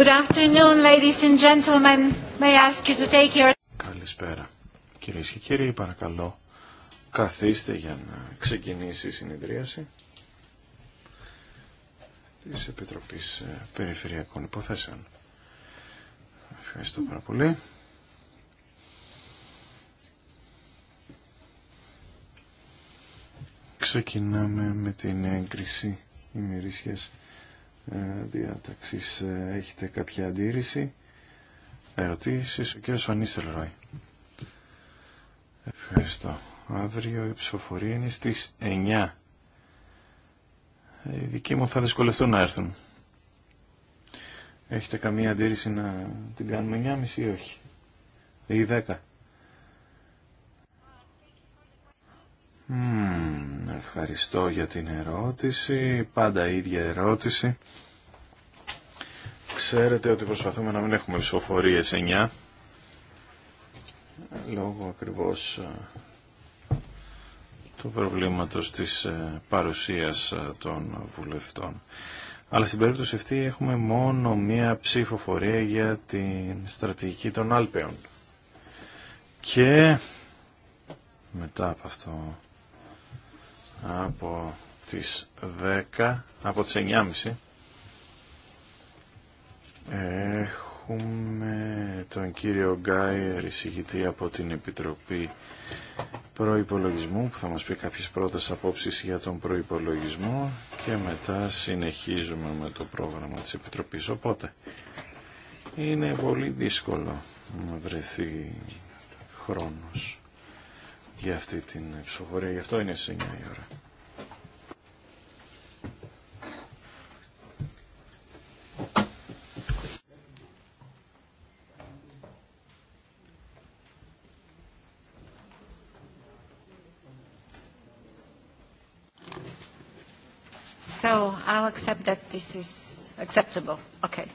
and gentlemen. May I ask take your... Καλησπέρα. Κυρίε και κύριοι, παρακαλώ, καθίστε για να ξεκινήσει η συνεδρίαση της Επιτροπής ε, Περιφερειακών Υποθέσεων. Ευχαριστώ πάρα πολύ. Ξεκινάμε με την έγκριση ημερήσιας ε, διάταξης. Ε, έχετε κάποια αντίρρηση, ερωτήσεις. Ο κύριος Φανίστελ Ρόι. Ευχαριστώ. Αύριο η ψηφοφορία είναι στις 9. Ε, οι δικοί μου θα δυσκολευτούν να έρθουν. Έχετε καμία αντίρρηση να την κάνουμε 9.30 ή όχι. Ή 10. Mm, ευχαριστώ για την ερώτηση. Πάντα η ίδια ερώτηση. Ξέρετε ότι προσπαθούμε να μην έχουμε ψηφοφορίες 9. Λόγω ακριβώς ε, του προβλήματος της ε, παρουσίας ε, των βουλευτών. Αλλά στην περίπτωση αυτή έχουμε μόνο μία ψηφοφορία για την στρατηγική των Άλπαιων. Και μετά από αυτό από τις 10, από τις 9.30 έχουμε τον κύριο Γκάιερ εισηγητή από την Επιτροπή Προϋπολογισμού που θα μας πει κάποιες πρώτες απόψεις για τον προϋπολογισμό και μετά συνεχίζουμε με το πρόγραμμα της Επιτροπής. Οπότε είναι πολύ δύσκολο να βρεθεί χρόνος για αυτή την ψηφοφορία. Γι' αυτό είναι στις 9 η ώρα. So I'll accept that this is acceptable. Okay.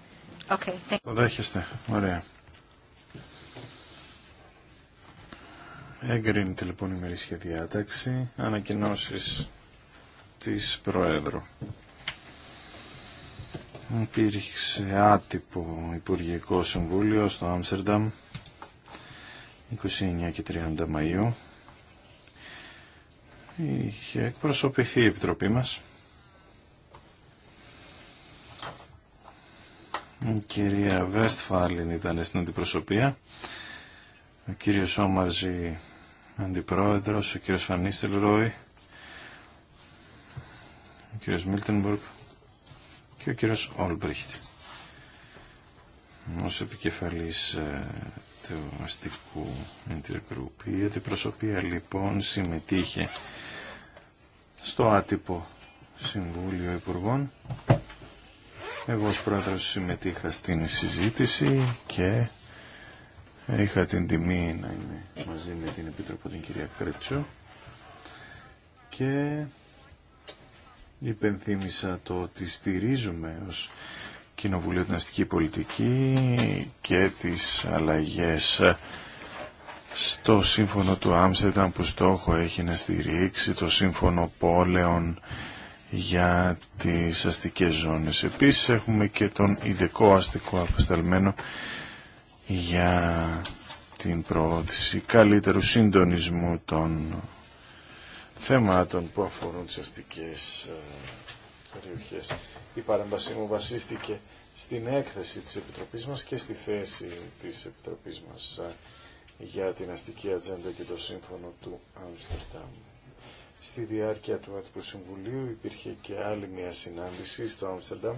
Okay. Thank you. Δέχεστε. Ωραία. Εγκρίνεται λοιπόν η μερίσια διάταξη. Ανακοινώσεις της Προέδρου. Υπήρξε άτυπο Υπουργικό Συμβούλιο στο Άμστερνταμ 29 και 30 Μαΐου. Είχε εκπροσωπηθεί η Επιτροπή μας. Η κυρία Βέστφαλιν ήταν στην αντιπροσωπεία. Ο κύριος Όμαζη Αντιπρόεδρος, ο κύριος Φανίστελ Ρόι, ο κύριος Μίλτενμπουργκ και ο κύριος Όλμπριχτ ως επικεφαλής ε, του αστικού intergroup. Η αντιπροσωπεία λοιπόν συμμετείχε στο άτυπο Συμβούλιο Υπουργών. Εγώ ως πρόεδρος συμμετείχα στην συζήτηση και Είχα την τιμή να είμαι μαζί με την Επίτροπο την κυρία Κρέτσο και υπενθύμησα το ότι στηρίζουμε ως Κοινοβουλίο την Αστική Πολιτική και τις αλλαγές στο σύμφωνο του Άμστερνταμ που στόχο έχει να στηρίξει το σύμφωνο πόλεων για τις αστικές ζώνες. Επίσης έχουμε και τον ειδικό αστικό απεσταλμένο για την προώθηση καλύτερου συντονισμού των θεμάτων που αφορούν τις αστικές ε, περιοχές. Η παρέμβασή μου βασίστηκε στην έκθεση της Επιτροπής μας και στη θέση της Επιτροπής μας ε, για την αστική ατζέντα και το σύμφωνο του Άμστερνταμ. Στη διάρκεια του Άτυπου Συμβουλίου υπήρχε και άλλη μια συνάντηση στο Άμστερνταμ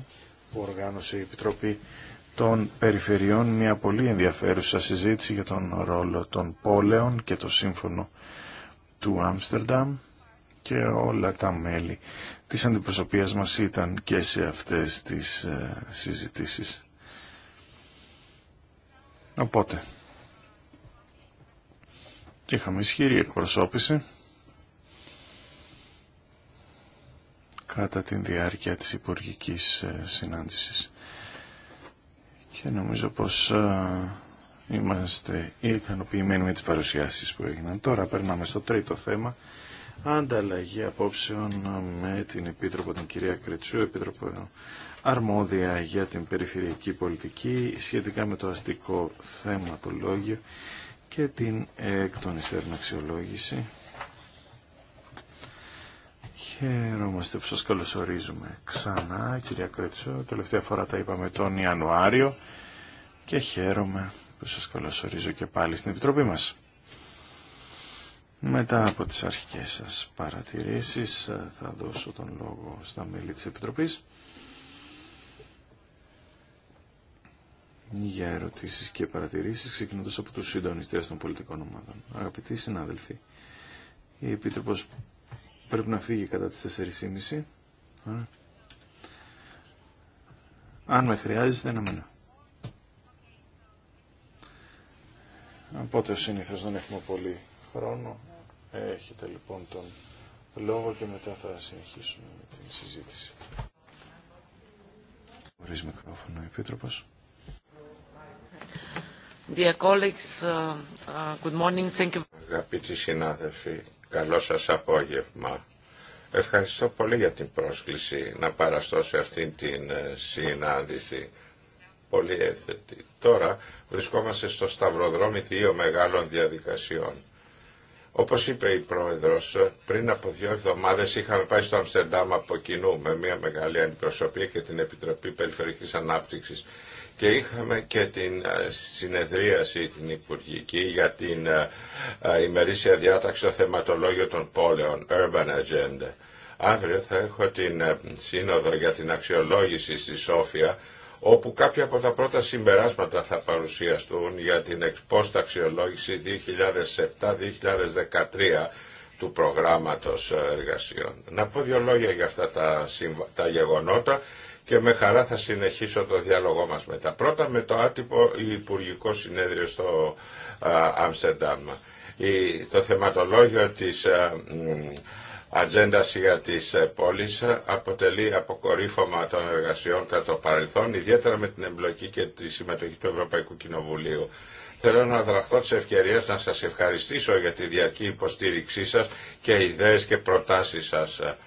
που οργάνωσε η Επιτροπή των περιφερειών μια πολύ ενδιαφέρουσα συζήτηση για τον ρόλο των πόλεων και το σύμφωνο του Άμστερνταμ και όλα τα μέλη της αντιπροσωπείας μας ήταν και σε αυτές τις ε, συζητήσεις. Οπότε, είχαμε ισχυρή εκπροσώπηση κατά την διάρκεια της υπουργικής ε, συνάντησης και νομίζω πως ε, είμαστε ικανοποιημένοι με τις παρουσιάσεις που έγιναν. Τώρα περνάμε στο τρίτο θέμα. Ανταλλαγή απόψεων ε, με την Επίτροπο, την κυρία Κρετσού, Επίτροπο Αρμόδια για την Περιφερειακή Πολιτική, σχετικά με το αστικό θέμα θεματολόγιο και την εκ αξιολόγηση Χαίρομαστε που σας καλωσορίζουμε ξανά, κυρία Κρέτσο. Τελευταία φορά τα είπαμε τον Ιανουάριο και χαίρομαι που σας καλωσορίζω και πάλι στην Επιτροπή μας. Μετά από τις αρχικές σας παρατηρήσεις θα δώσω τον λόγο στα μέλη της Επιτροπής για ερωτήσεις και παρατηρήσεις ξεκινώντας από τους συντονιστές των πολιτικών ομάδων. Αγαπητοί συνάδελφοι, η Επίτροπος πρέπει να φύγει κατά τις 4.30. Αν με χρειάζεται να μείνω. Ναι. Οπότε ο συνήθως δεν έχουμε πολύ χρόνο. Έχετε λοιπόν τον λόγο και μετά θα συνεχίσουμε με την συζήτηση. Χωρίς μικρόφωνο, Επίτροπος. Dear colleagues, uh, uh, good morning. Thank you. Αγαπητοί συνάδελφοι, Καλό σας απόγευμα. Ευχαριστώ πολύ για την πρόσκληση να παραστώ σε αυτήν την ε, συνάντηση. Πολύ εύθετη. Τώρα βρισκόμαστε στο σταυροδρόμι δύο μεγάλων διαδικασιών. Όπως είπε η Πρόεδρος, πριν από δύο εβδομάδες είχαμε πάει στο Αμστερντάμ από κοινού με μια μεγάλη αντιπροσωπεία και την Επιτροπή Περιφερειακής Ανάπτυξης και είχαμε και την ε, συνεδρίαση την Υπουργική για την ε, ε, ημερήσια διάταξη στο θεματολόγιο των πόλεων, Urban Agenda. Αύριο θα έχω την σύνοδο για την αξιολόγηση στη Σόφια όπου κάποια από τα πρώτα συμπεράσματα θα παρουσιαστούν για την εκπόστα αξιολόγηση 2007-2013 του προγράμματος εργασιών. Να πω δύο λόγια για αυτά τα, τα γεγονότα και με χαρά θα συνεχίσω το διάλογό μας μετά. Πρώτα με το άτυπο Υπουργικό Συνέδριο στο Άμστερνταμ. Το θεματολόγιο της ατζέντα για τι ε, πόλεις ε, αποτελεί αποκορύφωμα των εργασιών κατά το παρελθόν, ιδιαίτερα με την εμπλοκή και τη συμμετοχή του Ευρωπαϊκού Κοινοβουλίου. Θέλω να δραχθώ τη ευκαιρία να σα ευχαριστήσω για τη διαρκή υποστήριξή σα και ιδέε και προτάσει σα, ε,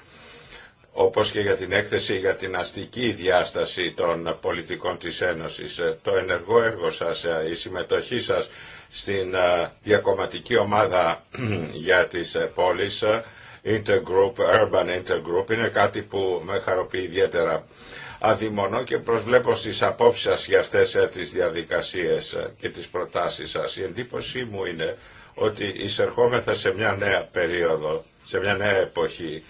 όπως και για την έκθεση για την αστική διάσταση των πολιτικών της Ένωσης. Το ενεργό έργο σας, η συμμετοχή σας στην διακομματική ομάδα για τις πόλεις Intergroup, Urban Intergroup, είναι κάτι που με χαροποιεί ιδιαίτερα. Αδειμονώ και προσβλέπω στις απόψεις σας για αυτές ε, τις διαδικασίες ε, και τις προτάσεις σας. Η εντύπωσή μου είναι ότι εισερχόμεθα σε μια νέα περίοδο, σε μια νέα εποχή.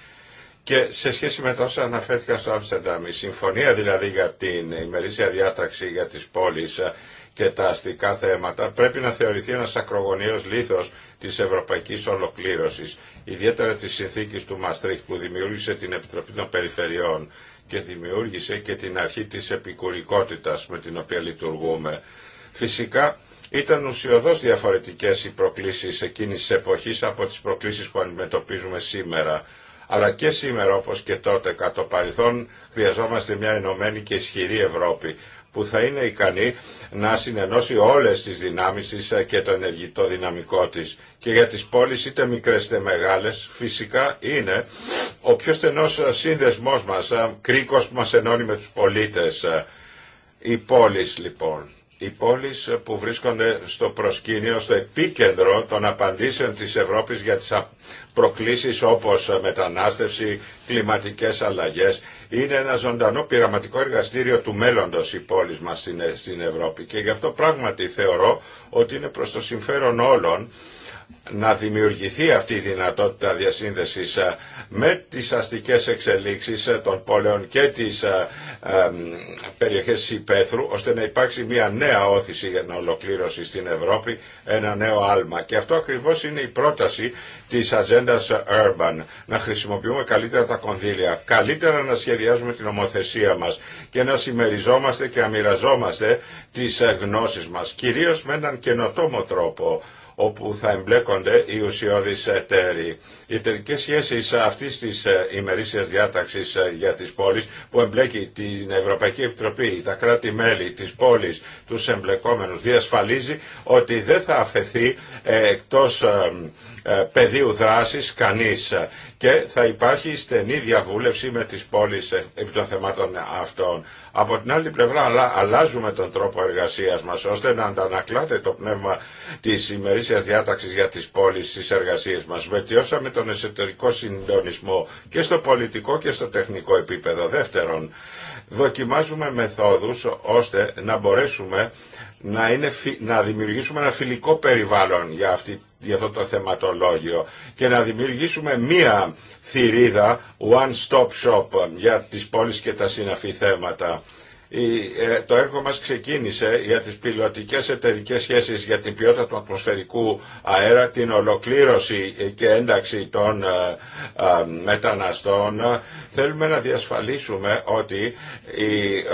Και σε σχέση με τόσα αναφέρθηκα στο Άμστερνταμ, η συμφωνία δηλαδή για την ημερήσια διάταξη για τις πόλεις ε, και τα αστικά θέματα πρέπει να θεωρηθεί ένα ακρογωνιαίος λίθος της ευρωπαϊκής ολοκλήρωσης, ιδιαίτερα τη συνθήκη του Μαστρίχ που δημιούργησε την Επιτροπή των Περιφερειών και δημιούργησε και την αρχή της επικουρικότητας με την οποία λειτουργούμε. Φυσικά ήταν ουσιοδός διαφορετικές οι προκλήσεις εκείνης της εποχής από τις προκλήσεις που αντιμετωπίζουμε σήμερα. Αλλά και σήμερα όπως και τότε κατά το παρελθόν χρειαζόμαστε μια ενωμένη και ισχυρή Ευρώπη που θα είναι ικανή να συνενώσει όλες τις δυνάμεις της ε, και το ενεργητό δυναμικό της. Και για τις πόλεις είτε μικρές είτε μεγάλες φυσικά είναι ο πιο στενός ε, σύνδεσμός μας, ε, κρίκος που μας ενώνει με τους πολίτες. Οι πόλεις λοιπόν. Οι πόλεις που βρίσκονται στο προσκήνιο, στο επίκεντρο των απαντήσεων της Ευρώπης για τις προκλήσεις όπως μετανάστευση, κλιματικές αλλαγές είναι ένα ζωντανό πειραματικό εργαστήριο του μέλλοντος η πόλη μας ε- στην Ευρώπη και γι' αυτό πράγματι θεωρώ ότι είναι προς το συμφέρον όλων να δημιουργηθεί αυτή η δυνατότητα διασύνδεσης ε, με τις αστικές εξελίξεις ε, των πόλεων και τις ε, περιοχές υπαίθρου ώστε να υπάρξει μια νέα όθηση για την ολοκλήρωση στην Ευρώπη, ένα νέο άλμα. Και αυτό ακριβώς είναι η πρόταση της Agenda Urban, να χρησιμοποιούμε καλύτερα τα κονδύλια, καλύτερα να σχεδιάζουμε την ομοθεσία μας και να συμμεριζόμαστε και να μοιραζόμαστε τις γνώσεις μας, κυρίως με έναν καινοτόμο τρόπο όπου θα εμπλέκονται οι ουσιώδεις εταίροι. Οι εταιρικέ σχέσει αυτή τη ε, ημερήσια διάταξη ε, για τι πόλει που εμπλέκει την Ευρωπαϊκή Επιτροπή, τα κράτη-μέλη, τι πόλη του εμπλεκόμενου διασφαλίζει ότι δεν θα αφαιθεί ε, εκτό πεδίου δράση κανεί και θα υπάρχει στενή διαβούλευση με τι πόλει επί των θεμάτων αυτών. Από την άλλη πλευρά αλλάζουμε τον τρόπο εργασία μα ώστε να αντανακλάται το πνεύμα τη ημερήσιας διάταξης για τις πόλεις στις εργασίες μας. Βελτιώσαμε τον εσωτερικό συντονισμό και στο πολιτικό και στο τεχνικό επίπεδο. Δεύτερον, δοκιμάζουμε μεθόδους ώστε να μπορέσουμε να, να δημιουργήσουμε ένα φιλικό περιβάλλον για, αυτή, για αυτό το θεματολόγιο και να δημιουργήσουμε μία θηρίδα one-stop shop για τις πόλεις και τα συναφή θέματα. Ε, το έργο μας ξεκίνησε για τις πιλωτικές εταιρικέ σχέσεις για την ποιότητα του ατμοσφαιρικού αέρα, την ολοκλήρωση ε, και ένταξη των ε, μεταναστών. Θέλουμε να διασφαλίσουμε ότι η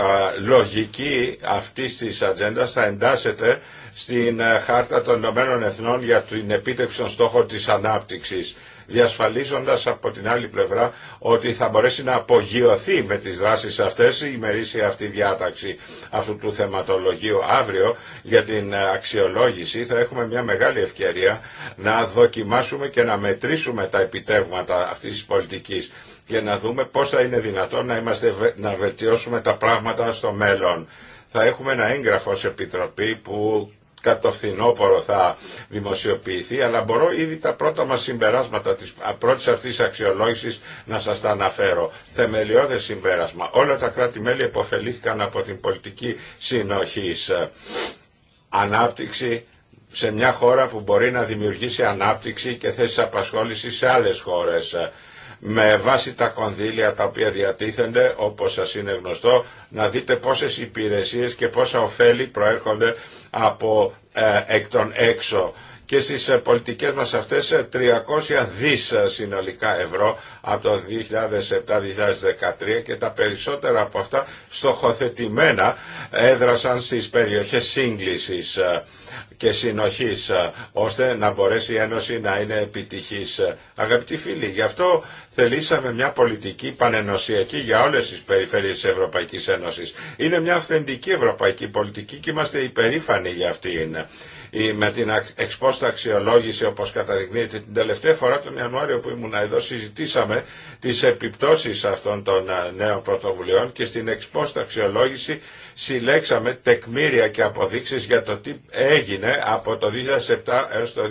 λογική αυτής της ατζέντας θα εντάσσεται στην Χάρτα των Ηνωμένων Εθνών για την επίτευξη των στόχων της ανάπτυξης διασφαλίζοντας από την άλλη πλευρά ότι θα μπορέσει να απογειωθεί με τις δράσεις αυτές η ημερήσια αυτή διάταξη αυτού του θεματολογίου. Αύριο για την αξιολόγηση θα έχουμε μια μεγάλη ευκαιρία να δοκιμάσουμε και να μετρήσουμε τα επιτεύγματα αυτής της πολιτικής και να δούμε πώς θα είναι δυνατόν να, είμαστε, να βελτιώσουμε τα πράγματα στο μέλλον. Θα έχουμε ένα έγγραφο σε επιτροπή που κατ' φθινόπωρο θα δημοσιοποιηθεί, αλλά μπορώ ήδη τα πρώτα μας συμπεράσματα της πρώτης αυτής αξιολόγησης να σας τα αναφέρω. Θεμελιώδες συμπέρασμα. Όλα τα κράτη-μέλη επωφελήθηκαν από την πολιτική συνοχής. Ανάπτυξη, σε μια χώρα που μπορεί να δημιουργήσει ανάπτυξη και θέσεις απασχόληση σε άλλες χώρες με βάση τα κονδύλια τα οποία διατίθενται, όπως σας είναι γνωστό, να δείτε πόσες υπηρεσίες και πόσα ωφέλη προέρχονται από ε, εκ των έξω και στις ε, πολιτικές μας αυτές 300 ε, δις ε, συνολικά ευρώ από το 2007-2013 και τα περισσότερα από αυτά στοχοθετημένα έδρασαν στις περιοχές σύγκλησης και συνοχής ώστε να μπορέσει η Ένωση να είναι επιτυχής. Αγαπητοί φίλοι, γι' αυτό θελήσαμε μια πολιτική πανενωσιακή για όλες τις περιφέρειες της Ευρωπαϊκής Ένωσης. Είναι μια αυθεντική ευρωπαϊκή πολιτική και είμαστε υπερήφανοι για αυτήν ή με την εξπόστα αξιολόγηση όπως καταδεικνύεται την τελευταία φορά τον Ιανουάριο που ήμουν εδώ συζητήσαμε τις επιπτώσεις αυτών των ε, νέων πρωτοβουλειών και στην εξπόστα αξιολόγηση συλλέξαμε τεκμήρια και αποδείξεις για το τι έγινε από το 2007 έως το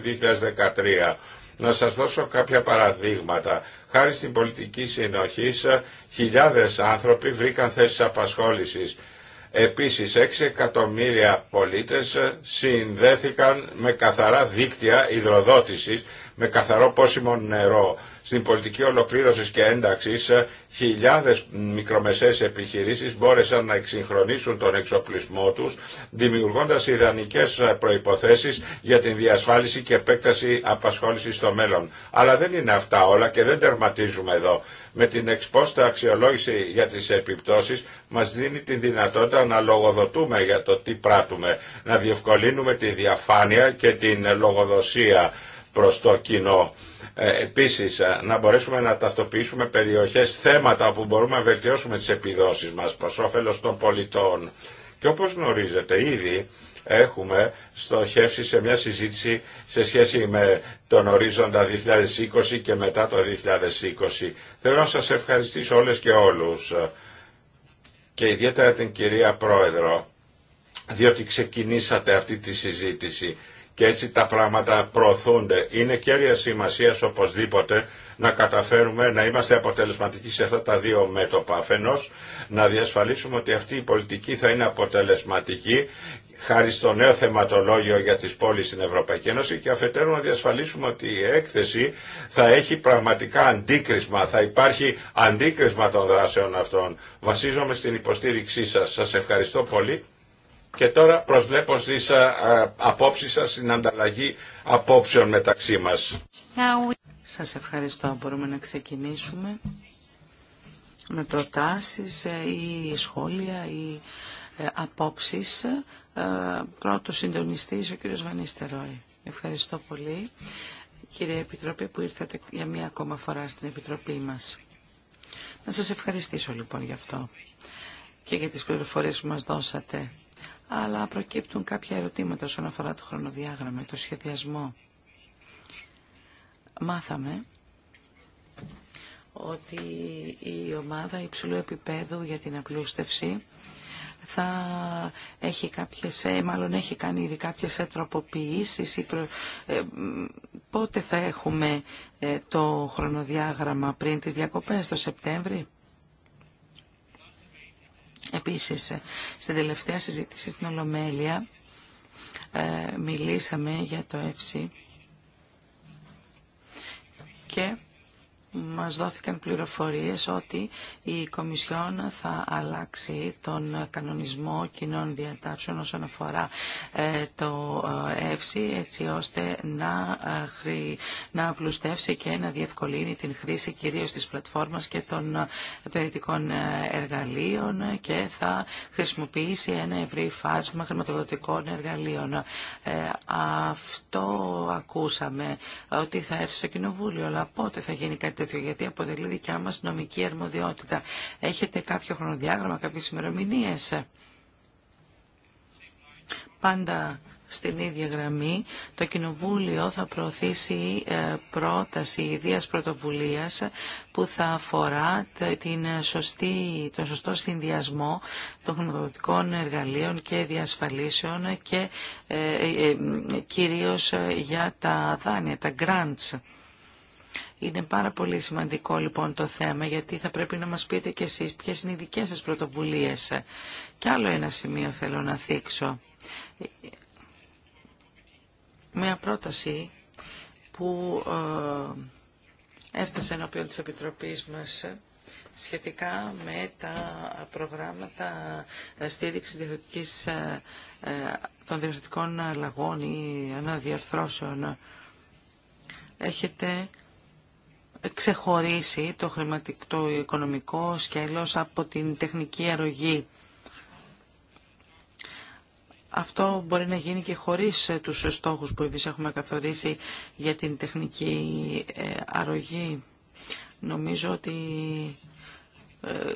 2013. Να σας δώσω κάποια παραδείγματα. Χάρη στην πολιτική συνοχή, ε, χιλιάδες άνθρωποι βρήκαν θέσεις απασχόλησης Επίσης 6 εκατομμύρια πολίτες συνδέθηκαν με καθαρά δίκτυα υδροδότησης με καθαρό πόσιμο νερό. Στην πολιτική ολοκλήρωση και ένταξη, ε, χιλιάδε μικρομεσαίε επιχειρήσει μπόρεσαν να εξυγχρονίσουν τον εξοπλισμό του, δημιουργώντα ιδανικέ ε, προποθέσει για την διασφάλιση και επέκταση απασχόληση στο μέλλον. Αλλά δεν είναι αυτά όλα και δεν τερματίζουμε εδώ. Με την εξπόστα αξιολόγηση για τι επιπτώσει, μας δίνει την δυνατότητα να λογοδοτούμε για το τι πράττουμε, να διευκολύνουμε τη διαφάνεια και την λογοδοσία προς το κοινό. Ε, επίσης, ε, να μπορέσουμε να ταυτοποιήσουμε περιοχές, θέματα όπου μπορούμε να βελτιώσουμε τις επιδόσεις μας προς όφελος των πολιτών. Και όπως γνωρίζετε ήδη, έχουμε στοχεύσει σε μια συζήτηση σε σχέση με τον ορίζοντα 2020 και μετά το 2020. Θέλω να σας ευχαριστήσω όλες και όλους ε, και ιδιαίτερα την κυρία Πρόεδρο διότι ξεκινήσατε αυτή τη συζήτηση και έτσι τα πράγματα προωθούνται. Είναι κέρια σημασία οπωσδήποτε να καταφέρουμε να είμαστε αποτελεσματικοί σε αυτά τα δύο μέτωπα. Αφενό να διασφαλίσουμε ότι αυτή η πολιτική θα είναι αποτελεσματική χάρη στο νέο θεματολόγιο για τις πόλεις στην Ευρωπαϊκή Ένωση και αφετέρου να διασφαλίσουμε ότι η έκθεση θα έχει πραγματικά αντίκρισμα, θα υπάρχει αντίκρισμα των δράσεων αυτών. Βασίζομαι στην υποστήριξή σας. Σας ευχαριστώ πολύ και τώρα προσβλέπω στις απόψεις σας στην ανταλλαγή απόψεων μεταξύ μας. Σας ευχαριστώ. Μπορούμε να ξεκινήσουμε με προτάσεις ε, ή σχόλια ή ε, απόψεις. Ε, πρώτος συντονιστής ο κύριος Βανίστερόη. Ευχαριστώ πολύ. Κύριε Επιτροπή που ήρθατε για μία ακόμα φορά στην Επιτροπή μας. Να σας ευχαριστήσω λοιπόν γι' αυτό και για τις πληροφορίες που μας δώσατε αλλά προκύπτουν κάποια ερωτήματα όσον αφορά το χρονοδιάγραμμα το σχεδιασμό. Μάθαμε ότι η ομάδα υψηλού επίπεδου για την απλούστευση θα έχει κάποιες, ε, μάλλον έχει κάνει ήδη κάποιες τροποποιήσεις ε, πότε θα έχουμε ε, το χρονοδιάγραμμα πριν τις διακοπές, το Σεπτέμβριο; Επίσης, στην τελευταία συζήτηση στην Ολομέλεια ε, μιλήσαμε για το ΕΦΣΥ και μας δόθηκαν πληροφορίες ότι η Κομισιόν θα αλλάξει τον κανονισμό κοινών διατάξεων όσον αφορά ε, το ε, ΕΦΣΥ έτσι ώστε να, ε, να απλουστεύσει και να διευκολύνει την χρήση κυρίως της πλατφόρμας και των επενδυτικών εργαλείων και θα χρησιμοποιήσει ένα ευρύ φάσμα χρηματοδοτικών εργαλείων. Αυτό ακούσαμε ότι θα έρθει στο Κοινοβούλιο, αλλά πότε θα γίνει κάτι τέτοιο, γιατί αποτελεί δικιά μας νομική αρμοδιότητα. Έχετε κάποιο χρονοδιάγραμμα, κάποιες ημερομηνίε. Πάντα στην ίδια γραμμή, το Κοινοβούλιο θα προωθήσει ε, πρόταση ιδίας πρωτοβουλίας που θα αφορά την σωστή, τον σωστό συνδυασμό των χρηματοδοτικών εργαλείων και διασφαλίσεων και ε, ε, κυρίως για τα δάνεια, τα grants. Είναι πάρα πολύ σημαντικό λοιπόν το θέμα γιατί θα πρέπει να μας πείτε κι εσείς ποιες είναι οι δικές σας πρωτοβουλίες. Και άλλο ένα σημείο θέλω να θίξω. Μια πρόταση που ε, έφτασε ενώπιον της Επιτροπής μας σχετικά με τα προγράμματα ε, στήριξης ε, των διευθυντικών αλλαγών ή αναδιαρθρώσεων. Έχετε ξεχωρίσει το χρηματικό οικονομικό σκέλος από την τεχνική αρρωγή. Αυτό μπορεί να γίνει και χωρίς ε, τους στόχους που εμείς έχουμε καθορίσει για την τεχνική ε, αρρωγή. Νομίζω ότι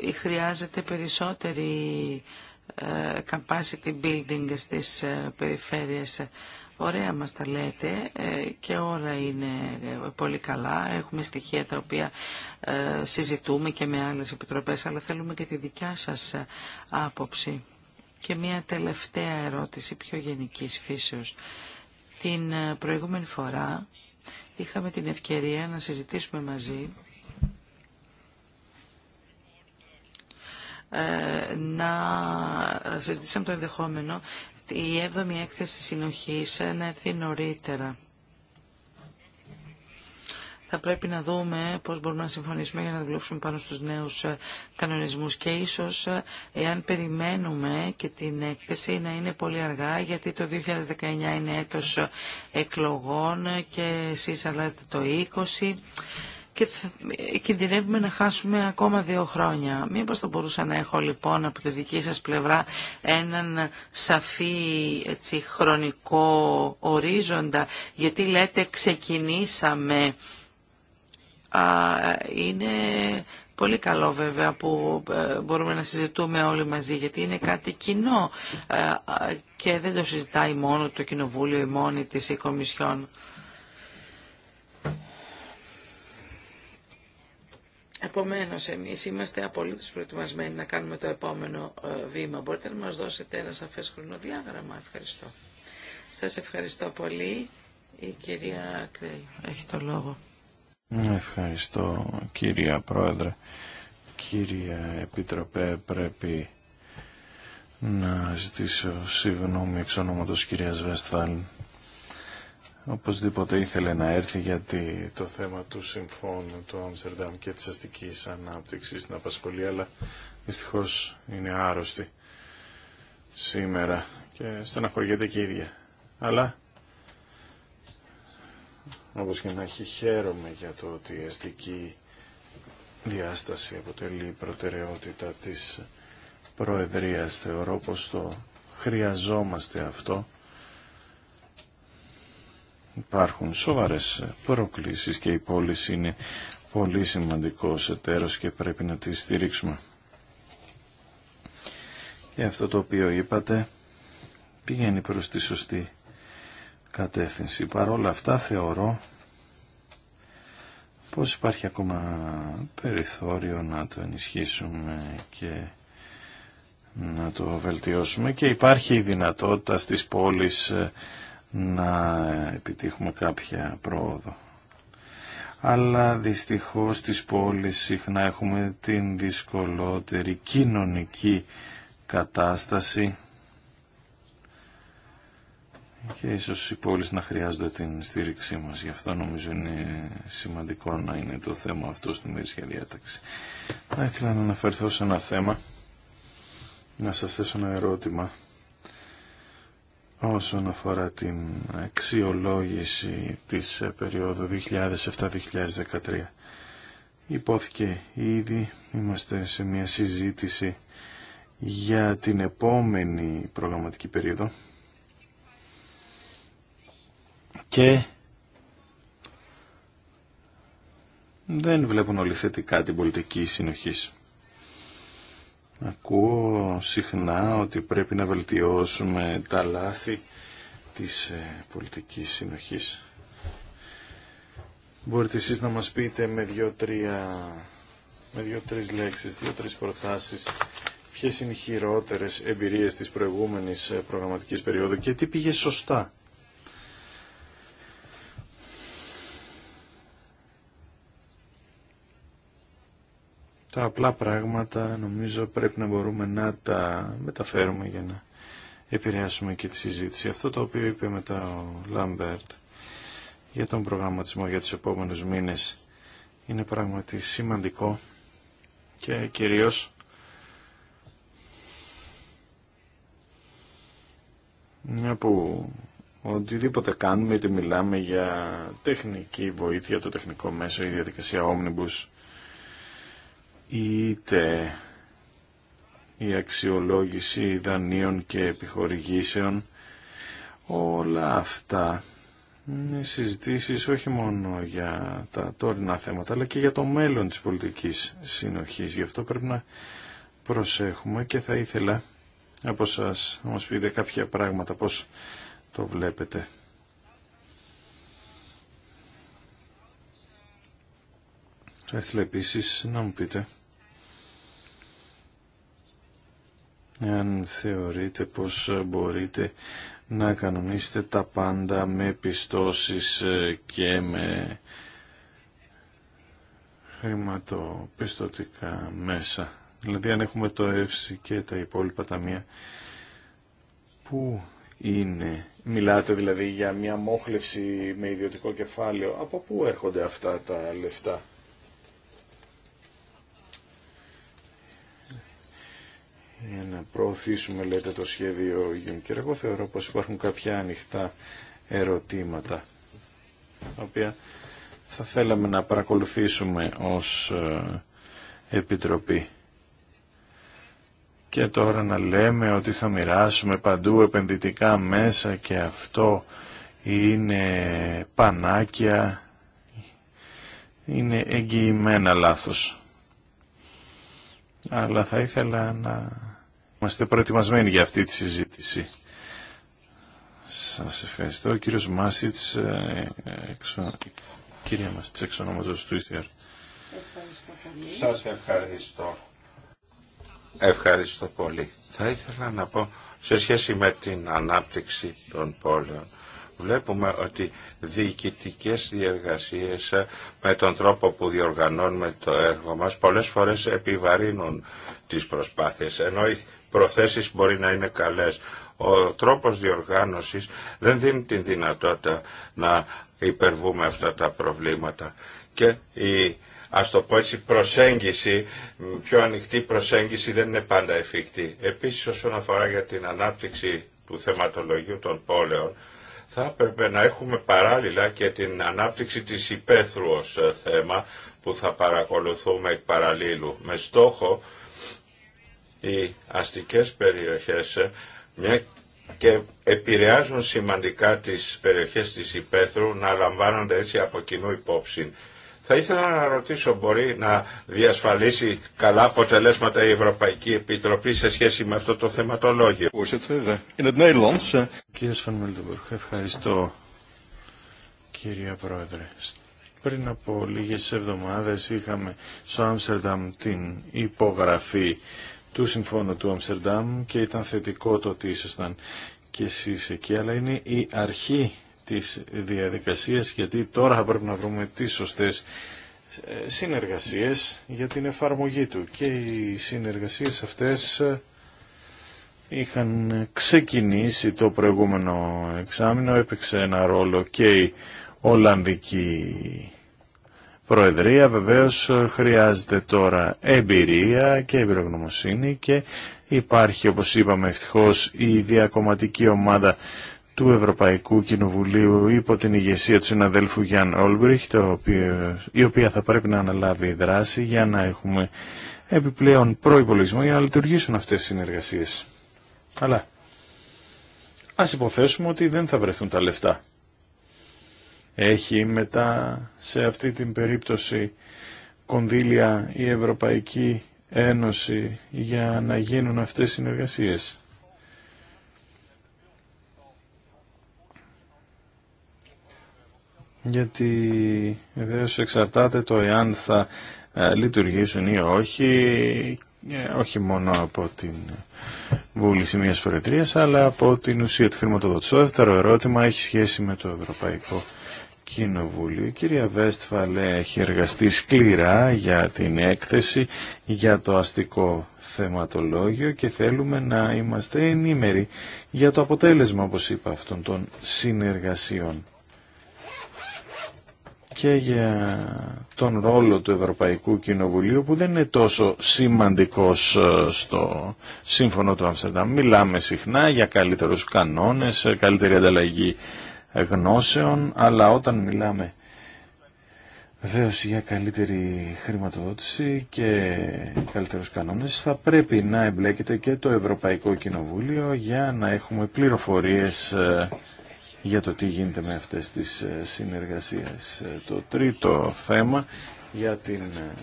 ε, χρειάζεται περισσότερη capacity building στις περιφέρειες. Ωραία μας τα λέτε ε, και όλα είναι ε, πολύ καλά. Έχουμε στοιχεία τα οποία ε, συζητούμε και με άλλες επιτροπές, αλλά θέλουμε και τη δικιά σας άποψη. Και μια τελευταία ερώτηση πιο γενικής φύσεως. Την προηγούμενη φορά είχαμε την ευκαιρία να συζητήσουμε μαζί να συζητήσαμε το ενδεχόμενο η έβδομη έκθεση συνοχής να έρθει νωρίτερα. Θα πρέπει να δούμε πώς μπορούμε να συμφωνήσουμε για να δουλέψουμε πάνω στους νέους ε, κανονισμούς και ίσως ε, εάν περιμένουμε και την έκθεση να είναι πολύ αργά γιατί το 2019 είναι έτος εκλογών και εσείς αλλάζετε το 20 και ε, κινδυνεύουμε να χάσουμε ακόμα δύο χρόνια. Μήπως θα μπορούσα να έχω λοιπόν από τη δική σας πλευρά έναν σαφή έτσι, χρονικό ορίζοντα, γιατί λέτε ξεκινήσαμε. είναι Πολύ καλό βέβαια που ε, μπορούμε να συζητούμε όλοι μαζί γιατί είναι κάτι κοινό ε, και δεν το συζητάει μόνο το Κοινοβούλιο ή μόνη της η Επομένως, εμείς είμαστε απολύτως προετοιμασμένοι να κάνουμε το επόμενο ε, βήμα. Μπορείτε να μας δώσετε ένα σαφές χρονοδιάγραμμα. Ευχαριστώ. Σας ευχαριστώ πολύ. Η κυρία Κρέη έχει το λόγο. Ευχαριστώ κυρία Πρόεδρε. Κύρια Επιτροπέ, πρέπει να ζητήσω συγγνώμη εξ ονόματος κυρίας Βεσθάλιν οπωσδήποτε ήθελε να έρθει γιατί το θέμα του συμφώνου του Άμστερνταμ και της αστικής ανάπτυξης να απασχολεί, αλλά δυστυχώ είναι άρρωστη σήμερα και στεναχωριέται και η ίδια. Αλλά, όπως και να έχει, χαίρομαι για το ότι η αστική διάσταση αποτελεί προτεραιότητα της Προεδρίας. Θεωρώ πως το χρειαζόμαστε αυτό υπάρχουν σοβαρές προκλήσεις και η πόλη είναι πολύ σημαντικός εταίρος και πρέπει να τη στηρίξουμε. Και αυτό το οποίο είπατε πηγαίνει προς τη σωστή κατεύθυνση. Παρ' όλα αυτά θεωρώ πως υπάρχει ακόμα περιθώριο να το ενισχύσουμε και να το βελτιώσουμε και υπάρχει η δυνατότητα στις πόλεις ε, να επιτύχουμε κάποια πρόοδο. Αλλά δυστυχώς στις πόλεις συχνά έχουμε την δυσκολότερη κοινωνική κατάσταση και ίσως οι πόλεις να χρειάζονται την στήριξή μας. Γι' αυτό νομίζω είναι σημαντικό να είναι το θέμα αυτό στην ίδια διάταξη. Θα ήθελα να αναφερθώ σε ένα θέμα, να σας θέσω ένα ερώτημα όσον αφορά την αξιολόγηση της ε, περίοδου 2007-2013. Υπόθηκε ήδη, είμαστε σε μια συζήτηση για την επόμενη προγραμματική περίοδο και δεν βλέπουν όλοι θετικά την πολιτική συνοχής. Ακούω συχνά ότι πρέπει να βελτιώσουμε τα λάθη της ε, πολιτικής συνοχής. Μπορείτε εσείς να μας πείτε με δύο-τρία με δύο-τρεις λέξεις, δύο-τρεις προτάσεις ποιες είναι οι χειρότερες εμπειρίες της προηγούμενης ε, προγραμματικής περίοδου και τι πήγε σωστά. τα απλά πράγματα νομίζω πρέπει να μπορούμε να τα μεταφέρουμε για να επηρεάσουμε και τη συζήτηση. Αυτό το οποίο είπε μετά ο Λάμπερτ για τον προγραμματισμό για τους επόμενους μήνες είναι πράγματι σημαντικό και κυρίως μια που οτιδήποτε κάνουμε είτε μιλάμε για τεχνική βοήθεια, το τεχνικό μέσο, η διαδικασία Omnibus είτε η αξιολόγηση δανείων και επιχορηγήσεων, όλα αυτά είναι συζητήσεις όχι μόνο για τα τωρινά θέματα, αλλά και για το μέλλον της πολιτικής συνοχής. Γι' αυτό πρέπει να προσέχουμε και θα ήθελα από σας να μας πείτε κάποια πράγματα πώς το βλέπετε. Θα ήθελα επίση να μου πείτε αν θεωρείτε πως μπορείτε να κανονίσετε τα πάντα με πιστώσεις και με χρηματοπιστωτικά μέσα. Δηλαδή αν έχουμε το εύση και τα υπόλοιπα ταμεία που είναι. Μιλάτε δηλαδή για μια μόχλευση με ιδιωτικό κεφάλαιο. Από πού έρχονται αυτά τα λεφτά. για να προωθήσουμε λέτε το σχέδιο Γιούνκερ. Εγώ θεωρώ πως υπάρχουν κάποια ανοιχτά ερωτήματα τα οποία θα θέλαμε να παρακολουθήσουμε ως ε, Επιτροπή. Και τώρα να λέμε ότι θα μοιράσουμε παντού επενδυτικά μέσα και αυτό είναι πανάκια, είναι εγγυημένα λάθος αλλά θα ήθελα να είμαστε προετοιμασμένοι για αυτή τη συζήτηση. Σας ευχαριστώ. Ο κύριος Μάσιτς, ε, εξο... κυρία Μάσιτς, εξ ονόματος του ΙΣΤΙΑΡ. Σας ευχαριστώ. Ευχαριστώ πολύ. Θα ήθελα να πω σε σχέση με την ανάπτυξη των πόλεων βλέπουμε ότι διοικητικές διεργασίες ε, με τον τρόπο που διοργανώνουμε το έργο μας πολλές φορές επιβαρύνουν τις προσπάθειες ενώ οι προθέσεις μπορεί να είναι καλές. Ο τρόπος διοργάνωσης δεν δίνει την δυνατότητα να υπερβούμε αυτά τα προβλήματα και η το πω έτσι, προσέγγιση, πιο ανοιχτή προσέγγιση δεν είναι πάντα εφικτή. Επίσης όσον αφορά για την ανάπτυξη του θεματολογίου των πόλεων, θα έπρεπε να έχουμε παράλληλα και την ανάπτυξη της υπαίθρου ως ε, θέμα που θα παρακολουθούμε εκ παραλίλου. με στόχο οι αστικές περιοχές ε, μια και επηρεάζουν σημαντικά τις περιοχές της υπαίθρου να λαμβάνονται έτσι από κοινού υπόψη θα ήθελα να ρωτήσω, μπορεί να διασφαλίσει καλά αποτελέσματα η Ευρωπαϊκή Επιτροπή σε σχέση με αυτό το θεματολόγιο. Uh, κύριε Σφανμελτεμπουργκ, ευχαριστώ κύριε Πρόεδρε. Πριν από λίγες εβδομάδες είχαμε στο Άμστερνταμ την υπογραφή του Συμφώνου του Άμστερνταμ και ήταν θετικό το ότι ήσασταν και εσείς εκεί, αλλά είναι η αρχή της διαδικασίας γιατί τώρα θα πρέπει να βρούμε τις σωστές ε, συνεργασίες για την εφαρμογή του και οι συνεργασίες αυτές ε, είχαν ξεκινήσει το προηγούμενο εξάμεινο έπαιξε ένα ρόλο και η Ολλανδική Προεδρία βεβαίως ε, χρειάζεται τώρα εμπειρία και εμπειρογνωμοσύνη και υπάρχει όπως είπαμε ευτυχώς η διακομματική ομάδα του Ευρωπαϊκού Κοινοβουλίου υπό την ηγεσία του συναδέλφου Γιάνν Όλμπριχ, η οποία θα πρέπει να αναλάβει δράση για να έχουμε επιπλέον προϋπολογισμό για να λειτουργήσουν αυτές οι συνεργασίες. Αλλά ας υποθέσουμε ότι δεν θα βρεθούν τα λεφτά. Έχει μετά σε αυτή την περίπτωση κονδύλια η Ευρωπαϊκή Ένωση για να γίνουν αυτές οι συνεργασίες. γιατί βεβαίως εξαρτάται το εάν θα ε, λειτουργήσουν ή όχι ε, όχι μόνο από την βούληση μιας προεδρίας αλλά από την ουσία του χρηματοδότησης. Το δεύτερο ερώτημα έχει σχέση με το Ευρωπαϊκό Κοινοβούλιο. Η κυρία Βέστφαλε έχει εργαστεί σκληρά για την έκθεση για το αστικό θεματολόγιο και θέλουμε να είμαστε ενήμεροι για το αποτέλεσμα όπως είπα αυτών των συνεργασιών και για τον ρόλο του Ευρωπαϊκού Κοινοβουλίου που δεν είναι τόσο σημαντικός ε, στο σύμφωνο του Αμστερνταμ. Μιλάμε συχνά για καλύτερους κανόνες, ε, καλύτερη ανταλλαγή γνώσεων, αλλά όταν μιλάμε βεβαίω για καλύτερη χρηματοδότηση και καλύτερους κανόνες θα πρέπει να εμπλέκεται και το Ευρωπαϊκό Κοινοβούλιο για να έχουμε πληροφορίες ε, για το τι γίνεται με αυτές τις ε, συνεργασίες. Ε, το τρίτο θέμα για την ε,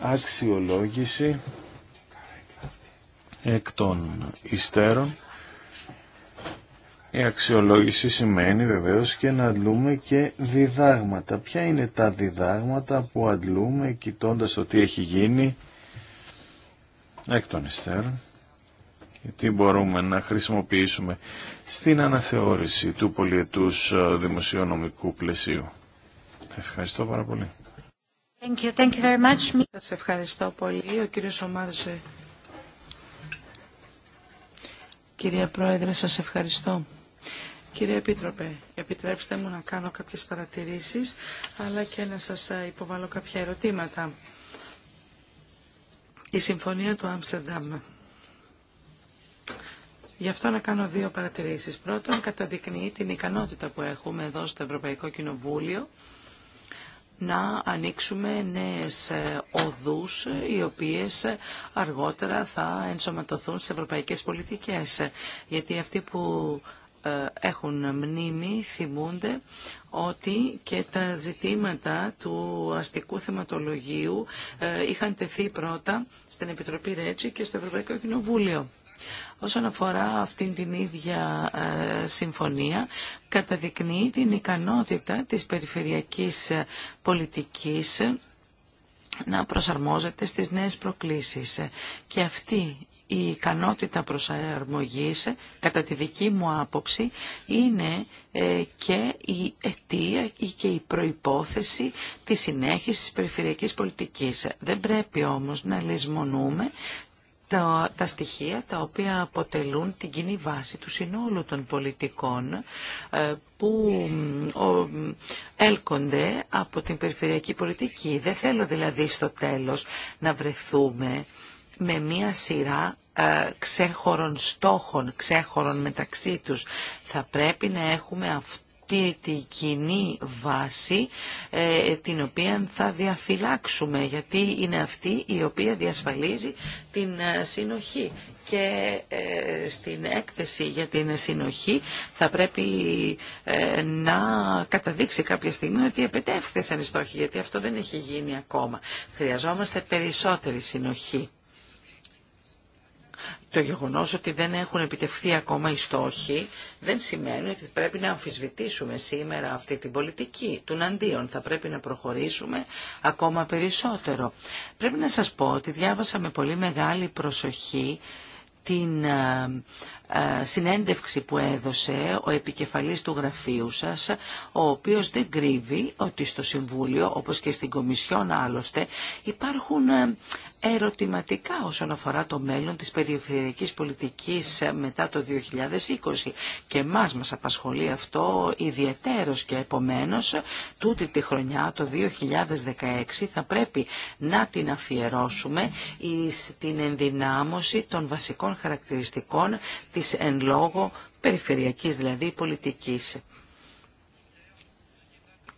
αξιολόγηση εκ των υστέρων. Η αξιολόγηση σημαίνει βεβαίως και να αντλούμε και διδάγματα. Ποια είναι τα διδάγματα που αντλούμε κοιτώντας το τι έχει γίνει εκ των υστέρων και τι μπορούμε να χρησιμοποιήσουμε στην αναθεώρηση του πολιετούς ε, δημοσιονομικού πλαισίου. Ευχαριστώ πάρα πολύ. Thank you. Thank you very much. Σας ευχαριστώ πολύ. Ο κύριος Ομάρζε. Κυρία Πρόεδρε, σας ευχαριστώ. Κύριε Επίτροπε, επιτρέψτε μου να κάνω κάποιες παρατηρήσεις, αλλά και να σας ε, υποβάλω κάποια ερωτήματα. Η Συμφωνία του Άμστερνταμ Γι' αυτό να κάνω δύο παρατηρήσεις. Πρώτον, καταδεικνύει την ικανότητα που έχουμε εδώ στο Ευρωπαϊκό Κοινοβούλιο να ανοίξουμε νέες ε, οδούς ε, οι οποίες ε, αργότερα θα ενσωματωθούν στις ευρωπαϊκές πολιτικές. Γιατί αυτοί που έχουν μνήμη θυμούνται ότι και τα ζητήματα του αστικού θεματολογίου είχαν τεθεί πρώτα στην Επιτροπή Ρέτσι και στο Ευρωπαϊκό Κοινοβούλιο όσον αφορά αυτήν την ίδια ε, συμφωνία καταδεικνύει την ικανότητα της περιφερειακής ε, πολιτικής ε, να προσαρμόζεται στις νέες προκλήσεις. Και αυτή η ικανότητα προσαρμογής, κατά τη δική μου άποψη, είναι και η αιτία και η προϋπόθεση της συνέχισης της περιφερειακής πολιτικής. Δεν πρέπει όμως να λησμονούμε τα, τα στοιχεία τα οποία αποτελούν την κοινή βάση του συνόλου των πολιτικών ε, που έλκονται από την περιφερειακή πολιτική. Δεν θέλω δηλαδή στο τέλος να βρεθούμε με μία σειρά ε, ξέχωρων στόχων, ξέχωρων μεταξύ τους. Θα πρέπει να έχουμε αυτό τη κοινή βάση ε, την οποία θα διαφυλάξουμε γιατί είναι αυτή η οποία διασφαλίζει την ε, συνοχή και ε, στην έκθεση για την συνοχή θα πρέπει να καταδείξει κάποια στιγμή ότι επετεύχθησαν οι στόχοι γιατί αυτό δεν έχει γίνει ακόμα. Χρειαζόμαστε περισσότερη συνοχή το γεγονός ότι δεν έχουν επιτευχθεί ακόμα οι στόχοι δεν σημαίνει ότι πρέπει να αμφισβητήσουμε σήμερα αυτή την πολιτική του Θα πρέπει να προχωρήσουμε ακόμα περισσότερο. Πρέπει να σας πω ότι διάβασα με πολύ μεγάλη προσοχή την ε, ε, συνέντευξη που έδωσε ο επικεφαλής του γραφείου σας, ο οποίος δεν κρύβει ότι στο Συμβούλιο, όπως και στην Κομισιόν άλλωστε, υπάρχουν ε, ερωτηματικά όσον αφορά το μέλλον της περιφερειακής πολιτικής μετά το 2020. Και μας μας απασχολεί αυτό ιδιαιτέρως και επομένως τούτη τη χρονιά το 2016 θα πρέπει να την αφιερώσουμε στην ενδυνάμωση των βασικών χαρακτηριστικών της εν λόγω περιφερειακής δηλαδή πολιτικής.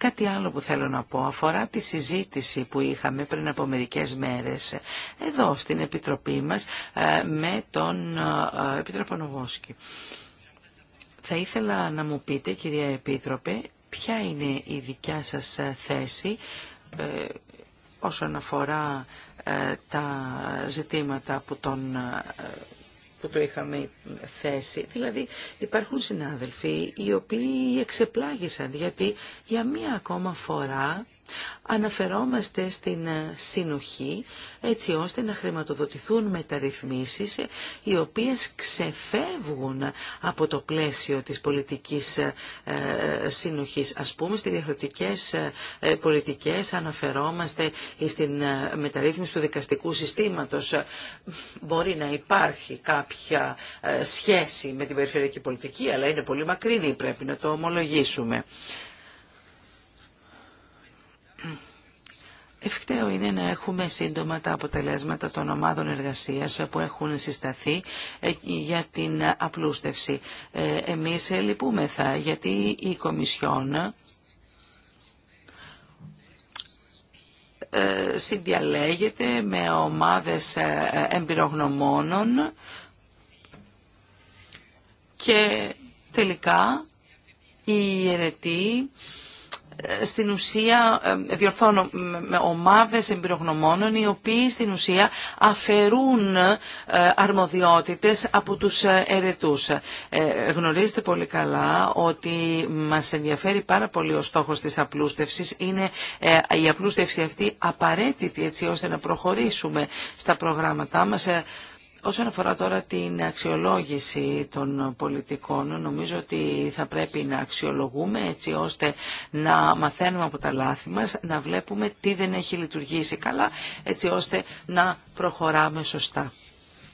Κάτι άλλο που θέλω να πω αφορά τη συζήτηση που είχαμε πριν από μερικές μέρες εδώ στην Επιτροπή μας ε, με τον ε, ε, Επίτροπο Νοβόσκη. Θα ήθελα να μου πείτε, κυρία Επίτροπε, ποια είναι η δικιά σας θέση όσον αφορά τα ζητήματα που τον που το είχαμε θέσει. Δηλαδή υπάρχουν συνάδελφοι οι οποίοι εξεπλάγησαν γιατί για μία ακόμα φορά Αναφερόμαστε στην ε, συνοχή έτσι ώστε να χρηματοδοτηθούν μεταρρυθμίσεις ε, οι οποίες ξεφεύγουν από το πλαίσιο της πολιτικής ε, συνοχής. Ας πούμε, στις διαχρονικές πολιτικές αναφερόμαστε στην μεταρρύθμιση του δικαστικού συστήματος. Μπορεί να υπάρχει κάποια σχέση με την περιφερειακή πολιτική, αλλά είναι πολύ μακρινή, πρέπει να το ομολογήσουμε. Ευχταίο είναι να έχουμε σύντομα τα αποτελέσματα των ομάδων εργασίας που έχουν συσταθεί ε, για την απλούστευση. Ε, εμείς λυπούμεθα γιατί η Κομισιόν ε, συνδιαλέγεται με ομάδες εμπειρογνωμόνων και τελικά η Ιερετή ε, στην ουσία ε, διορθώνω με ομάδες εμπειρογνωμόνων οι οποίοι στην ουσία αφαιρούν ε, αρμοδιότητες από τους ερετούς. Γνωρίζετε πολύ καλά ότι μας ενδιαφέρει πάρα πολύ ο στόχος της απλούστευσης. Είναι η απλούστευση αυτή απαραίτητη έτσι ώστε να προχωρήσουμε στα προγράμματά μας Όσον αφορά τώρα την αξιολόγηση των πολιτικών, νομίζω ότι θα πρέπει να αξιολογούμε έτσι ώστε να μαθαίνουμε από τα λάθη μας, να βλέπουμε τι δεν έχει λειτουργήσει καλά, έτσι ώστε να προχωράμε σωστά.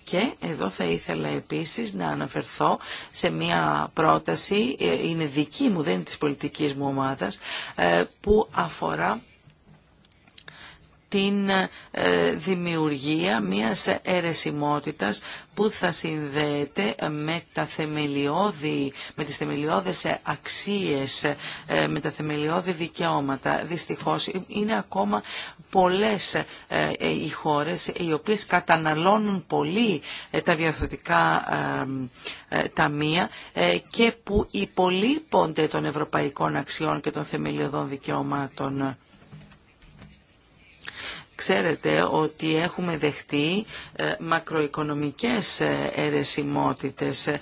Και εδώ θα ήθελα επίσης να αναφερθώ σε μια πρόταση, ε, είναι δική μου, δεν της πολιτικής μου ομάδας, ε, που αφορά την ε, δημιουργία μιας αιρεσιμότητας που θα συνδέεται με, τα θεμελιώδη, με τις θεμελιώδες αξίες, ε, με τα θεμελιώδη δικαιώματα. Δυστυχώς ε, είναι ακόμα πολλές οι χώρες οι οποίες καταναλώνουν πολύ τα διαφορετικά ταμεία και που υπολείπονται των ευρωπαϊκών αξιών και των θεμελιωδών δικαιωμάτων. Ξέρετε ότι έχουμε δεχτεί ε, μακροοικονομικές ε, αιρεσιμότητες ε,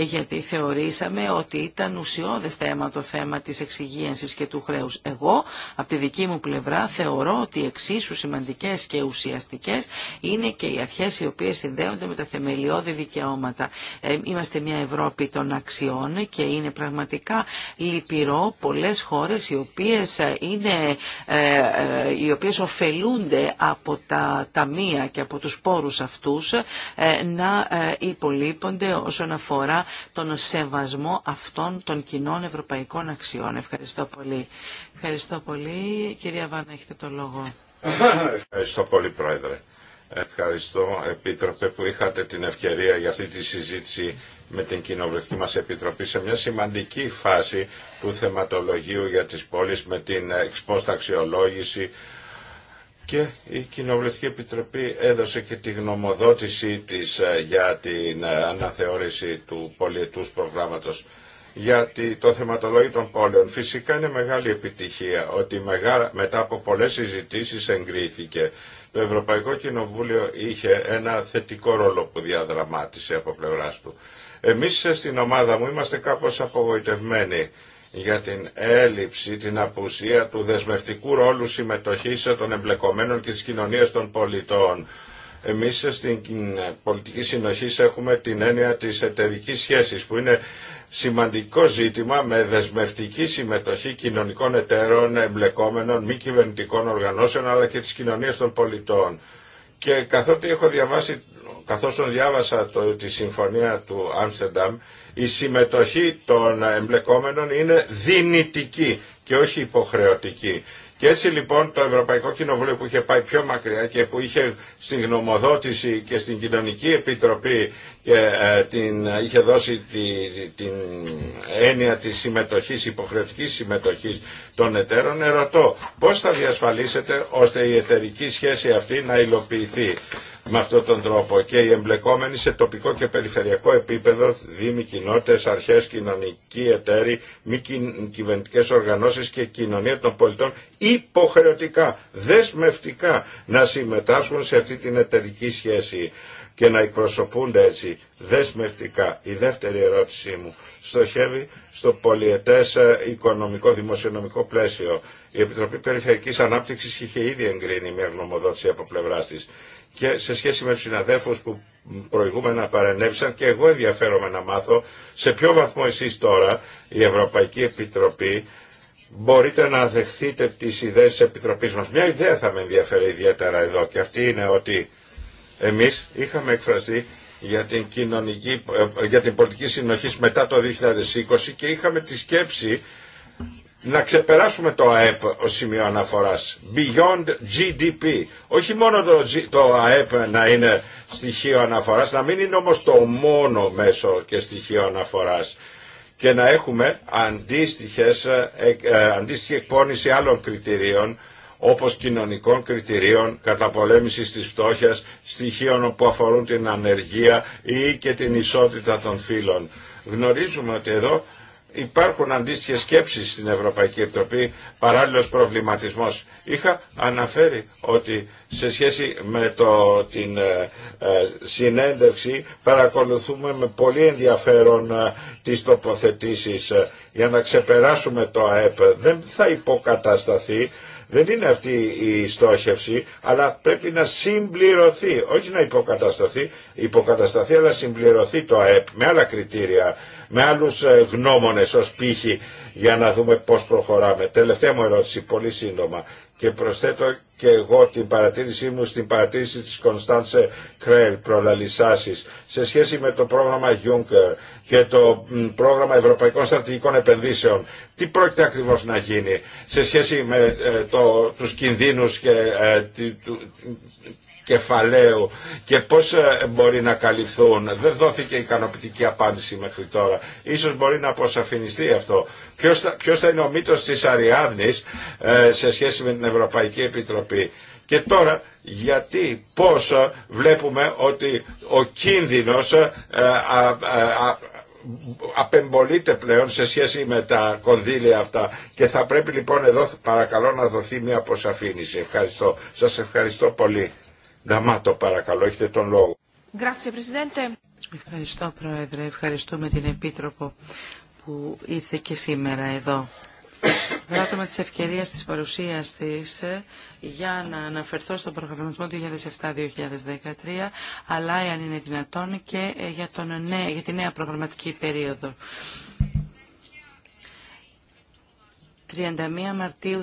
γιατί θεωρήσαμε ότι ήταν ουσιώδες θέμα το θέμα της εξυγίανσης και του χρέους. Εγώ από τη δική μου πλευρά θεωρώ ότι εξίσου σημαντικές και ουσιαστικές είναι και οι αρχές οι οποίες συνδέονται με τα θεμελιώδη δικαιώματα. Είμαστε μια Ευρώπη των αξιών και είναι πραγματικά λυπηρό πολλές χώρες οι οποίες, είναι, ωφελούνται από τα ταμεία και από τους πόρους αυτούς ε, να ε, υπολείπονται όσον αφορά τον σεβασμό αυτών των κοινών ευρωπαϊκών αξιών. Ευχαριστώ πολύ. Ευχαριστώ πολύ. Κυρία Βάνα, έχετε το λόγο. Ευχαριστώ πολύ, Πρόεδρε. Ευχαριστώ, Επίτροπε, που είχατε την ευκαιρία για αυτή τη συζήτηση με την Κοινοβουλευτική μας Επιτροπή σε μια σημαντική φάση του θεματολογίου για τις πόλεις με την εξπόστα και η Κοινοβουλευτική Επιτροπή έδωσε και τη γνωμοδότησή της ε, για την ε, αναθεώρηση του πολιετούς προγράμματος για το θεματολόγιο των πόλεων. Φυσικά είναι μεγάλη επιτυχία ότι μετά από πολλές συζητήσεις εγκρίθηκε. Το Ευρωπαϊκό Κοινοβούλιο είχε ένα θετικό ρόλο που διαδραμάτισε από πλευράς του. Εμείς ε, στην ομάδα μου είμαστε κάπως απογοητευμένοι για την έλλειψη, την απουσία του δεσμευτικού ρόλου συμμετοχής των εμπλεκομένων και της κοινωνίας των πολιτών. Εμείς στην πολιτική συνοχή έχουμε την έννοια της εταιρική σχέσης που είναι σημαντικό ζήτημα με δεσμευτική συμμετοχή κοινωνικών εταίρων, εμπλεκόμενων, μη κυβερνητικών οργανώσεων αλλά και της κοινωνίας των πολιτών. Και καθότι έχω διαβάσει, καθώς διάβασα το, τη συμφωνία του Άμστερνταμ, η συμμετοχή των εμπλεκόμενων είναι δυνητική και όχι υποχρεωτική. Και έτσι λοιπόν το Ευρωπαϊκό Κοινοβούλιο που είχε πάει πιο μακριά και που είχε στην γνωμοδότηση και στην Κοινωνική Επιτροπή και ε, την, είχε δώσει την έννοια της συμμετοχής, υποχρεωτικής συμμετοχής των εταίρων, ερωτώ πώς θα διασφαλίσετε ώστε η εταιρική σχέση αυτή να υλοποιηθεί με αυτόν τον τρόπο και οι εμπλεκόμενοι σε τοπικό και περιφερειακό επίπεδο, δήμοι, κοινότητε, αρχέ, κοινωνικοί εταίροι, μη κυβερνητικέ οργανώσει και κοινωνία των πολιτών υποχρεωτικά, δεσμευτικά να συμμετάσχουν σε αυτή την εταιρική σχέση και να εκπροσωπούνται έτσι δεσμευτικά. Η δεύτερη ερώτησή μου στοχεύει στο πολιετές ε, οικονομικό δημοσιονομικό πλαίσιο. Η Επιτροπή Περιφερειακής Ανάπτυξης είχε ήδη εγκρίνει μια γνωμοδότηση από πλευρά και σε σχέση με τους συναδέλφους που προηγούμενα παρενέβησαν και εγώ ενδιαφέρομαι να μάθω σε ποιο βαθμό εσείς τώρα η Ευρωπαϊκή Επιτροπή μπορείτε να δεχθείτε τις ιδέες της Επιτροπής μας. Μια ιδέα θα με ενδιαφέρει ιδιαίτερα εδώ και αυτή είναι ότι εμείς είχαμε εκφραστεί για την, κοινωνική, ε, για την πολιτική συνοχή μετά το 2020 και είχαμε τη σκέψη να ξεπεράσουμε το ΑΕΠ ως σημείο αναφοράς. Beyond GDP. Όχι μόνο το, ΑΕΠ να είναι στοιχείο αναφοράς, να μην είναι όμως το μόνο μέσο και στοιχείο αναφοράς και να έχουμε αντίστοιχες, ε, ε, αντίστοιχη εκπόνηση άλλων κριτηρίων όπως κοινωνικών κριτηρίων, καταπολέμησης της φτώχειας, στοιχείων που αφορούν την ανεργία ή και την ισότητα των φύλων. Γνωρίζουμε ότι εδώ υπάρχουν αντίστοιχε σκέψεις στην Ευρωπαϊκή Επιτροπή, παράλληλος προβληματισμός. Είχα αναφέρει ότι σε σχέση με το, την ε, ε, συνέντευξη παρακολουθούμε με πολύ ενδιαφέρον ε, τις τοποθετήσεις ε, για να ξεπεράσουμε το ΑΕΠ. Δεν θα υποκατασταθεί, δεν είναι αυτή η στόχευση, αλλά πρέπει να συμπληρωθεί, όχι να υποκατασταθεί, υποκατασταθεί αλλά συμπληρωθεί το ΑΕΠ με άλλα κριτήρια με άλλους ε, γνώμονες ως πύχη για να δούμε πώς προχωράμε. Τελευταία μου ερώτηση, πολύ σύντομα και προσθέτω και εγώ την παρατήρησή μου στην παρατήρηση της Κωνσταντσε Κρέλ προλαλισάσης σε σχέση με το πρόγραμμα Juncker και το πρόγραμμα Ευρωπαϊκών Στρατηγικών Επενδύσεων. Τι πρόκειται ακριβώς να γίνει σε σχέση με ε, το, τους κινδύνους και ε, κεφαλαίου και πώς ε, μπορεί να καλυφθούν. Δεν δόθηκε ικανοποιητική απάντηση μέχρι τώρα. Ίσως μπορεί να αποσαφινιστεί αυτό. Ποιος θα, ποιος θα είναι ο μύτος της Αριάδνης ε, σε σχέση με την Ευρωπαϊκή Επιτροπή. Και τώρα γιατί πώς ε, βλέπουμε ότι ο κίνδυνος απεμπολείται πλέον σε σχέση με τα κονδύλια αυτά και θα πρέπει λοιπόν εδώ παρακαλώ να δοθεί μια αποσαφήνιση. Ευχαριστώ. Σας ευχαριστώ πολύ παρακαλώ, έχετε τον λόγο. Ευχαριστώ Πρόεδρε, ευχαριστούμε την Επίτροπο που ήρθε και σήμερα εδώ. Βράτω με ευκαιρίας της παρουσίας της ε, για να αναφερθώ στον προγραμματισμό 2007-2013 αλλά εάν είναι δυνατόν και ε, για, τον για τη νέα προγραμματική περίοδο. 31 Μαρτίου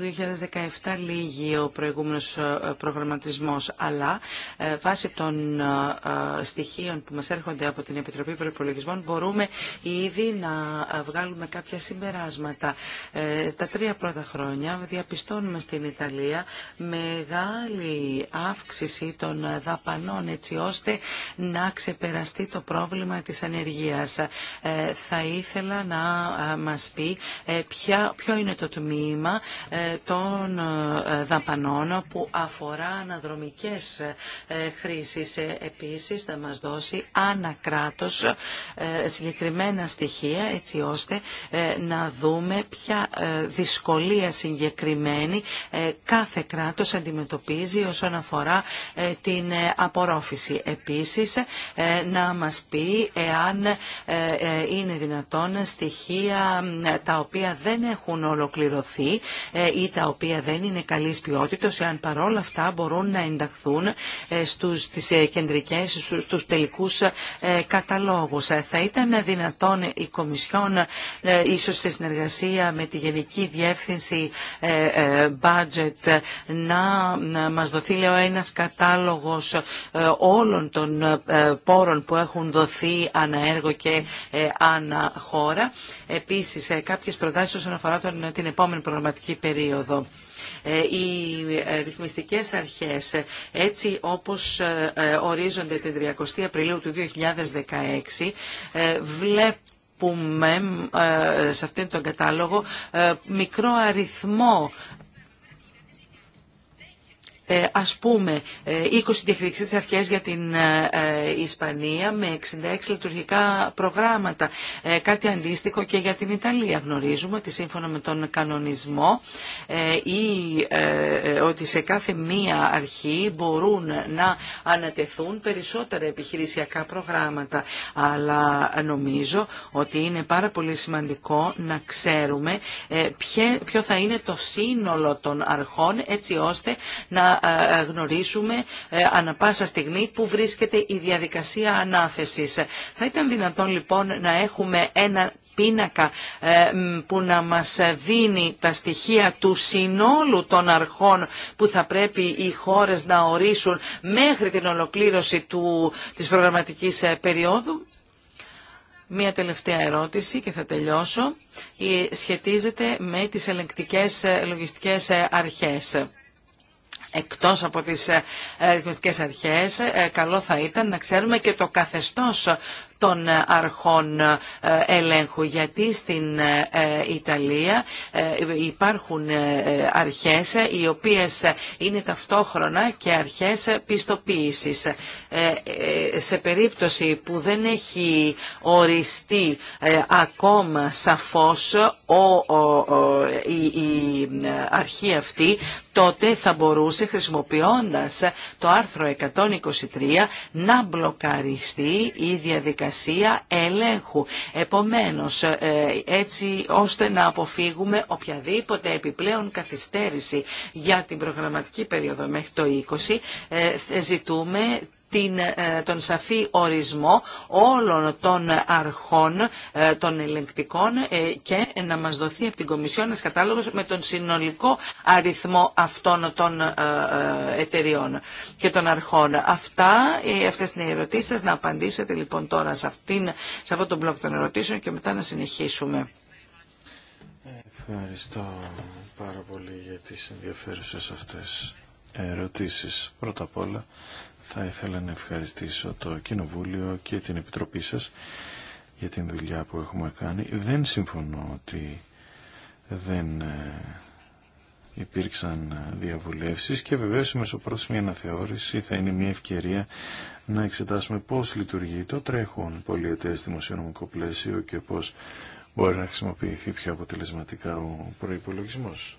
2017 λύγει ο προηγούμενος ε, προγραμματισμός, αλλά ε, βάσει των ε, στοιχείων που μας έρχονται από την Επιτροπή Προπολογισμών μπορούμε ήδη να βγάλουμε κάποια συμπεράσματα. Τα τρία πρώτα χρόνια διαπιστώνουμε στην Ιταλία μεγάλη αύξηση των δαπανών έτσι ώστε να ξεπεραστεί το πρόβλημα της ανεργίας. Θα ήθελα να μας πει ποιο είναι το τμήμα ε, των ε, δαπανών που αφορά αναδρομικές ε, χρήσεις. Επίσης θα μας δώσει ανακράτος συγκεκριμένα στοιχεία έτσι ώστε να δούμε ποια δυσκολία συγκεκριμένη κάθε κράτος αντιμετωπίζει όσον αφορά την απορρόφηση. Επίσης να μας πει εάν είναι δυνατόν στοιχεία τα οποία δεν έχουν ολοκληρωθεί ολοκληρωθεί ε, ή τα οποία δεν είναι καλη ποιοτητα εάν παρόλα αυτά μπορούν να ενταχθούν ε, στους, τις ε, κεντρικές, στους τελικούς καταλόγους. Θα ήταν δυνατόν η Κομισιόν, ίσως σε συνεργασία με τη Γενική Διεύθυνση Budget, να μας δοθεί, λέω, ένας κατάλογος όλων των πόρων που έχουν δοθεί ανά έργο και ανά χώρα. Επίσης, κάποιες προτάσεις όσον αφορά την επόμενη προγραμματική περίοδο. Ε, οι ε, ρυθμιστικές αρχές, ε, έτσι όπως ορίζονται την 30 Απριλίου του 2016, βλέπουμε σε αυτήν τον κατάλογο μικρό αριθμό ε, ας πούμε 20 ε, διεκδικήσεις αρχές για την ε, Ισπανία με 66 λειτουργικά προγράμματα. Κάτι αντίστοιχο και για την Ιταλία. Γνωρίζουμε ότι σύμφωνα με τον κανονισμό ή ότι σε κάθε μία αρχή μπορούν να ανατεθούν περισσότερα επιχειρησιακά προγράμματα. Αλλά νομίζω ότι είναι πάρα πολύ σημαντικό να ξέρουμε ποιο θα είναι το σύνολο των αρχών έτσι ώστε να γνωρίσουμε ε, ανα πάσα στιγμή που βρίσκεται η διαδικασία ανάθεσης. Θα ήταν δυνατόν λοιπόν να έχουμε ένα πίνακα ε, που να μας δίνει τα στοιχεία του συνόλου των αρχών που θα πρέπει οι χώρες να ορίσουν μέχρι την ολοκλήρωση του, της προγραμματικής ε, περίοδου. Μία τελευταία ερώτηση και θα τελειώσω. Σχετίζεται με τις ελεγκτικές λογιστικές αρχές εκτός από τις ε, ε, ρυθμιστικές αρχές, ε, καλό θα ήταν να ξέρουμε και το καθεστώς των αρχών ε, ελέγχου γιατί στην ε, Ιταλία ε, υπάρχουν αρχές οι οποίες είναι ταυτόχρονα και αρχές πιστοποίησης. Σε περίπτωση που δεν έχει οριστεί ακόμα σαφώς ο, η, η αρχή αυτή τότε θα μπορούσε χρησιμοποιώντας το άρθρο 123 να μπλοκαριστεί η διαδικασία διαδικασία ελέγχου. Επομένως, ε, έτσι ώστε να αποφύγουμε οποιαδήποτε επιπλέον καθυστέρηση για την προγραμματική περίοδο μέχρι το 20, ε, ζητούμε την, ε, τον σαφή ορισμό όλων των αρχών ε, των ελεγκτικών ε, και να μας δοθεί από την Κομισιόν ένας κατάλογος με τον συνολικό αριθμό αυτών των εταιριών και των αρχών. Αυτά, αυτές είναι οι ερωτήσεις Να απαντήσετε λοιπόν τώρα σε, αυτήν, σε αυτό το μπλοκ των ερωτήσεων και μετά να συνεχίσουμε. Ευχαριστώ πάρα πολύ για τις ενδιαφέρουσες αυτές ερωτήσεις. Πρώτα απ' όλα θα ήθελα να ευχαριστήσω το Κοινοβούλιο και την Επιτροπή σας για την δουλειά που έχουμε κάνει. Δεν συμφωνώ ότι δεν ε, υπήρξαν ε, διαβουλεύσεις και βεβαίως η μεσοπρόθεσμη αναθεώρηση θα είναι μια ευκαιρία να εξετάσουμε πώς λειτουργεί το τρέχον πολιετές δημοσιονομικό πλαίσιο και πώς μπορεί να χρησιμοποιηθεί πιο αποτελεσματικά ο προϋπολογισμός.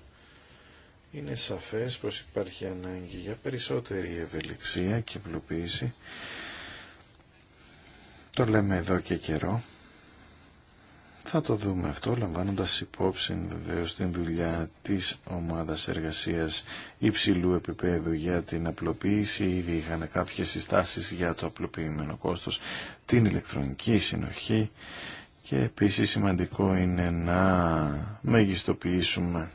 Είναι σαφές πως υπάρχει ανάγκη για περισσότερη ευελιξία και απλοποίηση. Το λέμε εδώ και καιρό. Θα το δούμε αυτό λαμβάνοντας υπόψη βεβαίως την δουλειά της ομάδας εργασίας υψηλού επίπεδου για την απλοποίηση. Ήδη είχαν κάποιες συστάσεις για το απλοποιημένο κόστος, την ηλεκτρονική συνοχή και επίσης σημαντικό είναι να μεγιστοποιήσουμε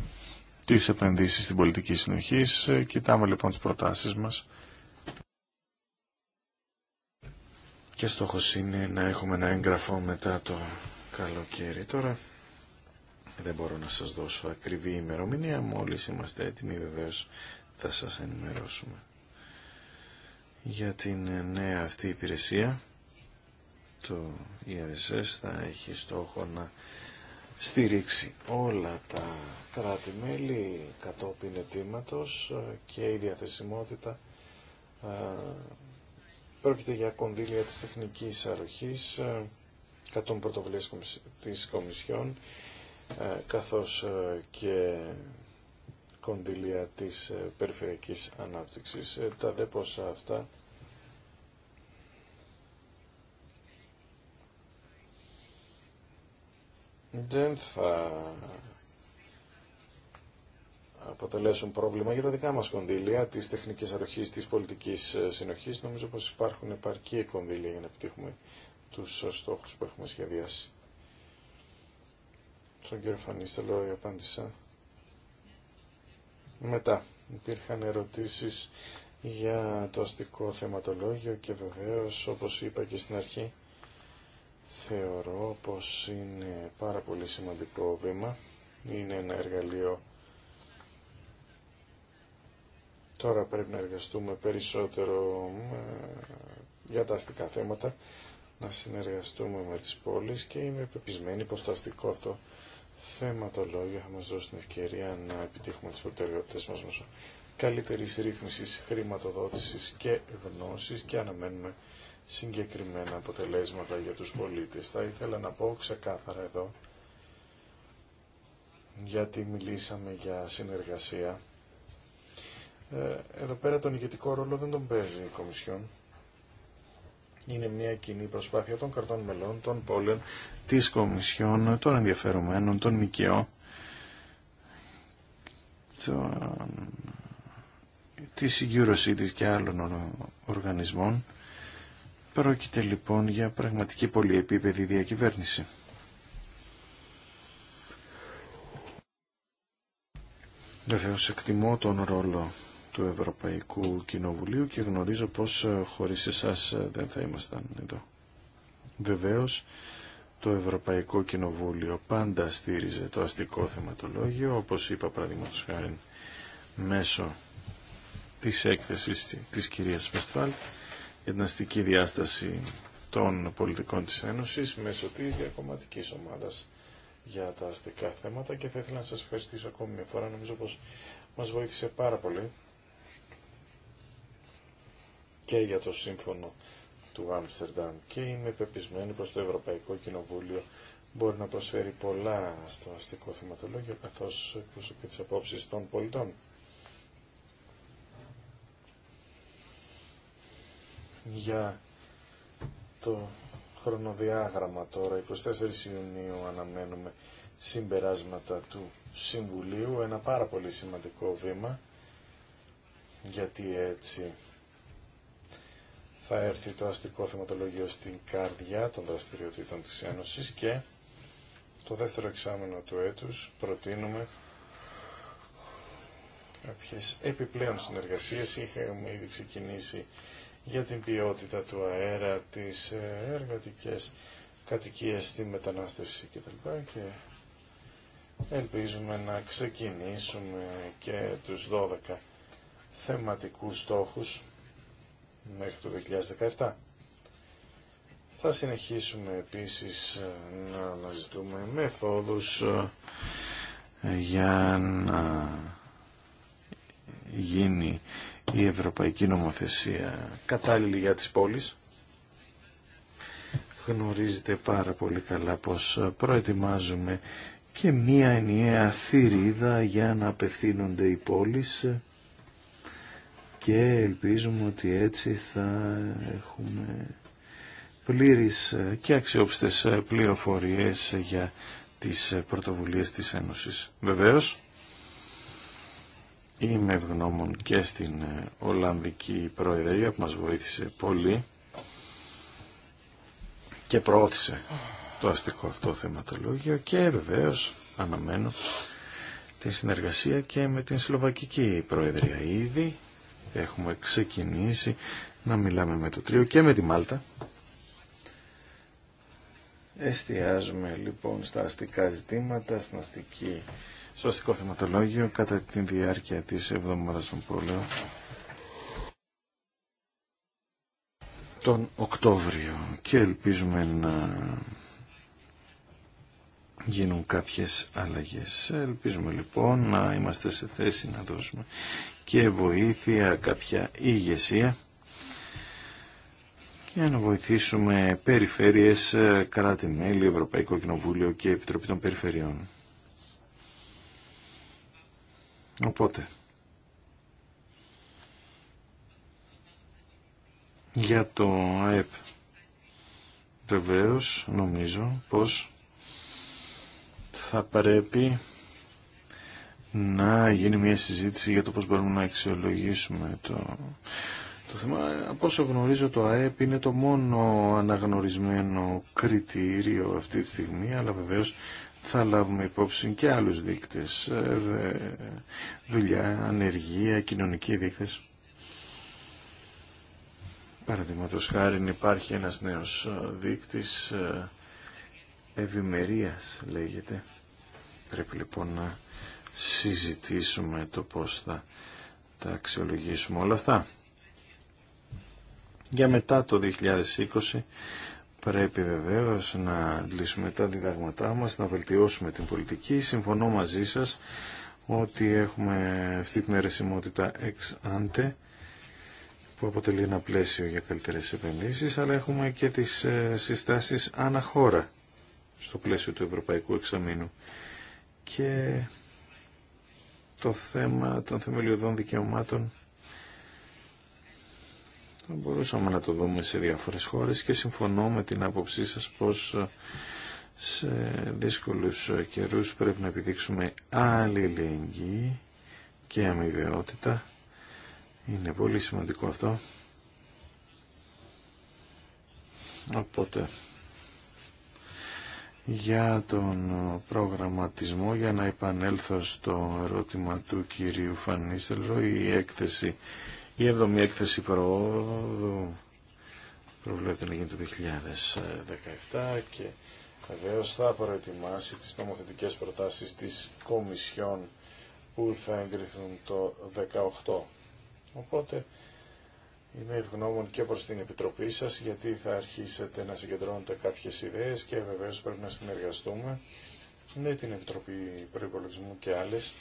τις επενδύσεις στην πολιτική συνοχή. Ε, κοιτάμε λοιπόν τις προτάσεις μας. Και στόχος είναι να έχουμε ένα έγγραφο μετά το καλοκαίρι. Τώρα δεν μπορώ να σας δώσω ακριβή ημερομηνία, μόλις είμαστε έτοιμοι βεβαίως θα σας ενημερώσουμε. Για την νέα αυτή υπηρεσία, το ΙΑΔΣΕΣ θα έχει στόχο να στήριξη όλα τα κράτη-μέλη κατόπιν ετήματος και η διαθεσιμότητα ε, πρόκειται για κονδύλια της τεχνικής αρχής ε, κατόπιν πρωτοβουλίας της Κομισιόν ε, καθώς και κονδύλια της περιφερειακής ανάπτυξης. Τα δε αυτά δεν θα αποτελέσουν πρόβλημα για τα δικά μας κονδύλια της τεχνικής αρχής, της πολιτικής ε, συνοχής. Νομίζω πως υπάρχουν επαρκή κονδύλια για να επιτύχουμε τους ε, στόχους που έχουμε σχεδιάσει. Στον κύριο Φανίστελο απάντησα. Μετά υπήρχαν ερωτήσεις για το αστικό θεματολόγιο και βεβαίως όπως είπα και στην αρχή θεωρώ πως είναι πάρα πολύ σημαντικό βήμα. Είναι ένα εργαλείο. Τώρα πρέπει να εργαστούμε περισσότερο ε, για τα αστικά θέματα, να συνεργαστούμε με τις πόλεις και είμαι πεπισμένη πως το αστικό αυτό θεματολόγιο θα μας δώσει την ευκαιρία να επιτύχουμε τις προτεραιότητες μας μέσω καλύτερης ρύθμισης, χρηματοδότησης και γνώσης και αναμένουμε συγκεκριμένα αποτελέσματα για τους πολίτες. Θα ήθελα να πω ξεκάθαρα εδώ, γιατί μιλήσαμε για συνεργασία. Ε, εδώ πέρα τον ηγετικό ρόλο δεν τον παίζει η Κομισιόν. Είναι μια κοινή προσπάθεια των καρτών μελών, των πόλεων, της Κομισιόν, των ενδιαφερομένων, των ΜΚΟ, των... της και άλλων οργανισμών Πρόκειται λοιπόν για πραγματική πολυεπίπεδη διακυβέρνηση. Βεβαίω εκτιμώ τον ρόλο του Ευρωπαϊκού Κοινοβουλίου και γνωρίζω πως ε, χωρίς εσάς ε, δεν θα ήμασταν εδώ. Βεβαίως το Ευρωπαϊκό Κοινοβούλιο πάντα στήριζε το αστικό θεματολόγιο, όπως είπα παραδείγματο χάρη μέσω της έκθεσης της κυρίας Βεστφάλτ, για την αστική διάσταση των πολιτικών της Ένωσης μέσω της διακομματικής ομάδας για τα αστικά θέματα και θα ήθελα να σας ευχαριστήσω ακόμη μια φορά. Νομίζω πως μας βοήθησε πάρα πολύ και για το σύμφωνο του Άμστερνταμ και είμαι πεπισμένη πως το Ευρωπαϊκό Κοινοβούλιο μπορεί να προσφέρει πολλά στο αστικό θεματολόγιο καθώς προσωπεί τις απόψεις των πολιτών. για το χρονοδιάγραμμα τώρα. 24 Ιουνίου αναμένουμε συμπεράσματα του Συμβουλίου, ένα πάρα πολύ σημαντικό βήμα, γιατί έτσι θα έρθει το αστικό θεματολογίο στην καρδιά των δραστηριοτήτων της Ένωσης και το δεύτερο εξάμενο του έτους προτείνουμε κάποιες επιπλέον συνεργασίες. Είχαμε ήδη ξεκινήσει για την ποιότητα του αέρα, τις ε, εργατικές κατοικίες, τη μετανάστευση κτλ. Και ελπίζουμε να ξεκινήσουμε και τους 12 θεματικούς στόχους μέχρι το 2017. Θα συνεχίσουμε επίσης ε, να αναζητούμε μεθόδους ε, για να γίνει η ευρωπαϊκή νομοθεσία κατάλληλη για τις πόλεις. Γνωρίζετε πάρα πολύ καλά πως προετοιμάζουμε και μία ενιαία θηρίδα για να απευθύνονται οι πόλεις και ελπίζουμε ότι έτσι θα έχουμε πλήρεις και αξιόπιστες πληροφορίες για τις πρωτοβουλίες της Ένωσης. Βεβαίως, Είμαι ευγνώμων και στην ε, Ολλανδική Προεδρία που μας βοήθησε πολύ και προώθησε το αστικό αυτό θεματολόγιο και βεβαίω αναμένω τη συνεργασία και με την Σλοβακική Προεδρία. Ήδη έχουμε ξεκινήσει να μιλάμε με το τρίο και με τη Μάλτα. Εστιάζουμε λοιπόν στα αστικά ζητήματα, στην αστική σωστικό θεματολόγιο κατά τη διάρκεια της εβδομάδας των πόλεων τον Οκτώβριο και ελπίζουμε να γίνουν κάποιες αλλαγές. Ελπίζουμε λοιπόν να είμαστε σε θέση να δώσουμε και βοήθεια, κάποια ηγεσία και να βοηθήσουμε περιφέρειες, κράτη-μέλη, Ευρωπαϊκό Κοινοβούλιο και Επιτροπή των Περιφερειών. Οπότε, για το ΑΕΠ, βεβαίως νομίζω πως θα πρέπει να γίνει μια συζήτηση για το πώς μπορούμε να αξιολογήσουμε το, το θέμα. Από όσο γνωρίζω το ΑΕΠ είναι το μόνο αναγνωρισμένο κριτήριο αυτή τη στιγμή, αλλά βεβαίως θα λάβουμε υπόψη και άλλους δείκτες, ε, δουλειά, ανεργία, κοινωνικοί δείκτες. Παραδείγματος χάρη υπάρχει ένας νέος ε, δείκτης ε, ευημερίας λέγεται. Πρέπει λοιπόν να συζητήσουμε το πώς θα τα αξιολογήσουμε όλα αυτά. Για μετά το 2020 Πρέπει βεβαίω να λύσουμε τα διδαγματά μα να βελτιώσουμε την πολιτική. Συμφωνώ μαζί σα ότι έχουμε αυτή την αιρεσιμότητα ex ante που αποτελεί ένα πλαίσιο για καλύτερε επενδύσει, αλλά έχουμε και τις ε, συστάσεις αναχώρα στο πλαίσιο του Ευρωπαϊκού Εξαμήνου. Και το θέμα των θεμελιωδών δικαιωμάτων θα μπορούσαμε να το δούμε σε διάφορες χώρες και συμφωνώ με την άποψή σας πως ε, σε δύσκολους ε, καιρούς πρέπει να επιδείξουμε αλληλεγγύη και αμοιβαιότητα. Είναι πολύ σημαντικό αυτό. Οπότε, για τον ε, προγραμματισμό, για να επανέλθω στο ερώτημα του κυρίου Φανίσελρο, η έκθεση η 7η έκθεση προόδου προβλέπεται να γίνει το 2017 και βεβαίω θα προετοιμάσει τις νομοθετικές προτάσεις της Κομισιόν που θα εγκριθούν το 2018. Οπότε είμαι ευγνώμων και προς την Επιτροπή σας γιατί θα αρχίσετε να συγκεντρώνετε κάποιες ιδέες και βεβαίως πρέπει να συνεργαστούμε με την Επιτροπή Προϋπολογισμού και άλλες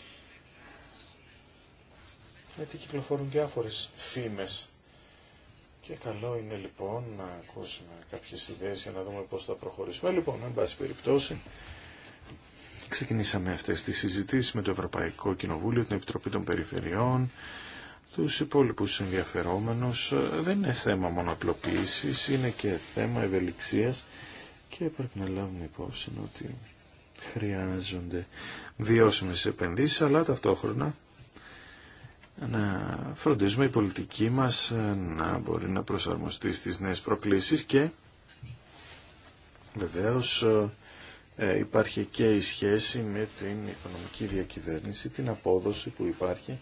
γιατί κυκλοφορούν διάφορες φήμες. Και καλό είναι λοιπόν να ακούσουμε κάποιες ιδέες για να δούμε πώς θα προχωρήσουμε. Λοιπόν, εν πάση περιπτώσει, ξεκινήσαμε αυτές τις συζητήσεις με το Ευρωπαϊκό Κοινοβούλιο, την Επιτροπή των Περιφερειών, τους υπόλοιπους ενδιαφερόμενους. Δεν είναι θέμα μονοπλοποίησης, είναι και θέμα ευελιξίας και πρέπει να λάβουμε υπόψη ότι χρειάζονται βιώσιμες επενδύσεις, αλλά ταυτόχρονα να φροντίζουμε η πολιτική μας να μπορεί να προσαρμοστεί στις νέες προκλήσεις και βεβαίως ε, υπάρχει και η σχέση με την οικονομική διακυβέρνηση, την απόδοση που υπάρχει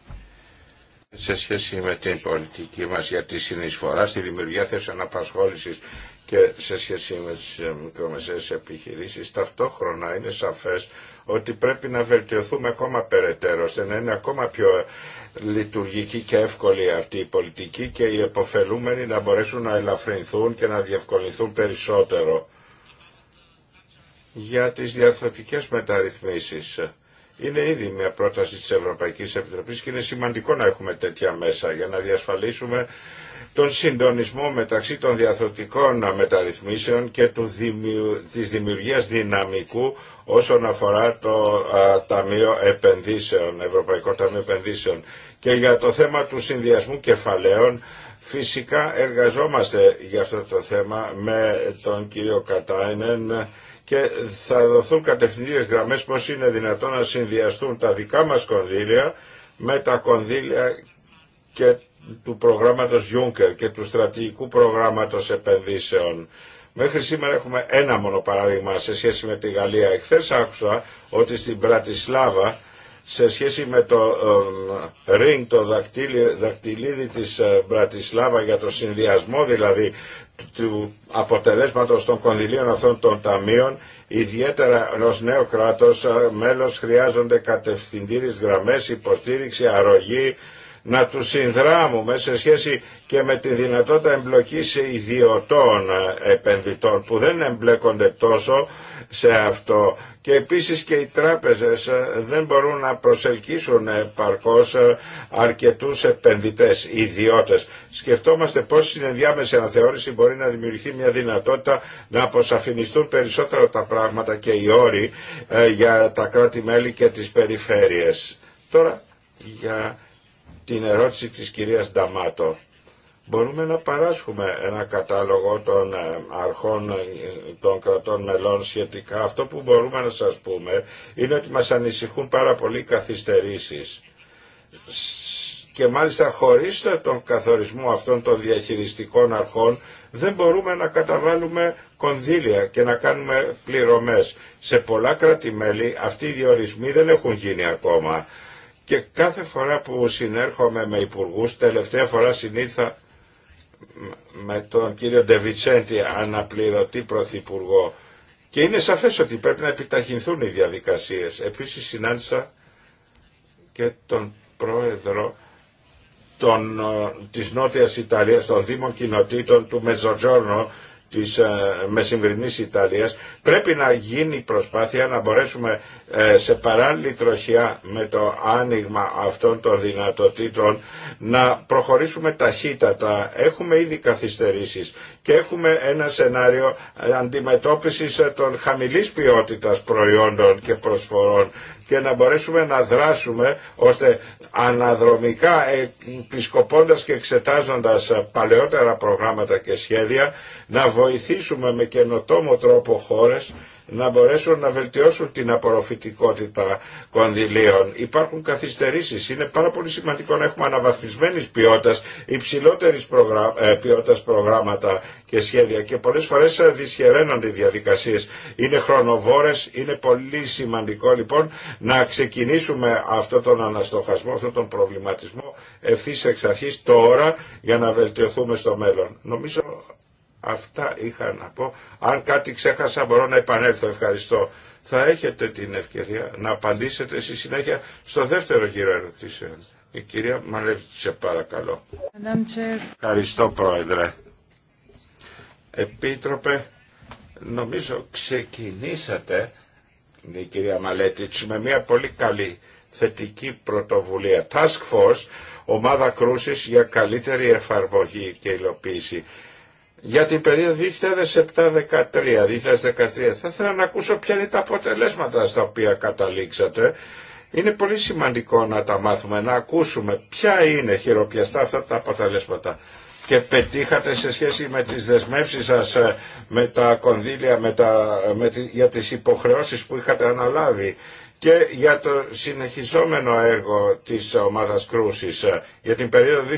σε σχέση με την πολιτική μας για τη συνεισφορά στη δημιουργία θέσεων απασχόλησης και σε σχέση με τις ε, μικρομεσαίες επιχειρήσεις. Ταυτόχρονα είναι σαφές ότι πρέπει να βελτιωθούμε ακόμα περαιτέρω, ώστε να είναι ακόμα πιο λειτουργική και εύκολη αυτή η πολιτική και οι εποφελούμενοι να μπορέσουν να ελαφρυνθούν και να διευκολυνθούν περισσότερο για τις διαθροτικές μεταρρυθμίσεις. Είναι ήδη μια πρόταση της Ευρωπαϊκής Επιτροπής και είναι σημαντικό να έχουμε τέτοια μέσα για να διασφαλίσουμε τον συντονισμό μεταξύ των διαθροτικών μεταρρυθμίσεων και του δημιου... της δυναμικού όσον αφορά το Ταμείο Επενδύσεων, Ευρωπαϊκό Ταμείο Επενδύσεων. Και για το θέμα του συνδυασμού κεφαλαίων, φυσικά εργαζόμαστε για αυτό το θέμα με τον κύριο Κατάινεν και θα δοθούν κατευθυντήρες γραμμές πώς είναι δυνατόν να συνδυαστούν τα δικά μας κονδύλια με τα κονδύλια και του προγράμματος Juncker και του στρατηγικού προγράμματος επενδύσεων Μέχρι σήμερα έχουμε ένα μόνο παράδειγμα σε σχέση με τη Γαλλία. Εχθέ άκουσα ότι στην Πρατισλάβα σε σχέση με το ring, το δακτυλίδι της ε, Μπρατισλάβα για το συνδυασμό δηλαδή του αποτελέσματος των κονδυλίων αυτών των ταμείων ιδιαίτερα ως νέο κράτος ε, μέλος χρειάζονται κατευθυντήριες γραμμές, υποστήριξη, αρρωγή να τους συνδράμουμε σε σχέση και με τη δυνατότητα εμπλοκής ιδιωτών επενδυτών που δεν εμπλέκονται τόσο σε αυτό και επίσης και οι τράπεζες δεν μπορούν να προσελκύσουν επαρκώς αρκετούς επενδυτές, ιδιώτες. Σκεφτόμαστε πώς στην ενδιάμεση αναθεώρηση μπορεί να δημιουργηθεί μια δυνατότητα να αποσαφινιστούν περισσότερα τα πράγματα και οι όροι ε, για τα κράτη-μέλη και τις περιφέρειες. Τώρα για την ερώτηση της κυρίας Νταμάτο. Μπορούμε να παράσχουμε ένα κατάλογο των ε, αρχών ε, των κρατών μελών σχετικά. Αυτό που μπορούμε να σας πούμε είναι ότι μας ανησυχούν πάρα πολλοί καθυστερήσεις και μάλιστα χωρίς τον καθορισμό αυτών των διαχειριστικών αρχών δεν μπορούμε να καταβάλουμε κονδύλια και να κάνουμε πληρωμές. Σε πολλά κράτη-μέλη αυτοί οι διορισμοί δεν έχουν γίνει ακόμα. Και κάθε φορά που συνέρχομαι με υπουργούς, τελευταία φορά συνήθα με τον κύριο Ντεβιτσέντη αναπληρωτή πρωθυπουργό και είναι σαφές ότι πρέπει να επιταχυνθούν οι διαδικασίες. Επίσης συνάντησα και τον πρόεδρο των, ε, της Νότιας Ιταλίας, των Δήμων Κοινοτήτων του Μεζοτζόρνο της ε, μεσημβρινής Ιταλίας πρέπει να γίνει προσπάθεια να μπορέσουμε ε, σε παράλληλη τροχιά με το άνοιγμα αυτών των δυνατοτήτων να προχωρήσουμε ταχύτατα. Έχουμε ήδη καθυστερήσεις και έχουμε ένα σενάριο αντιμετώπισης ε, των χαμηλής ποιότητας προϊόντων και προσφορών και να μπορέσουμε να δράσουμε ώστε αναδρομικά επισκοπώντας και εξετάζοντας παλαιότερα προγράμματα και σχέδια να βοηθήσουμε με καινοτόμο τρόπο χώρες να μπορέσουν να βελτιώσουν την απορροφητικότητα κονδυλίων. Υπάρχουν καθυστερήσεις. Είναι πάρα πολύ σημαντικό να έχουμε αναβαθμισμένης ποιότητας, υψηλότερης ε, ποιότητας προγράμματα και σχέδια και πολλές φορές ε, δυσχεραίνονται οι διαδικασίες. Είναι χρονοβόρες, είναι πολύ σημαντικό λοιπόν να ξεκινήσουμε αυτόν τον αναστοχασμό, αυτόν τον προβληματισμό ευθύ εξ αρχής τώρα για να βελτιωθούμε στο μέλλον. Νομίζω Αυτά είχα να πω. Αν κάτι ξέχασα μπορώ να επανέλθω. Ευχαριστώ. Θα έχετε την ευκαιρία να απαντήσετε στη συνέχεια στο δεύτερο γύρο ερωτήσεων. Η κυρία Μαλεύτσε παρακαλώ. Ευχαριστώ πρόεδρε. Επίτροπε, νομίζω ξεκινήσατε, η κυρία Μαλέτιτς, με μια πολύ καλή θετική πρωτοβουλία. Task Force, ομάδα κρούσης για καλύτερη εφαρμογή και υλοποίηση για την περίοδο 2007-2013. Θα ήθελα να ακούσω ποια είναι τα αποτελέσματα στα οποία καταλήξατε. Είναι πολύ σημαντικό να τα μάθουμε, να ακούσουμε ποια είναι χειροπιαστά αυτά τα αποτελέσματα και πετύχατε σε σχέση με τις δεσμεύσεις σας ε, με τα κονδύλια με τα, ε, με, για τις υποχρεώσεις που είχατε αναλάβει και για το συνεχιζόμενο έργο της ομάδας κρούσης ε, για την περίοδο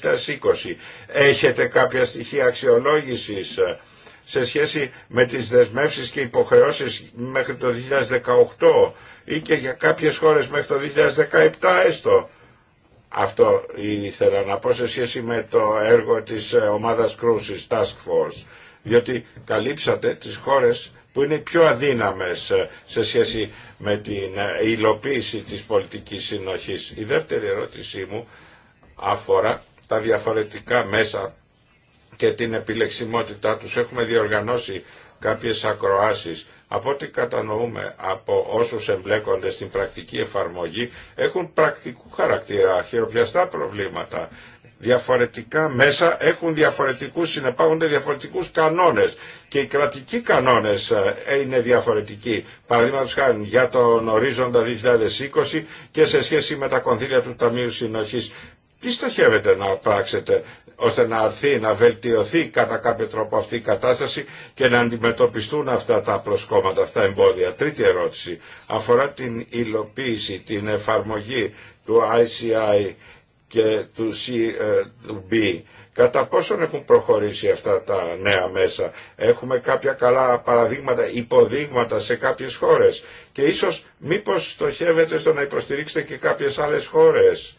2014-2020. Έχετε κάποια στοιχεία αξιολόγησης ε, σε σχέση με τις δεσμεύσεις και υποχρεώσεις μέχρι το 2018 ή και για κάποιες χώρες μέχρι το 2017 έστω. Αυτό ήθελα να πω σε σχέση με το έργο της ε, ομάδας κρούσης Task Force, διότι καλύψατε τις χώρες που είναι πιο αδύναμες ε, σε σχέση με την ε, υλοποίηση της πολιτικής συνοχής. Η δεύτερη ερώτησή μου αφορά τα διαφορετικά μέσα και την επιλεξιμότητά τους. Έχουμε διοργανώσει κάποιες ακροάσεις. Από ό,τι κατανοούμε από όσους εμπλέκονται στην πρακτική εφαρμογή έχουν πρακτικού χαρακτήρα, χειροπιαστά προβλήματα διαφορετικά μέσα έχουν διαφορετικούς, συνεπάγονται διαφορετικούς κανόνες και οι κρατικοί κανόνες ε, είναι διαφορετικοί. Παραδείγματος χάρη για τον ορίζοντα 2020 και σε σχέση με τα κονδύλια του Ταμείου Συνοχής. Τι στοχεύετε να πράξετε ώστε να αρθεί, να βελτιωθεί κατά κάποιο τρόπο αυτή η κατάσταση και να αντιμετωπιστούν αυτά τα προσκόμματα, αυτά τα εμπόδια. Τρίτη ερώτηση αφορά την υλοποίηση, την εφαρμογή του ICI και του CB. Κατά πόσον έχουν προχωρήσει αυτά τα νέα μέσα. Έχουμε κάποια καλά παραδείγματα, υποδείγματα σε κάποιες χώρες. Και ίσως μήπως στοχεύετε στο να υποστηρίξετε και κάποιες άλλες χώρες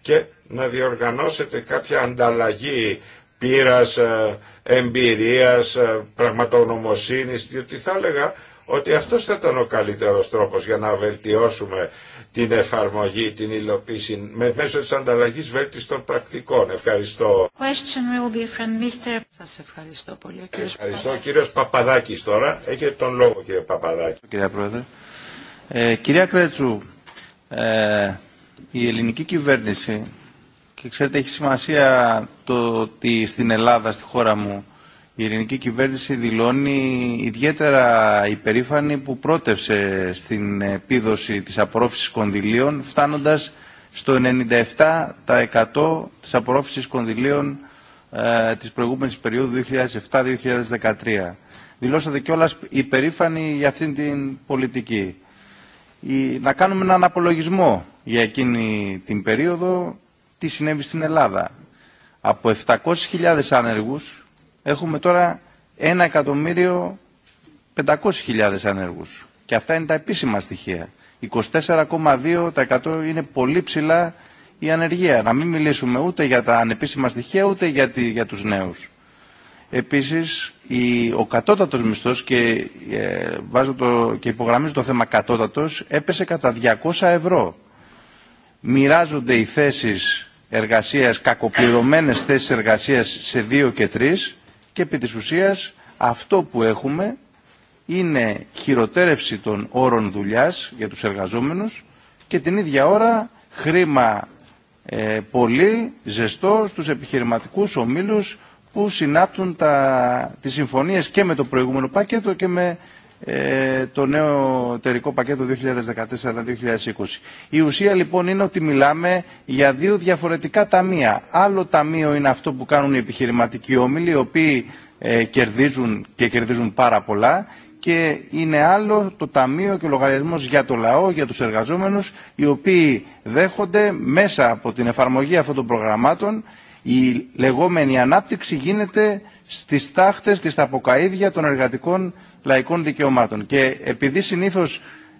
και να διοργανώσετε κάποια ανταλλαγή πείρας, ε, εμπειρίας, ε, πραγματογνωμοσύνης, διότι θα έλεγα ότι αυτός θα ήταν ο καλύτερος τρόπος για να βελτιώσουμε την εφαρμογή, την υλοποίηση με, μέσω της ανταλλαγής βέλτιστων πρακτικών. Ευχαριστώ. Will be from Mr. ευχαριστώ πολύ. ευχαριστώ. κύριος Παπαδάκης τώρα. Έχετε τον λόγο κύριε Παπαδάκη. Κύριε Πρόεδρε. Ε, κυρία Κρέτσου, ε, η ελληνική κυβέρνηση και ξέρετε έχει σημασία το ότι στην Ελλάδα, στη χώρα μου, η ελληνική κυβέρνηση δηλώνει ιδιαίτερα υπερήφανη που πρότευσε στην επίδοση της απορρόφησης κονδυλίων φτάνοντας στο 97% της απορρόφησης κονδυλίων ε, της προηγούμενης περίοδου 2007-2013. Δηλώσατε κιόλας υπερήφανη για αυτήν την πολιτική. Η, να κάνουμε έναν απολογισμό για εκείνη την περίοδο τι συνέβη στην Ελλάδα. Από 700.000 άνεργους Έχουμε τώρα 1.500.000 ανέργους. Και αυτά είναι τα επίσημα στοιχεία. 24,2% είναι πολύ ψηλά η ανεργία. Να μην μιλήσουμε ούτε για τα ανεπίσημα στοιχεία, ούτε για, τη, για τους νέους. Επίσης, η, ο κατώτατος μισθός, και, ε, βάζω το, και υπογραμμίζω το θέμα κατώτατος, έπεσε κατά 200 ευρώ. Μοιράζονται οι θέσεις εργασίας, κακοπληρωμένες θέσεις εργασίας σε 2 και 3 και επί της ουσίας αυτό που έχουμε είναι χειροτέρευση των όρων δουλειάς για τους εργαζόμενους και την ίδια ώρα χρήμα ε, πολύ ζεστό στους επιχειρηματικούς ομίλους που συνάπτουν τα, τις συμφωνίες και με το προηγούμενο πακέτο και με ε, το νέο εταιρικό πακέτο 2014-2020. Η ουσία λοιπόν είναι ότι μιλάμε για δύο διαφορετικά ταμεία. Άλλο ταμείο είναι αυτό που κάνουν οι επιχειρηματικοί όμιλοι, οι οποίοι ε, κερδίζουν και κερδίζουν πάρα πολλά και είναι άλλο το ταμείο και ο λογαριασμός για το λαό, για τους εργαζόμενους, οι οποίοι δέχονται μέσα από την εφαρμογή αυτών των προγραμμάτων η λεγόμενη ανάπτυξη γίνεται στις τάχτες και στα αποκαίδια των εργατικών λαϊκών δικαιωμάτων. Και επειδή συνήθω,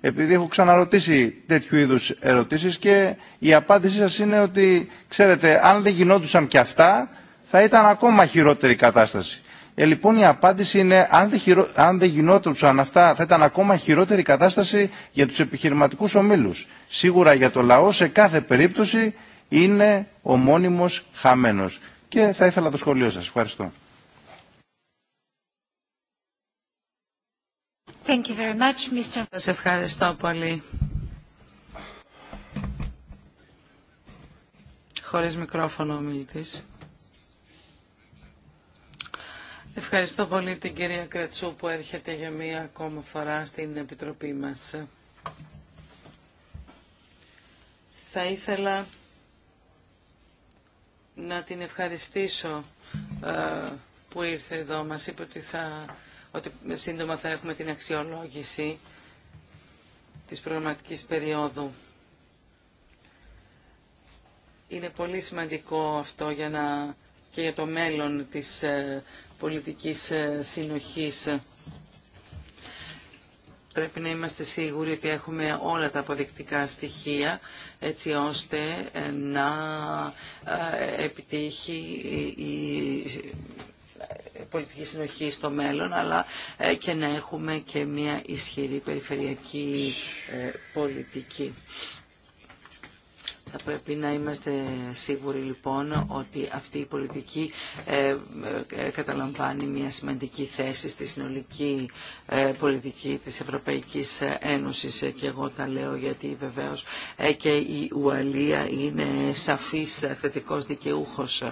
επειδή έχω ξαναρωτήσει τέτοιου είδου ερωτήσει, και η απάντησή σα είναι ότι, ξέρετε, αν δεν γινόντουσαν και αυτά, θα ήταν ακόμα χειρότερη κατάσταση. Ε, λοιπόν, η απάντηση είναι, αν δεν, χειρο... αν δεν γινόντουσαν αυτά, θα ήταν ακόμα χειρότερη κατάσταση για του επιχειρηματικού ομίλου. Σίγουρα για το λαό, σε κάθε περίπτωση, είναι ο μόνιμος χαμένος. Και θα ήθελα το σχολείο σας. Ευχαριστώ. Thank ευχαριστώ πολύ. Χωρίς μικρόφωνο ο μιλητής. Ευχαριστώ πολύ την κυρία Κρατσού που έρχεται για μία ακόμα φορά στην Επιτροπή μας. Θα ήθελα να την ευχαριστήσω ε, που ήρθε εδώ. Μας είπε ότι θα ότι σύντομα θα έχουμε την αξιολόγηση της προγραμματικής περίοδου. Είναι πολύ σημαντικό αυτό για να... και για το μέλλον της ε, πολιτικής ε, συνοχής. Πρέπει να είμαστε σίγουροι ότι έχουμε όλα τα αποδεικτικά στοιχεία έτσι ώστε ε, να επιτύχει η πολιτική συνοχή στο μέλλον, αλλά ε, και να έχουμε και μια ισχυρή περιφερειακή ε, πολιτική. Θα πρέπει να είμαστε σίγουροι λοιπόν ότι αυτή η πολιτική ε, καταλαμβάνει μια σημαντική θέση στη συνολική πολιτική της Ευρωπαϊκής Ένωσης και εγώ τα λέω γιατί βεβαίως και η Ουαλία είναι σαφής θετικός δικαιούχος.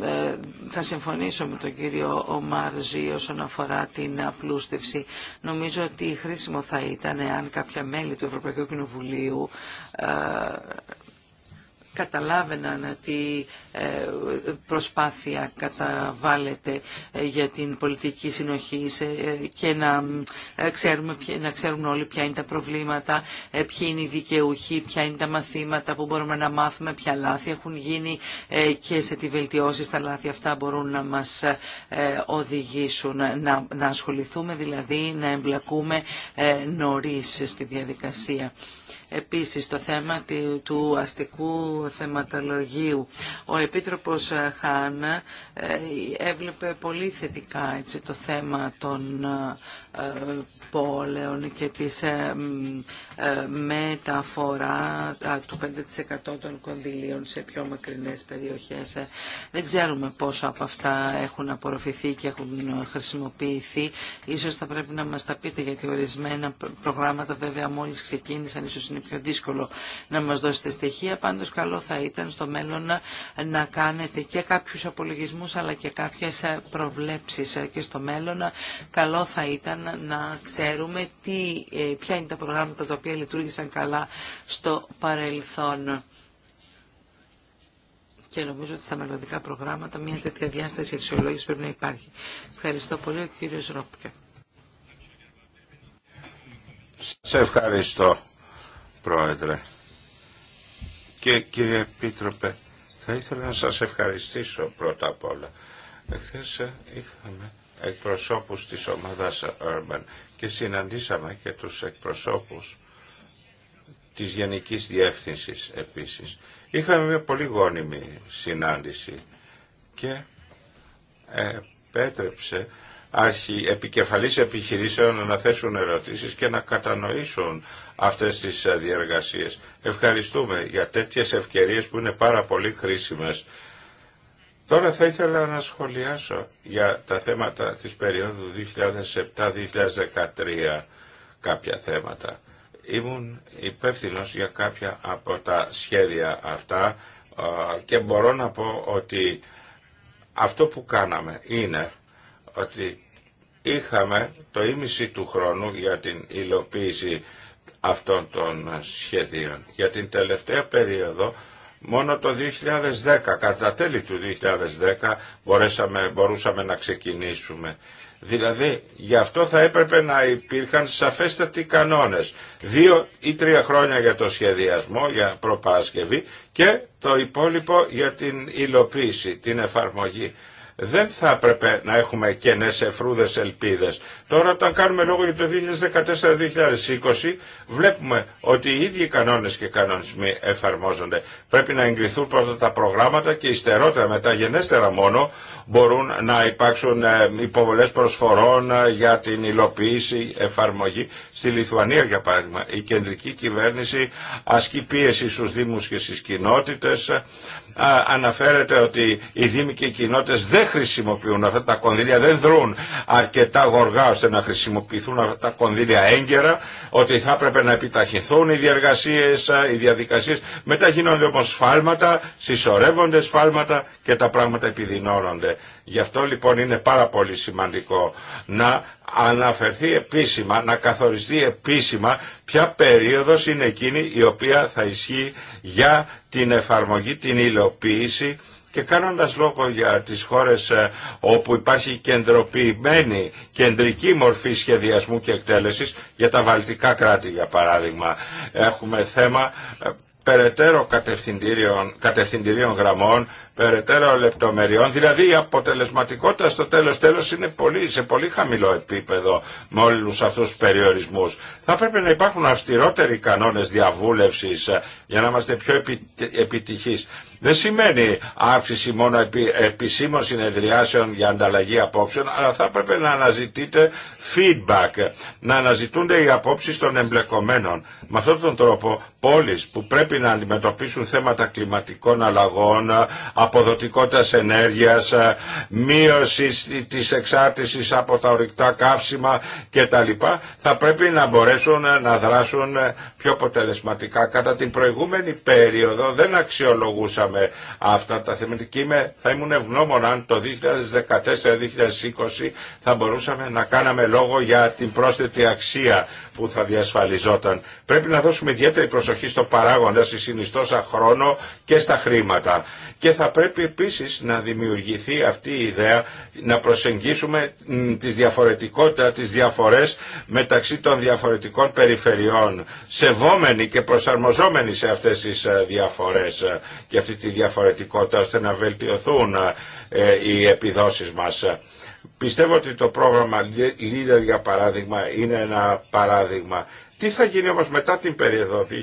Ε, θα συμφωνήσω με τον κύριο Ομάρζη όσον αφορά την απλούστευση. Νομίζω ότι χρήσιμο θα ήταν αν κάποια μέλη του Ευρωπαϊκού Κοινοβουλίου ε, καταλάβαιναν ότι ε, προσπάθεια καταβάλλεται ε, για την πολιτική συνοχή ε, και να ξέρουμε, να ξέρουμε όλοι ποια είναι τα προβλήματα, ποια είναι οι δικαιούχοι, ποια είναι τα μαθήματα που μπορούμε να μάθουμε, ποια λάθη έχουν γίνει και σε τι βελτιώσεις τα λάθη αυτά μπορούν να μας οδηγήσουν. Να, να ασχοληθούμε δηλαδή, να εμπλακούμε νωρίς στη διαδικασία. Επίσης το θέμα του αστικού θεματολογίου. Ο Επίτροπος Χάνα ε, έβλεπε πολύ θετικά έτσι, το θέμα των πόλεων και της ε, ε, μεταφορά του 5% των κονδυλίων σε πιο μακρινές περιοχές. Ε, δεν ξέρουμε πόσο από αυτά έχουν απορροφηθεί και έχουν χρησιμοποιηθεί. Ίσως θα πρέπει να μας τα πείτε γιατί ορισμένα προγράμματα βέβαια μόλις ξεκίνησαν ίσως είναι πιο δύσκολο να μας δώσετε στοιχεία. Πάντως καλό θα ήταν στο μέλλον να κάνετε και κάποιους απολογισμούς αλλά και κάποιες προβλέψεις και στο μέλλον καλό θα ήταν Λοιπόν να ξέρουμε τι, ε, ποια είναι τα προγράμματα τα οποία λειτουργήσαν καλά στο παρελθόν. Και νομίζω ότι στα μελλοντικά προγράμματα μια τέτοια διάσταση αξιολόγηση πρέπει να υπάρχει. Ευχαριστώ πολύ ο κύριο Ρόπκε. Σε ευχαριστώ, Πρόεδρε. Και κύριε Επίτροπε, θα ήθελα να σας ευχαριστήσω πρώτα απ' όλα. Εχθές ε, είχαμε εκπροσώπους της ομάδας Urban και συναντήσαμε και τους εκπροσώπους της Γενικής Διεύθυνσης επίσης. Είχαμε μια πολύ γόνιμη συνάντηση και ε, επέτρεψε αρχι, επικεφαλής επιχειρήσεων να θέσουν ερωτήσεις και να κατανοήσουν αυτές τις ε, διεργασίες. Ευχαριστούμε για τέτοιες ευκαιρίες που είναι πάρα πολύ χρήσιμες Τώρα θα ήθελα να σχολιάσω για τα θέματα της περίοδου 2007-2013 κάποια θέματα. Ήμουν υπεύθυνος για κάποια από τα σχέδια αυτά και μπορώ να πω ότι αυτό που κάναμε είναι ότι είχαμε το ίμιση του χρόνου για την υλοποίηση αυτών των σχεδίων. Για την τελευταία περίοδο Μόνο το 2010, κατά τέλη του 2010, μπορέσαμε, μπορούσαμε να ξεκινήσουμε. Δηλαδή, γι' αυτό θα έπρεπε να υπήρχαν σαφέστατοι κανόνες. Δύο ή τρία χρόνια για το σχεδιασμό, για προπάσκευη και το υπόλοιπο για την υλοποίηση, την εφαρμογή δεν θα έπρεπε να έχουμε κενές εφρούδες ελπίδες. Τώρα όταν κάνουμε λόγο για το 2014-2020 βλέπουμε ότι οι ίδιοι κανόνες και κανονισμοί εφαρμόζονται. Πρέπει να εγκριθούν πρώτα τα προγράμματα και υστερότερα μετά γενέστερα μόνο μπορούν να υπάρξουν ε, υποβολές προσφορών ε, για την υλοποίηση, εφαρμογή. Στη Λιθουανία για παράδειγμα η κεντρική κυβέρνηση ασκεί πίεση στους δήμους και στις κοινότητες αναφέρεται ότι οι δήμοι και οι κοινότητε δεν χρησιμοποιούν αυτά τα κονδύλια, δεν δρούν αρκετά γοργά ώστε να χρησιμοποιηθούν αυτά τα κονδύλια έγκαιρα, ότι θα έπρεπε να επιταχυνθούν οι διαργασίε, οι διαδικασίε. Μετά γίνονται όμω σφάλματα, συσσωρεύονται σφάλματα και τα πράγματα επιδεινώνονται. Γι' αυτό λοιπόν είναι πάρα πολύ σημαντικό να αναφερθεί επίσημα, να καθοριστεί επίσημα ποια περίοδος είναι εκείνη η οποία θα ισχύει για την εφαρμογή, την υλοποίηση και κάνοντας λόγο για τις χώρες ε, όπου υπάρχει κεντροποιημένη κεντρική μορφή σχεδιασμού και εκτέλεσης, για τα βαλτικά κράτη για παράδειγμα, έχουμε θέμα ε, περαιτέρω κατευθυντηρίων, κατευθυντηρίων γραμμών, περαιτέρω λεπτομεριών, δηλαδή η αποτελεσματικότητα στο τέλος τέλος είναι πολύ, σε πολύ χαμηλό επίπεδο με όλους αυτούς τους περιορισμούς. Θα πρέπει να υπάρχουν αυστηρότεροι κανόνες διαβούλευσης ε, για να είμαστε πιο επιτυχείς. Δεν σημαίνει αύξηση μόνο επισήμων συνεδριάσεων για ανταλλαγή απόψεων, αλλά θα έπρεπε να αναζητείτε feedback, να αναζητούνται οι απόψεις των εμπλεκομένων. Με αυτόν τον τρόπο, πόλεις που πρέπει να αντιμετωπίσουν θέματα κλιματικών αλλαγών, αποδοτικότητας ενέργειας, μείωση της εξάρτησης από τα ορυκτά καύσιμα κτλ. θα πρέπει να μπορέσουν να δράσουν πιο αποτελεσματικά. Κατά την προηγούμενη περίοδο δεν αξιολογούσαμε αυτά τα θέματα και θα ήμουν ευγνώμων αν το 2014-2020 θα μπορούσαμε να κάναμε λόγο για την πρόσθετη αξία που θα διασφαλιζόταν. Πρέπει να δώσουμε ιδιαίτερη προσοχή στο παράγοντα, στη συνιστόσα χρόνο και στα χρήματα. Και θα πρέπει επίσης να δημιουργηθεί αυτή η ιδέα να προσεγγίσουμε τις διαφορετικότητα, τις διαφορές μεταξύ των διαφορετικών περιφερειών, σεβόμενοι και προσαρμοζόμενοι σε αυτές τις ε, διαφορές ε, και αυτή τη διαφορετικότητα, ώστε να βελτιωθούν ε, οι επιδόσεις μας. Πιστεύω ότι το πρόγραμμα Λίλερ για παράδειγμα είναι ένα παράδειγμα. Τι θα γίνει όμως μετά την περίοδο 2020,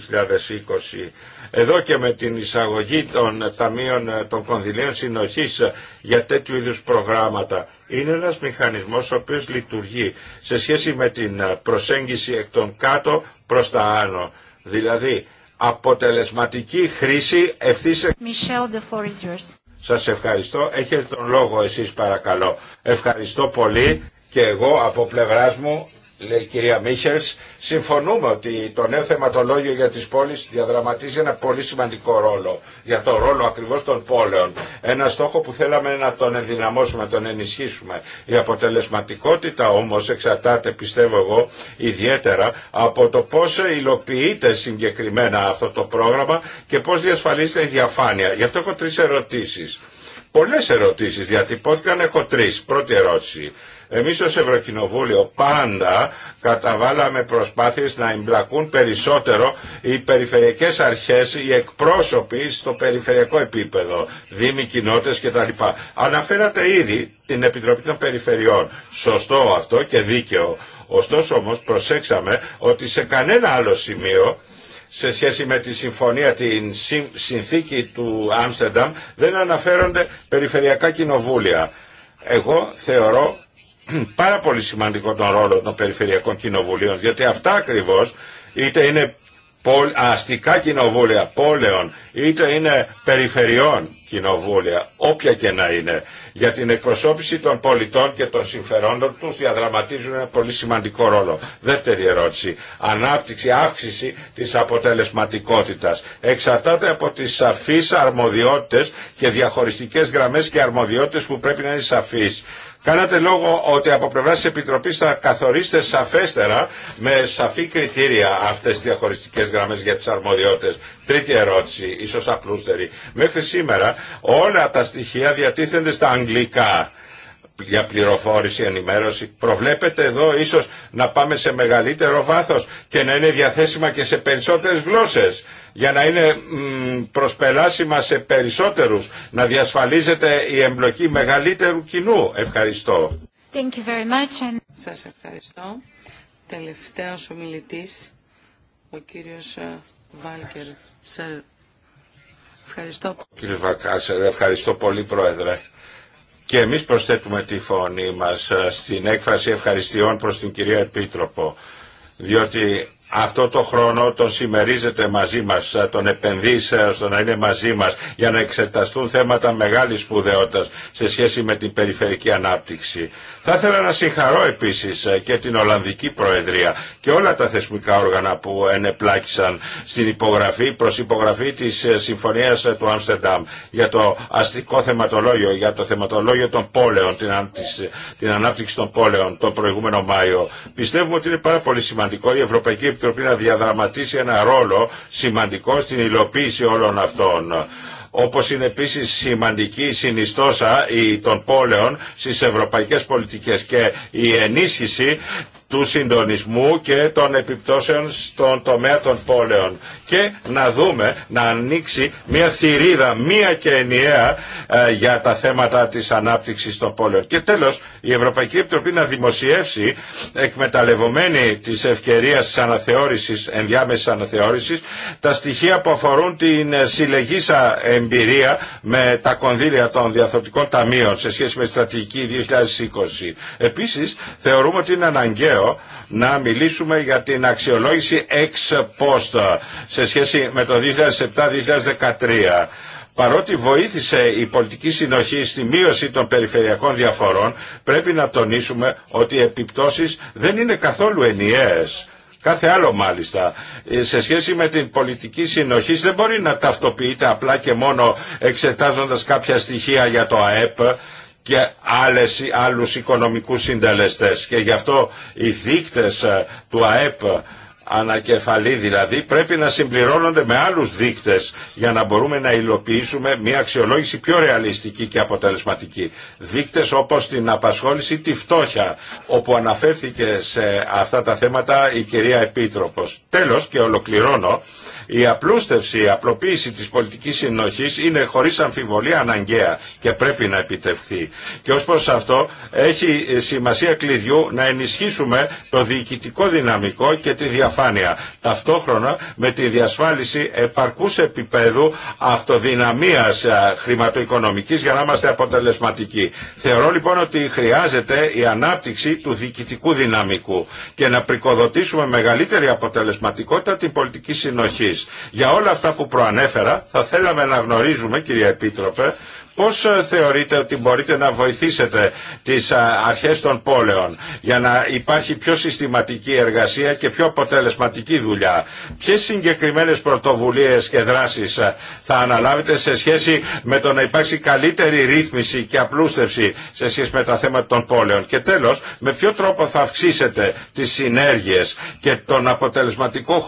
εδώ και με την εισαγωγή των ταμείων των κονδυλίων συνοχής για τέτοιου είδους προγράμματα. Είναι ένας μηχανισμός ο οποίος λειτουργεί σε σχέση με την προσέγγιση εκ των κάτω προς τα άνω. Δηλαδή αποτελεσματική χρήση ευθύς... Σας ευχαριστώ. Έχετε τον λόγο εσείς παρακαλώ. Ευχαριστώ πολύ και εγώ από πλευράς μου λέει η κυρία Μίχελ, συμφωνούμε ότι το νέο θεματολόγιο για τις πόλεις διαδραματίζει ένα πολύ σημαντικό ρόλο, για τον ρόλο ακριβώς των πόλεων. Ένα στόχο που θέλαμε να τον ενδυναμώσουμε, να τον ενισχύσουμε. Η αποτελεσματικότητα όμως εξαρτάται, πιστεύω εγώ, ιδιαίτερα από το πόσο υλοποιείται συγκεκριμένα αυτό το πρόγραμμα και πώς διασφαλίζεται η διαφάνεια. Γι' αυτό έχω τρεις ερωτήσεις. Πολλές ερωτήσεις διατυπώθηκαν, έχω τρεις. Πρώτη ερώτηση. Εμείς ως Ευρωκοινοβούλιο πάντα καταβάλαμε προσπάθειες να εμπλακούν περισσότερο οι περιφερειακές αρχές, οι εκπρόσωποι στο περιφερειακό επίπεδο, δήμοι, κοινότητες κτλ. Αναφέρατε ήδη την Επιτροπή των Περιφερειών. Σωστό αυτό και δίκαιο. Ωστόσο όμως προσέξαμε ότι σε κανένα άλλο σημείο σε σχέση με τη συμφωνία, την συνθήκη του Άμστερνταμ δεν αναφέρονται περιφερειακά κοινοβούλια. Εγώ θεωρώ πάρα πολύ σημαντικό τον ρόλο των περιφερειακών κοινοβουλίων, διότι αυτά ακριβώς είτε είναι αστικά κοινοβούλια πόλεων, είτε είναι περιφερειών κοινοβούλια, όποια και να είναι, για την εκπροσώπηση των πολιτών και των συμφερόντων τους διαδραματίζουν ένα πολύ σημαντικό ρόλο. Δεύτερη ερώτηση. Ανάπτυξη, αύξηση της αποτελεσματικότητας. Εξαρτάται από τις σαφείς αρμοδιότητες και διαχωριστικές γραμμές και αρμοδιότητες που πρέπει να είναι σαφείς Κάνατε λόγο ότι από πλευρά τη Επιτροπή θα καθορίσετε σαφέστερα με σαφή κριτήρια αυτέ τι διαχωριστικέ γραμμέ για τι αρμοδιότητε. Τρίτη ερώτηση, ίσω απλούστερη. Μέχρι σήμερα όλα τα στοιχεία διατίθενται στα αγγλικά για πληροφόρηση, ενημέρωση. Προβλέπετε εδώ ίσως να πάμε σε μεγαλύτερο βάθος και να είναι διαθέσιμα και σε περισσότερες γλώσσες για να είναι προσπελάσιμα σε περισσότερους, να διασφαλίζεται η εμπλοκή μεγαλύτερου κοινού. Ευχαριστώ. Thank you very much. Σας ευχαριστώ. Τελευταίος ομιλητής, ο κύριος ε, Βάλκερ. Ευχαριστώ. Κύριε Βακάσερ, ευχαριστώ πολύ Πρόεδρε. Και εμείς προσθέτουμε τη φωνή μας ε, στην έκφραση ευχαριστειών προς την κυρία Επίτροπο, διότι αυτό το χρόνο τον συμμερίζεται μαζί μας, ε, τον επενδύσεως, ώστε να είναι μαζί μας για να εξεταστούν θέματα μεγάλης σπουδαιότητας σε σχέση με την περιφερική ανάπτυξη. Θα ήθελα να συγχαρώ επίσης ε, και την Ολλανδική Προεδρία και όλα τα θεσμικά όργανα που ενεπλάκησαν στην υπογραφή, προς υπογραφή της ε, Συμφωνίας του Άμστερνταμ για το αστικό θεματολόγιο, για το θεματολόγιο των πόλεων, την, την ανάπτυξη των πόλεων τον προηγούμενο Μάιο. Πιστεύουμε ότι είναι πάρα πολύ σημαντικό η Ευρωπαϊκή Επιτροπή να διαδραματίσει ένα ρόλο σημαντικό στην υλοποίηση όλων αυτών όπως είναι επίσης σημαντική η συνιστόσα των πόλεων στις ευρωπαϊκές πολιτικές και η ενίσχυση του συντονισμού και των επιπτώσεων στον τομέα των πόλεων και να δούμε να ανοίξει μια θηρίδα μία και ενιαία ε, για τα θέματα της ανάπτυξης των πόλεων. Και τέλος η Ευρωπαϊκή Επιτροπή να δημοσιεύσει εκμεταλλευομένη της ευκαιρίας της αναθεώρησης, ενδιάμεσης αναθεώρησης τα στοιχεία που αφορούν την συλλεγήσα εμπειρία με τα κονδύλια των διαθροτικών ταμείων σε σχέση με τη στρατηγική 2020. Επίσης θεωρούμε ότι είναι αναγκαίο να μιλήσουμε για την αξιολόγηση ex post σε σχέση με το 2007-2013. Παρότι βοήθησε η πολιτική συνοχή στη μείωση των περιφερειακών διαφορών, πρέπει να τονίσουμε ότι οι επιπτώσεις δεν είναι καθόλου ενιαίες. Κάθε άλλο μάλιστα. Ε, σε σχέση με την πολιτική συνοχή δεν μπορεί να ταυτοποιείται απλά και μόνο εξετάζοντας κάποια στοιχεία για το ΑΕΠ και άλλες, άλλους οικονομικούς συντελεστές. Και γι' αυτό οι δείκτες ε, του ΑΕΠ ανακεφαλή δηλαδή πρέπει να συμπληρώνονται με άλλους δείκτες για να μπορούμε να υλοποιήσουμε μια αξιολόγηση πιο ρεαλιστική και αποτελεσματική. Δείκτες όπως την απασχόληση, τη φτώχεια όπου αναφέρθηκε σε αυτά τα θέματα η κυρία Επίτροπος. Τέλος και ολοκληρώνω η απλούστευση, η απλοποίηση της πολιτικής συνοχής είναι χωρίς αμφιβολία αναγκαία και πρέπει να επιτευχθεί. Και ως προς αυτό έχει σημασία κλειδιού να ενισχύσουμε το διοικητικό δυναμικό και τη διαφάνεια. Ταυτόχρονα με τη διασφάλιση επαρκούς επίπεδου αυτοδυναμίας χρηματοοικονομικής για να είμαστε αποτελεσματικοί. Θεωρώ λοιπόν ότι χρειάζεται η ανάπτυξη του διοικητικού δυναμικού και να πρικοδοτήσουμε μεγαλύτερη αποτελεσματικότητα την πολιτική συνοχή. Για όλα αυτά που προανέφερα θα θέλαμε να γνωρίζουμε, κυρία Επίτροπε, Πώς ε, θεωρείτε ότι μπορείτε να βοηθήσετε τις ε, αρχές των πόλεων για να υπάρχει πιο συστηματική εργασία και πιο αποτελεσματική δουλειά. Ποιες συγκεκριμένες πρωτοβουλίες και δράσεις ε, θα αναλάβετε σε σχέση με το να υπάρξει καλύτερη ρύθμιση και απλούστευση σε σχέση με τα θέματα των πόλεων. Και τέλος, με ποιο τρόπο θα αυξήσετε τις συνέργειες και τον αποτελεσματικό,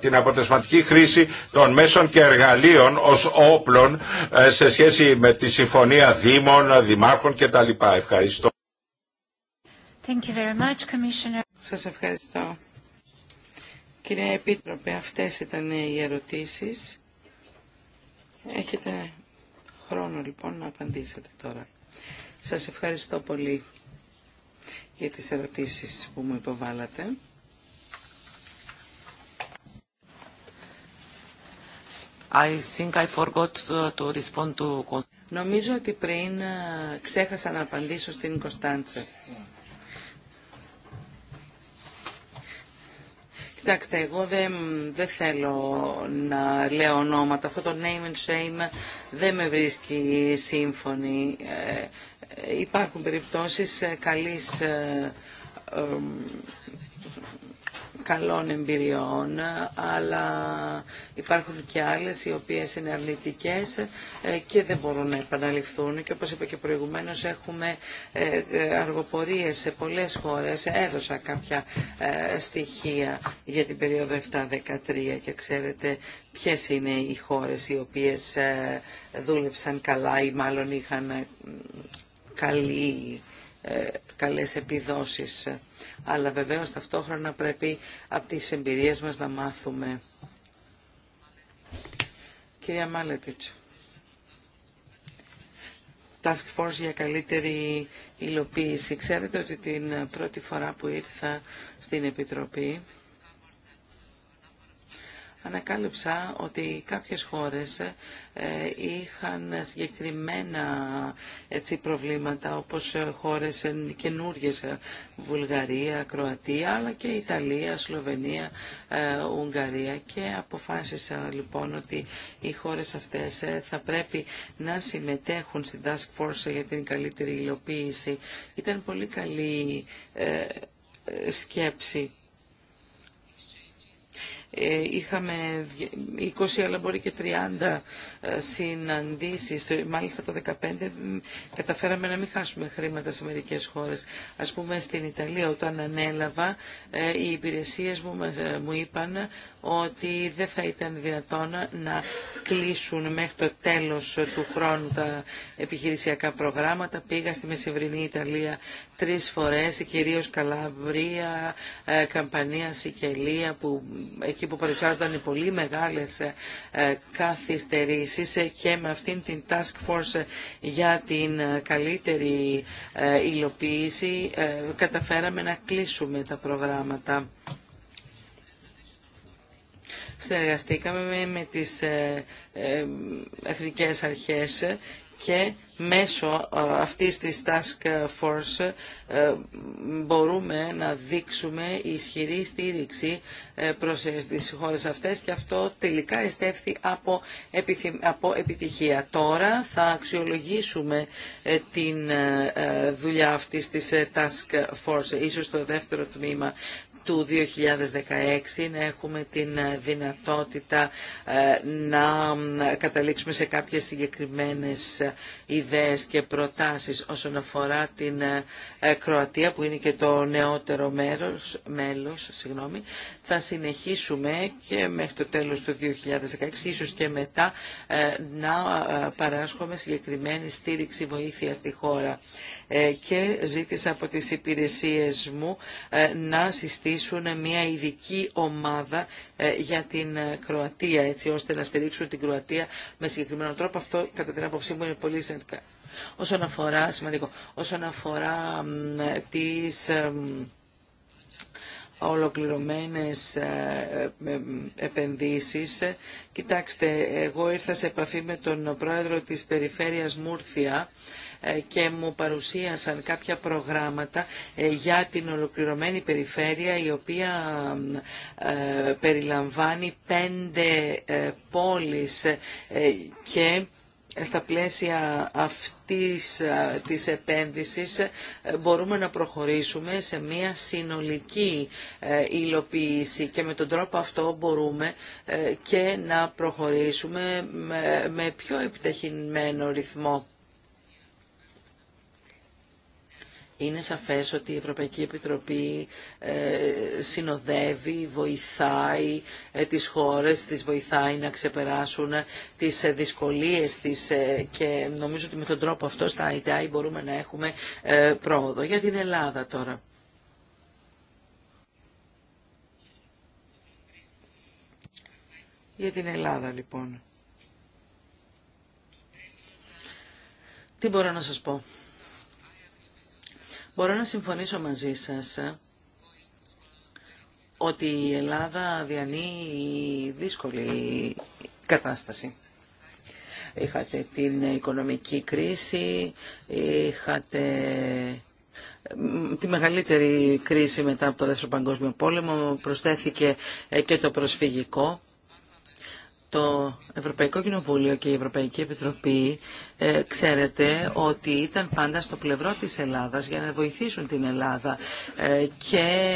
την αποτελεσματική χρήση των μέσων και εργαλείων ως όπλων σε σχέση με τις συμφωνία δήμων, δημάρχων κτλ. Ευχαριστώ. Thank you very much, Commissioner. Σας ευχαριστώ. Κύριε Επίτροπε, αυτές ήταν οι ερωτήσεις. Έχετε χρόνο λοιπόν να απαντήσετε τώρα. Σας ευχαριστώ πολύ για τις ερωτήσεις που μου υποβάλατε. I think I forgot to respond to... Νομίζω ότι πριν ε, ξέχασα να απαντήσω στην Κωνσταντσε. Κοιτάξτε, εγώ δεν, δεν θέλω να λέω ονόματα. Αυτό το name and shame δεν με βρίσκει σύμφωνη. Ε, ε, υπάρχουν περιπτώσεις καλής καλών εμπειριών, αλλά υπάρχουν και άλλες οι οποίες είναι αρνητικές ε, και δεν μπορούν να επαναληφθούν. Και όπως είπα και προηγουμένως, έχουμε ε, ε, αργοπορίες σε πολλές χώρες. Έδωσα κάποια στοιχεία για την περίοδο 7-13 και ξέρετε ποιες είναι οι χώρες οι οποίες δούλεψαν καλά ή μάλλον είχαν καλή, καλές επιδόσεις αλλά βεβαίως ταυτόχρονα πρέπει από τις εμπειρίες μας να μάθουμε. Κυρία Μάλετιτς. Task Force για καλύτερη υλοποίηση. Ξέρετε ότι την πρώτη φορά που ήρθα στην Επιτροπή ανακάλυψα ότι κάποιες χώρες ε, είχαν συγκεκριμένα έτσι, προβλήματα όπως ε, χώρες ε, καινούριε Βουλγαρία, Κροατία αλλά και Ιταλία, Σλοβενία, Ουγγαρία και αποφάσισα λοιπόν ότι οι χώρες αυτές θα πρέπει να συμμετέχουν στην Task Force για την καλύτερη υλοποίηση. Ήταν πολύ καλή σκέψη ε, είχαμε 20 αλλά μπορεί και 30 ε, συναντήσεις. Μάλιστα το 2015 καταφέραμε να μην χάσουμε χρήματα σε μερικές χώρες. Ας πούμε στην Ιταλία όταν ανέλαβα ε, οι υπηρεσίες μου, μου είπαν ότι δεν θα ήταν δυνατόν να κλείσουν μέχρι το τέλος του χρόνου τα επιχειρησιακά προγράμματα. Πήγα στη Μεσημβρινή Ιταλία τρεις φορές, κυρίως Καλαβρία, Καμπανία, Σικελία, που που παρουσιάζονταν οι πολύ μεγάλες ε, ε, καθυστερήσεις ε, και με αυτήν την Task Force για την καλύτερη υλοποίηση καταφέραμε να κλείσουμε τα προγράμματα. Συνεργαστήκαμε με τις εθνικές αρχές και μέσω ε, αυτής της Task Force ε, μπορούμε να δείξουμε ισχυρή στήριξη ε, προς τις χώρες αυτές και αυτό τελικά εστέφθη από, επιτυχία. Τώρα θα αξιολογήσουμε την δουλειά αυτής της Task Force. Ίσως το δεύτερο τμήμα του 2016 να έχουμε την ε, δυνατότητα ε, να καταλήξουμε σε κάποιες συγκεκριμένες ε, ιδέες και προτάσεις όσον αφορά την Κροατία που είναι και το νεότερο μέρος, μέλος. Συγγνώμη. Θα συνεχίσουμε και μέχρι το τέλος του 2016, ίσως και μετά, να παράσχουμε συγκεκριμένη στήριξη βοήθεια στη χώρα. Ε, και ζήτησα από τις υπηρεσίες μου ε, να συστήσουν μια ειδική ομάδα ε, για την Κροατία, έτσι ώστε να στηρίξουν την Κροατία με συγκεκριμένο τρόπο. Αυτό κατά την άποψή μου είναι πολύ σημαντικό. Όσον αφορά, σημαντικό, όσον αφορά τις ολοκληρωμένες επενδύσεις. Κοιτάξτε, εγώ ήρθα σε επαφή με τον πρόεδρο της Περιφέρειας Μούρθια ε, και μου παρουσίασαν κάποια προγράμματα ε, για την ολοκληρωμένη περιφέρεια η οποία ε, περιλαμβάνει πέντε πόλεις και στα πλαίσια αυτής της επένδυσης μπορούμε να προχωρήσουμε σε μια συνολική υλοποίηση και με τον τρόπο αυτό μπορούμε και να προχωρήσουμε με πιο επιτεχημένο ρυθμό. Είναι σαφές ότι η Ευρωπαϊκή Επιτροπή ε, συνοδεύει, βοηθάει ε, τις χώρες, τις βοηθάει να ξεπεράσουν τις ε, δυσκολίες της και νομίζω ότι με τον τρόπο αυτό στα ITI μπορούμε να έχουμε πρόοδο. Για την Ελλάδα τώρα. Για την Ελλάδα λοιπόν. Τι μπορώ να σας πω. Μπορώ να συμφωνήσω μαζί σας ε, ότι η Ελλάδα διανύει δύσκολη κατάσταση. Είχατε την οικονομική κρίση, είχατε τη μεγαλύτερη κρίση μετά από το Δεύτερο Παγκόσμιο Πόλεμο, προσθέθηκε ε, και το προσφυγικό το Ευρωπαϊκό Κοινοβούλιο και η Ευρωπαϊκή Επιτροπή ε, ξέρετε ότι ήταν πάντα στο πλευρό της Ελλάδας για να βοηθήσουν την Ελλάδα ε, και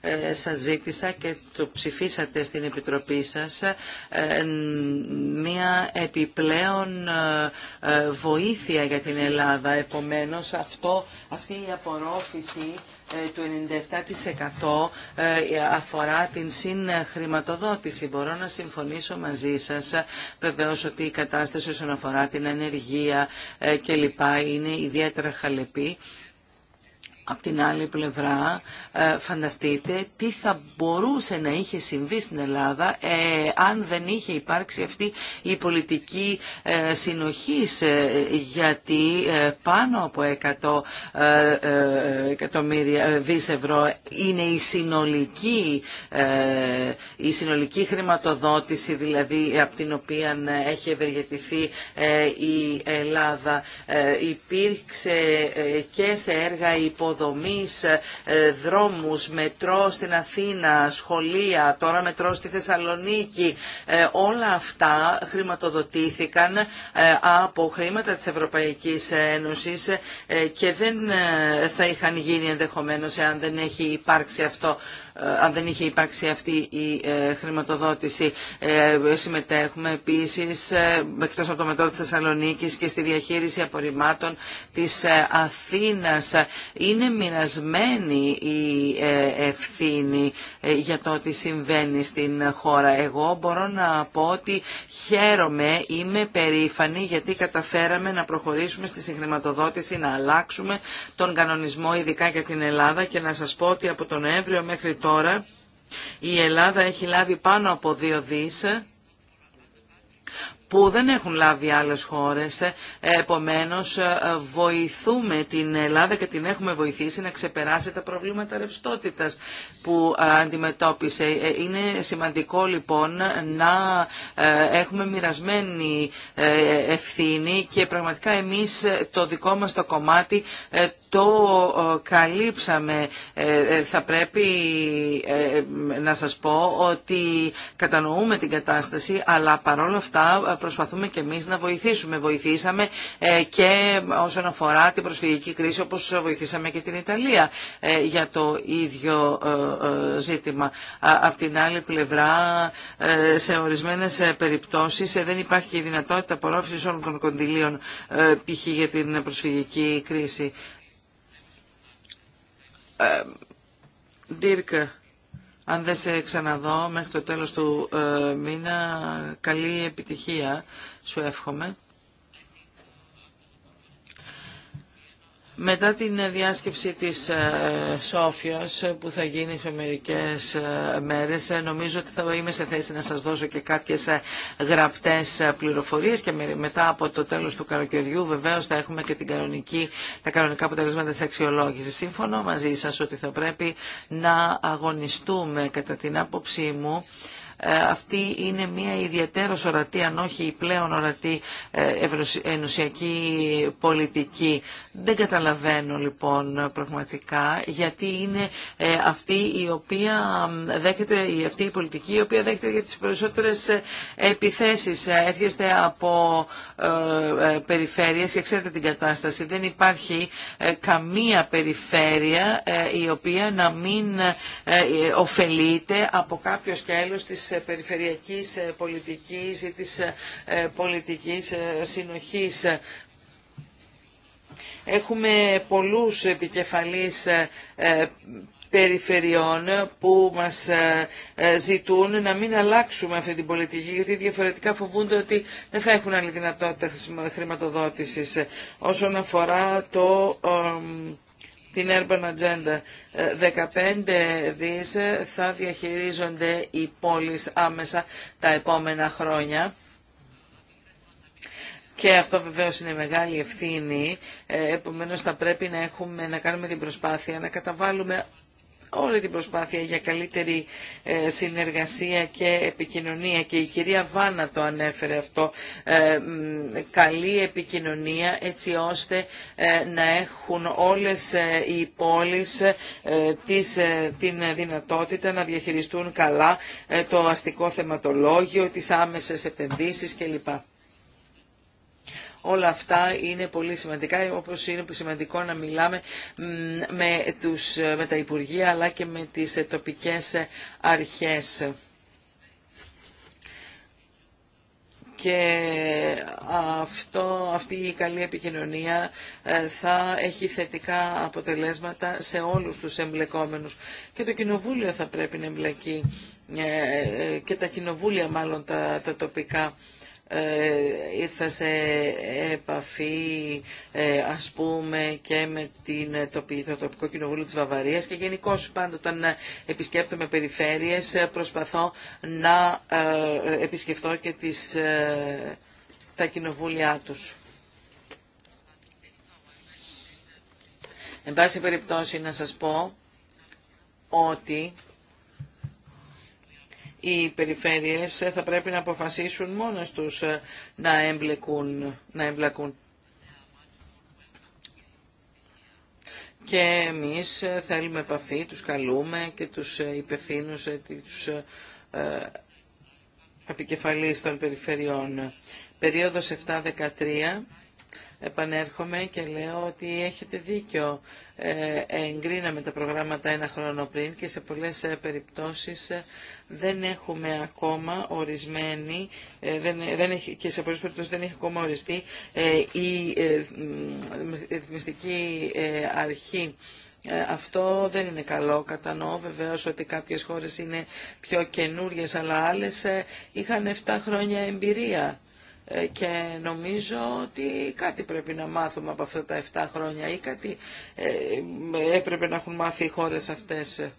ε, σας ζήτησα και το ψηφίσατε στην Επιτροπή σας ε, μια επιπλέον βοήθεια για την Ελλάδα. Επομένως αυτό, αυτή η απορρόφηση ε, του 97% ε, αφορά την συγχρηματοδότηση. Μπορώ να συμφωνήσω μαζί σας βεβαίως ότι η κατάσταση όσον αφορά την ανεργία ε, κλπ. είναι ιδιαίτερα χαλεπή Απ' την άλλη πλευρά, ε, φανταστείτε τι θα μπορούσε να είχε συμβεί στην Ελλάδα ε, αν δεν είχε υπάρξει αυτή η πολιτική ε, συνοχής, ε, γιατί πάνω από 100 εκατομμύρια δις ευρώ είναι η συνολική, η συνολική χρηματοδότηση, δηλαδή από την οποία έχει ευεργετηθεί η Ελλάδα. Υπήρξε και σε έργα υποδοχή υποδομής, ε, ε, δρόμους, μετρό στην Αθήνα, σχολεία, τώρα μετρό στη Θεσσαλονίκη, ε, όλα αυτά χρηματοδοτήθηκαν από χρήματα της Ευρωπαϊκής Ένωσης και δεν θα είχαν γίνει ενδεχομένως εάν δεν έχει υπάρξει αυτό ε, αν δεν είχε υπάρξει αυτή η ε, χρηματοδότηση. Ε, συμμετέχουμε επίσης, εκτό από το μετρό της Θεσσαλονίκη και στη διαχείριση απορριμμάτων της Αθήνας. Είναι μοιρασμένη η ευθύνη για το ότι συμβαίνει στην χώρα. Εγώ μπορώ να πω ότι χαίρομαι, είμαι περήφανη γιατί καταφέραμε να προχωρήσουμε στη συγχρηματοδότηση, να αλλάξουμε τον κανονισμό ειδικά για την Ελλάδα και να σας πω ότι από τον Νοέμβριο μέχρι τώρα η Ελλάδα έχει λάβει πάνω από δύο δις που δεν έχουν λάβει άλλες χώρες. Επομένως, βοηθούμε την Ελλάδα και την έχουμε βοηθήσει να ξεπεράσει τα προβλήματα ρευστότητας που αντιμετώπισε. Είναι σημαντικό λοιπόν να ε, έχουμε μοιρασμένη ε, ευθύνη και πραγματικά εμείς το δικό μας το κομμάτι ε, το ε, καλύψαμε. Ε, ε, θα πρέπει να σας πω ότι κατανοούμε την κατάσταση, αλλά παρόλα αυτά προσπαθούμε και εμείς να βοηθήσουμε. Βοηθήσαμε και όσον αφορά την προσφυγική κρίση, όπως βοηθήσαμε και την Ιταλία για το ίδιο ζήτημα. Απ' την άλλη πλευρά, σε ορισμένες περιπτώσεις δεν υπάρχει και η δυνατότητα απορρόφησης όλων των κονδυλίων π.χ. για την προσφυγική κρίση. Ε, Ντύρκ, αν δεν σε ξαναδώ μέχρι το τέλος του ε, μήνα, καλή επιτυχία σου εύχομαι. Μετά την διάσκεψη της ε, Σόφιας ε, που θα γίνει σε μερικές ε, μέρες νομίζω ότι θα είμαι σε θέση να σας δώσω και κάποιες γραπτές πληροφορίες και μετά από το τέλος του καλοκαιριού βεβαίως θα έχουμε και την κανονική, τα κανονικά αποτελέσματα της αξιολόγηση. Σύμφωνο μαζί σας ότι θα πρέπει να αγωνιστούμε κατά την άποψή μου ε, αυτή είναι μια ιδιαίτερος ορατή, αν όχι η πλέον ορατή ε, ενωσιακή πολιτική. Δεν καταλαβαίνω λοιπόν πραγματικά γιατί είναι ε, αυτή η οποία δέχεται, αυτή η πολιτική η οποία δέχεται για τις περισσότερες επιθέσεις. Έρχεστε από περιφέρειες και ξέρετε την κατάσταση. Δεν υπάρχει καμία περιφέρεια η οποία να μην ωφελείται από κάποιο σκέλος της της ε, περιφερειακής ε, πολιτικής ή της ε, πολιτικής συνοχής. Έχουμε πολλούς επικεφαλείς περιφερειών που μας ζητούν να μην αλλάξουμε αυτή την πολιτική γιατί διαφορετικά φοβούνται ότι δεν θα έχουν άλλη δυνατότητα χρηματοδότησης όσον αφορά το την Urban Agenda. 15 δις θα διαχειρίζονται οι πόλεις άμεσα τα επόμενα χρόνια. Και αυτό βεβαίω είναι μεγάλη ευθύνη. Ε, επομένως θα πρέπει να, έχουμε, να κάνουμε την προσπάθεια να καταβάλουμε όλη την προσπάθεια για καλύτερη ε, συνεργασία και επικοινωνία και η κυρία Βάνα το ανέφερε αυτό, ε, καλή επικοινωνία έτσι ώστε ε, να έχουν όλες οι πόλεις την δυνατότητα να διαχειριστούν καλά το αστικό θεματολόγιο, τις άμεσες επενδύσεις κλπ. Όλα αυτά είναι πολύ σημαντικά, όπως είναι σημαντικό να μιλάμε με, τους, με τα Υπουργεία αλλά και με τις τοπικές αρχές. και αυτό, αυτή η καλή επικοινωνία ε, θα έχει θετικά αποτελέσματα σε όλους τους εμπλεκόμενους. Και το Κοινοβούλιο θα πρέπει να εμπλακεί ε, ε, και τα κοινοβούλια μάλλον τα τοπικά ε, ήρθα σε επαφή ε, ας πούμε και με την, ε, το τοπικό κοινοβούλιο της Βαβαρίας και γενικώ πάντα όταν επισκέπτομαι περιφέρειες προσπαθώ να επισκεφτώ και τις, τα κοινοβούλια τους. Εν πάση περιπτώσει να σας πω ότι οι περιφέρειες θα πρέπει να αποφασίσουν μόνες τους ε, να εμπλεκούν. Να εμπλακούν. Και εμείς ε, θέλουμε επαφή, τους καλούμε και τους ε, υπευθύνους, τους επικεφαλείς των περιφερειών. Περίοδος 7-13 επανέρχομαι και λέω ότι έχετε δίκιο. Ε, εγκρίναμε τα προγράμματα ένα χρόνο πριν και σε πολλές ε, περιπτώσεις ε, δεν έχουμε ακόμα ορισμένη δεν, δεν έχει, και σε πολλές περιπτώσεις δεν έχει ακόμα οριστεί η ρυθμιστική αρχή. Αυτό δεν είναι καλό. Κατανοώ βεβαίως ότι κάποιες χώρες είναι πιο καινούριες, αλλά άλλες είχαν 7 χρόνια εμπειρία. Ε, και νομίζω ότι κάτι πρέπει να μάθουμε από αυτά τα 7 χρόνια ή κάτι ε, έπρεπε να έχουν μάθει οι χώρες αυτές.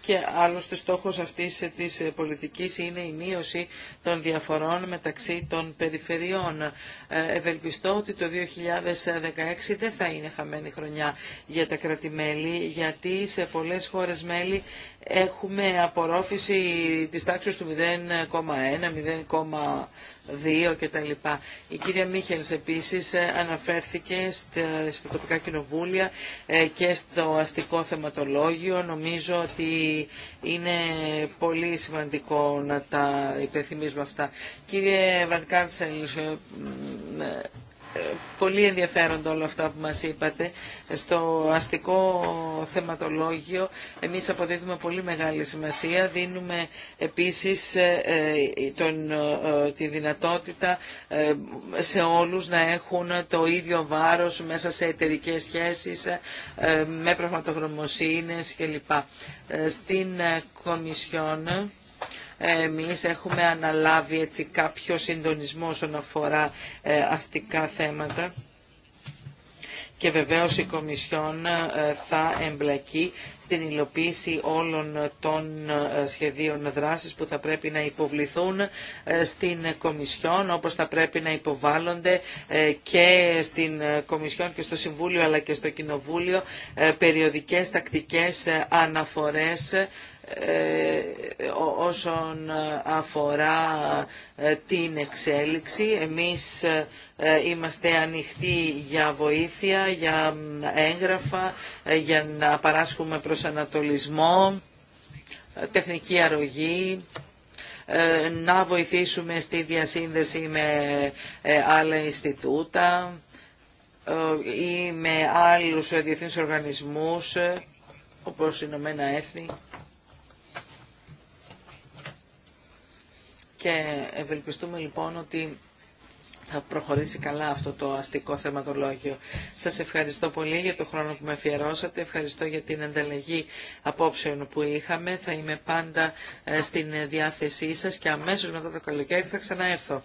Και άλλωστε στόχος αυτής της πολιτικής είναι η μείωση των διαφορών μεταξύ των περιφερειών. Ε, ευελπιστώ ότι το 2016 δεν θα είναι χαμένη χρονιά για τα κρατημέλη, γιατί σε πολλές χώρες μέλη έχουμε απορρόφηση της τάξης του 0,1, 0,2 κτλ. Η κυρία Μίχελς επίσης ε, αναφέρθηκε στα τοπικά κοινοβούλια ε, και στο αστικό θεματολόγιο. Νομίζω ότι είναι πολύ σημαντικό να τα υπενθυμίζουμε αυτά. Κύριε Βαρκάρτσελ, ε, πολύ ενδιαφέροντα όλα αυτά που μας είπατε. Στο αστικό θεματολόγιο εμείς αποδίδουμε πολύ μεγάλη σημασία. Δίνουμε επίσης ε, ε, τον, ε, τη δυνατότητα σε όλους να έχουν το ίδιο βάρος μέσα σε εταιρικέ σχέσεις με πραγματογνωμοσύνες κλπ. Στην Κομισιόν εμείς έχουμε αναλάβει έτσι κάποιο συντονισμό όσον αφορά ε, αστικά θέματα και βεβαίως η Κομισιόν ε, θα εμπλακεί στην υλοποίηση όλων των ε, σχεδίων δράσης που θα πρέπει να υποβληθούν στην Κομισιόν, όπως θα πρέπει να υποβάλλονται και στην Κομισιόν και στο Συμβούλιο αλλά και στο Κοινοβούλιο περιοδικές τακτικές αναφορές ε, όσον αφορά ε, την εξέλιξη. Εμείς ε, είμαστε ανοιχτοί για βοήθεια, για έγγραφα, για να παράσχουμε προσανατολισμό, τεχνική αρρωγή να βοηθήσουμε στη διασύνδεση με άλλα Ινστιτούτα ή με άλλους διεθνείς οργανισμούς όπως οι Ηνωμένα Έθνη. και ευελπιστούμε λοιπόν ότι θα προχωρήσει καλά αυτό το αστικό θεματολόγιο. Σας ευχαριστώ πολύ για το χρόνο που με αφιερώσατε, ευχαριστώ για την ανταλλαγή απόψεων που είχαμε. Θα είμαι πάντα ε, στην διάθεσή σας και αμέσως μετά το καλοκαίρι θα ξαναέρθω.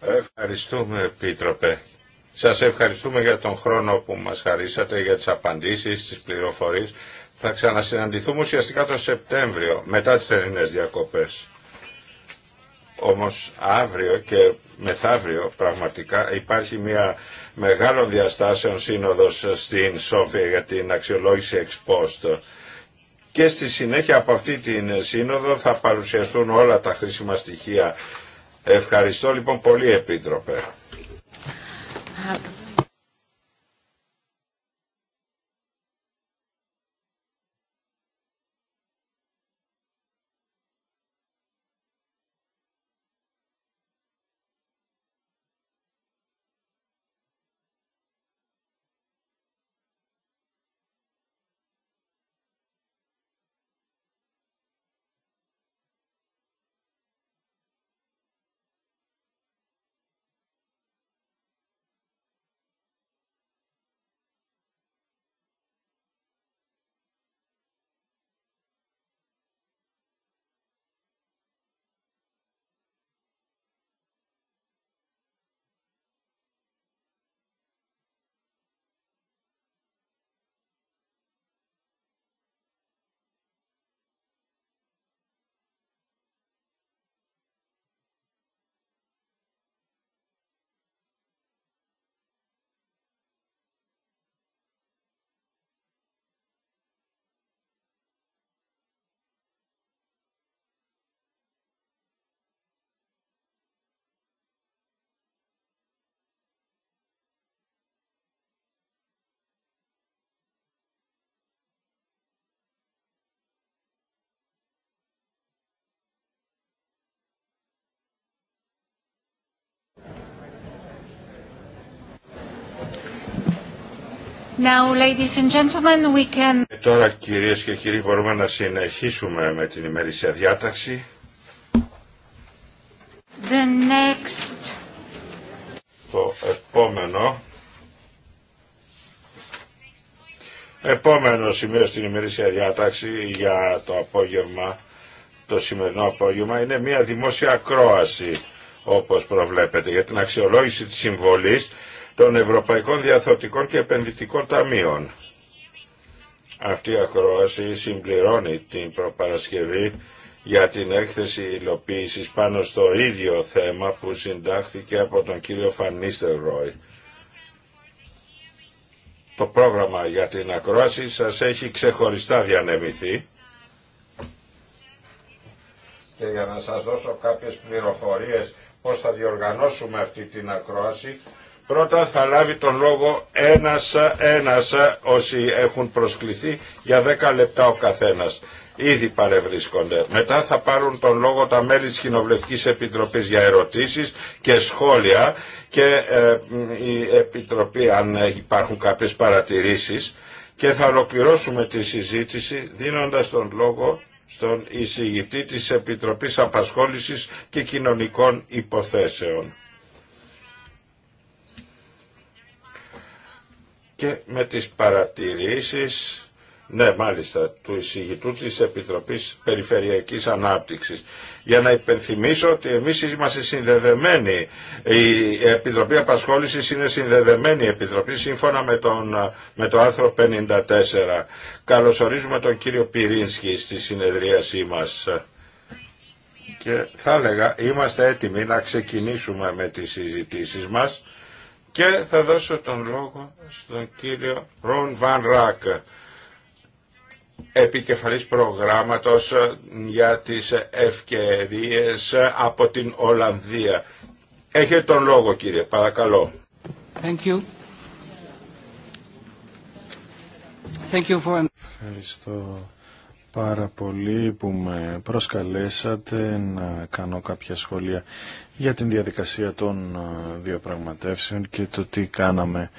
Ευχαριστούμε Επίτροπε. Σας ευχαριστούμε για τον χρόνο που μας χαρίσατε, για τις απαντήσεις, τις πληροφορίες. Θα ξανασυναντηθούμε ουσιαστικά το Σεπτέμβριο, μετά τις ερηνες διακοπές. Όμως αύριο και μεθαύριο πραγματικά υπάρχει μια μεγάλων διαστάσεων σύνοδος στην Σόφια για την αξιολόγηση εξ Και στη συνέχεια από αυτή την σύνοδο θα παρουσιαστούν όλα τα χρήσιμα στοιχεία. Ευχαριστώ λοιπόν πολύ Επίτροπε. Ε, τώρα κυρίες και κύριοι μπορούμε να συνεχίσουμε με την ημερήσια διάταξη. The next... Το επόμενο... Επόμενο σημείο στην ημερήσια διάταξη για το απόγευμα, το σημερινό απόγευμα, είναι μια δημόσια ακρόαση, όπως προβλέπετε, για την αξιολόγηση της συμβολής των Ευρωπαϊκών Διαθωτικών και Επενδυτικών Ταμείων. Αυτή η ακρόαση συμπληρώνει την προπαρασκευή για την έκθεση υλοποίηση πάνω στο ίδιο θέμα που συντάχθηκε από τον κύριο Φανίστερ Ρόι. Το πρόγραμμα για την ακρόαση σας έχει ξεχωριστά διανεμηθεί και για να σας δώσω κάποιες πληροφορίες πώς θα διοργανώσουμε αυτή την ακρόαση Πρώτα θα λάβει τον λόγο ένας, ένας όσοι έχουν προσκληθεί για 10 λεπτά ο καθένας. Ήδη παρευρίσκονται. Μετά θα πάρουν τον λόγο τα μέλη της Κοινοβουλευτικής Επιτροπής για ερωτήσεις και σχόλια και ε, η Επιτροπή αν υπάρχουν κάποιες παρατηρήσεις και θα ολοκληρώσουμε τη συζήτηση δίνοντας τον λόγο στον εισηγητή της Επιτροπής Απασχόλησης και Κοινωνικών Υποθέσεων. και με τις παρατηρήσεις ναι, μάλιστα, του εισηγητού της Επιτροπής Περιφερειακής Ανάπτυξης. Για να υπενθυμίσω ότι εμείς είμαστε συνδεδεμένοι. Η Επιτροπή Απασχόλησης είναι συνδεδεμένη η Επιτροπή σύμφωνα με, τον, με το άρθρο 54. Καλωσορίζουμε τον κύριο Πυρίνσκι στη συνεδρίασή μας. Και θα έλεγα, είμαστε έτοιμοι να ξεκινήσουμε με τις συζητήσεις μας και θα δώσω τον λόγο στον κύριο Ρον Βαν Ράκ, επικεφαλής προγράμματος για τις ευκαιρίες από την Ολλανδία. Έχετε τον λόγο κύριε, παρακαλώ. Thank you. Thank you for... Ευχαριστώ πάρα πολύ που με προσκαλέσατε να κάνω κάποια σχόλια για την διαδικασία των ε, διαπραγματεύσεων και το τι κάναμε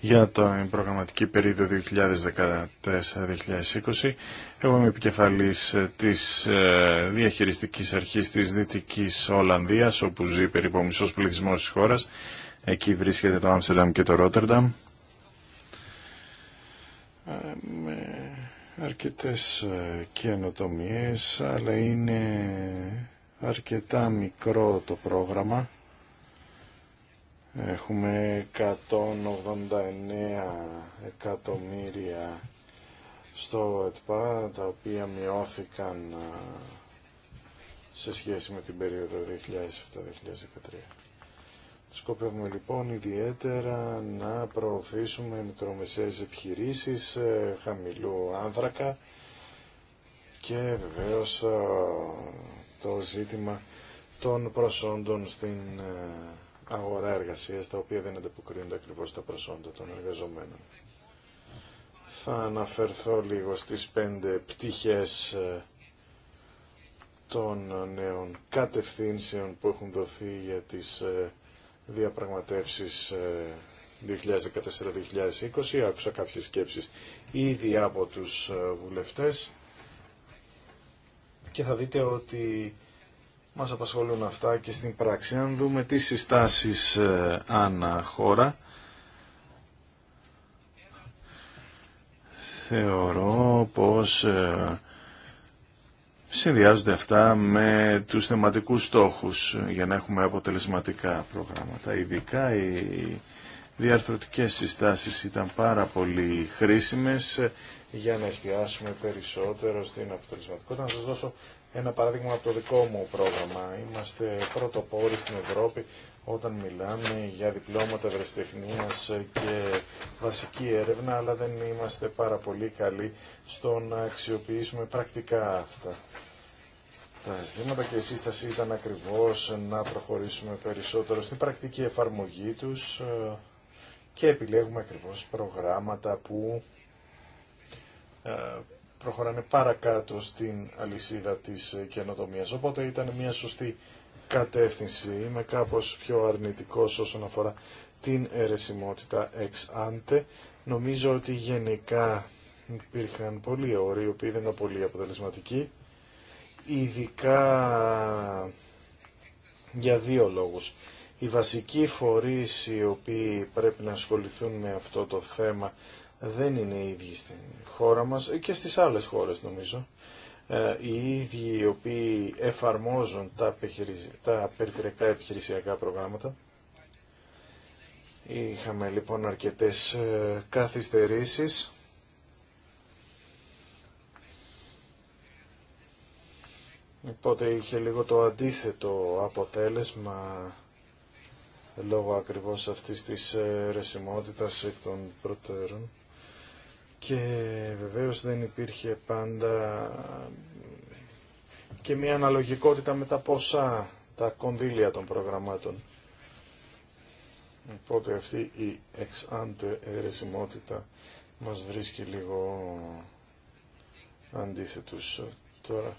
για την προγραμματική περίοδο 2014-2020. Εγώ είμαι επικεφαλής ε, της ε, διαχειριστικής αρχής της Δυτικής Ολλανδίας, όπου ζει περίπου ο μισός πληθυσμός της χώρας. Εκεί βρίσκεται το Άμστερνταμ και το Ρότερνταμ αρκετές ε, καινοτομίες, αλλά είναι αρκετά μικρό το πρόγραμμα. Έχουμε 189 εκατομμύρια στο ΕΤΠΑ, τα οποία μειώθηκαν ε, σε σχέση με την περίοδο 2007-2013. Σκοπεύουμε λοιπόν ιδιαίτερα να προωθήσουμε μικρομεσαίες επιχειρήσεις ε, χαμηλού άνθρακα και βεβαίως ε, το ζήτημα των προσόντων στην ε, αγορά εργασίας, τα οποία δεν ανταποκρίνονται ακριβώς τα προσόντα των εργαζομένων. Θα αναφερθώ λίγο στις πέντε πτυχές των νέων κατευθύνσεων που έχουν δοθεί για τις διαπραγματεύσεις 2014-2020. Ε, Άκουσα κάποιες σκέψεις ήδη από τους ε, βουλευτές και θα δείτε ότι μας απασχολούν αυτά και στην πράξη. Αν δούμε τις συστάσεις ε, ανά χώρα, θεωρώ πως συνδυάζονται αυτά με τους θεματικούς στόχους για να έχουμε αποτελεσματικά προγράμματα. Ειδικά οι διαρθρωτικές συστάσεις ήταν πάρα πολύ χρήσιμες για να εστιάσουμε περισσότερο στην αποτελεσματικότητα. Να σας δώσω ένα παράδειγμα από το δικό μου πρόγραμμα. Είμαστε πρωτοπόροι στην Ευρώπη όταν μιλάμε για διπλώματα ευρεσιτεχνίας και βασική έρευνα, αλλά δεν είμαστε πάρα πολύ καλοί στο να αξιοποιήσουμε πρακτικά αυτά τα ζητήματα και η σύσταση ήταν ακριβώς να προχωρήσουμε περισσότερο στην πρακτική εφαρμογή τους ε, και επιλέγουμε ακριβώς προγράμματα που ε, προχωράνε παρακάτω στην αλυσίδα της ε, καινοτομίας. Οπότε ήταν μια σωστή κατεύθυνση. Είμαι κάπως πιο αρνητικός όσον αφορά την αιρεσιμότητα ex ante. Νομίζω ότι γενικά υπήρχαν πολλοί όροι, οι οποίοι δεν ήταν πολύ αποτελεσματικοί, ειδικά για δύο λόγους. Οι βασικοί φορείς οι οποίοι πρέπει να ασχοληθούν με αυτό το θέμα δεν είναι οι ίδιοι στην χώρα μας ε, και στις άλλες χώρες νομίζω. Ε, οι ίδιοι οι οποίοι εφαρμόζουν τα περιφερειακά επιχειρησιακά προγράμματα. Είχαμε λοιπόν αρκετές ε, καθυστερήσεις. Οπότε είχε λίγο το αντίθετο αποτέλεσμα λόγω ακριβώς αυτής της ρεσιμότητας εκ των προτέρων και βεβαίως δεν υπήρχε πάντα και μια αναλογικότητα με τα ποσά, τα κονδύλια των προγραμμάτων. Οπότε αυτή η εξάντε ερεσιμότητα μας βρίσκει λίγο αντίθετους τώρα.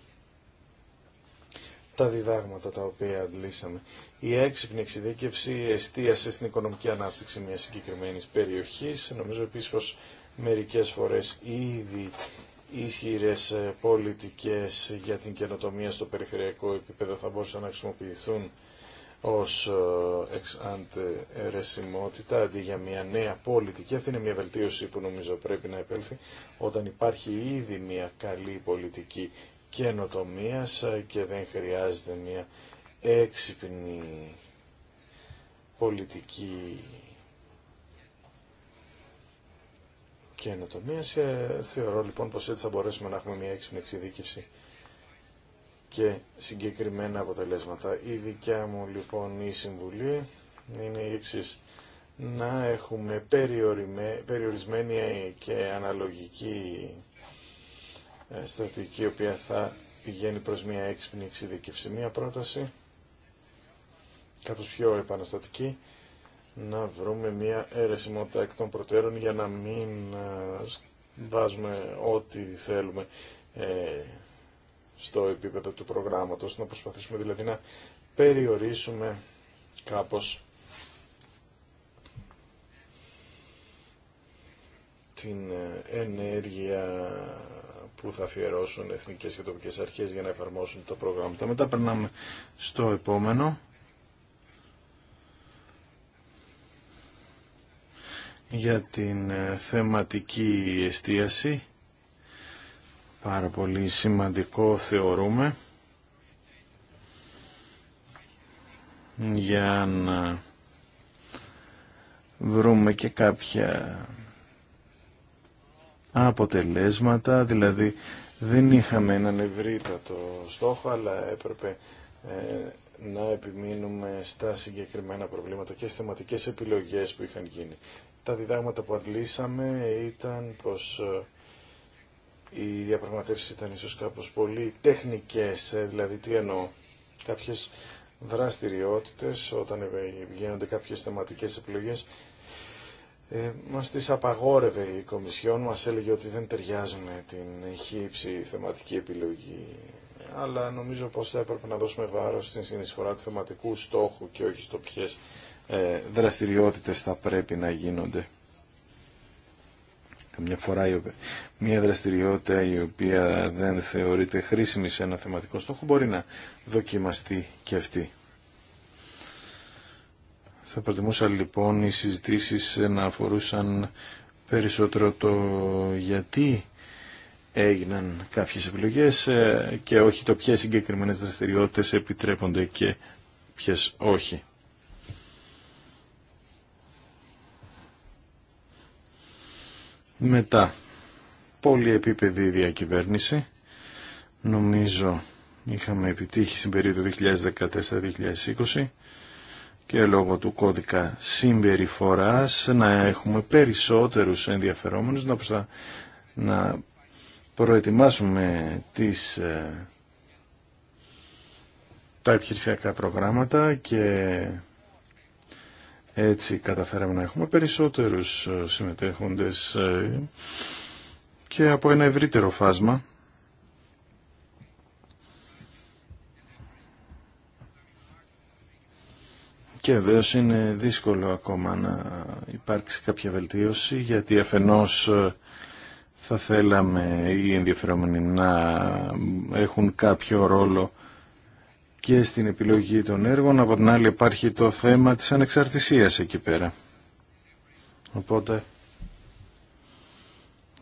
Τα διδάγματα τα οποία αντλήσαμε. Η έξυπνη εξειδίκευση εστίασε στην οικονομική ανάπτυξη μιας συγκεκριμένης περιοχής. Νομίζω επίσης πως μερικές φορές ήδη ισχυρε πολιτικές για την καινοτομία στο περιφερειακό επίπεδο θα μπορούσαν να χρησιμοποιηθούν ως ε, εξαντερεσιμότητα αντί για μια νέα πολιτική. Αυτή είναι μια βελτίωση που νομίζω πρέπει να επέλθει όταν υπάρχει ήδη μια καλή πολιτική καινοτομία ε, και δεν χρειάζεται μια έξυπνη πολιτική σε Θεωρώ λοιπόν πως έτσι θα μπορέσουμε να έχουμε μια έξυπνη εξειδίκευση και συγκεκριμένα αποτελέσματα. Η δικιά μου λοιπόν η συμβουλή είναι η εξή Να έχουμε περιορισμένη και αναλογική ε, στρατηγική η οποία θα πηγαίνει προς μια έξυπνη εξειδικευσή. Μια πρόταση κάπως πιο επαναστατική να βρούμε μια αιρεσιμότητα εκ των προτέρων για να μην ε, βάζουμε ό,τι θέλουμε ε, στο επίπεδο του προγράμματος, να προσπαθήσουμε δηλαδή να περιορίσουμε κάπως την ε, ενέργεια που θα αφιερώσουν εθνικές και τοπικές αρχές για να εφαρμόσουν τα προγράμματα. Μετά περνάμε στο επόμενο. για την ε, θεματική εστίαση. Πάρα πολύ σημαντικό θεωρούμε για να βρούμε και κάποια αποτελέσματα, δηλαδή δεν είχαμε έναν ευρύτατο στόχο, αλλά έπρεπε ε, να επιμείνουμε στα συγκεκριμένα προβλήματα και στις θεματικές επιλογές που είχαν γίνει. Τα διδάγματα που αντλήσαμε ήταν πως οι ε, διαπραγματεύσει ήταν ίσως κάπως πολύ τεχνικές, ε, δηλαδή τι εννοώ, κάποιες δραστηριότητες όταν βγαίνονται ε, κάποιες θεματικές επιλογές ε, μας τις απαγόρευε η Κομισιόν, μας έλεγε ότι δεν ταιριάζουν την χύψη θεματική επιλογή αλλά νομίζω πως θα έπρεπε να δώσουμε βάρος στην συνεισφορά του θεματικού στόχου και όχι στο ποιες ε, δραστηριότητες θα πρέπει να γίνονται. Καμιά φορά μια δραστηριότητα η οποία δεν θεωρείται χρήσιμη σε ένα θεματικό στόχο μπορεί να δοκιμαστεί και αυτή. Θα προτιμούσα λοιπόν οι συζητήσεις να αφορούσαν περισσότερο το γιατί έγιναν κάποιες επιλογές ε, και όχι το ποιες συγκεκριμένες δραστηριότητες επιτρέπονται και ποιες όχι. Μετά, πολυεπίπεδη διακυβέρνηση. Νομίζω είχαμε επιτύχει στην περίοδο 2014-2020 και λόγω του κώδικα συμπεριφοράς να έχουμε περισσότερους ενδιαφερόμενους να, να προετοιμάσουμε τις, ε, τα επιχειρησιακά προγράμματα και έτσι καταφέραμε να έχουμε περισσότερους ε, συμμετέχοντες ε, και από ένα ευρύτερο φάσμα. Και βέβαια είναι δύσκολο ακόμα να υπάρξει κάποια βελτίωση γιατί αφενός ε, θα θέλαμε οι ενδιαφερόμενοι να έχουν κάποιο ρόλο και στην επιλογή των έργων. Από την άλλη υπάρχει το θέμα της ανεξαρτησίας εκεί πέρα. Οπότε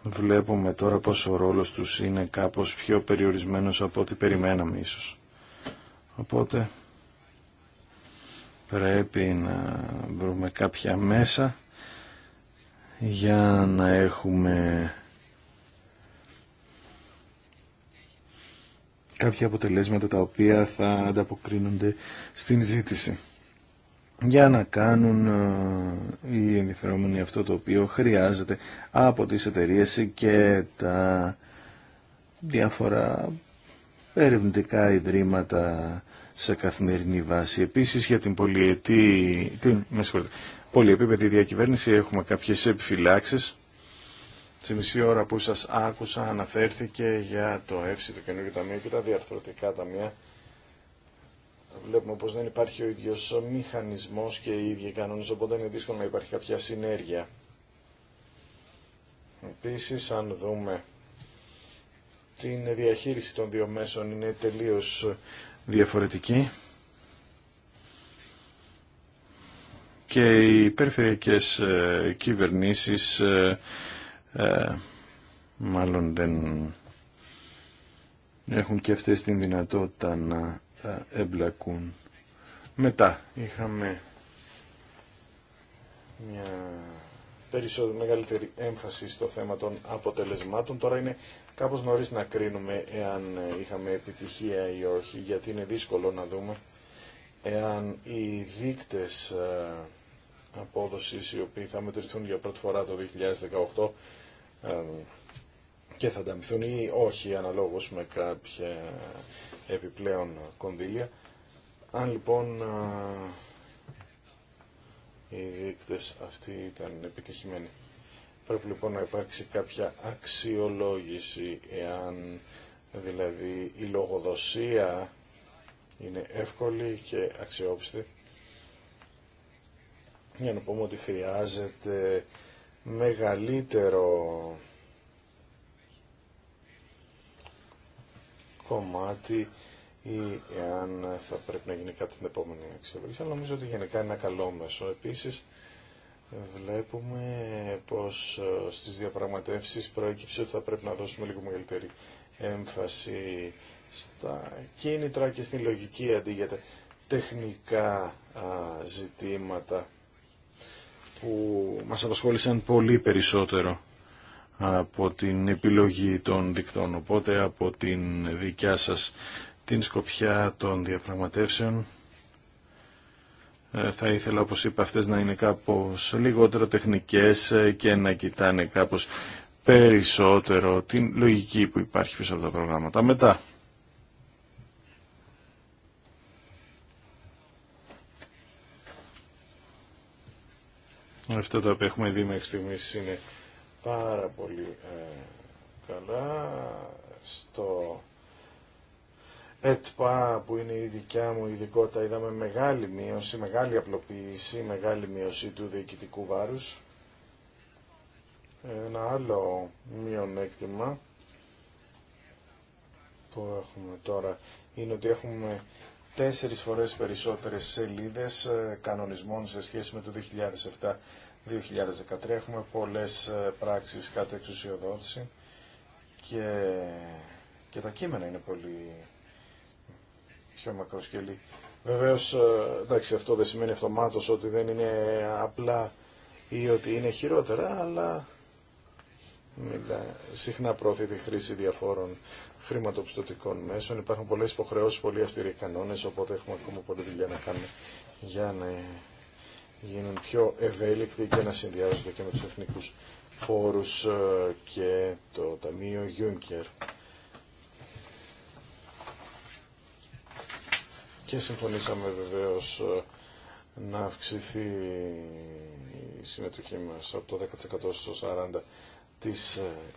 βλέπουμε τώρα πως ο ρόλος τους είναι κάπως πιο περιορισμένος από ό,τι περιμέναμε ίσως. Οπότε πρέπει να βρούμε κάποια μέσα για να έχουμε κάποια αποτελέσματα τα οποία θα ανταποκρίνονται στην ζήτηση για να κάνουν ε, οι ενδιαφερόμενοι αυτό το οποίο χρειάζεται από τις εταιρείε και τα διάφορα ερευνητικά ιδρύματα σε καθημερινή βάση. Επίσης για την πολυετή, την, πολυεπίπεδη διακυβέρνηση έχουμε κάποιες επιφυλάξεις Στη μισή ώρα που σας άκουσα αναφέρθηκε για το ΕΦΣΙ, το καινούργιο ταμείο και τα διαρθρωτικά ταμεία. Βλέπουμε πως δεν υπάρχει ο ίδιος μηχανισμός και οι ίδιοι κανόνες, οπότε είναι δύσκολο να υπάρχει κάποια συνέργεια. Επίσης, αν δούμε την διαχείριση των δύο μέσων είναι τελείως διαφορετική και οι περιφερειακές ε, κυβερνήσεις ε, ε, μάλλον δεν έχουν και αυτές την δυνατότητα να ε, εμπλακούν. Μετά είχαμε μια περισσότερη μεγαλύτερη έμφαση στο θέμα των αποτελεσμάτων. Τώρα είναι κάπως νωρίς να κρίνουμε εάν ε, είχαμε επιτυχία ή όχι, γιατί είναι δύσκολο να δούμε εάν οι δείκτες απόδοσης οι οποίοι θα μετρηθούν για πρώτη φορά το 2018 ε, και θα ανταμυθούν ή όχι αναλόγως με κάποια επιπλέον κονδύλια. Αν λοιπόν ε, οι δείκτες αυτοί ήταν επιτυχημένοι. Πρέπει λοιπόν να υπάρξει κάποια αξιολόγηση εάν δηλαδή η λογοδοσία είναι εύκολη και αξιόπιστη για να πούμε ότι χρειάζεται μεγαλύτερο κομμάτι ή εάν θα πρέπει να γίνει κάτι στην επόμενη εξευρήση. Αλλά νομίζω ότι γενικά είναι ένα καλό μέσο. Επίσης, βλέπουμε πως ε, στις διαπραγματεύσεις προέκυψε ότι θα πρέπει να δώσουμε λίγο μεγαλύτερη έμφαση στα κίνητρα και στην λογική αντί για τα τεχνικά ζητήματα που μας απασχόλησαν πολύ περισσότερο από την επιλογή των δικτών. Οπότε από την δικιά σας την σκοπιά των διαπραγματεύσεων ε, θα ήθελα όπως είπα αυτές να είναι κάπως λιγότερο τεχνικές ε, και να κοιτάνε κάπως περισσότερο την λογική που υπάρχει πίσω από τα προγράμματα. Μετά Αυτά τα οποία έχουμε δει μέχρι στιγμή είναι πάρα πολύ ε, καλά. Στο ΕΤΠΑ που είναι η δικιά μου ειδικότητα είδαμε μεγάλη μείωση, μεγάλη απλοποίηση, μεγάλη μείωση του διοικητικού βάρους. Ένα άλλο μειονέκτημα που έχουμε τώρα είναι ότι έχουμε τέσσερις φορές περισσότερες σελίδες ε, κανονισμών σε σχέση με το 2007-2013. Έχουμε πολλές ε, πράξεις κατά εξουσιοδότηση και, και τα κείμενα είναι πολύ πιο μακροσκελή. Βεβαίως, ε, εντάξει, αυτό δεν σημαίνει αυτομάτως ότι δεν είναι απλά ή ότι είναι χειρότερα, αλλά συχνά πρόθεται η χρήση διαφόρων χρηματοπιστωτικών μέσων. Υπάρχουν πολλέ υποχρεώσει, πολλοί αυστηροί κανόνε, οπότε έχουμε ακόμα πολλή δουλειά να κάνουμε για να γίνουν πιο ευέλικτοι και να συνδυάζονται και με του εθνικού πόρου ε, και το Ταμείο Juncker. Και συμφωνήσαμε βεβαίω ε, να αυξηθεί η συμμετοχή μας από το 10% στο 40% 100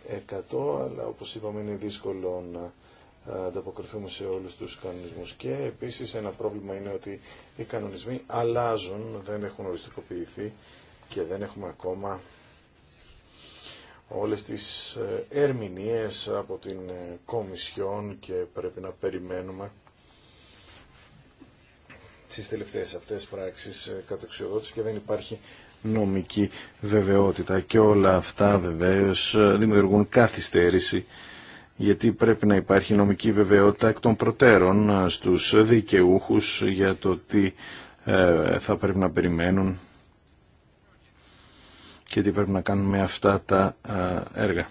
ε, αλλά όπως είπαμε είναι δύσκολο να ε, ανταποκριθούμε σε όλους τους κανονισμούς. Και επίσης ένα πρόβλημα είναι ότι οι κανονισμοί αλλάζουν, δεν έχουν οριστικοποιηθεί και δεν έχουμε ακόμα όλες τις ε, ερμηνείες από την Κομισιόν και πρέπει να περιμένουμε στις τελευταίες αυτές πράξεις κατεξιοδότηση και δεν υπάρχει νομική βεβαιότητα και όλα αυτά βεβαίως ε, δημιουργούν καθυστέρηση γιατί πρέπει να υπάρχει νομική βεβαιότητα εκ των προτέρων ε, στους δικαιούχους για το τι ε, θα πρέπει να περιμένουν και τι πρέπει να κάνουν με αυτά τα έργα.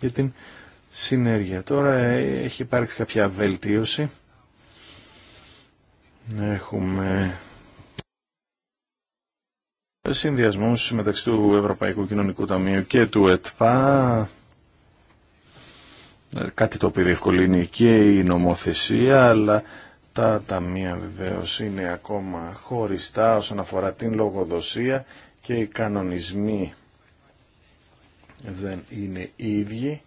Για την συνέργεια. Τώρα έχει υπάρξει κάποια βελτίωση. Έχουμε συνδυασμούς μεταξύ του Ευρωπαϊκού Κοινωνικού Ταμείου και του ΕΤΠΑ ε, κάτι το οποίο διευκολύνει και η νομοθεσία αλλά τα ταμεία βεβαίως είναι ακόμα χωριστά όσον αφορά την λογοδοσία και οι κανονισμοί δεν είναι ίδιοι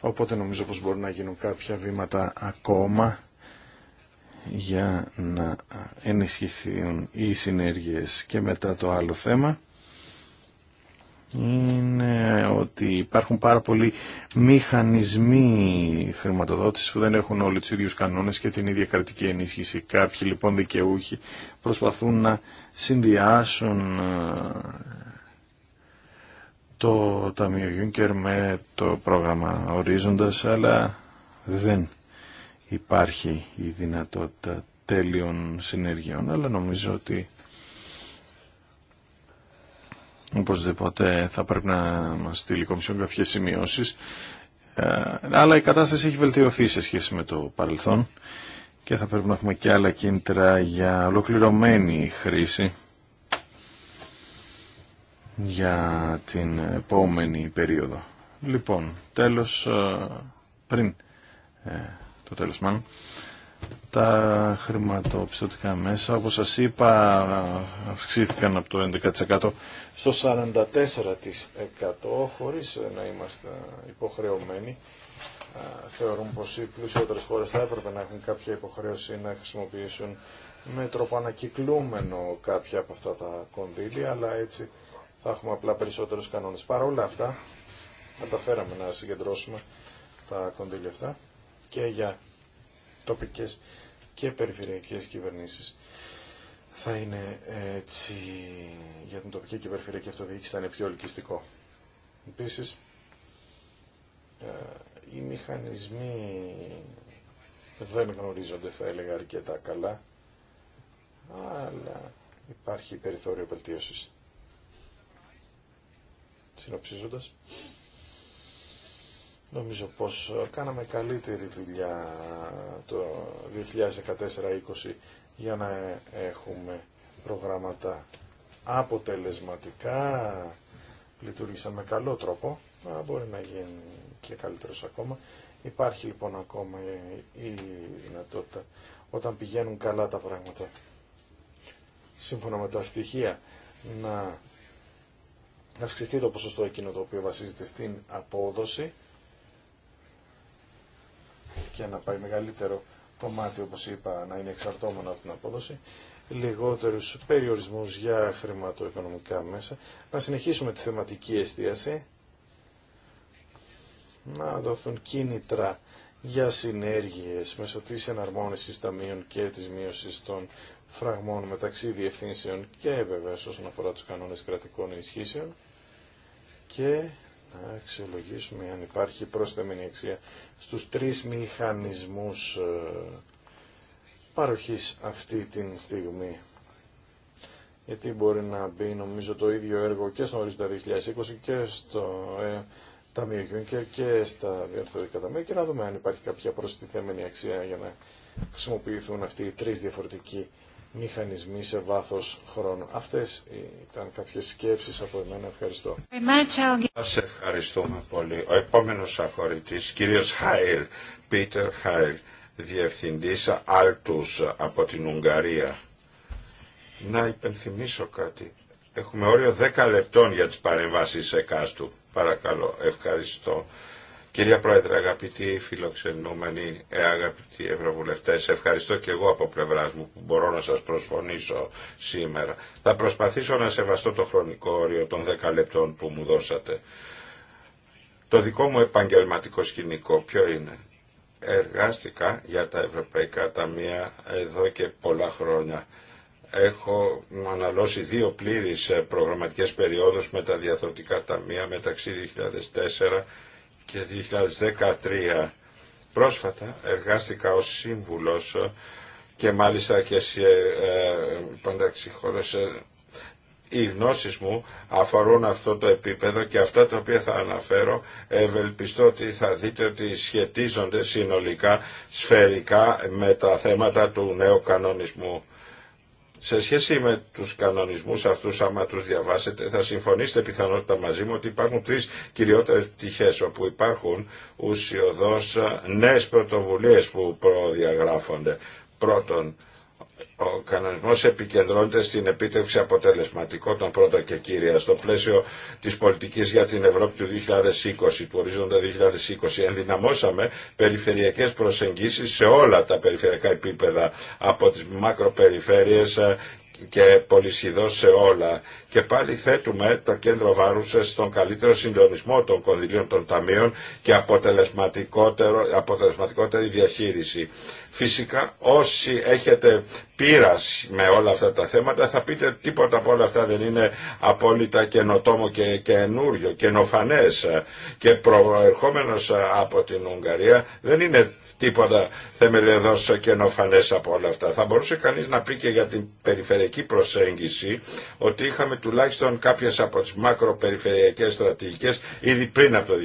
οπότε νομίζω πως μπορούν να γίνουν κάποια βήματα ακόμα για να ενισχυθούν οι συνέργειες και μετά το άλλο θέμα είναι ότι υπάρχουν πάρα πολλοί μηχανισμοί χρηματοδότησης που δεν έχουν όλοι τους ίδιους κανόνες και την ίδια κρατική ενίσχυση. Κάποιοι λοιπόν δικαιούχοι προσπαθούν να συνδυάσουν ε, το Ταμείο Γιούνκερ με το πρόγραμμα ορίζοντας, αλλά δεν υπάρχει η δυνατότητα τέλειων συνεργειών, αλλά νομίζω ότι οπωσδήποτε θα πρέπει να μας στείλει η Κομισιόν κάποιες σημειώσεις. Ε, αλλά η κατάσταση έχει βελτιωθεί σε σχέση με το παρελθόν και θα πρέπει να έχουμε και άλλα κίνητρα για ολοκληρωμένη χρήση για την επόμενη περίοδο. Λοιπόν, τέλος, ε, πριν ε, το τέλος τα χρηματοπιστωτικά μέσα, όπως σας είπα, αυξήθηκαν από το 11% στο 44% χωρίς να είμαστε υποχρεωμένοι. Θεωρούν πως οι πλουσιότερες χώρε θα έπρεπε να έχουν κάποια υποχρέωση να χρησιμοποιήσουν με τρόπο ανακυκλούμενο κάποια από αυτά τα κονδύλια, αλλά έτσι θα έχουμε απλά περισσότερους κανόνες. Παρ' όλα αυτά, καταφέραμε να συγκεντρώσουμε τα κονδύλια αυτά και για τοπικές και περιφερειακές κυβερνήσεις. Θα είναι έτσι για την τοπική και περιφερειακή αυτοδιοίκηση θα είναι πιο ελκυστικό. Επίσης, ε, οι μηχανισμοί δεν γνωρίζονται θα έλεγα αρκετά καλά, αλλά υπάρχει περιθώριο βελτίωση. Συνοψίζοντας, Νομίζω πως ε, κάναμε καλύτερη δουλειά το 2014-2020 για να ε, έχουμε προγράμματα αποτελεσματικά. Λειτουργήσαμε με καλό τρόπο, αλλά μπορεί να γίνει και καλύτερος ακόμα. Υπάρχει λοιπόν ακόμα ε, η δυνατότητα όταν πηγαίνουν καλά τα πράγματα σύμφωνα με τα στοιχεία να αυξηθεί το ποσοστό εκείνο το οποίο βασίζεται στην απόδοση και να πάει μεγαλύτερο κομμάτι, όπως είπα, να είναι εξαρτώμενο από την απόδοση, λιγότερους περιορισμούς για χρηματοοικονομικά μέσα, να συνεχίσουμε τη θεματική εστίαση, να δοθούν κίνητρα για συνέργειες μέσω της εναρμόνισης ταμείων και της μείωσης των φραγμών μεταξύ διευθύνσεων και βέβαια όσον αφορά τους κανόνες κρατικών ενισχύσεων και να αξιολογήσουμε αν υπάρχει πρόσθεμενη αξία στους τρεις μηχανισμούς ε, παροχής αυτή τη στιγμή. Γιατί μπορεί να μπει νομίζω το ίδιο έργο και στον ορίζοντα 2020 και στο ε, Ταμείο Γιούνκερ και στα διαρθρωτικά ταμεία και να δούμε αν υπάρχει κάποια προσθεμένη αξία για να χρησιμοποιηθούν αυτοί οι τρεις διαφορετικοί μηχανισμοί σε βάθος χρόνου. Αυτές ήταν κάποιες σκέψεις από εμένα. Ευχαριστώ. Σας ευχαριστούμε πολύ. Ο επόμενος αγορητής, κύριος Χάιλ, Πίτερ Χάιλ, διευθυντής Αλτούς από την Ουγγαρία. Να υπενθυμίσω κάτι. Έχουμε όριο 10 λεπτών για τις παρεμβάσεις εκάστου. Παρακαλώ. Ευχαριστώ. Κυρία Πρόεδρε, αγαπητοί φιλοξενούμενοι, ε, αγαπητοί ευρωβουλευτέ, ευχαριστώ και εγώ από πλευρά μου που μπορώ να σα προσφωνήσω σήμερα. Θα προσπαθήσω να σεβαστώ το χρονικό όριο των 10 λεπτών που μου δώσατε. Το δικό μου επαγγελματικό σκηνικό ποιο είναι. Εργάστηκα για τα Ευρωπαϊκά Ταμεία εδώ και πολλά χρόνια. Έχω αναλώσει δύο πλήρεις ε, προγραμματικές περιόδους με τα διαθροτικά ταμεία μεταξύ 2004 και 2013. Πρόσφατα εργάστηκα ως σύμβουλος και μάλιστα και σε ε, λοιπόν, ε, Οι γνώσεις μου αφορούν αυτό το επίπεδο και αυτά τα οποία θα αναφέρω ευελπιστώ ότι θα δείτε ότι σχετίζονται συνολικά σφαιρικά με τα θέματα του νέου κανονισμού. Σε σχέση με τους κανονισμούς αυτούς, άμα τους διαβάσετε, θα συμφωνήσετε πιθανότητα μαζί μου ότι υπάρχουν τρεις κυριότερες πτυχές όπου υπάρχουν ουσιοδός ε, νέες πρωτοβουλίες που προδιαγράφονται. Πρώτον, ο κανονισμός επικεντρώνεται στην επίτευξη των πρώτα και κύρια στο πλαίσιο της πολιτικής για την Ευρώπη του 2020, του ορίζοντα 2020. Ενδυναμώσαμε περιφερειακές προσεγγίσεις σε όλα τα περιφερειακά επίπεδα από τις μακροπεριφέρειες ε, και πολυσχηδώς σε όλα και πάλι θέτουμε το κέντρο βάρους στον καλύτερο συντονισμό των κονδυλίων των ταμείων και αποτελεσματικότερο, αποτελεσματικότερη διαχείριση. Φυσικά όσοι έχετε πείραση με όλα αυτά τα θέματα θα πείτε τίποτα από όλα αυτά δεν είναι απόλυτα καινοτόμο και καινούριο, καινοφανές και προερχόμενος από την Ουγγαρία δεν είναι τίποτα θεμελιωδώς καινοφανές από όλα αυτά. Θα μπορούσε κανείς να πει και για την περιφερειακή προσέγγιση ότι είχαμε τουλάχιστον κάποιες από τις μακροπεριφερειακές στρατηγικές ήδη πριν από το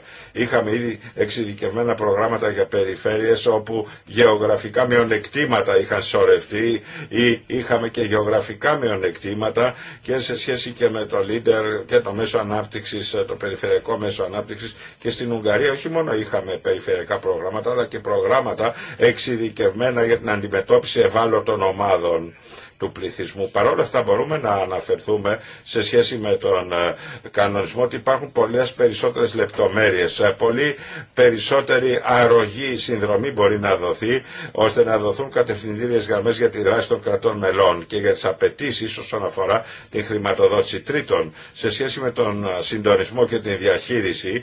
2014. Είχαμε ήδη εξειδικευμένα προγράμματα για περιφέρειες όπου γεωγραφικά μειονεκτήματα είχαν σωρευτεί ή είχαμε και γεωγραφικά μειονεκτήματα και σε σχέση και με το Λίντερ και το μέσο ανάπτυξης, το περιφερειακό μέσο ανάπτυξης και στην Ουγγαρία όχι μόνο είχαμε περιφερειακά προγράμματα αλλά και προγράμματα εξειδικευμένα για την αντιμετώπιση ευάλωτων ομάδων του πληθυσμού. Παρ' όλα αυτά μπορούμε να αναφερθούμε σε σχέση με τον ε, κανονισμό ότι υπάρχουν πολλές περισσότερες λεπτομέρειες, ε, πολύ περισσότερη αρρωγή συνδρομή μπορεί να δοθεί ώστε να δοθούν κατευθυντήριες γραμμές για τη δράση των κρατών μελών και για τις απαιτήσει όσον αφορά την χρηματοδότηση τρίτων σε σχέση με τον ε, συντονισμό και την διαχείριση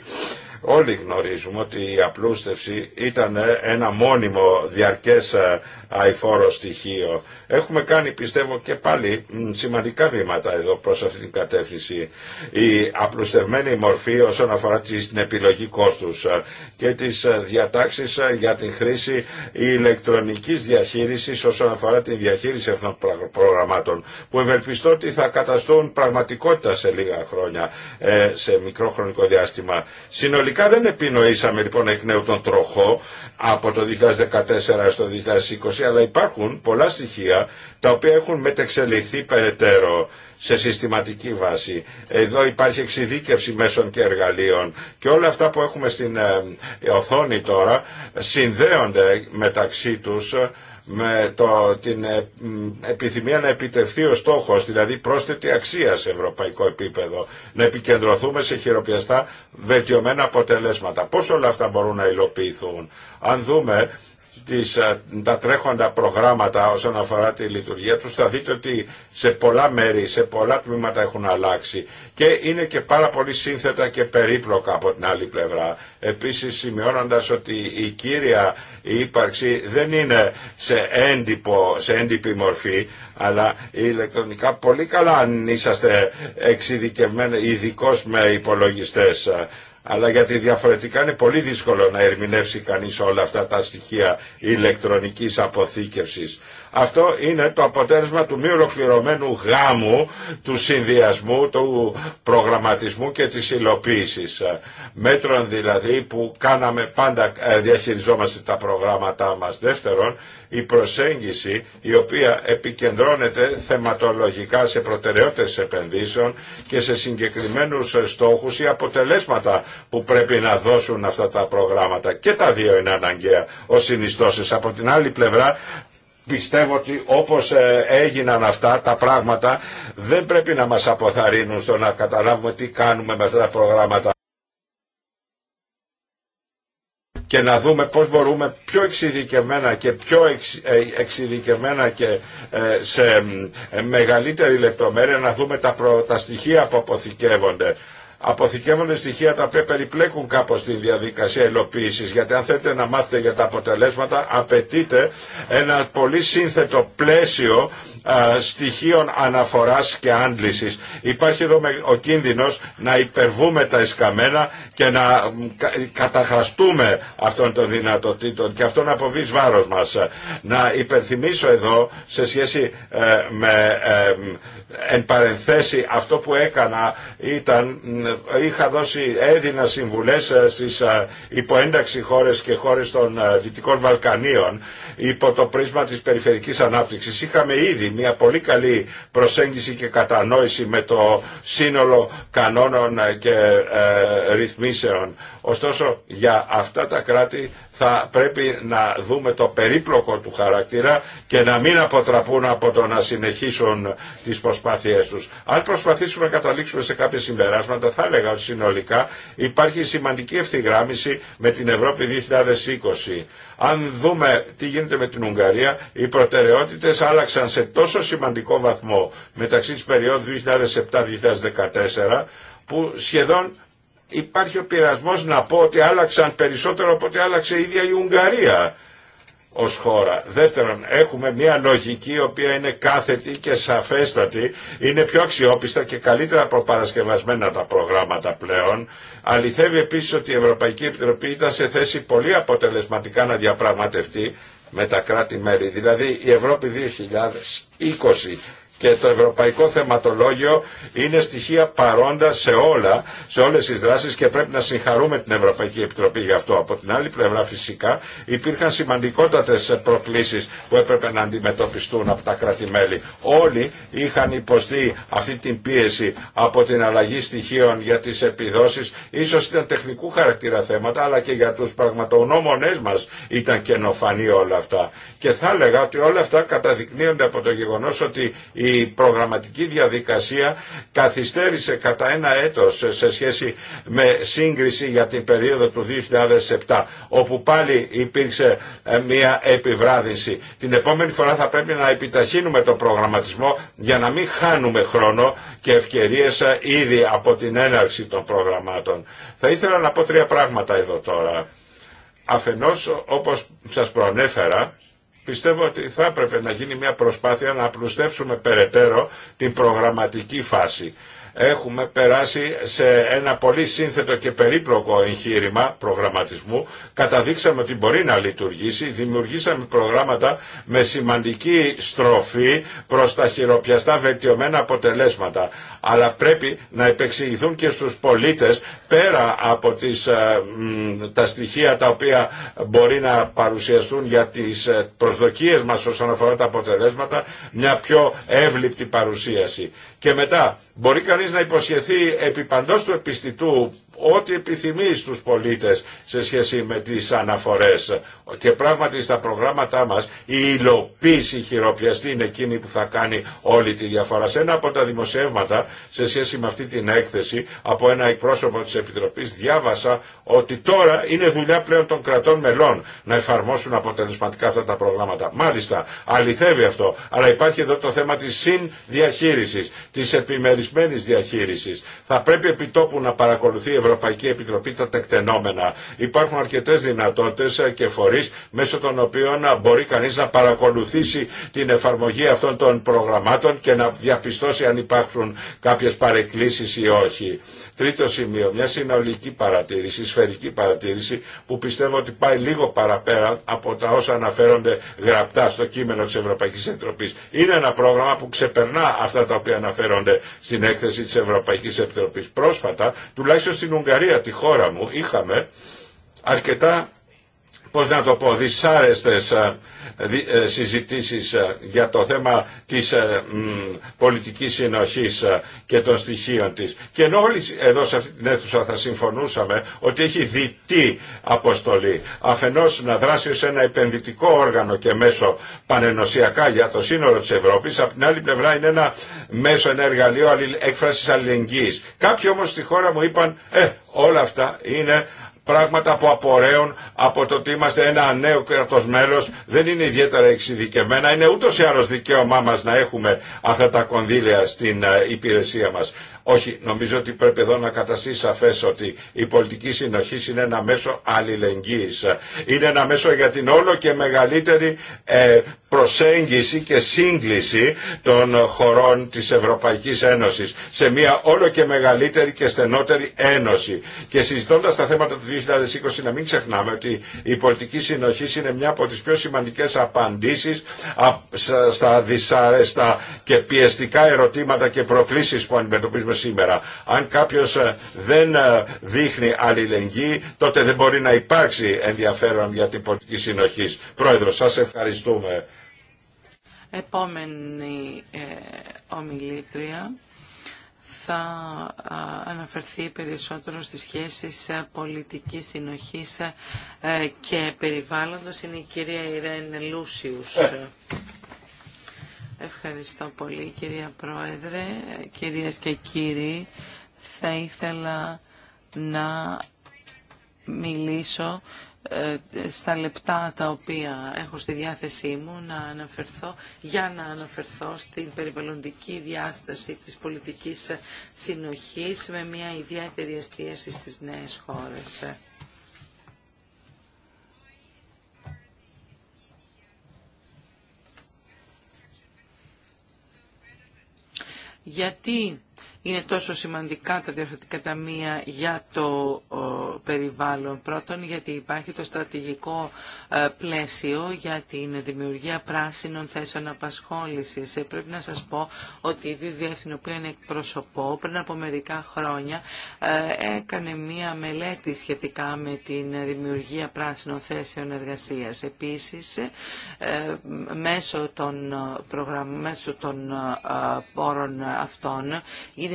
Όλοι γνωρίζουμε ότι η απλούστευση ήταν ε, ένα μόνιμο διαρκές ε, αηφόρο στοιχείο. Έχουμε κάνει πιστεύω και πάλι σημαντικά βήματα εδώ προς αυτήν την κατεύθυνση. Η απλουστευμένη μορφή όσον αφορά την επιλογή κόστους ε, και τις διατάξεις για την χρήση ηλεκτρονικής διαχείρισης όσον αφορά τη διαχείριση αυτών των προγραμμάτων που ευελπιστώ ότι θα καταστούν πραγματικότητα σε λίγα χρόνια, σε μικρό χρονικό διάστημα. Συνολικά Συνολικά δεν επινοήσαμε λοιπόν εκ νέου τον τροχό από το 2014 στο 2020, αλλά υπάρχουν πολλά στοιχεία τα οποία έχουν μετεξελιχθεί περαιτέρω σε συστηματική βάση. Εδώ υπάρχει εξειδίκευση μέσων και εργαλείων και όλα αυτά που έχουμε στην ε, οθόνη τώρα συνδέονται μεταξύ τους με το, την ε, επιθυμία να επιτευθεί ο στόχος, δηλαδή πρόσθετη αξία σε ευρωπαϊκό επίπεδο, να επικεντρωθούμε σε χειροπιαστά βελτιωμένα αποτελέσματα. Πώς όλα αυτά μπορούν να υλοποιηθούν. Αν δούμε τις, ε, τα τρέχοντα προγράμματα όσον αφορά τη λειτουργία τους θα δείτε ότι σε πολλά μέρη, σε πολλά τμήματα έχουν αλλάξει και είναι και πάρα πολύ σύνθετα και περίπλοκα από την άλλη πλευρά. Επίσης σημειώνοντας ότι η κύρια ύπαρξη δεν είναι σε, έντυπο, σε έντυπη μορφή αλλά η ηλεκτρονικά πολύ καλά αν είσαστε εξειδικευμένοι ειδικό με υπολογιστές αλλά γιατί διαφορετικά είναι πολύ δύσκολο να ερμηνεύσει κανείς όλα αυτά τα στοιχεία ηλεκτρονικής αποθήκευσης. Αυτό είναι το αποτέλεσμα του μη ολοκληρωμένου γάμου, του συνδυασμού, του προγραμματισμού και της υλοποίησης. Μέτρων δηλαδή που κάναμε πάντα, ε, διαχειριζόμαστε τα προγράμματά μας. Δεύτερον, η προσέγγιση η οποία επικεντρώνεται θεματολογικά σε προτεραιότητες επενδύσεων και σε συγκεκριμένους στόχους ή αποτελέσματα που πρέπει να δώσουν αυτά τα προγράμματα. Και τα δύο είναι αναγκαία ως συνιστώσεις. Από την άλλη πλευρά πιστεύω ότι όπως ε, έγιναν αυτά τα πράγματα δεν πρέπει να μας αποθαρρύνουν στο να καταλάβουμε τι κάνουμε με αυτά τα προγράμματα και να δούμε πώς μπορούμε πιο εξειδικευμένα και πιο ε, εξειδικευμένα και ε, σε μεγαλύτερη λεπτομέρεια να δούμε τα, τα στοιχεία που αποθηκεύονται αποθηκεύονται στοιχεία τα οποία περιπλέκουν κάπως τη διαδικασία υλοποίησης γιατί αν θέλετε να μάθετε για τα αποτελέσματα απαιτείται ένα πολύ σύνθετο πλαίσιο στοιχείων αναφοράς και άντλησης. Υπάρχει εδώ ο κίνδυνος να υπερβούμε τα εσκαμένα και να καταχραστούμε αυτών των δυνατοτήτων και αυτό να αποβεί βάρος μας. Να υπενθυμίσω εδώ σε σχέση ε, με ε, εν παρενθέσει αυτό που έκανα ήταν είχα δώσει έδινα συμβουλές ε, στις ε, υποένταξη χώρες και χώρες των ε, Δυτικών Βαλκανίων υπό το πρίσμα της περιφερικής ανάπτυξης είχαμε ήδη μια πολύ καλή προσέγγιση και κατανόηση με το σύνολο κανόνων και ρυθμίσεων ωστόσο για αυτά τα κράτη θα πρέπει να δούμε το περίπλοκο του χαρακτήρα και να μην αποτραπούν από το να συνεχίσουν τις προσπάθειές τους. Αν προσπαθήσουμε να καταλήξουμε σε κάποια συμπεράσματα θα έλεγα ότι συνολικά υπάρχει σημαντική ευθυγράμμιση με την Ευρώπη 2020. Αν δούμε τι γίνεται με την Ουγγαρία, οι προτεραιότητες άλλαξαν σε τόσο σημαντικό βαθμό μεταξύ της περίοδου 2007-2014 που σχεδόν υπάρχει ο πειρασμός να πω ότι άλλαξαν περισσότερο από ότι άλλαξε η ίδια η Ουγγαρία ως χώρα. Δεύτερον, έχουμε μια λογική η οποία είναι κάθετη και σαφέστατη, είναι πιο αξιόπιστα και καλύτερα προπαρασκευασμένα τα προγράμματα πλέον. Αληθεύει επίσης ότι η Ευρωπαϊκή Επιτροπή ήταν σε θέση πολύ αποτελεσματικά να διαπραγματευτεί με τα κράτη-μέλη. Δηλαδή η Ευρώπη 2020 και το ευρωπαϊκό θεματολόγιο είναι στοιχεία παρόντα σε όλα, σε όλες τις δράσεις και πρέπει να συγχαρούμε την Ευρωπαϊκή Επιτροπή για αυτό. Από την άλλη πλευρά φυσικά υπήρχαν σημαντικότατες προκλήσεις που έπρεπε να αντιμετωπιστούν από τα κράτη-μέλη. Όλοι είχαν υποστεί αυτή την πίεση από την αλλαγή στοιχείων για τις επιδόσεις, ίσως ήταν τεχνικού χαρακτήρα θέματα, αλλά και για τους πραγματογνώμονές μας ήταν καινοφανή όλα αυτά. Και θα έλεγα ότι όλα αυτά καταδεικνύονται από το γεγονός ότι η προγραμματική διαδικασία καθυστέρησε κατά ένα έτος σε σχέση με σύγκριση για την περίοδο του 2007 όπου πάλι υπήρξε ε, μια επιβράδυνση. Την επόμενη φορά θα πρέπει να επιταχύνουμε το προγραμματισμό για να μην χάνουμε χρόνο και ευκαιρίες ε, ήδη από την έναρξη των προγραμμάτων. Θα ήθελα να πω τρία πράγματα εδώ τώρα. Αφενός, όπως σας προανέφερα, πιστεύω ότι θα έπρεπε να γίνει μια προσπάθεια να απλουστεύσουμε περαιτέρω την προγραμματική φάση έχουμε περάσει σε ένα πολύ σύνθετο και περίπλοκο εγχείρημα προγραμματισμού. Καταδείξαμε ότι μπορεί να λειτουργήσει, δημιουργήσαμε προγράμματα με σημαντική στροφή προς τα χειροπιαστά βελτιωμένα αποτελέσματα. Αλλά πρέπει να επεξηγηθούν και στους πολίτες πέρα από τις, ε, τα στοιχεία τα οποία μπορεί να παρουσιαστούν για τις ε, προσδοκίες μας όσον αφορά τα αποτελέσματα, μια πιο εύληπτη παρουσίαση. Και μετά μπορεί κανείς να υποσχεθεί επί παντός του επιστητού ό,τι επιθυμεί στους πολίτες σε σχέση με τις αναφορές. Και πράγματι στα προγράμματά μας η υλοποίηση χειροπιαστή είναι εκείνη που θα κάνει όλη τη διαφορά. Σε ένα από τα δημοσιεύματα σε σχέση με αυτή την έκθεση από ένα εκπρόσωπο της Επιτροπής διάβασα ότι τώρα είναι δουλειά πλέον των κρατών μελών να εφαρμόσουν αποτελεσματικά αυτά τα προγράμματα. Μάλιστα, αληθεύει αυτό. Αλλά υπάρχει εδώ το θέμα της συνδιαχείρισης, της επιμερισμένης διαχείρισης. Θα πρέπει επιτόπου να παρακολουθεί η Ευρωπαϊκή Επιτροπή τα τεκτενόμενα. Υπάρχουν αρκετέ δυνατότητε και φορεί μέσω των οποίων μπορεί κανείς να παρακολουθήσει την εφαρμογή αυτών των προγραμμάτων και να διαπιστώσει αν υπάρχουν κάποιες παρεκκλήσει ή όχι. Τρίτο σημείο, μια συνολική παρατήρηση, σφαιρική παρατήρηση που πιστεύω ότι πάει λίγο παραπέρα από τα όσα αναφέρονται γραπτά στο κείμενο της Ευρωπαϊκής Επιτροπής. Είναι ένα πρόγραμμα που ξεπερνά αυτά τα οποία αναφέρονται στην έκθεση της Ευρωπαϊκή Επιτροπής. Πρόσφατα, τουλάχιστον στην Ουγγαρία, τη χώρα μου, είχαμε αρκετά πώς να το πω, δυσάρεστες ε, συζητήσεις για το θέμα της ε, πολιτικής συνοχής και των στοιχείων της. Και ενώ όλοι εδώ σε αυτή την αίθουσα θα συμφωνούσαμε ότι έχει διτή αποστολή αφενός να δράσει ως ένα επενδυτικό όργανο και μέσο πανενοσιακά για το σύνολο της Ευρώπης, από την άλλη πλευρά είναι ένα μέσο, ένα εργαλείο έκφρασης αλληλεγγύης. Κάποιοι όμως στη χώρα μου είπαν, ε, όλα αυτά είναι πράγματα που απορρέουν από το ότι είμαστε ένα νέο κράτο μέλο δεν είναι ιδιαίτερα εξειδικευμένα. Είναι ούτω ή άλλω δικαίωμά μα να έχουμε αυτά τα κονδύλια στην ε, υπηρεσία μα. Όχι, νομίζω ότι πρέπει εδώ να καταστεί σαφέ ότι η πολιτική συνοχή είναι ένα μέσο αλληλεγγύη. Είναι ένα μέσο για την όλο και μεγαλύτερη ε, προσέγγιση και σύγκληση των χωρών της Ευρωπαϊκής Ένωσης σε μια όλο και μεγαλύτερη και στενότερη ένωση. Και συζητώντα τα θέματα του 2020 να μην ξεχνάμε ότι η πολιτική συνοχή είναι μια από τις πιο σημαντικές απαντήσεις στα δυσάρεστα και πιεστικά ερωτήματα και προκλήσεις που αντιμετωπίζουμε σήμερα. Αν κάποιος ε, δεν ε, δείχνει αλληλεγγύη, τότε δεν μπορεί να υπάρξει ενδιαφέρον για την πολιτική συνοχή. Πρόεδρο, σας ευχαριστούμε. Επόμενη ε, ομιλήτρια θα αναφερθεί περισσότερο στις σχέσεις ε, πολιτικής συνοχής ε, και περιβάλλοντος. Είναι η κυρία Ιρέν Λούσιους. Ε. Ευχαριστώ πολύ κυρία Πρόεδρε, κυρίες και κύριοι. Θα ήθελα να μιλήσω ε, στα λεπτά τα οποία έχω στη διάθεσή μου να αναφερθώ, για να αναφερθώ στην περιβαλλοντική διάσταση της πολιτικής συνοχής με μια ιδιαίτερη εστίαση στις νέες χώρες. Γιατί είναι τόσο σημαντικά τα διαφορετικά ταμεία για το περιβάλλον. Πρώτον, γιατί υπάρχει το στρατηγικό ε, πλαίσιο για την δημιουργία πράσινων θέσεων απασχόλησης. Ε, πρέπει να σας πω ότι η Διεύθυνο που είναι εκπροσωπώ πριν από μερικά χρόνια ε, έκανε μία μελέτη σχετικά με την δημιουργία πράσινων θέσεων εργασίας. Επίσης, μέσω των, μέσω των πόρων αυτών,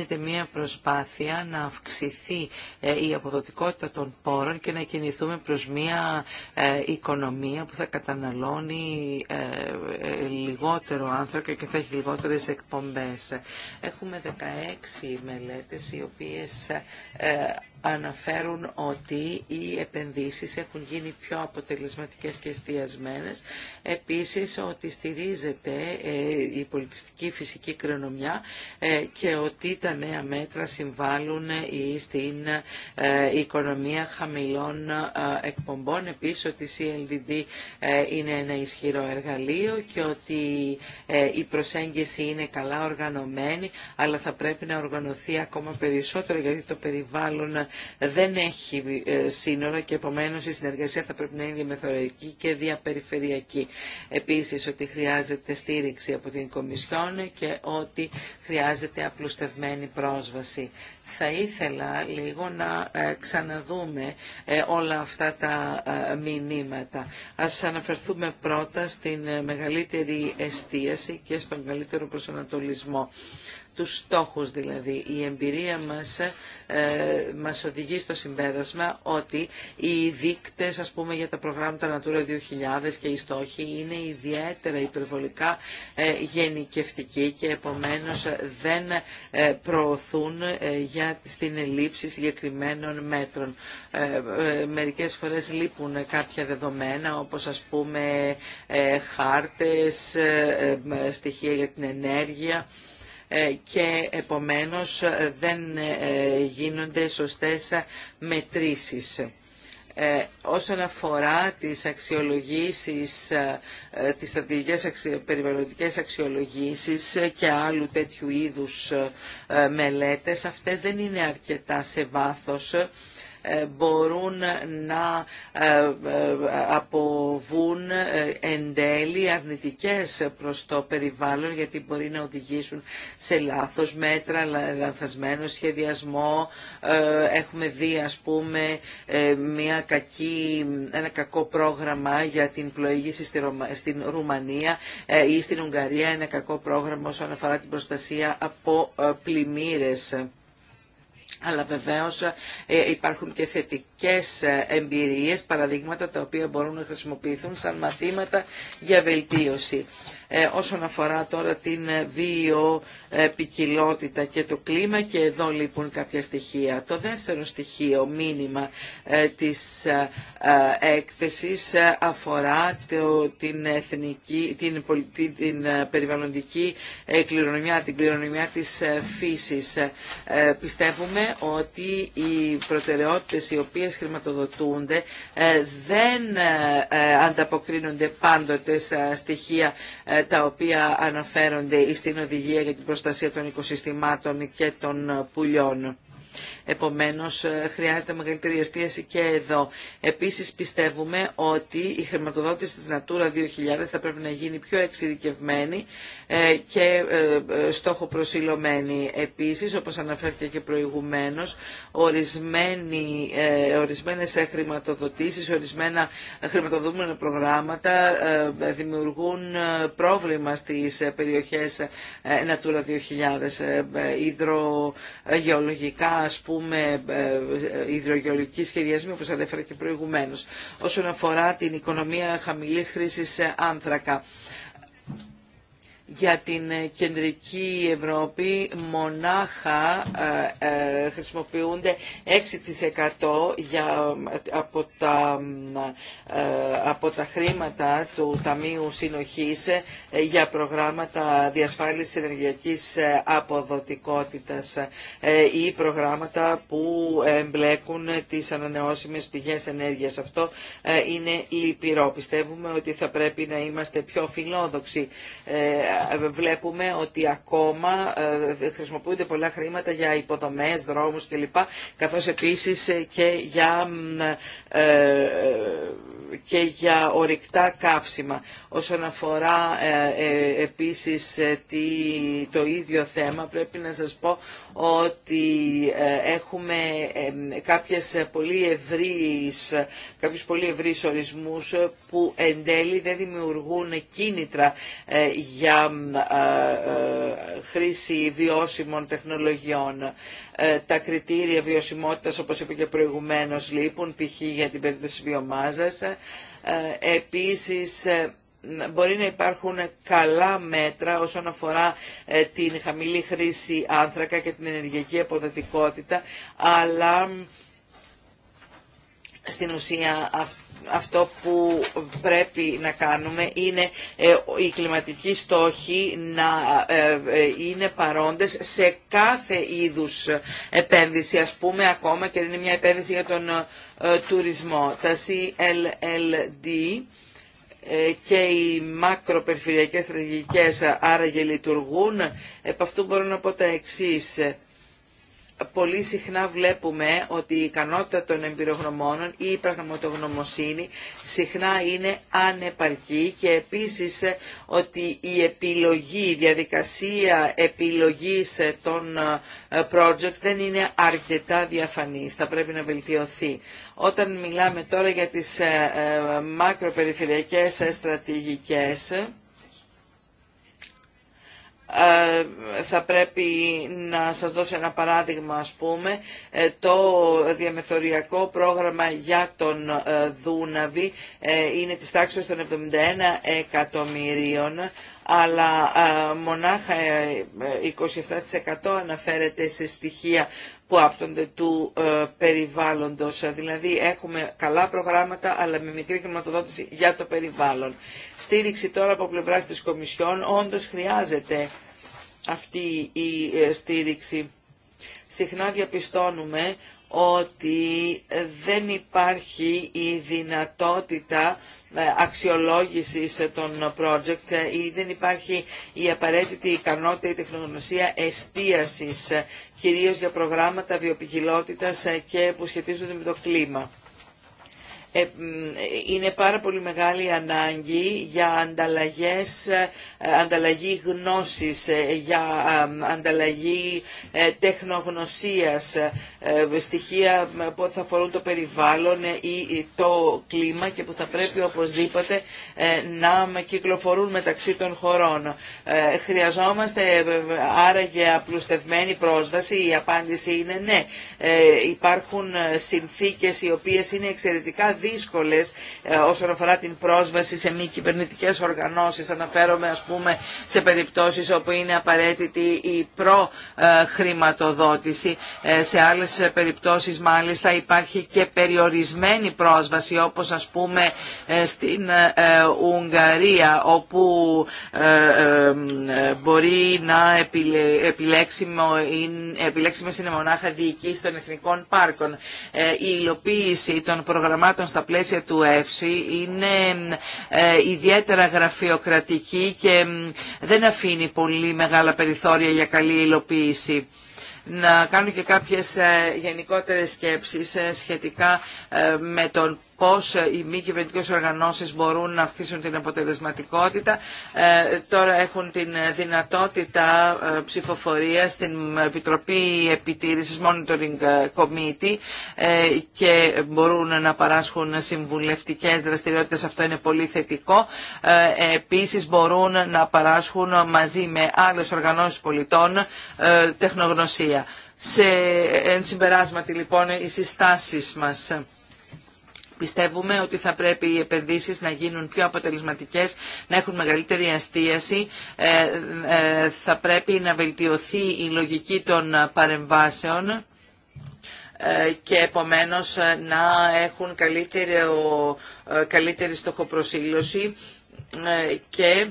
γίνεται μια προσπάθεια να αυξηθεί ε, η αποδοτικότητα των πόρων και να κινηθούμε προς μια ε, οικονομία που θα καταναλώνει ε, λιγότερο άνθρωπο και θα έχει λιγότερες εκπομπές. Έχουμε 16 μελέτες οι οποίες αναφέρουν ότι οι επενδύσεις έχουν γίνει πιο αποτελεσματικές και εστιασμένες. Επίσης ότι στηρίζεται ε, η πολιτιστική φυσική κρονομιά ε, και ότι τα νέα μέτρα συμβάλλουν ε, στην οικονομία χαμηλών εκπομπών. Επίσης ότι η CLDD είναι ένα ισχυρό εργαλείο και ότι η προσέγγιση είναι καλά οργανωμένη αλλά θα πρέπει να οργανωθεί ακόμα περισσότερο γιατί το περιβάλλον δεν έχει ε, σύνορα και επομένως η συνεργασία θα πρέπει να είναι διαμεθοριακή και διαπεριφερειακή. Επίσης ότι χρειάζεται στήριξη από την Κομισιόν και ότι χρειάζεται απλουστευμένη πρόσβαση. Θα ήθελα λίγο να ε, ξαναδούμε ε, όλα αυτά τα μηνύματα. Ας αναφερθούμε πρώτα στην μεγαλύτερη εστίαση και στον καλύτερο προσανατολισμό τους στόχους δηλαδή. Η εμπειρία μας ε, μας οδηγεί στο συμπέρασμα ότι οι δείκτες ας πούμε για τα προγράμματα Natura 2000 και οι στόχοι είναι ιδιαίτερα υπερβολικά ε, γενικευτικοί και επομένως δεν ε, προωθούν ε, για, στην λήψη συγκεκριμένων μέτρων. Ε, μερικές φορές λείπουν κάποια δεδομένα όπως ας πούμε χάρτες, στοιχεία για την ενέργεια ε, και επομένως ε, δεν ε, γίνονται σωστές μετρήσεις. Ε, όσον αφορά τις αξιολογήσεις, ε, τις στρατηγικές περιβαλλοντικές αξιολογήσεις και άλλου τέτοιου είδους ε, μελέτες, αυτές δεν είναι αρκετά σε βάθος ε, μπορούν να ε, ε, αποβούν εν τέλει αρνητικές προς το περιβάλλον γιατί μπορεί να οδηγήσουν σε λάθος μέτρα, λανθασμένο σχεδιασμό. Έχουμε δει ας πούμε μια κακή, ένα κακό πρόγραμμα για την πλοήγηση στην Ρουμανία ή στην Ουγγαρία, ένα κακό πρόγραμμα όσον αφορά την προστασία από πλημμύρες αλλά βεβαίως ε, υπάρχουν και θετικές ε, εμπειρίες, παραδείγματα τα οποία μπορούν να χρησιμοποιηθούν σαν μαθήματα για βελτίωση. Ε, όσον αφορά τώρα την βιο ποικιλότητα και το κλίμα και εδώ λείπουν κάποια στοιχεία. Το δεύτερο στοιχείο, μήνυμα ε, της ε, ε, έκθεσης αφορά το, την, εθνική, την, την περιβαλλοντική κληρονομιά, την κληρονομιά της φύσης. Πιστεύουμε ότι οι προτεραιότητες οι οποίες χρηματοδοτούνται δεν ανταποκρίνονται πάντοτε στα στοιχεία τα οποία αναφέρονται στην οδηγία για την προστασία προστασία των οικοσυστημάτων και των πουλιών. Επομένως, ε, χρειάζεται μεγαλύτερη εστίαση και εδώ. Επίσης, πιστεύουμε ότι η χρηματοδότηση της Natura 2000 θα πρέπει να γίνει πιο εξειδικευμένη ε, και ε, στόχο προσιλωμένη. Επίσης, όπως αναφέρθηκε και προηγουμένως, ορισμένοι, ορισμένες χρηματοδοτήσεις, ορισμένα χρηματοδοτούμενα προγράμματα δημιουργούν πρόβλημα στις περιοχές Natura 2000, υδρογεωλογικά, πούμε, με ε, υδρογεωλογικοί σχεδιασμοί όπως ανέφερα και προηγουμένως. Όσον αφορά την οικονομία χαμηλής χρήσης ε, άνθρακα για την ε, κεντρική Ευρώπη μονάχα ε, ε, χρησιμοποιούνται 6% για, από, τα, από τα χρήματα του Ταμείου Συνοχής για προγράμματα διασφάλισης ενεργειακής αποδοτικότητας ή προγράμματα που εμπλέκουν τις ανανεώσιμες πηγές ενέργειας. Αυτό είναι λυπηρό. Πιστεύουμε ότι θα πρέπει να είμαστε πιο φιλόδοξοι βλέπουμε ότι ακόμα ε, χρησιμοποιούνται πολλά χρήματα για υποδομές, δρόμους κλπ. Καθώς επίσης ε, και για, ε, και για ορυκτά καύσιμα. Όσον αφορά επίσης το ίδιο θέμα πρέπει να σας πω ότι έχουμε κάποιες πολύ ευρύς, κάποιους πολύ ευρύς ορισμούς που εν τέλει δεν δημιουργούν κίνητρα για ε, ε, χρήση βιώσιμων τεχνολογιών. Ε, τα κριτήρια βιωσιμότητας, όπως είπα και προηγουμένως, λείπουν, π.χ. για την περίπτωση βιομάζας. Επίσης, μπορεί να υπάρχουν καλά μέτρα όσον αφορά την χαμηλή χρήση άνθρακα και την ενεργειακή αποδοτικότητα, αλλά στην ουσία αυτό αυτό που πρέπει να κάνουμε είναι ε, οι κλιματικοί στόχοι να ε, ε, είναι παρόντες σε κάθε είδους επένδυση, ας πούμε ακόμα και είναι μια επένδυση για τον τουρισμό. Τα CLLD και οι μακροπεριφερειακές στρατηγικές άραγε λειτουργούν. Επ' αυτού μπορώ να πω τα εξής πολύ συχνά βλέπουμε ότι η ικανότητα των εμπειρογνωμόνων ή η πραγματογνωμοσύνη συχνά είναι ανεπαρκή και επίσης ότι η επιλογή, η διαδικασία επιλογής των ε, projects δεν είναι αρκετά διαφανής, θα πρέπει να βελτιωθεί. Όταν μιλάμε τώρα για τις ε, ε, μακροπεριφερειακές στρατηγικές, ε, θα πρέπει να σας δώσω ένα παράδειγμα ας πούμε ε, το διαμεθοριακό πρόγραμμα για τον ε, Δούναβη είναι της τάξης των 71 εκατομμυρίων αλλά μονάχα 27% αναφέρεται σε στοιχεία που άπτονται του περιβάλλοντος. Δηλαδή έχουμε καλά προγράμματα αλλά με μικρή χρηματοδότηση για το περιβάλλον. Στήριξη τώρα από πλευρά της Κομισιόν όντως χρειάζεται αυτή η ε, στήριξη. Συχνά διαπιστώνουμε ότι ε, δεν υπάρχει η δυνατότητα ε, αξιολόγησης των project ή δεν υπάρχει η απαραίτητη ικανότητα ή τεχνογνωσία εστίασης, κυρίως για προγράμματα βιοπικιλότητας και που σχετίζονται με το κλίμα. Ε, είναι πάρα πολύ μεγάλη ανάγκη για ανταλλαγές, ε, ανταλλαγή γνώσης, ε, για ανταλλαγή τεχνογνωσίας, στοιχεία που θα αφορούν το περιβάλλον ή το κλίμα και που θα πρέπει οπωσδήποτε να κυκλοφορούν μεταξύ των χωρών. Χρειαζόμαστε άραγε απλουστευμένη πρόσβαση, η απάντηση είναι ναι. Υπάρχουν συνθήκες οι οποίες είναι εξαιρετικά δύσκολες ε, όσον αφορά την πρόσβαση σε μη κυβερνητικέ οργανώσεις. Αναφέρομαι ας πούμε σε περιπτώσεις όπου είναι απαραίτητη η προχρηματοδότηση. Ε, σε άλλες περιπτώσεις μάλιστα υπάρχει και περιορισμένη πρόσβαση όπως ας πούμε ε, στην Ουγγαρία όπου μπορεί να επιλέξουμε με διοικήσει μονάχα των εθνικών πάρκων. Η υλοποίηση των προγραμμάτων στα πλαίσια του ΕΦΣΥ είναι ε, ιδιαίτερα γραφειοκρατική και δεν αφήνει πολύ μεγάλα περιθώρια για καλή υλοποίηση να κάνω και κάποιες ε, γενικότερες σκέψεις ε, σχετικά με τον πώς οι μη κυβερνητικές οργανώσεις μπορούν να αυξήσουν την αποτελεσματικότητα. Ε, τώρα έχουν την δυνατότητα ε, ψηφοφορία στην Επιτροπή Επιτήρησης Monitoring ε, Committee και μπορούν να παράσχουν συμβουλευτικές δραστηριότητες. Αυτό είναι πολύ θετικό. Επίσης μπορούν να παράσχουν μαζί με άλλες οργανώσεις πολιτών τεχνογνωσία. Σε εν λοιπόν οι συστάσεις μας. Πιστεύουμε ότι θα πρέπει οι επενδύσεις να γίνουν πιο αποτελεσματικές, να έχουν μεγαλύτερη αστίαση, ε, ε, θα πρέπει να βελτιωθεί η λογική των παρεμβάσεων ε, και επομένως να έχουν καλύτερη στοχοπροσύλωση και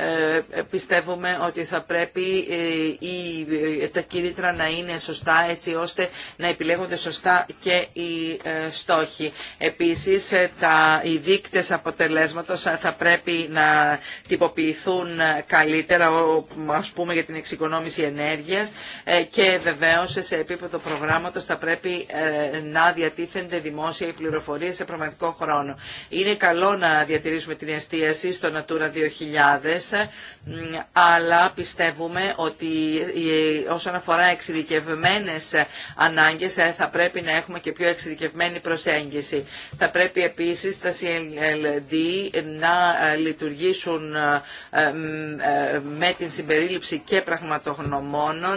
ε, πιστεύουμε ότι θα πρέπει ε, ε, τα κίνητρα να είναι σωστά έτσι ώστε να επιλέγονται σωστά και οι στόχοι. Επίσης, τα, οι δείκτες αποτελέσματος θα πρέπει να τυποποιηθούν καλύτερα, ας πούμε, για την εξοικονόμηση ενέργειας και βεβαίως σε επίπεδο προγράμματος θα πρέπει να διατίθενται δημόσια οι πληροφορίες σε πραγματικό χρόνο. Είναι καλό να διατηρήσουμε την εστίαση στο Natura 2000 αλλά πιστεύουμε ότι όσον αφορά εξειδικευμένες ανάγκες ε, θα πρέπει να έχουμε και πιο εξειδικευμένη προσέγγιση. Θα πρέπει επίσης τα CLD να ε, λειτουργήσουν ε, με την συμπερίληψη και πραγματογνωμόνων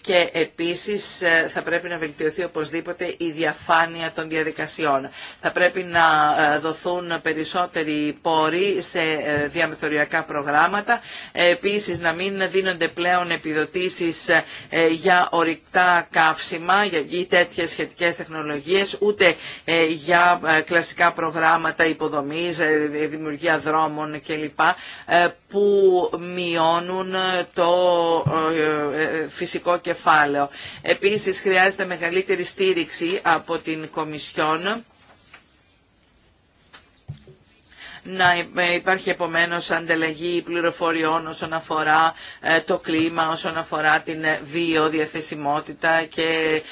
και επίσης θα πρέπει να βελτιωθεί οπωσδήποτε η διαφάνεια των διαδικασιών. Θα πρέπει να δοθούν περισσότεροι πόροι σε διαμεθοριακά προγράμματα. Ε, επίσης να μην δίνονται πλέον επιδοτήσεις ε, για ορυκτά καύσιμα ή τέτοιες σχετικές τεχνολογίες, ούτε ε, για κλασικά προγράμματα υποδομής, δημιουργία δρόμων κλπ που μειώνουν το φυσικό κεφάλαιο. Επίσης χρειάζεται μεγαλύτερη στήριξη από την Κομισιόν να ε, υπάρχει επομένως ανταλλαγή πληροφοριών όσον αφορά ε, το κλίμα, όσον αφορά την ε, βιοδιαθεσιμότητα και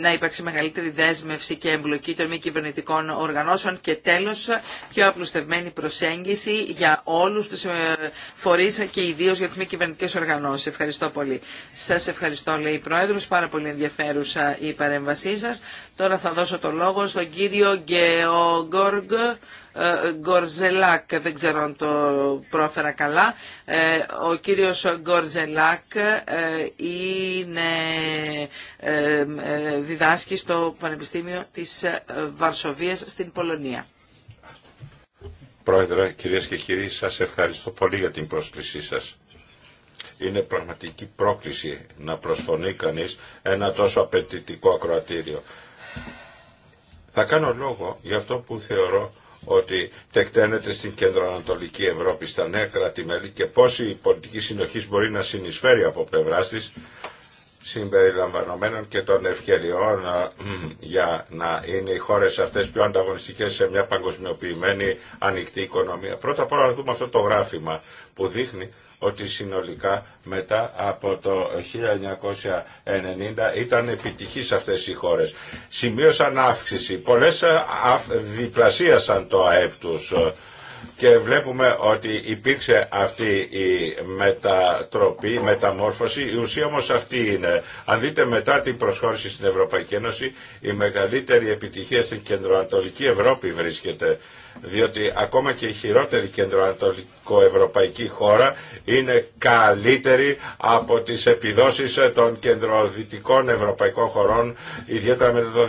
να υπάρξει μεγαλύτερη δέσμευση και εμπλοκή των μη κυβερνητικών οργανώσεων και τέλος πιο απλουστευμένη προσέγγιση για όλους τους φορείς και ιδίως για τις μη κυβερνητικές οργανώσεις. Ευχαριστώ πολύ. Σας ευχαριστώ λέει η Πρόεδρος, πάρα πολύ ενδιαφέρουσα η παρέμβασή σας. Τώρα θα δώσω το λόγο στον κύριο Γκόργ, ε, Γκορζελάκ, δεν ξέρω αν το πρόφερα καλά. Ε, ο κύριος Γκορζελάκ ε, είναι, διδάσκει στο Πανεπιστήμιο της Βαρσοβίας στην Πολωνία. Πρόεδρε, κυρίες και κύριοι, σας ευχαριστώ πολύ για την πρόσκλησή σας. Είναι πραγματική πρόκληση να προσφωνεί κανείς ένα τόσο απαιτητικό ακροατήριο. Θα κάνω λόγο για αυτό που θεωρώ ότι τεκταίνεται στην κεντροανατολική Ευρώπη, στα νέα κράτη-μέλη και πώς η πολιτική συνοχή μπορεί να συνεισφέρει από πλευρά τη συμπεριλαμβανομένων και των ευκαιριών ε, για να είναι οι χώρες αυτές πιο ανταγωνιστικές σε μια παγκοσμιοποιημένη ανοιχτή οικονομία. Πρώτα απ' όλα να δούμε αυτό το γράφημα που δείχνει ότι συνολικά μετά από το 1990 ήταν επιτυχής αυτές οι χώρες. Σημείωσαν αύξηση, πολλές διπλασίασαν το ΑΕΠ τους και βλέπουμε ότι υπήρξε αυτή η μετατροπή, η μεταμόρφωση. Η ουσία όμως αυτή είναι. Αν δείτε μετά την προσχώρηση στην Ευρωπαϊκή Ένωση, η μεγαλύτερη επιτυχία στην κεντροανατολική Ευρώπη βρίσκεται. Διότι ακόμα και η χειρότερη κεντροανατολικοευρωπαϊκή χώρα είναι καλύτερη από τις επιδόσεις των κεντροδυτικών ευρωπαϊκών χωρών, ιδιαίτερα μετά το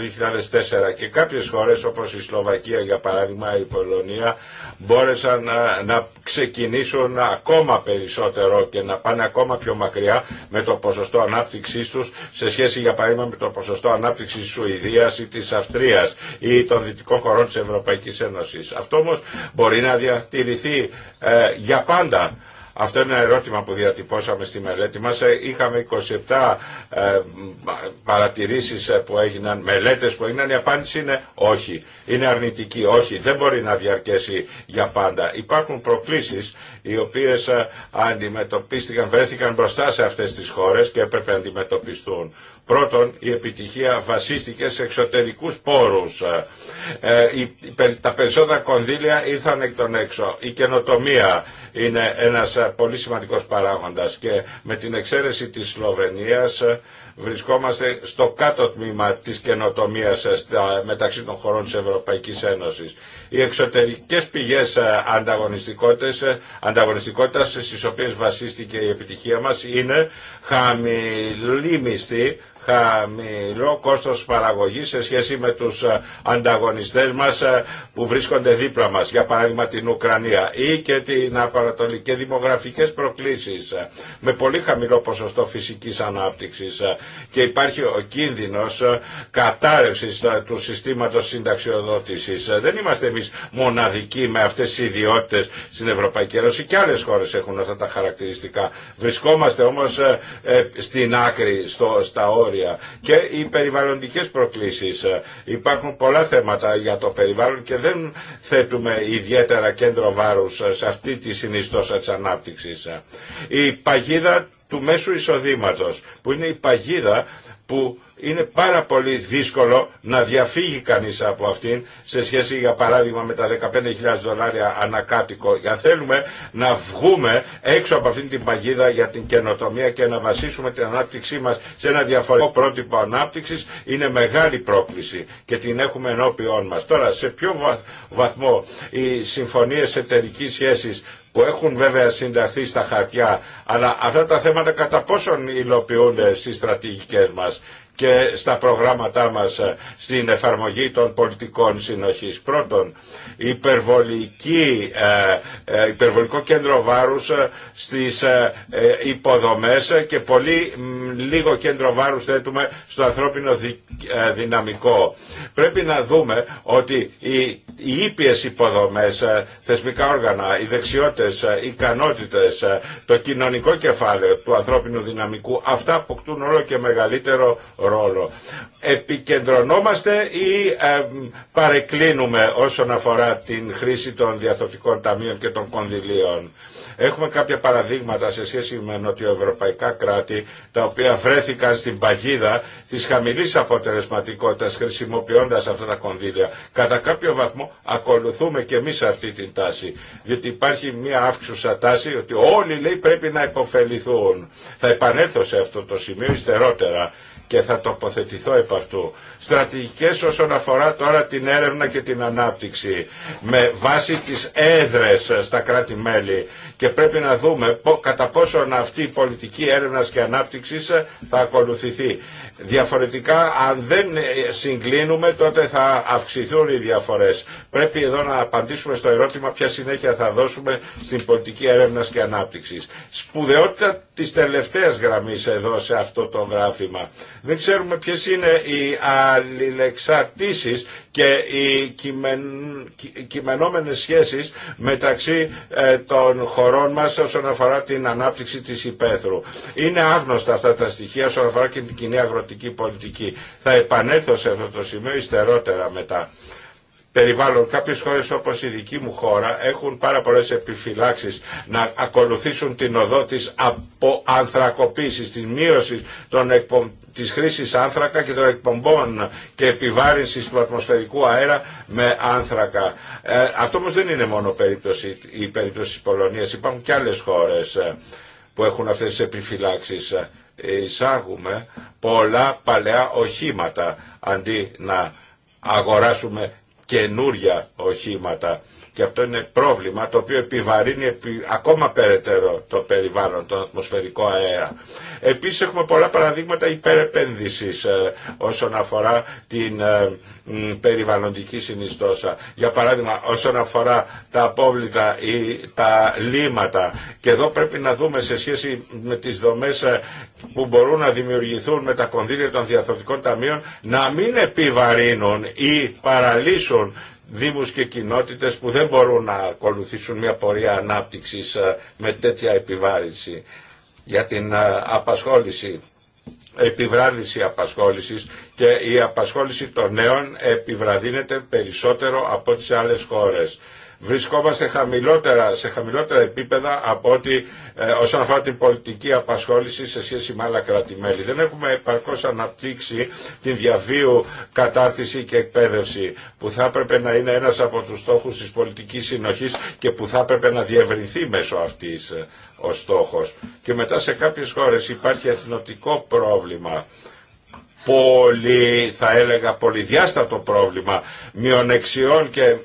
2004. Και κάποιες χώρες όπως η Σλοβακία για παράδειγμα, η Πολωνία, μπόρεσαν να, να ξεκινήσουν ακόμα περισσότερο και να πάνε ακόμα πιο μακριά με το ποσοστό ανάπτυξής τους σε σχέση για παράδειγμα με το ποσοστό ανάπτυξης τη Σουηδία ή της Αυστρίας ή των δυτικών χωρών της ευρωπαϊκή Ένωσης. Αυτό όμω μπορεί να διατηρηθεί ε, για πάντα αυτό είναι ένα ερώτημα που διατυπώσαμε στη μελέτη μας. Ε, είχαμε 27 ε, παρατηρήσεις ε, που έγιναν, μελέτες που έγιναν. Η απάντηση είναι όχι. Είναι αρνητική. Όχι. Δεν μπορεί να διαρκέσει για πάντα. Υπάρχουν προκλήσεις οι οποίες ε, αντιμετωπίστηκαν, βρέθηκαν μπροστά σε αυτές τις χώρες και έπρεπε να αντιμετωπιστούν. Πρώτον, η επιτυχία βασίστηκε σε εξωτερικούς πόρους. Ε, ε, τα περισσότερα κονδύλια ήρθαν εκ των έξω. Η καινοτομία είναι ένας πολύ σημαντικός παράγοντας και με την εξαίρεση της Σλοβενίας βρισκόμαστε στο κάτω τμήμα της καινοτομία ε, μεταξύ των χωρών της Ευρωπαϊκής Ένωσης. Οι εξωτερικές πηγές ε, ε, ανταγωνιστικότητας στις οποίες βασίστηκε η επιτυχία μας είναι χαμηλή μισθή χαμηλό κόστος παραγωγής σε σχέση με τους ε, ανταγωνιστές μας ε, που βρίσκονται δίπλα μας, για παράδειγμα την Ουκρανία ή και την Απαρατολική δημογραφικές προκλήσεις ε, με πολύ χαμηλό ποσοστό φυσικής ανάπτυξης και υπάρχει ο κίνδυνος κατάρρευσης του συστήματος συνταξιοδότησης. Δεν είμαστε εμείς μοναδικοί με αυτές τις ιδιότητες στην Ευρωπαϊκή Ένωση και άλλες χώρες έχουν αυτά τα χαρακτηριστικά. Βρισκόμαστε όμως στην άκρη, στα και οι περιβαλλοντικές προκλήσεις. Ε, υπάρχουν πολλά θέματα για το περιβάλλον και δεν θέτουμε ιδιαίτερα κέντρο βάρους ε, σε αυτή τη συνιστόσα της ανάπτυξης. Ε, η παγίδα του μέσου εισοδήματο, που είναι η παγίδα που είναι πάρα πολύ δύσκολο να διαφύγει κανείς από αυτήν σε σχέση για παράδειγμα με τα 15.000 δολάρια ανακάτοικο. Για θέλουμε να βγούμε έξω από αυτήν την παγίδα για την καινοτομία και να βασίσουμε την ανάπτυξή μας σε ένα διαφορετικό πρότυπο ανάπτυξης είναι μεγάλη πρόκληση και την έχουμε ενώπιόν μας. Τώρα σε ποιο βαθμό οι συμφωνίες εταιρικής σχέσης που έχουν βέβαια συνταχθεί στα χαρτιά, αλλά αυτά τα θέματα κατά πόσον υλοποιούνται στις στρατηγικές μας και στα προγράμματά μας ε, στην εφαρμογή των πολιτικών συνοχής. Πρώτον, υπερβολική, ε, ε, υπερβολικό κέντρο βάρους στις υποδομές και πολύ λίγο κέντρο βάρους θέτουμε στο ανθρώπινο δυναμικό. Πρέπει να δούμε ότι οι, οι ήπιες υποδομές, θεσμικά όργανα, οι δεξιότητες, οι ικανότητες, το κοινωνικό κεφάλαιο του ανθρώπινου δυναμικού, αυτά αποκτούν όλο και μεγαλύτερο ρόλο. Επικεντρωνόμαστε ή παρεκκλίνουμε όσον αφορά την χρήση των διαθωτικών ταμείων και των κονδυλίων. Έχουμε κάποια παραδείγματα σε σχέση με νοτιοευρωπαϊκά κράτη τα οποία βρέθηκαν στην παγίδα της χαμηλής αποτελεσματικότητας χρησιμοποιώντας αυτά τα κονδύλια. Κατά κάποιο βαθμό ακολουθούμε και εμείς αυτή την τάση. Διότι υπάρχει μια αύξουσα τάση ότι όλοι λέει πρέπει να υποφεληθούν. Θα επανέλθω σε αυτό το σημείο υστερότερα και θα τοποθετηθώ επ' αυτού. Στρατηγικές όσον αφορά τώρα την έρευνα και την ανάπτυξη με βάση τις έδρες στα κράτη-μέλη και πρέπει να δούμε κατά πόσον αυτή η πολιτική έρευνας και ανάπτυξης ε, θα ακολουθηθεί. Διαφορετικά αν δεν ε, συγκλίνουμε τότε θα αυξηθούν οι διαφορές. Πρέπει εδώ να απαντήσουμε στο ερώτημα ποια συνέχεια θα δώσουμε στην πολιτική έρευνας και ανάπτυξης. Σπουδαιότητα της τελευταίας γραμμής εδώ σε αυτό το γράφημα. Δεν ξέρουμε ποιες είναι οι αλληλεξαρτήσεις και οι κειμεν... κειμενόμενες σχέσεις μεταξύ ε, των χωρών χωρών μας όσον αφορά την ανάπτυξη της υπαίθρου. Είναι άγνωστα αυτά τα στοιχεία όσον αφορά και την κοινή αγροτική πολιτική. Θα επανέλθω σε αυτό το σημείο υστερότερα μετά περιβάλλον. Κάποιες χώρες όπως η δική μου χώρα έχουν πάρα πολλές επιφυλάξεις να ακολουθήσουν την οδό της αποανθρακοποίησης, της μείωσης των εκπομ της χρήσης άνθρακα και των εκπομπών και επιβάρυνσης του ατμοσφαιρικού αέρα με άνθρακα. Ε, αυτό όμως δεν είναι μόνο περίπτωση, η περίπτωση της Πολωνίας. Υπάρχουν και άλλες χώρες ε, που έχουν αυτές τις επιφυλάξεις. Ε, εισάγουμε πολλά παλαιά οχήματα αντί να αγοράσουμε καινούρια οχήματα και αυτό είναι πρόβλημα το οποίο επιβαρύνει ακόμα περαιτέρω το περιβάλλον, τον ατμοσφαιρικό αέρα. Επίσης έχουμε πολλά παραδείγματα υπερεπένδυσης ε, όσον αφορά την ε, περιβαλλοντική συνιστόσα. Για παράδειγμα όσον αφορά τα απόβλητα ή τα λύματα. Και εδώ πρέπει να δούμε σε σχέση με τις δομές ε, που μπορούν να δημιουργηθούν με τα κονδύλια των διαθροτικών ταμείων να μην επιβαρύνουν ή παραλύσουν δήμους και κοινότητες που δεν μπορούν να ακολουθήσουν μια πορεία ανάπτυξης ε, με τέτοια επιβάρηση για την ε, απασχόληση επιβράδυνση απασχόλησης και η απασχόληση των νέων επιβραδύνεται περισσότερο από τις άλλες χώρες βρισκόμαστε χαμηλότερα, σε χαμηλότερα επίπεδα από ότι ε, όσον αφορά την πολιτική απασχόληση σε σχέση με άλλα κράτη-μέλη. Δεν έχουμε επαρκώς αναπτύξει την διαβίου κατάρτιση και εκπαίδευση που θα έπρεπε να είναι ένας από τους στόχους της πολιτικής συνοχής και που θα έπρεπε να διευρυνθεί μέσω αυτής ε, ο στόχος. Και μετά σε κάποιες χώρες υπάρχει εθνοτικό πρόβλημα πολύ θα έλεγα πολυδιάστατο πρόβλημα μειονεξιών και ε,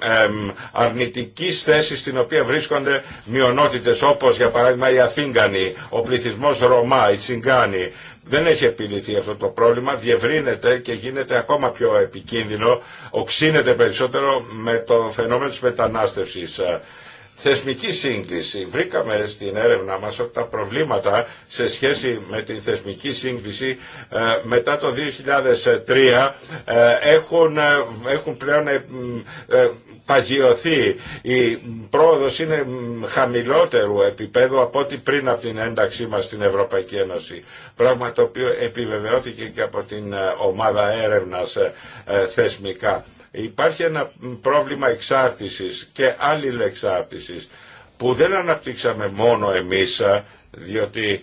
αρνητικής θέσης στην οποία βρίσκονται μειονότητες όπως για παράδειγμα οι Αθήγανοι, ο πληθυσμός Ρωμά, οι Τσιγκάνοι. Δεν έχει επιληθεί αυτό το πρόβλημα, διευρύνεται και γίνεται ακόμα πιο επικίνδυνο, οξύνεται περισσότερο με το φαινόμενο της μετανάστευσης θεσμική σύγκληση. Βρήκαμε στην έρευνά μας ότι τα προβλήματα σε σχέση με την θεσμική σύγκληση ε, μετά το 2003 ε, έχουν, ε, έχουν πλέον παγιωθεί. Η πρόοδος είναι χαμηλότερου επίπεδου από ό,τι πριν από την ένταξή μας στην Ευρωπαϊκή Ένωση. Πράγμα το οποίο επιβεβαιώθηκε και από την ομάδα έρευνας θεσμικά. Υπάρχει ένα πρόβλημα εξάρτησης και άλλη εξάρτησης που δεν αναπτύξαμε μόνο εμείς διότι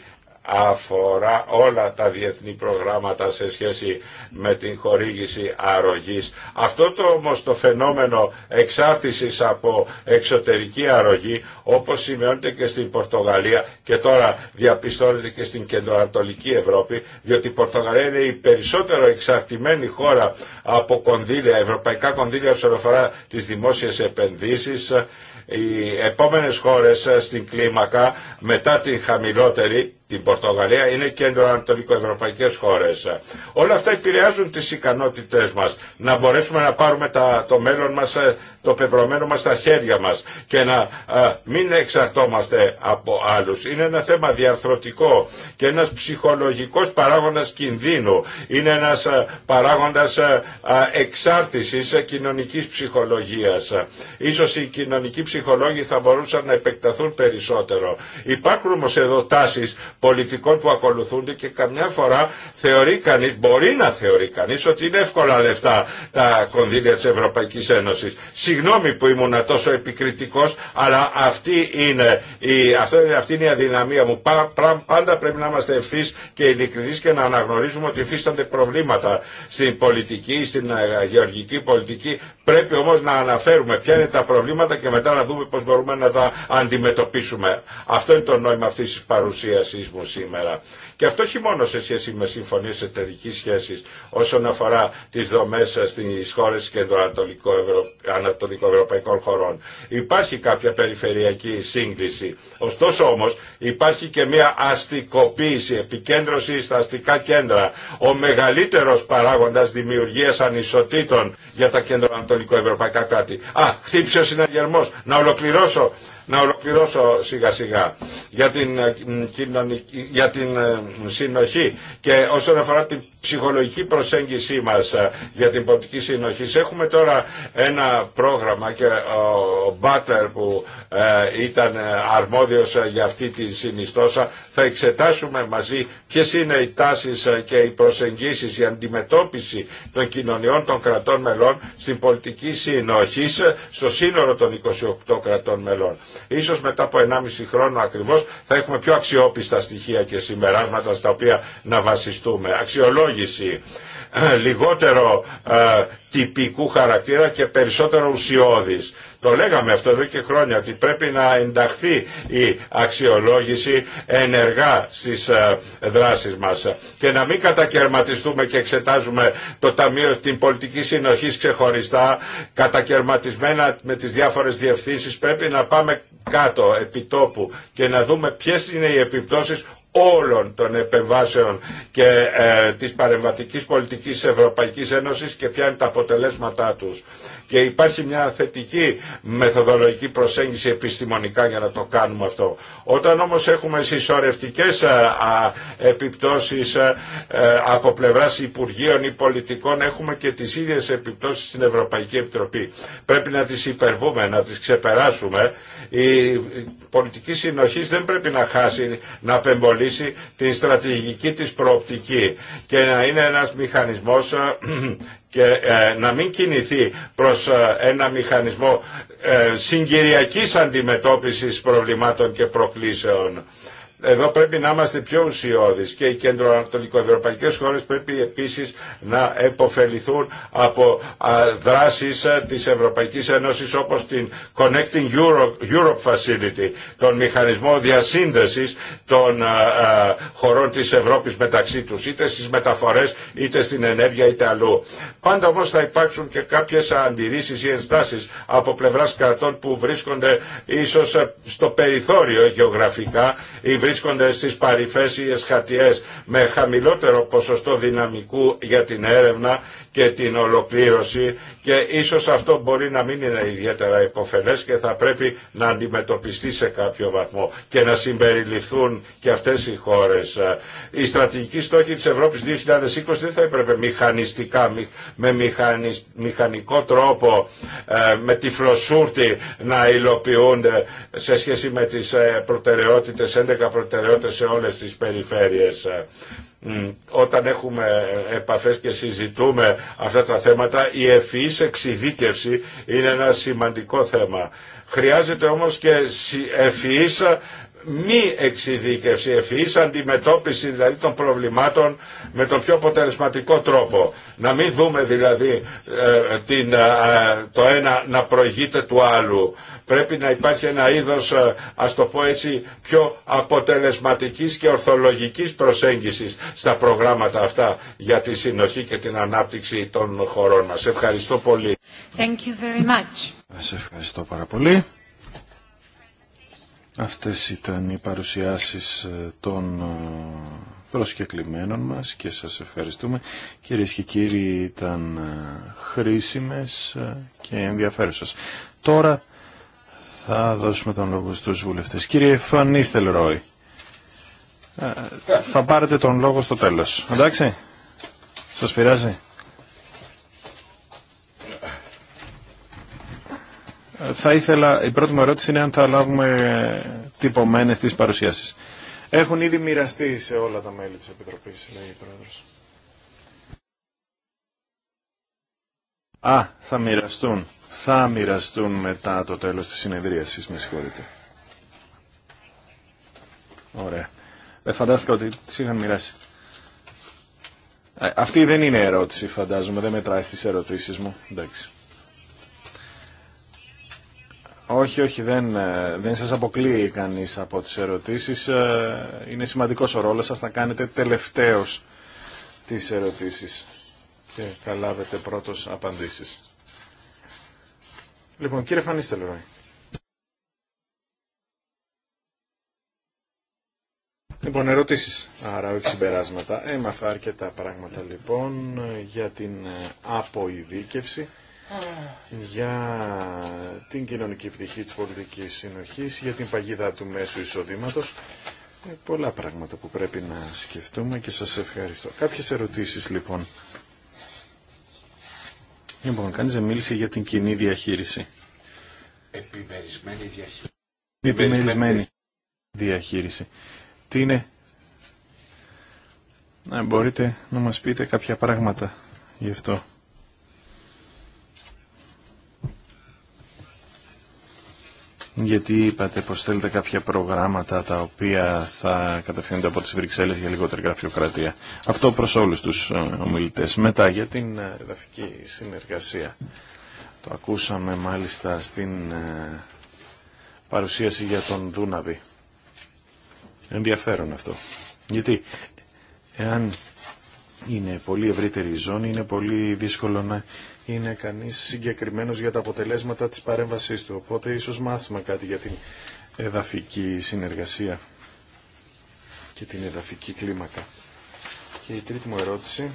αφορά όλα τα διεθνή προγράμματα σε σχέση με την χορήγηση αρρωγής. Αυτό το όμως το φαινόμενο εξάρτησης από εξωτερική αρρωγή όπως σημειώνεται και στην Πορτογαλία και τώρα διαπιστώνεται και στην κεντροανατολική Ευρώπη διότι η Πορτογαλία είναι η περισσότερο εξαρτημένη χώρα από κονδύλια, ευρωπαϊκά κονδύλια όσον αφορά τις δημόσιες επενδύσεις οι επόμενες χώρες στην κλίμακα μετά την χαμηλότερη την Πορτογαλία είναι κέντρο ανατολικοευρωπαϊκές χώρες. Όλα αυτά επηρεάζουν τις ικανότητές μας να μπορέσουμε να πάρουμε τα, το μέλλον μας, ε, το πεπρωμένο μας στα χέρια μας και να α, ε, μην εξαρτώμαστε από άλλους. Είναι ένα θέμα διαρθρωτικό και ένας ψυχολογικός παράγοντας κινδύνου. Είναι ένας α, ε, παράγοντας α, εξάρτησης κοινωνικής ψυχολογίας. Ίσως οι κοινωνικοί ψυχολόγοι θα μπορούσαν να επεκταθούν περισσότερο. Υπάρχουν όμως εδώ τάσεις πολιτικών που ακολουθούνται και καμιά φορά θεωρεί κανείς, μπορεί να θεωρεί κανείς ότι είναι εύκολα λεφτά τα κονδύλια της Ευρωπαϊκής Ένωσης. Συγγνώμη που ήμουν τόσο επικριτικός, αλλά αυτή είναι η, είναι, αυτή είναι η αδυναμία μου. Πάντα πρέπει να είμαστε ευθύ και ειλικρινεί και να αναγνωρίζουμε ότι υφίστανται προβλήματα στην πολιτική, στην ε, γεωργική πολιτική. Πρέπει όμως να αναφέρουμε ποια είναι τα προβλήματα και μετά να δούμε πώς μπορούμε να τα αντιμετωπίσουμε. Αυτό είναι το νόημα αυτής της παρουσίασης πολιτισμού σήμερα. Και αυτό όχι μόνο σε σχέση με συμφωνίε εταιρική σχέση όσον αφορά τι δομέ στι χώρε κεντροανατολικοευρωπαϊκών χωρών. Υπάρχει κάποια περιφερειακή σύγκληση. Ωστόσο όμω υπάρχει και μια αστικοποίηση, επικέντρωση στα αστικά κέντρα. Ο μεγαλύτερο παράγοντα δημιουργία ανισοτήτων για τα Ευρωπαϊκά κράτη. Α, χτύπησε ο συναγερμό. Να ολοκληρώσω, να ολοκληρώσω σιγά σιγά για την, ε, για την ε, συνοχή και όσον αφορά την ψυχολογική προσέγγιση μας ε, για την πολιτική συνοχή. Έχουμε τώρα ένα πρόγραμμα και ο Μπάτλερ που ήταν αρμόδιος για αυτή τη συνιστόσα θα εξετάσουμε μαζί ποιες είναι οι τάσεις και οι προσεγγίσεις, η αντιμετώπιση των κοινωνιών των κρατών μελών στην πολιτική συνοχή στο σύνολο των 28 κρατών μελών. Ίσως μετά από 1,5 χρόνο ακριβώς θα έχουμε πιο αξιόπιστα στοιχεία και συμπεράσματα στα οποία να βασιστούμε. Αξιολόγηση λιγότερο ε, τυπικού χαρακτήρα και περισσότερο ουσιώδης. Το λέγαμε αυτό εδώ και χρόνια ότι πρέπει να ενταχθεί η αξιολόγηση ενεργά στις ε, δράσεις μας και να μην κατακαιρματιστούμε και εξετάζουμε το Ταμείο την πολιτική συνοχή ξεχωριστά κατακαιρματισμένα με τις διάφορες διευθύνσεις πρέπει να πάμε κάτω επί και να δούμε ποιες είναι οι επιπτώσεις όλων των επεμβάσεων και ε, της παρεμβατικής πολιτικής Ευρωπαϊκής Ένωσης και ποια είναι τα αποτελέσματά τους και υπάρχει μια θετική μεθοδολογική προσέγγιση επιστημονικά για να το κάνουμε αυτό. Όταν όμως έχουμε συσσωρευτικές ε, επιπτώσεις ε, ε, από πλευράς Υπουργείων ή πολιτικών έχουμε και τις ίδιες επιπτώσεις στην Ευρωπαϊκή Επιτροπή. Πρέπει να τις υπερβούμε, να τις ξεπεράσουμε. Η πολιτική συνοχή δεν πρέπει να χάσει, να απεμπολίσει την στρατηγική της προοπτική και να είναι ένας μηχανισμός και ε, να μην κινηθεί προς ε, ένα μηχανισμό ε, συγκυριακής αντιμετώπισης προβλημάτων και προκλήσεων. Εδώ πρέπει να είμαστε πιο ουσιώδεις και οι κεντροανατολικοευρωπαϊκές χώρες πρέπει επίσης να επωφεληθούν από δράσεις ε, της Ευρωπαϊκής Ένωσης όπως την Connecting Europe, Europe Facility, τον μηχανισμό διασύνδεσης των ε, ε, χωρών της Ευρώπης μεταξύ τους, είτε στις μεταφορές, είτε στην ενέργεια, είτε αλλού. Πάντα όμως θα υπάρξουν και κάποιες αντιρρήσεις ή ενστάσεις από πλευράς κρατών που βρίσκονται ίσως στο περιθώριο γεωγραφικά βρίσκονται στις παρυφές ή εσχατιές με χαμηλότερο ποσοστό δυναμικού για την έρευνα και την ολοκλήρωση και ίσως αυτό μπορεί να μην είναι ιδιαίτερα υποφελές και θα πρέπει να αντιμετωπιστεί σε κάποιο βαθμό και να συμπεριληφθούν και αυτές οι χώρες. Η στρατηγική στόχη της Ευρώπης 2020 δεν θα έπρεπε μηχανιστικά, με μηχανικό τρόπο, ε, με τη φροσούρτη να υλοποιούνται σε σχέση με τις ε, προτεραιότητες, 11 προτεραιότητες σε όλες τις περιφέρειες όταν έχουμε επαφές και συζητούμε αυτά τα θέματα η ευφυής εξειδίκευση είναι ένα σημαντικό θέμα. Χρειάζεται όμως και ευφυής μη εξειδίκευση, ευφυής αντιμετώπιση δηλαδή των προβλημάτων με τον πιο αποτελεσματικό τρόπο. Να μην δούμε δηλαδή ε, την, ε, το ένα να προηγείται του άλλου. Πρέπει να υπάρχει ένα είδος, ε, ας το πω έτσι, πιο αποτελεσματικής και ορθολογικής προσέγγισης στα προγράμματα αυτά για τη συνοχή και την ανάπτυξη των χωρών μας. Ευχαριστώ πολύ. Thank you very much. Σας ευχαριστώ πάρα πολύ. Αυτές ήταν οι παρουσιάσεις ε, των ε, προσκεκλημένων μας και σας ευχαριστούμε. Κυρίες και κύριοι ήταν ε, χρήσιμες και ενδιαφέρουσες. Τώρα θα δώσουμε τον λόγο στους βουλευτές. Κύριε Φανίστελ Ρόι, θα πάρετε τον λόγο στο τέλος. Εντάξει, σας πειράζει. Θα ήθελα, η πρώτη μου ερώτηση είναι αν θα λάβουμε τυπωμένες τις παρουσιάσεις. Έχουν ήδη μοιραστεί σε όλα τα μέλη της Επιτροπής, λέει η Πρόεδρος. Α, θα μοιραστούν. Θα μοιραστούν μετά το τέλος της συνεδρίασης, με συγχωρείτε. Ωραία. Ε, φαντάστηκα ότι τι είχαν μοιράσει. Ε, αυτή δεν είναι ερώτηση, φαντάζομαι. Δεν μετράει στις ερωτήσεις μου. Εντάξει. Όχι, όχι, δεν, ε, δεν σας αποκλείει κανείς από τις ερωτήσεις. Ε, είναι σημαντικός ο ρόλος σας να κάνετε τελευταίος τις ερωτήσεις και θα λάβετε πρώτος απαντήσεις. Λοιπόν, κύριε Φανίστε Λοιπόν, ερωτήσεις, άρα όχι συμπεράσματα. Έμαθα αρκετά πράγματα λοιπόν για την ε, αποειδίκευση για την κοινωνική πτυχή της πολιτικής συνοχής, για την παγίδα του μέσου εισοδήματος. Ε, πολλά πράγματα που πρέπει να σκεφτούμε και σας ευχαριστώ. Κάποιες ερωτήσεις λοιπόν. Λοιπόν, κανείς δεν μίλησε για την κοινή διαχείριση. Επιμερισμένη διαχείριση. Επιμερισμένη διαχείριση. Τι είναι. Να μπορείτε να μας πείτε κάποια πράγματα γι' αυτό. γιατί είπατε πως θέλετε κάποια προγράμματα τα οποία θα κατευθύνονται από τις Βρυξέλλες για λιγότερη γραφειοκρατία. Αυτό προς όλους τους ε, ομιλητές. Μετά για την ε, εδαφική συνεργασία. Το ακούσαμε μάλιστα στην ε, παρουσίαση για τον Δούναβη. Ενδιαφέρον αυτό. Γιατί εάν είναι πολύ ευρύτερη η ζώνη είναι πολύ δύσκολο να είναι κανείς συγκεκριμένος για τα αποτελέσματα της παρέμβασή του. Οπότε ίσως μάθουμε κάτι για την εδαφική συνεργασία και την εδαφική κλίμακα. Και η τρίτη μου ερώτηση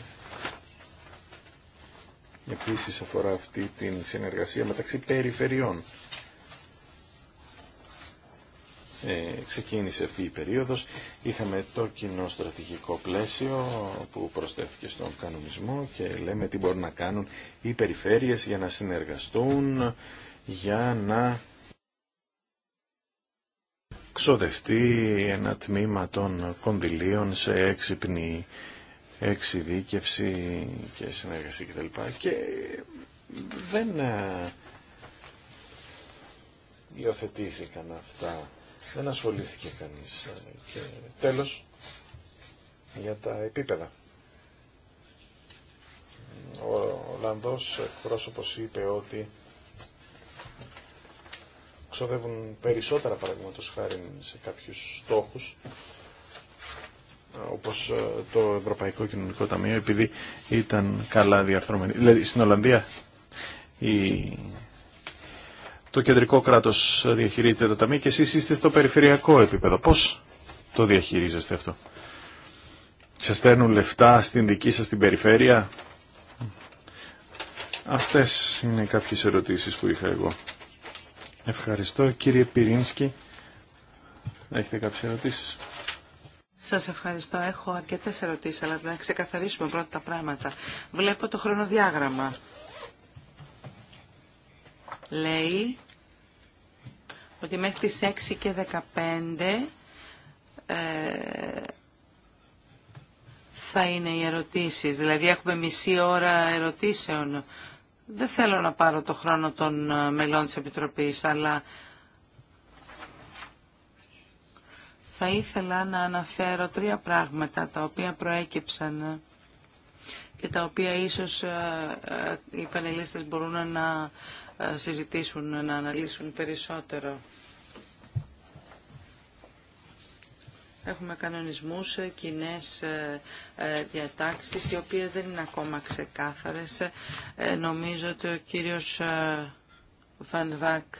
επίσης αφορά αυτή την συνεργασία μεταξύ περιφερειών. Ε, ξεκίνησε αυτή η περίοδος. Είχαμε το κοινό στρατηγικό πλαίσιο που προσθέθηκε στον κανονισμό και λέμε τι μπορούν να κάνουν οι περιφέρειες για να συνεργαστούν, για να ξοδευτεί ένα τμήμα των κονδυλίων σε έξυπνη εξειδίκευση και συνεργασία κτλ. Και δεν ε, υιοθετήθηκαν αυτά δεν ασχολήθηκε κανείς. Ε, και τέλος, για τα επίπεδα. Ο Ολλανδός εκπρόσωπος είπε ότι ξοδεύουν περισσότερα παραδείγματος χάρη σε κάποιους στόχους όπως ε, το Ευρωπαϊκό Κοινωνικό Ταμείο επειδή ήταν καλά διαρθρωμένοι. Δηλαδή στην Ολλανδία η το κεντρικό κράτος διαχειρίζεται το ταμεία και εσείς είστε στο περιφερειακό επίπεδο. Πώς το διαχειρίζεστε αυτό. Σας στέλνουν λεφτά στην δική σας την περιφέρεια. Αυτές είναι κάποιες ερωτήσεις που είχα εγώ. Ευχαριστώ κύριε Πυρίνσκι. Έχετε κάποιες ερωτήσεις. Σας ευχαριστώ. Έχω αρκετέ ερωτήσεις, αλλά να ξεκαθαρίσουμε πρώτα τα πράγματα. Βλέπω το χρονοδιάγραμμα λέει ότι μέχρι τις 6 και 15 ε, θα είναι οι ερωτήσεις. Δηλαδή έχουμε μισή ώρα ερωτήσεων. Δεν θέλω να πάρω το χρόνο των ε, μελών της Επιτροπής, αλλά θα ήθελα να αναφέρω τρία πράγματα τα οποία προέκυψαν και τα οποία ίσως ε, οι πανελίστες μπορούν να συζητήσουν, να αναλύσουν περισσότερο. Έχουμε κανονισμούς, ε, κοινέ ε, ε, διατάξεις, οι οποίες δεν είναι ακόμα ξεκάθαρες. Νομίζω ότι ο κύριος Ράκ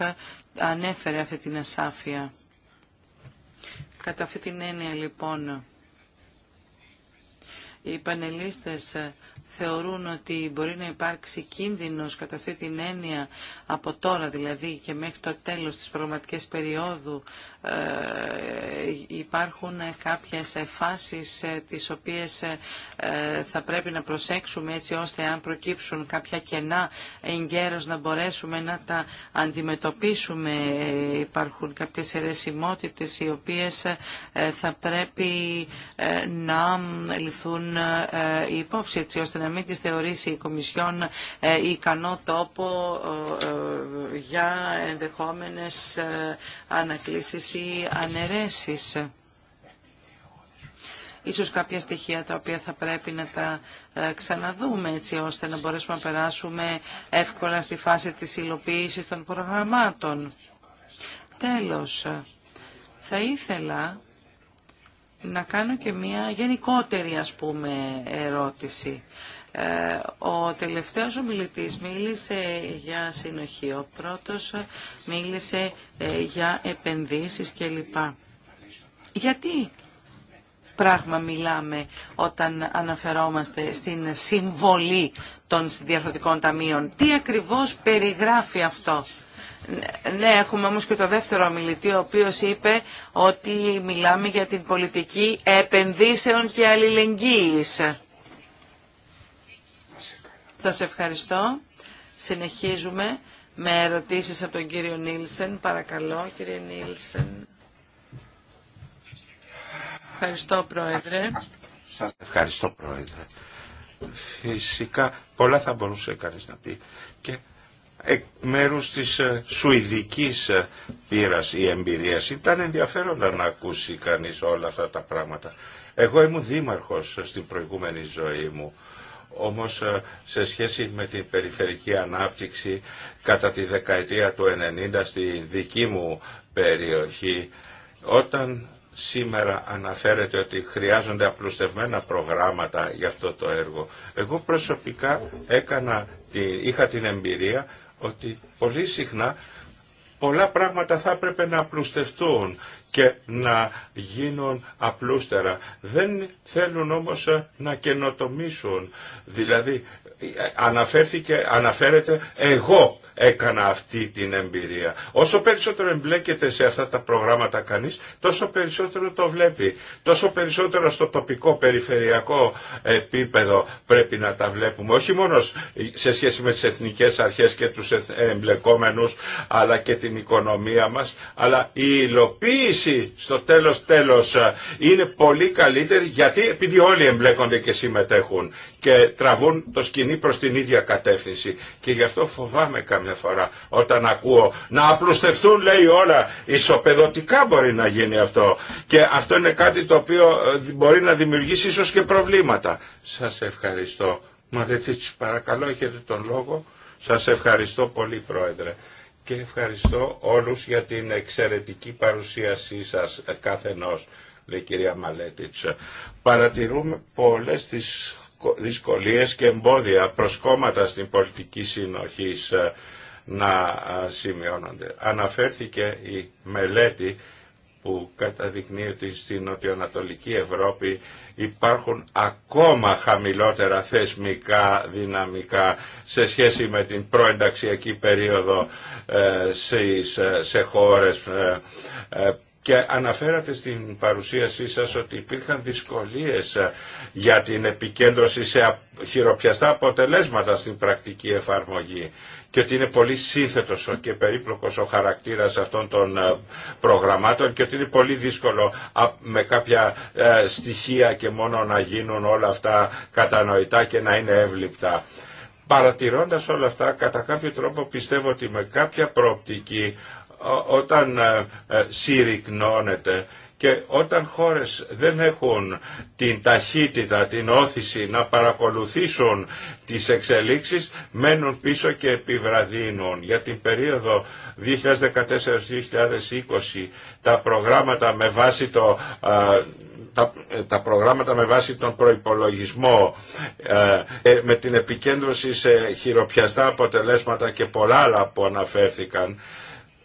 ανέφερε αυτή την ασάφεια. Κατά αυτή την έννοια, λοιπόν, οι πανελίστες θεωρούν ότι μπορεί να υπάρξει κίνδυνος κατά αυτή την έννοια από τώρα δηλαδή και μέχρι το τέλος της προγραμματικής περίοδου ε, υπάρχουν κάποιες φάσεις ε, τις οποίες ε, θα πρέπει να προσέξουμε έτσι ώστε αν προκύψουν κάποια κενά εγκαίρως να μπορέσουμε να τα αντιμετωπίσουμε. Υπάρχουν κάποιες ερεσιμότητες οι οποίες θα πρέπει να ληφθούν υπόψη έτσι ώστε να μην τις θεωρήσει η Κομισιόν ικανό τόπο για ενδεχόμενες ανακλήσεις ή αναιρέσεις. Ίσως κάποια στοιχεία τα οποία θα πρέπει να τα ε, ξαναδούμε έτσι ώστε να μπορέσουμε να περάσουμε εύκολα στη φάση της υλοποίησης των προγραμμάτων. Τέλος, θα ήθελα να κάνω και μία γενικότερη ας πούμε ερώτηση. Ε, ο τελευταίος ομιλητής μίλησε για συνοχή, ο πρώτος μίλησε ε, για επενδύσεις κλπ. Γιατί πράγμα μιλάμε όταν αναφερόμαστε στην συμβολή των διαρθρωτικών ταμείων. Τι ακριβώς περιγράφει αυτό. Ναι, έχουμε όμως και το δεύτερο ομιλητή, ο οποίος είπε ότι μιλάμε για την πολιτική επενδύσεων και αλληλεγγύης. Σας ευχαριστώ. Συνεχίζουμε με ερωτήσεις από τον κύριο Νίλσεν. Παρακαλώ, κύριε Νίλσεν. Ευχαριστώ, Πρόεδρε. Σας ευχαριστώ, Πρόεδρε. Φυσικά, πολλά θα μπορούσε κανείς να πει. Και εκ μέρους της ε, σουηδικής ε, πείρας ή εμπειρίας ήταν ενδιαφέροντα να ακούσει κανείς όλα αυτά τα πράγματα. Εγώ ήμουν δήμαρχος ε, στην προηγούμενη ζωή μου όμως ε, σε σχέση με την περιφερική ανάπτυξη κατά τη δεκαετία του 90 στη δική μου περιοχή όταν σήμερα αναφέρεται ότι χρειάζονται απλουστευμένα προγράμματα για αυτό το έργο. Εγώ προσωπικά έκανα, είχα την εμπειρία ότι πολύ συχνά πολλά πράγματα θα έπρεπε να απλουστευτούν και να γίνουν απλούστερα. Δεν θέλουν όμως να καινοτομήσουν. Δηλαδή αναφέρθηκε, αναφέρεται εγώ έκανα αυτή την εμπειρία. Όσο περισσότερο εμπλέκεται σε αυτά τα προγράμματα κανείς, τόσο περισσότερο το βλέπει. Τόσο περισσότερο στο τοπικό, περιφερειακό επίπεδο πρέπει να τα βλέπουμε. Όχι μόνο σε σχέση με τις εθνικές αρχές και τους εμπλεκόμενους, αλλά και την οικονομία μας. Αλλά η υλοποίηση στο τέλος τέλος είναι πολύ καλύτερη, γιατί επειδή όλοι εμπλέκονται και συμμετέχουν και τραβούν το σκηνή Προ προς την ίδια κατεύθυνση και γι' αυτό φοβάμαι καμιά φορά όταν ακούω να απλουστευτούν λέει όλα ισοπεδωτικά μπορεί να γίνει αυτό και αυτό είναι κάτι το οποίο ε, μπορεί να δημιουργήσει ίσως και προβλήματα. Σας ευχαριστώ. Μαθητής παρακαλώ έχετε τον λόγο. Σας ευχαριστώ πολύ Πρόεδρε και ευχαριστώ όλους για την εξαιρετική παρουσίασή σας ε, ενός λέει κυρία Μαλέτιτς. Παρατηρούμε πολλές τις δυσκολίες και εμπόδια κόμματα στην πολιτική συνοχή ε, να ε, σημειώνονται. Αναφέρθηκε η μελέτη που καταδεικνύει ότι στην νοτιοανατολική Ευρώπη υπάρχουν ακόμα χαμηλότερα θεσμικά δυναμικά σε σχέση με την προενταξιακή περίοδο ε, σε χώρες και αναφέρατε στην παρουσίασή σας ότι υπήρχαν δυσκολίες ε, για την επικέντρωση σε χειροπιαστά αποτελέσματα στην πρακτική εφαρμογή και ότι είναι πολύ σύνθετος και περίπλοκος ο χαρακτήρας αυτών των ε, προγραμμάτων και ότι είναι πολύ δύσκολο με κάποια ε, στοιχεία και μόνο να γίνουν όλα αυτά κατανοητά και να είναι εύληπτα. Παρατηρώντας όλα αυτά, κατά κάποιο τρόπο πιστεύω ότι με κάποια προοπτική όταν ε, ε, συρρυκνώνεται και όταν χώρες δεν έχουν την ταχύτητα, την όθηση να παρακολουθήσουν τις εξελίξεις, μένουν πίσω και επιβραδύνουν. Για την περίοδο 2014-2020 τα προγράμματα με βάση το... Ε, τα, προγράμματα με βάση τον προϋπολογισμό με την επικέντρωση σε χειροπιαστά αποτελέσματα και πολλά άλλα που αναφέρθηκαν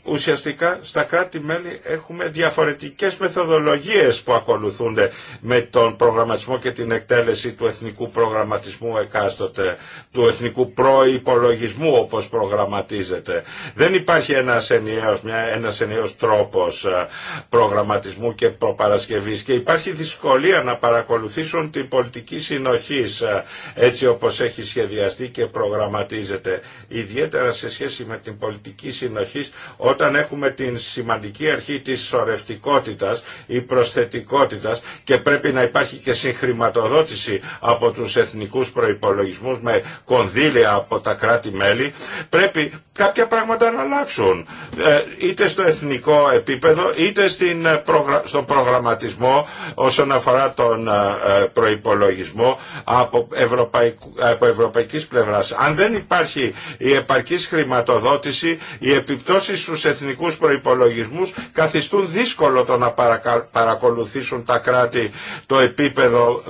ουσιαστικά στα κράτη-μέλη έχουμε διαφορετικές μεθοδολογίες που ακολουθούνται με τον προγραμματισμό και την εκτέλεση του εθνικού προγραμματισμού εκάστοτε, του εθνικού προϋπολογισμού όπως προγραμματίζεται. Δεν υπάρχει ένας ενιαίος, μια, ένας τρόπος ε, προγραμματισμού και προπαρασκευής και υπάρχει δυσκολία να παρακολουθήσουν την πολιτική συνοχής ε, έτσι όπως έχει σχεδιαστεί και προγραμματίζεται. Ιδιαίτερα σε σχέση με την πολιτική συνοχής όταν έχουμε την σημαντική αρχή της σορευτικότητας ή προσθετικότητας και πρέπει να υπάρχει και συγχρηματοδότηση από τους εθνικούς προϋπολογισμούς με κονδύλια από τα κράτη-μέλη, πρέπει κάποια πράγματα να αλλάξουν. Ε, είτε στο εθνικό επίπεδο, είτε στην, ε, στον προγραμματισμό όσον αφορά τον ε, προϋπολογισμό από, από ευρωπαϊκής πλευράς. Αν δεν υπάρχει η επαρκής χρηματοδότηση, οι επιπτώσεις στους εθνικούς προϋπολογισμούς καθιστούν δύσκολο το να παρακολουθήσουν τα κράτη το επίπεδο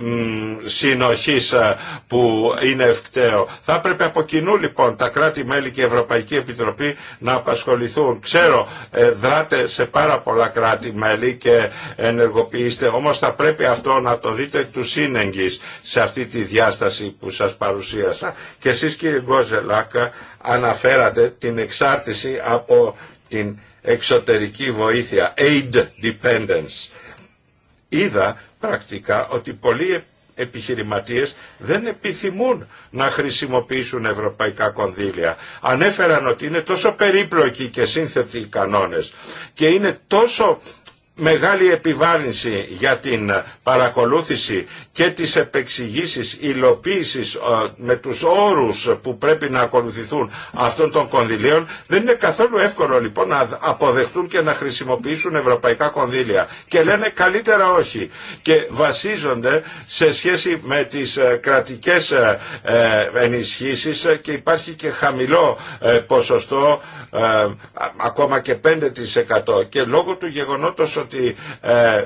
συνοχής ε, που είναι ευκταίο. Θα έπρεπε από κοινού λοιπόν τα κράτη-μέλη και η Ευρωπαϊκή Επιτροπή να απασχοληθούν. Ξέρω ε, δράτε σε πάρα πολλά κράτη-μέλη και ενεργοποιήστε, όμως θα πρέπει αυτό να το δείτε του σύνεγγυς σε αυτή τη διάσταση που σας παρουσίασα. Και εσείς κύριε Γκόζελάκα αναφέρατε την εξάρτηση από την εξωτερική βοήθεια, aid dependence. Είδα πρακτικά ότι πολλοί επιχειρηματίες δεν επιθυμούν να χρησιμοποιήσουν ευρωπαϊκά κονδύλια. Ανέφεραν ότι είναι τόσο περίπλοκοι και σύνθετοι οι κανόνες και είναι τόσο μεγάλη επιβάρυνση για την παρακολούθηση, και τις επεξηγήσεις υλοποίησης ε, με τους όρους που πρέπει να ακολουθηθούν αυτών των κονδυλίων δεν είναι καθόλου εύκολο λοιπόν να αποδεχτούν και να χρησιμοποιήσουν ευρωπαϊκά κονδύλια και λένε καλύτερα όχι και βασίζονται σε σχέση με τις ε, κρατικές ε, ενισχύσεις και υπάρχει και χαμηλό ποσοστό ακόμα και 5% και λόγω του γεγονότος ότι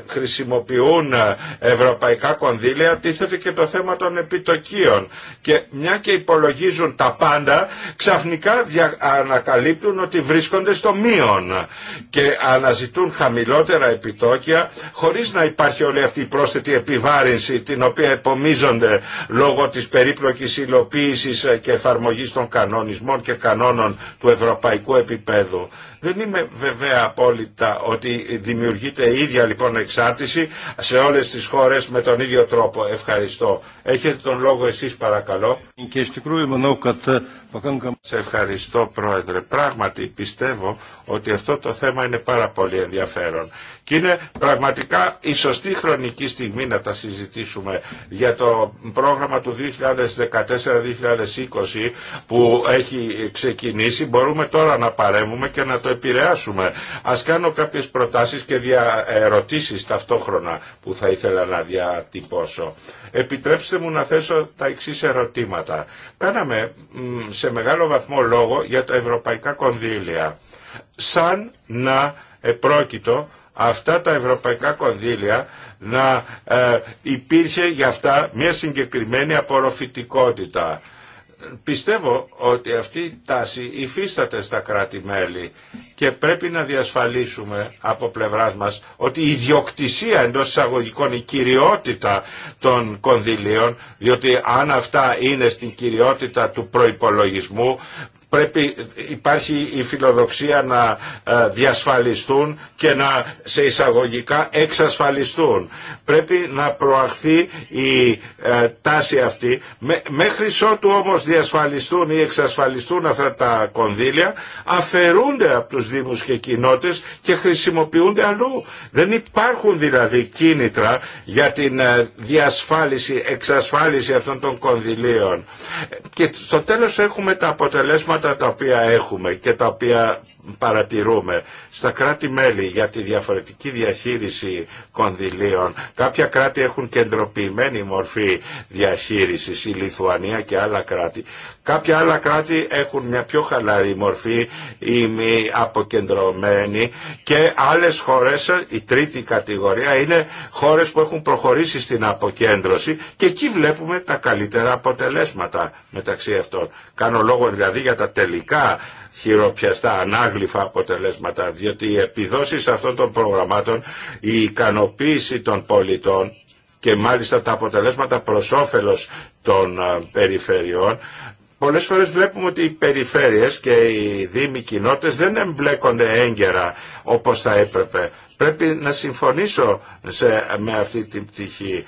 χρησιμοποιούν ευρωπαϊκά κονδύλια Βασιλεία τίθεται και το θέμα των επιτοκίων και μια και υπολογίζουν τα πάντα ξαφνικά ανακαλύπτουν ότι βρίσκονται στο μείον και αναζητούν χαμηλότερα επιτόκια χωρίς να υπάρχει όλη αυτή η πρόσθετη επιβάρυνση την οποία επομίζονται λόγω της περίπλοκης υλοποίησης και εφαρμογής των κανονισμών και κανόνων του ευρωπαϊκού επίπεδου. Δεν είμαι βέβαια απόλυτα ότι δημιουργείται η ίδια λοιπόν εξάρτηση σε όλες τις χώρες με τον ίδιο τρόπο. Ευχαριστώ. Έχετε τον λόγο εσείς παρακαλώ. Σε ευχαριστώ Πρόεδρε. Πράγματι πιστεύω ότι αυτό το θέμα είναι πάρα πολύ ενδιαφέρον. Και είναι πραγματικά η σωστή χρονική στιγμή να τα συζητήσουμε για το πρόγραμμα του 2014-2020 που έχει ξεκινήσει. Μπορούμε τώρα να παρέμβουμε και να το επηρεάσουμε. Ας κάνω κάποιες προτάσεις και δια ερωτήσεις ταυτόχρονα που θα ήθελα να διατυπώσω. Επιτρέψτε μου να θέσω τα εξής ερωτήματα. Κάναμε σε μεγάλο βαθμό λόγο για τα ευρωπαϊκά κονδύλια. Σαν να επρόκειτο αυτά τα ευρωπαϊκά κονδύλια να ε, υπήρχε για αυτά μια συγκεκριμένη απορροφητικότητα Πιστεύω ότι αυτή η τάση υφίσταται στα κράτη-μέλη και πρέπει να διασφαλίσουμε από πλευράς μας ότι η ιδιοκτησία εντός εισαγωγικών, η κυριότητα των κονδυλίων, διότι αν αυτά είναι στην κυριότητα του προϋπολογισμού πρέπει, υπάρχει η φιλοδοξία να ε, διασφαλιστούν και να σε εισαγωγικά εξασφαλιστούν. Πρέπει να προαχθεί η ε, τάση αυτή. Μέχρι ότου όμως διασφαλιστούν ή εξασφαλιστούν αυτά τα κονδύλια αφαιρούνται από τους Δήμους και κοινότητες και χρησιμοποιούνται αλλού. Δεν υπάρχουν δηλαδή κίνητρα για την ε, διασφάλιση, εξασφάλιση αυτών των κονδυλίων. Και στο τέλος έχουμε τα αποτελέσματα τα οποία έχουμε και τα οποία παρατηρούμε στα κράτη-μέλη για τη διαφορετική διαχείριση κονδυλίων. Κάποια κράτη έχουν κεντροποιημένη μορφή διαχείρισης, η Λιθουανία και άλλα κράτη. Κάποια άλλα κράτη έχουν μια πιο χαλαρή μορφή ή μη αποκεντρωμένη και άλλες χώρες, η τρίτη κατηγορία, είναι χώρες που έχουν προχωρήσει στην αποκέντρωση και εκεί βλέπουμε τα καλύτερα αποτελέσματα μεταξύ αυτών. Κάνω λόγο δηλαδή για τα τελικά χειροπιαστά, ανάγλυφα αποτελέσματα, διότι οι επιδόσεις αυτών των προγραμμάτων, η ικανοποίηση των πολιτών και μάλιστα τα αποτελέσματα προς όφελος των ε, περιφερειών, Πολλές φορές βλέπουμε ότι οι περιφέρειες και οι δήμοι κοινότητες δεν εμπλέκονται έγκαιρα όπως θα έπρεπε. Πρέπει να συμφωνήσω με αυτή την πτυχή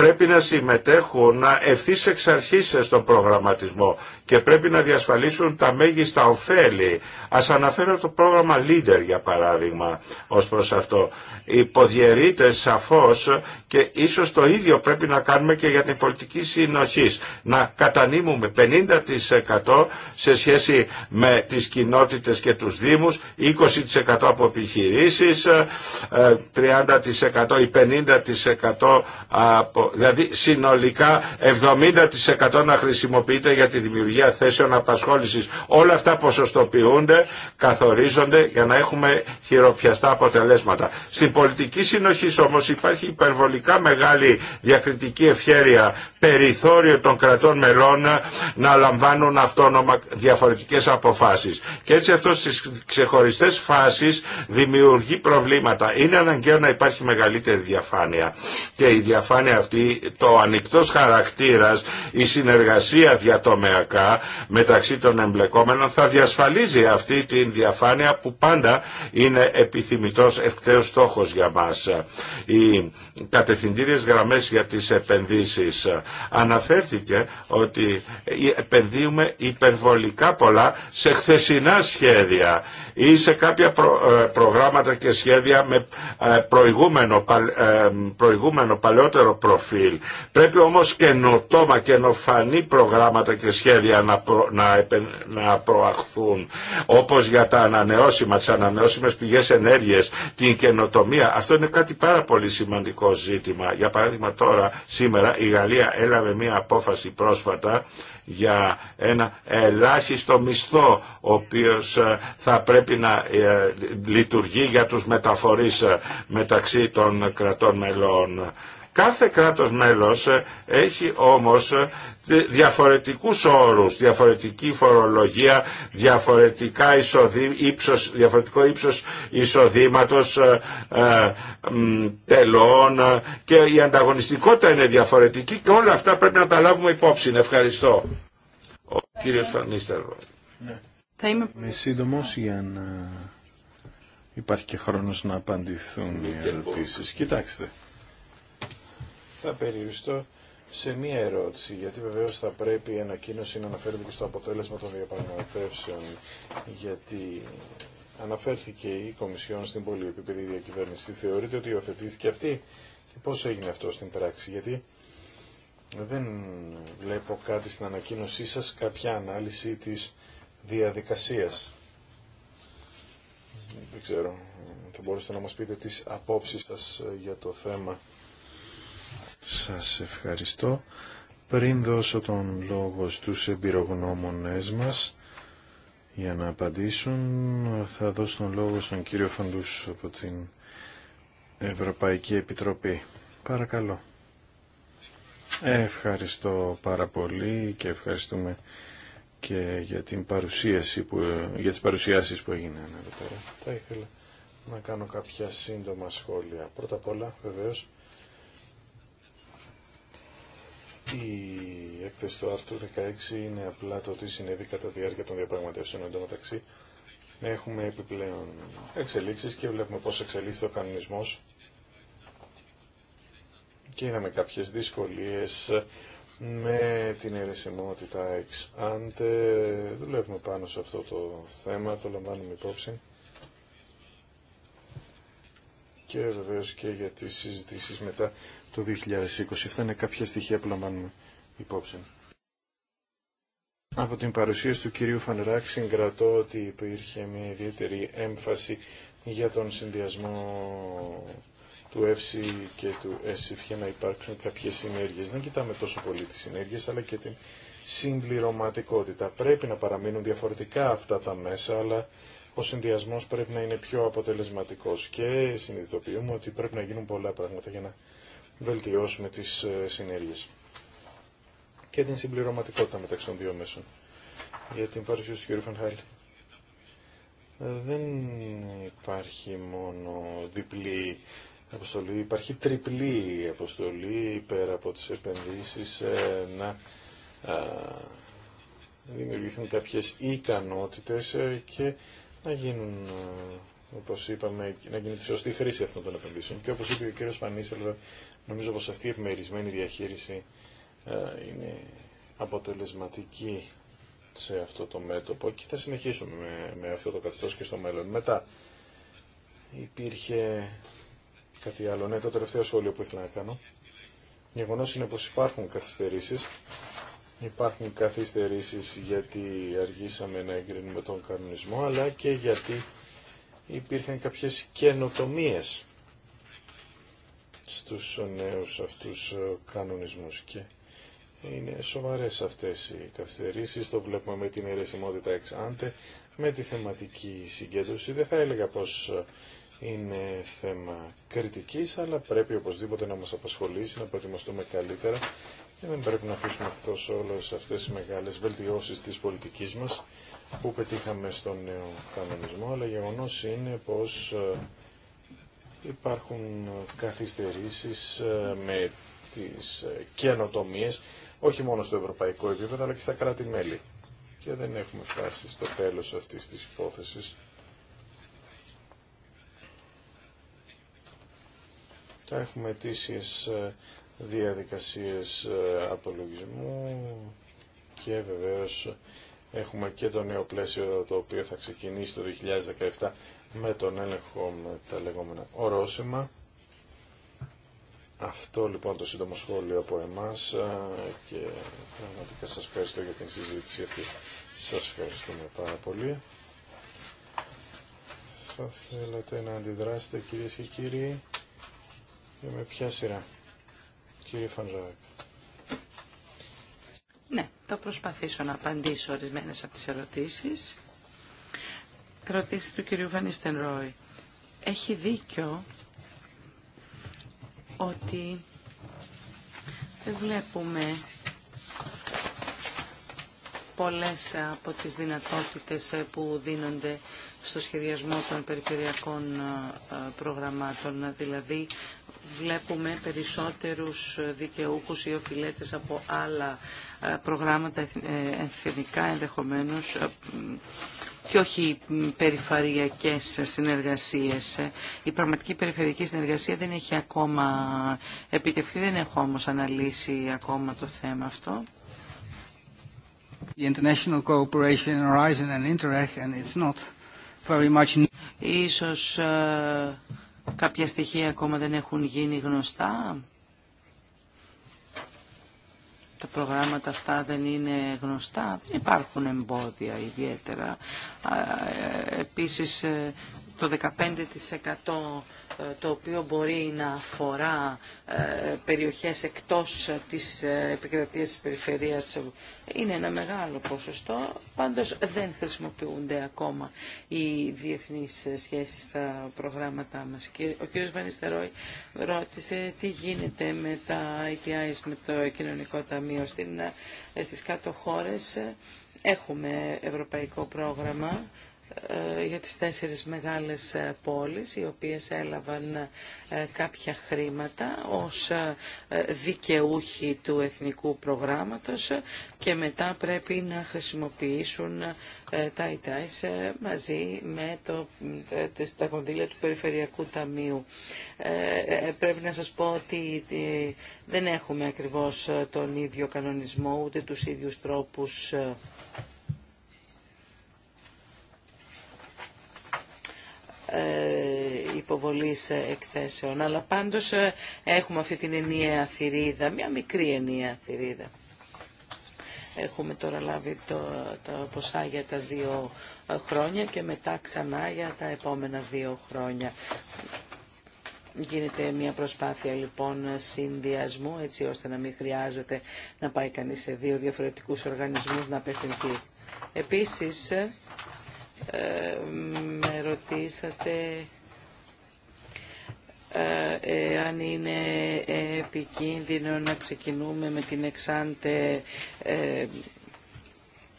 πρέπει να συμμετέχουν να ευθύ εξ αρχή στον προγραμματισμό και πρέπει να διασφαλίσουν τα μέγιστα ωφέλη. Ας αναφέρω το πρόγραμμα Leader για παράδειγμα ως προς αυτό. Υποδιαιρείται σαφώς και ίσως το ίδιο πρέπει να κάνουμε και για την πολιτική συνοχή. Να κατανείμουμε 50% σε σχέση με τις κοινότητες και τους δήμους, 20% από επιχειρήσει, 30% ε, ή 50% από δηλαδή συνολικά 70% να χρησιμοποιείται για τη δημιουργία θέσεων απασχόλησης. Όλα αυτά ποσοστοποιούνται, καθορίζονται για να έχουμε χειροπιαστά αποτελέσματα. Στην πολιτική συνοχή όμως υπάρχει υπερβολικά μεγάλη διακριτική ευχέρεια, περιθώριο των κρατών μελών να λαμβάνουν αυτόνομα διαφορετικές αποφάσεις. Και έτσι αυτό στις ξεχωριστές φάσεις δημιουργεί προβλήματα. Είναι αναγκαίο να υπάρχει μεγαλύτερη διαφάνεια. Και η διαφάνεια αυτή το ανοιχτός χαρακτήρας, η συνεργασία διατομεακά μεταξύ των εμπλεκόμενων θα διασφαλίζει αυτή την διαφάνεια που πάντα είναι επιθυμητός ευκταίος στόχος για μας. Οι κατευθυντήριες γραμμές για τις επενδύσεις αναφέρθηκε ότι επενδύουμε υπερβολικά πολλά σε χθεσινά σχέδια ή σε κάποια ε, προγράμματα και σχέδια με ε, προηγούμενο, ε, προηγούμενο παλαιότερο προφίλ Πρέπει όμως καινοτόμα, καινοφανή προγράμματα και σχέδια να, να, να προαχθούν όπως για τα ανανεώσιμα, τις ανανεώσιμες πηγές ενέργειας, την καινοτομία. Αυτό είναι κάτι πάρα πολύ σημαντικό ζήτημα. Για παράδειγμα τώρα, σήμερα η Γαλλία έλαβε μία απόφαση πρόσφατα για ένα ελάχιστο μισθό ο οποίος ε, θα πρέπει να ε, λειτουργεί για τους μεταφορείς ε, μεταξύ των κρατών μελών. Κάθε κράτος μέλος ε, έχει όμως ε, διαφορετικούς όρους, διαφορετική φορολογία, διαφορετικά εισοδή, ύψος, διαφορετικό ύψος εισοδήματος, ε, τελών και η ανταγωνιστικότητα είναι διαφορετική και όλα αυτά πρέπει να τα λάβουμε υπόψη. Ευχαριστώ. Ο κύριος Φανίστερβο. Ναι. Θα είμαι σύντομος για να υπάρχει και χρόνος να απαντηθούν οι ερωτήσεις. Κοιτάξτε θα περιοριστώ σε μία ερώτηση, γιατί βεβαίως θα πρέπει η ανακοίνωση να αναφέρεται και στο αποτέλεσμα των διαπραγματεύσεων, γιατί αναφέρθηκε η Κομισιόν στην πολυεπίπεδη διακυβέρνηση. Θεωρείτε ότι υιοθετήθηκε αυτή και πώς έγινε αυτό στην πράξη, γιατί δεν βλέπω κάτι στην ανακοίνωσή σας, κάποια ανάλυση της διαδικασίας. Δεν ξέρω, θα μπορούσατε να μας πείτε τις απόψεις σας για το θέμα. Σας ευχαριστώ. Πριν δώσω τον λόγο στους εμπειρογνώμονές μας για να απαντήσουν, θα δώσω τον λόγο στον κύριο Φαντούς από την Ευρωπαϊκή Επιτροπή. Παρακαλώ. Ευχαριστώ πάρα πολύ και ευχαριστούμε και για, την παρουσίαση που, για τις παρουσιάσεις που έγιναν εδώ πέρα. Θα ήθελα να κάνω κάποια σύντομα σχόλια. Πρώτα απ' όλα, βεβαίως, Η έκθεση του άρθρου 16 είναι απλά το τι συνέβη κατά τη διάρκεια των διαπραγματεύσεων. Εν τω μεταξύ έχουμε επιπλέον εξελίξεις και βλέπουμε πώς εξελίχθηκε ο κανονισμός και είδαμε κάποιες δυσκολίες με την ερεσιμότητα εξ άντε. Δουλεύουμε πάνω σε αυτό το θέμα, το λαμβάνουμε υπόψη. Και βεβαίως και για τις συζητήσεις μετά το 2020. Αυτά είναι κάποια στοιχεία που λαμβάνουμε υπόψη. Από την παρουσίαση του κυρίου Φανεράκ συγκρατώ ότι υπήρχε μια ιδιαίτερη έμφαση για τον συνδυασμό του ΕΦΣΥ και του ΕΣΥΦ για να υπάρξουν κάποιες συνέργειες. Δεν κοιτάμε τόσο πολύ τις συνέργειες αλλά και την συμπληρωματικότητα. Πρέπει να παραμείνουν διαφορετικά αυτά τα μέσα αλλά ο συνδυασμός πρέπει να είναι πιο αποτελεσματικός και συνειδητοποιούμε ότι πρέπει να γίνουν πολλά πράγματα για να βελτιώσουμε τις ε, συνέργειες και την συμπληρωματικότητα μεταξύ των δύο μέσων. Για την παρουσίαση του κ. Φανχάλη. Δεν υπάρχει μόνο διπλή αποστολή, υπάρχει τριπλή αποστολή πέρα από τις επενδύσεις ε, να δημιουργηθούν κάποιες ικανότητες ε, και να γίνουν, όπως είπαμε, να γίνει τη σωστή χρήση αυτών των επενδύσεων. Και όπως είπε ο κ. Φανίσελ, Νομίζω πως αυτή η επιμερισμένη διαχείριση ε, είναι αποτελεσματική σε αυτό το μέτωπο και θα συνεχίσουμε με αυτό το καθεστώς και στο μέλλον. Μετά υπήρχε κάτι άλλο. Ναι, το τελευταίο σχόλιο που ήθελα να κάνω. Γεγονό είναι πως υπάρχουν καθυστερήσεις. Υπάρχουν καθυστερήσεις γιατί αργήσαμε να εγκρίνουμε τον κανονισμό, αλλά και γιατί υπήρχαν κάποιες καινοτομίες στους νέους αυτούς ε, κανονισμούς και είναι σοβαρές αυτές οι καθυστερήσεις, το βλέπουμε με την αιρεσιμότητα εξ με τη θεματική συγκέντρωση. Δεν θα έλεγα πως ε, είναι θέμα κριτικής, αλλά πρέπει οπωσδήποτε να μας απασχολήσει, να προετοιμαστούμε καλύτερα και δεν πρέπει να αφήσουμε εκτός όλες αυτές οι μεγάλες βελτιώσεις της πολιτικής μας που πετύχαμε στον νέο κανονισμό, αλλά γεγονός είναι πως ε, Υπάρχουν καθυστερήσεις ε, με τις ε, καινοτομίες, όχι μόνο στο ευρωπαϊκό επίπεδο, αλλά και στα κράτη-μέλη. Και δεν έχουμε φτάσει στο τέλος αυτής της υπόθεσης. Τα έχουμε αιτήσιες ε, διαδικασίες απολογισμού και βεβαίως έχουμε και το νέο πλαίσιο το οποίο θα ξεκινήσει το 2017 με τον έλεγχο με τα λεγόμενα ορόσημα. Αυτό λοιπόν το σύντομο σχόλιο από εμάς ε, και πραγματικά σας ευχαριστώ για την συζήτηση αυτή. Σας ευχαριστούμε πάρα πολύ. Θα θέλατε να αντιδράσετε κυρίες και κύριοι και με ποια σειρά. Κύριε Φανζάκ. Ναι, θα προσπαθήσω να απαντήσω ορισμένες από τις ερωτήσεις ερώτηση του κυρίου Βανίστεν Ρόι. Έχει δίκιο ότι δεν βλέπουμε πολλές από τις δυνατότητες που δίνονται στο σχεδιασμό των περιφερειακών ε, προγραμμάτων. Δηλαδή βλέπουμε περισσότερους δικαιούχους ή οφειλέτες από άλλα ε, προγράμματα ε, εθνικά ενδεχομένως και όχι περιφαριακές συνεργασίες. Η πραγματική περιφερειακή συνεργασία δεν έχει ακόμα επιτευχθεί, δεν έχω όμως αναλύσει ακόμα το θέμα αυτό. Ίσως κάποια στοιχεία ακόμα δεν έχουν γίνει γνωστά τα προγράμματα αυτά δεν είναι γνωστά, δεν υπάρχουν εμπόδια ιδιαίτερα. Ε, επίσης ε, το 15% το οποίο μπορεί να αφορά ε, περιοχές εκτός της ε, επικρατείας της περιφερείας είναι ένα μεγάλο ποσοστό, πάντως δεν χρησιμοποιούνται ακόμα οι διεθνείς σχέσεις στα προγράμματά μας. Ο κ. Βανιστερόη ρώτησε τι γίνεται με τα ITIs, με το Κοινωνικό Ταμείο στην, ε, στις κάτω χώρες. Έχουμε ευρωπαϊκό πρόγραμμα ε, για τις τέσσερις μεγάλες ε, πόλεις οι οποίες έλαβαν ε, κάποια χρήματα ως δικαιούχοι του εθνικού προγράμματος και μετά πρέπει να χρησιμοποιήσουν τα ΙΤΑΙΣ μαζί με το, τα κονδύλια του Περιφερειακού Ταμείου. Πρέπει να σας πω ότι δεν έχουμε ακριβώς τον ίδιο κανονισμό ούτε τους ίδιους τρόπους Ε, υποβολής ε, εκθέσεων. Αλλά πάντως ε, έχουμε αυτή την ενιαία θηρίδα, μια μικρή ενιαία θηρίδα. Έχουμε τώρα λάβει το, το ποσά για τα δύο χρόνια και μετά ξανά για τα επόμενα δύο χρόνια. Γίνεται μια προσπάθεια λοιπόν συνδυασμού έτσι ώστε να μην χρειάζεται να πάει κανείς σε δύο διαφορετικούς οργανισμούς να απευθυνθεί. Επίσης με ρωτήσατε αν ε, είναι επικίνδυνο να ξεκινούμε με την εξάντε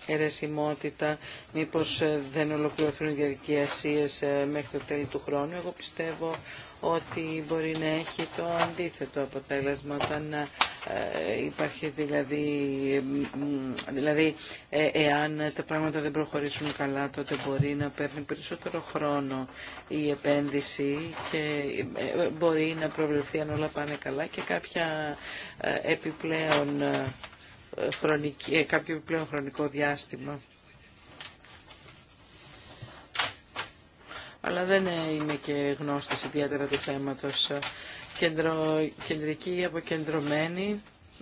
ερεσιμότητα, μήπως ε, δεν ολοκληρωθούν οι διαδικασίες ε, μέχρι το τέλος του χρόνου. Εγώ πιστεύω ότι μπορεί να έχει το αντίθετο αποτέλεσμα όταν ε, υπάρχει δηλαδή, δηλαδή ε, εάν τα πράγματα δεν προχωρήσουν καλά τότε μπορεί να παίρνει περισσότερο χρόνο η επένδυση και ε, μπορεί να προβληθεί αν όλα πάνε καλά και κάποια επιπλέον χρονική, κάποιο επιπλέον χρονικό διάστημα. αλλά δεν είμαι και γνώστης ιδιαίτερα του θέματος. Κεντρο, κεντρική αποκεντρωμένη,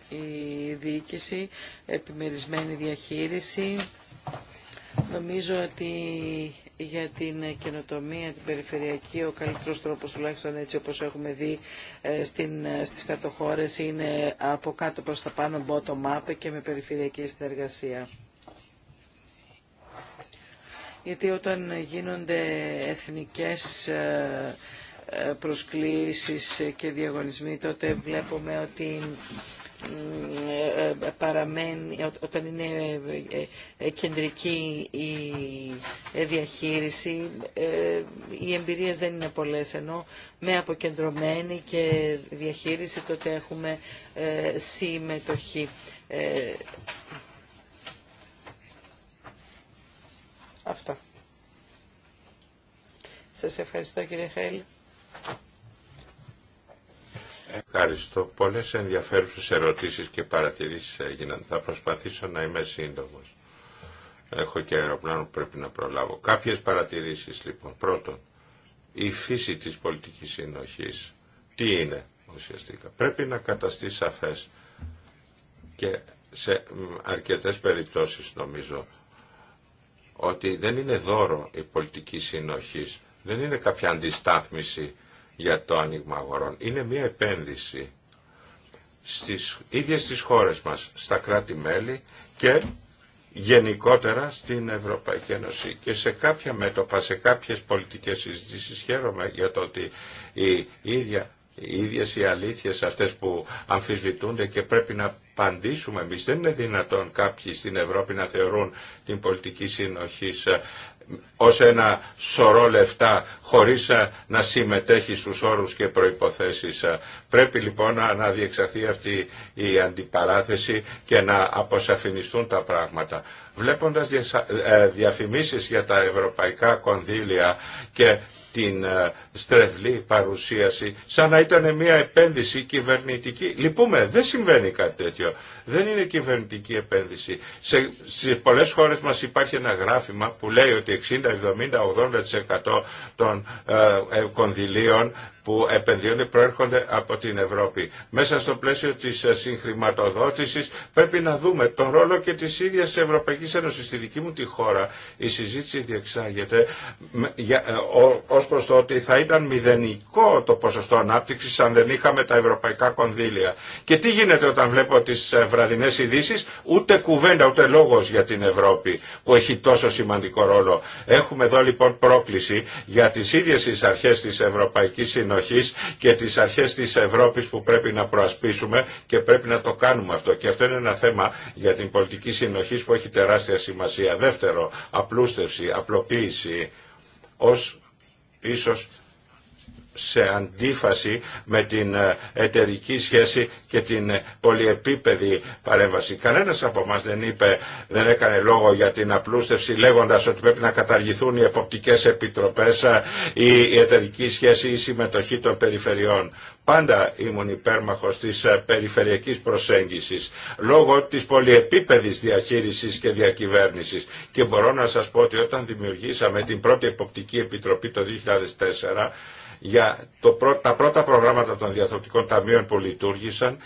η διοίκηση, επιμερισμένη διαχείριση. Νομίζω ότι για την καινοτομία, την περιφερειακή, ο καλύτερος τρόπος τουλάχιστον έτσι όπως έχουμε δει ε, στην, ε, στις κατοχώρες είναι από κάτω προς τα πάνω bottom-up και με περιφερειακή συνεργασία γιατί όταν γίνονται εθνικές ε, ε, προσκλήσεις και διαγωνισμοί τότε βλέπουμε ότι ε, παραμένει, όταν είναι κεντρική η διαχείριση, οι εμπειρίες δεν είναι πολλές, ενώ με αποκεντρωμένη και διαχείριση τότε έχουμε συμμετοχή. Αυτό. Σας ευχαριστώ κύριε Χέλη. Ευχαριστώ. Πολλές ενδιαφέρουσες ερωτήσεις και παρατηρήσεις έγιναν. Θα προσπαθήσω να είμαι σύντομος. Έχω και αεροπλάνο που πρέπει να προλάβω. Κάποιες παρατηρήσεις λοιπόν. Πρώτον, η φύση της πολιτικής συνοχής. Τι είναι ουσιαστικά. Πρέπει να καταστεί σαφές και σε αρκετές περιπτώσεις νομίζω ότι δεν είναι δώρο η πολιτική συνοχή. Δεν είναι κάποια αντιστάθμιση για το άνοιγμα αγορών. Είναι μια επένδυση στις ίδιες τις χώρες μας, στα κράτη-μέλη και γενικότερα στην Ευρωπαϊκή Ένωση. Και σε κάποια μέτωπα, σε κάποιες πολιτικές συζητήσεις χαίρομαι για το ότι ίδια οι ίδιες οι αλήθειες αυτές που αμφισβητούνται και πρέπει να απαντήσουμε εμεί. Δεν είναι δυνατόν κάποιοι στην Ευρώπη να θεωρούν την πολιτική συνοχή ε, ως ένα σωρό λεφτά χωρίς ε, να συμμετέχει στους όρους και προϋποθέσεις. Ε, πρέπει λοιπόν να διεξαχθεί αυτή η αντιπαράθεση και να αποσαφινιστούν τα πράγματα. Βλέποντας διαφημίσεις για τα ευρωπαϊκά κονδύλια και την ε, στρεβλή παρουσίαση σαν να ήταν μια επένδυση κυβερνητική. Λυπούμε, δεν συμβαίνει κάτι τέτοιο. Δεν είναι κυβερνητική επένδυση. Σε, σε πολλές χώρες μας υπάρχει ένα γράφημα που λέει ότι 60, 70, 80% των ε, ε κονδυλίων που επενδύουν προέρχονται από την Ευρώπη. Μέσα στο πλαίσιο της ε, συγχρηματοδότησης πρέπει να δούμε τον ρόλο και της ίδιας Ευρωπαϊκής Ένωσης. Στη δική μου τη χώρα η συζήτηση διεξάγεται ε, ως προς το ότι θα ήταν μηδενικό το ποσοστό ανάπτυξης αν δεν είχαμε τα ευρωπαϊκά κονδύλια. Και τι γίνεται όταν βλέπω τις ε, βραδινές ειδήσει, ούτε κουβέντα ούτε λόγος για την Ευρώπη που έχει τόσο σημαντικό ρόλο. Έχουμε εδώ λοιπόν πρόκληση για τις ίδιες τις τη Ευρωπαϊκή Ευρωπαϊκής συνοχής και τις αρχές της Ευρώπης που πρέπει να προασπίσουμε και πρέπει να το κάνουμε αυτό. Και αυτό είναι ένα θέμα για την πολιτική συνοχής που έχει τεράστια σημασία. Δεύτερο, απλούστευση, απλοποίηση ως ίσως σε αντίφαση με την ε, εταιρική σχέση και την ε, πολυεπίπεδη παρέμβαση. Κανένας από εμά δεν είπε, δεν έκανε λόγο για την απλούστευση λέγοντας ότι πρέπει να καταργηθούν οι εποπτικές επιτροπές ή ε, η εταιρική σχέση ή η συμμετοχή των περιφερειών. Πάντα ήμουν υπέρμαχος της περιφερειακής προσέγγισης λόγω της πολυεπίπεδης διαχείρισης και διακυβέρνησης. Και μπορώ να σας πω ότι όταν δημιουργήσαμε την πρώτη Εποπτική Επιτροπή το 2004 για το, τα πρώτα προγράμματα των διαθροτικών ταμείων που λειτουργήσαν.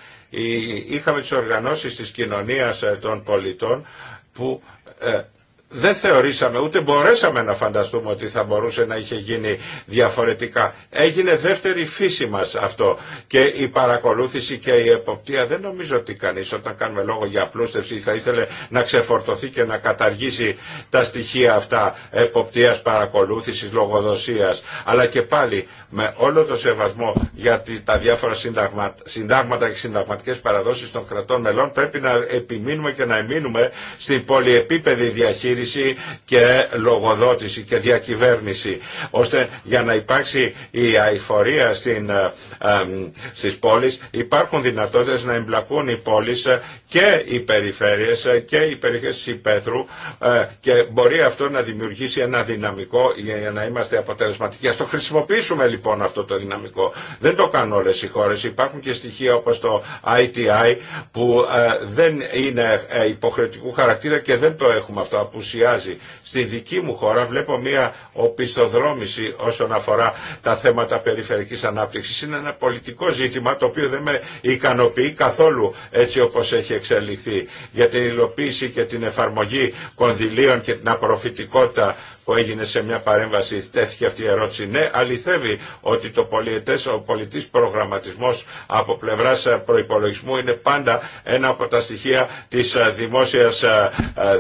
Είχαμε τις οργανώσεις της κοινωνίας ε, των πολιτών που ε, δεν θεωρήσαμε ούτε μπορέσαμε να φανταστούμε ότι θα μπορούσε να είχε γίνει διαφορετικά. Έγινε δεύτερη φύση μας αυτό και η παρακολούθηση και η εποπτεία δεν νομίζω ότι κανείς όταν κάνουμε λόγο για απλούστευση θα ήθελε να ξεφορτωθεί και να καταργήσει τα στοιχεία αυτά εποπτείας, παρακολούθησης, λογοδοσίας. Αλλά και πάλι με όλο το σεβασμό για τα διάφορα συντάγματα και συνταγματικές παραδόσεις των κρατών μελών πρέπει να επιμείνουμε και να εμείνουμε στην πολυεπίπεδη διαχείριση και λογοδότηση και διακυβέρνηση ώστε για να υπάρξει η αηφορία στην, ε, στις πόλεις υπάρχουν δυνατότητες να εμπλακούν οι πόλεις και οι περιφέρειες και οι περιοχές της υπαίθρου ε, και μπορεί αυτό να δημιουργήσει ένα δυναμικό για να είμαστε αποτελεσματικοί. Ας το χρησιμοποιήσουμε λοιπόν αυτό το δυναμικό. Δεν το κάνουν όλες οι χώρες. Υπάρχουν και στοιχεία όπως το ITI που ε, δεν είναι υποχρεωτικού χαρακτήρα και δεν το έχουμε αυτό Στη δική μου χώρα βλέπω μια οπισθοδρόμηση όσον αφορά τα θέματα περιφερειακής ανάπτυξης. Είναι ένα πολιτικό ζήτημα το οποίο δεν με ικανοποιεί καθόλου έτσι όπως έχει εξελιχθεί για την υλοποίηση και την εφαρμογή κονδυλίων και την απορροφητικότητα που έγινε σε μια παρέμβαση, τέθηκε αυτή η ερώτηση. Ναι, αληθεύει ότι το πολιετές, ο πολιτής προγραμματισμός από πλευράς ε, προϋπολογισμού είναι πάντα ένα από τα στοιχεία της ε, δημόσιας ε,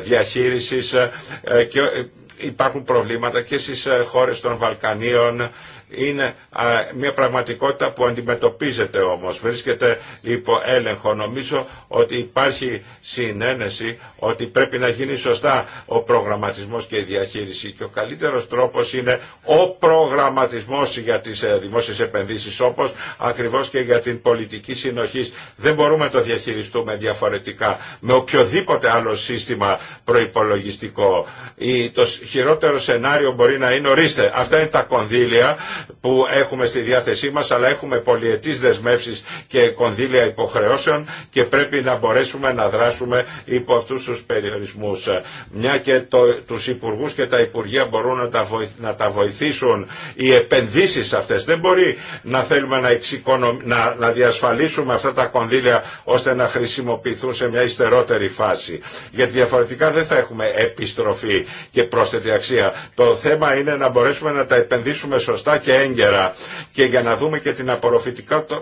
διαχείρισης και υπάρχουν προβλήματα και στις χώρες των Βαλκανίων είναι μια πραγματικότητα που αντιμετωπίζεται όμως, βρίσκεται υπό έλεγχο. Νομίζω ότι υπάρχει συνένεση ότι πρέπει να γίνει σωστά ο προγραμματισμός και η διαχείριση και ο καλύτερος τρόπος είναι ο προγραμματισμός για τις ε, δημόσιες επενδύσεις όπως ακριβώς και για την πολιτική συνοχή. Δεν μπορούμε να το διαχειριστούμε διαφορετικά με οποιοδήποτε άλλο σύστημα προϋπολογιστικό. Το χειρότερο σενάριο μπορεί να είναι ορίστε αυτά είναι τα κονδύλια που έχουμε στη διάθεσή μας αλλά έχουμε πολιετής δεσμεύσεις και κονδύλια υποχρεώσεων και πρέπει να μπορέσουμε να δράσουμε υπό αυτούς τους περιορισμούς. Μια και το, τους υπουργούς και τα υπουργεία μπορούν να τα, βοηθήσουν οι επενδύσεις αυτές. Δεν μπορεί να θέλουμε να, εξοικονομ... να, να διασφαλίσουμε αυτά τα κονδύλια ώστε να χρησιμοποιηθούν σε μια υστερότερη φάση. Γιατί διαφορετικά δεν θα έχουμε επιστροφή και πρόσθετη αξία. Το θέμα είναι να μπορέσουμε να τα επενδύσουμε σωστά και και και για να δούμε και την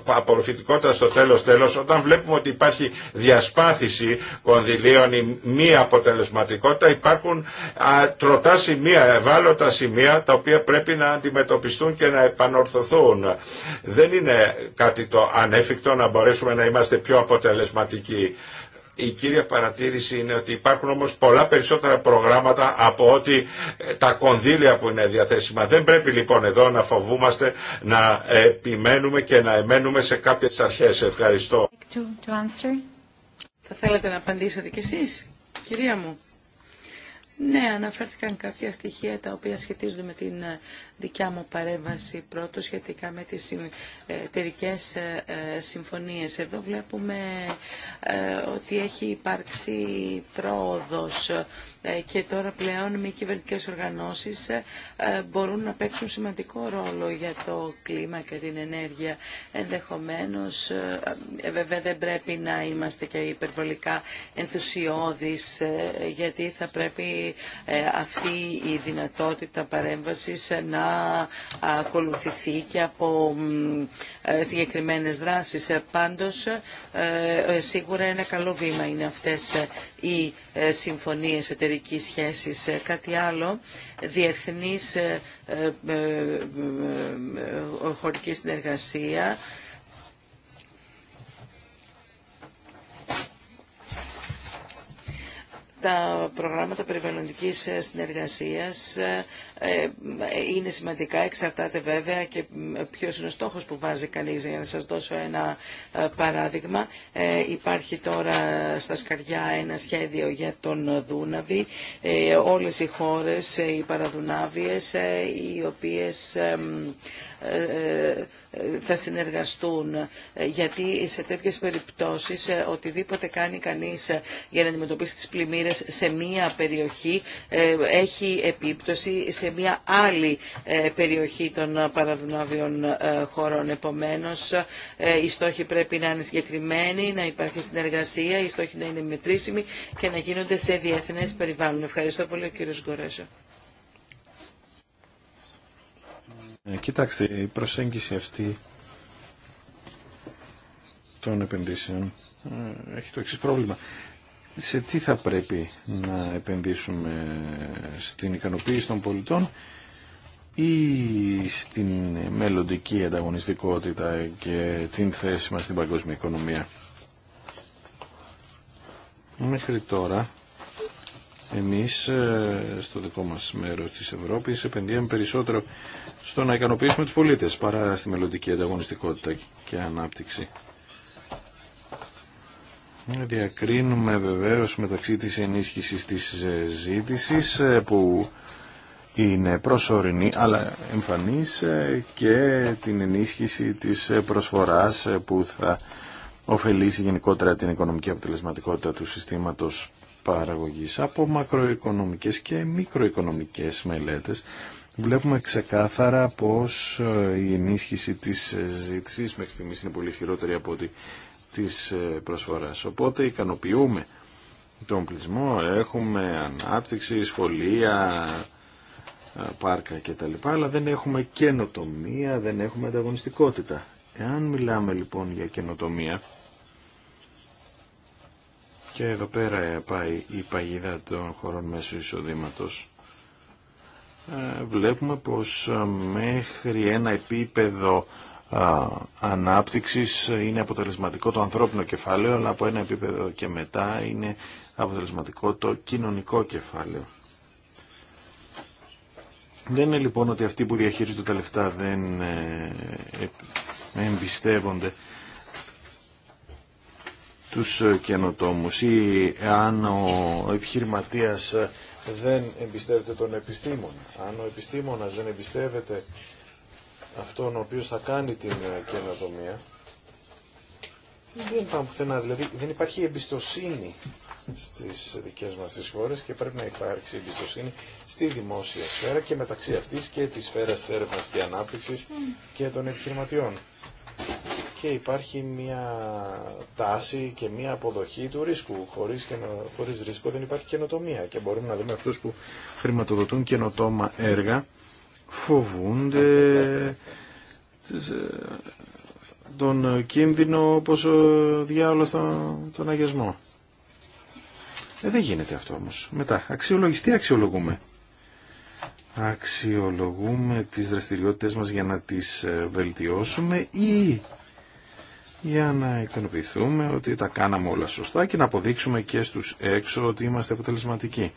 απορροφητικότητα στο τέλος τέλος όταν βλέπουμε ότι υπάρχει διασπάθηση κονδυλίων ή μη αποτελεσματικότητα υπάρχουν α, τροτά σημεία, ευάλωτα σημεία τα οποία πρέπει να αντιμετωπιστούν και να επανορθωθούν. Δεν είναι κάτι το ανέφικτο να μπορέσουμε να είμαστε πιο αποτελεσματικοί η κύρια παρατήρηση είναι ότι υπάρχουν όμως πολλά περισσότερα προγράμματα από ότι ε, τα κονδύλια που είναι διαθέσιμα. Δεν πρέπει λοιπόν εδώ να φοβούμαστε να επιμένουμε και να εμένουμε σε κάποιες αρχές. Ευχαριστώ. Θα θέλετε να απαντήσετε κι εσείς, κυρία μου. Ναι, αναφέρθηκαν κάποια στοιχεία τα οποία σχετίζονται με την ε, δικιά μου παρέμβαση πρώτο σχετικά με τις ε, εταιρικέ ε, συμφωνίες. Εδώ βλέπουμε ότι έχει υπάρξει πρόοδος ε, και τώρα πλέον μη κυβερνητικέ οργανώσει ε, ε, μπορούν να παίξουν σημαντικό ρόλο για το κλίμα και την ενέργεια. ενδεχομένω, βέβαια δεν πρέπει να είμαστε και υπερβολικά ενθουσιώδεις γιατί θα πρέπει αυτή η δυνατότητα παρέμβαση να ακολουθηθεί και από ε, συγκεκριμένες δράσεις. Ε, πάντως, ε, σίγουρα ένα καλό βήμα είναι αυτές οι συμφωνίες εταιρική σχέσης. Κάτι άλλο, διεθνής χωρική συνεργασία, τα προγράμματα περιβαλλοντικής συνεργασίας ε, είναι σημαντικά, εξαρτάται βέβαια και ποιος είναι ο στόχος που βάζει κανείς. Για να σας δώσω ένα ε, παράδειγμα, ε, υπάρχει τώρα στα Σκαριά ένα σχέδιο για τον Δούναβη, όλες οι χώρες, οι παραδουνάβιες, οι οποίες θα συνεργαστούν γιατί σε τέτοιες περιπτώσεις οτιδήποτε κάνει κανείς για να αντιμετωπίσει τις πλημμύρες σε μία περιοχή έχει επίπτωση σε μια άλλη ε, περιοχή των ε, παραδουνάβιων ε, χωρών. Επομένως, οι στόχοι πρέπει να είναι συγκεκριμένοι, να υπάρχει συνεργασία, οι στόχοι να είναι μετρήσιμοι και να γίνονται σε διεθνές περιβάλλον. Ευχαριστώ πολύ, ο κύριος Γκορέζο. Κοιτάξτε, η προσέγγιση αυτή των επενδύσεων έχει το εξή πρόβλημα σε τι θα πρέπει να επενδύσουμε στην ικανοποίηση των πολιτών ή στην μελλοντική ανταγωνιστικότητα και την θέση μας στην παγκόσμια οικονομία. Μέχρι τώρα εμείς ε, στο δικό μας μέρος της Ευρώπης επενδύουμε περισσότερο στο να ικανοποιήσουμε τους πολίτες παρά στη μελλοντική ανταγωνιστικότητα και ανάπτυξη. Διακρίνουμε βεβαίως μεταξύ της ενίσχυσης της ε, ζήτησης ε, που είναι προσωρινή αλλά εμφανής ε, και την ενίσχυση της προσφοράς που θα ωφελήσει γενικότερα την οικονομική αποτελεσματικότητα του συστήματος παραγωγής. Από μακροοικονομικές και μικροοικονομικές μελέτες βλέπουμε ξεκάθαρα πως η ενίσχυση της ζήτησης μέχρι στιγμής είναι πολύ ισχυρότερη από ότι της ε, προσφοράς. Οπότε ικανοποιούμε τον πληθυσμό, έχουμε ανάπτυξη, σχολεία, ε, πάρκα κτλ. Αλλά δεν έχουμε καινοτομία, δεν έχουμε ανταγωνιστικότητα. Εάν μιλάμε λοιπόν για καινοτομία, και εδώ πέρα πάει η παγίδα των χωρών μέσου εισοδήματος, ε, βλέπουμε πως μέχρι ένα επίπεδο ανάπτυξης είναι αποτελεσματικό το ανθρώπινο κεφάλαιο, αλλά από ένα επίπεδο και μετά είναι αποτελεσματικό το κοινωνικό κεφάλαιο. Δεν είναι λοιπόν ότι αυτοί που διαχειρίζονται τα λεφτά δεν ε, ε, εμπιστεύονται τους ε, καινοτόμους ή αν ο επιχειρηματίας δεν εμπιστεύεται τον επιστήμονα. Αν ο επιστήμονας δεν εμπιστεύεται αυτόν ο οποίος θα κάνει την ε, καινοτομία δεν Δηλαδή δεν υπάρχει εμπιστοσύνη στις δικές μας τις χώρες και πρέπει να υπάρξει εμπιστοσύνη στη δημόσια σφαίρα και μεταξύ αυτής και της σφαίρας έρευνας και ανάπτυξης και των επιχειρηματιών. Και υπάρχει μια τάση και μια αποδοχή του ρίσκου. Χωρίς, χωρίς ρίσκο δεν υπάρχει καινοτομία και μπορούμε να δούμε αυτούς που χρηματοδοτούν καινοτόμα έργα φοβούνται ε, τον κίνδυνο όπως ο διάολος τον, τον αγιασμό. Ε, δεν γίνεται αυτό όμως. Μετά, αξιολογιστή αξιολογούμε. Αξιολογούμε τις δραστηριότητες μας για να τις ε, βελτιώσουμε ή για να ικανοποιηθούμε ότι τα κάναμε όλα σωστά και να αποδείξουμε και στους έξω ότι είμαστε αποτελεσματικοί.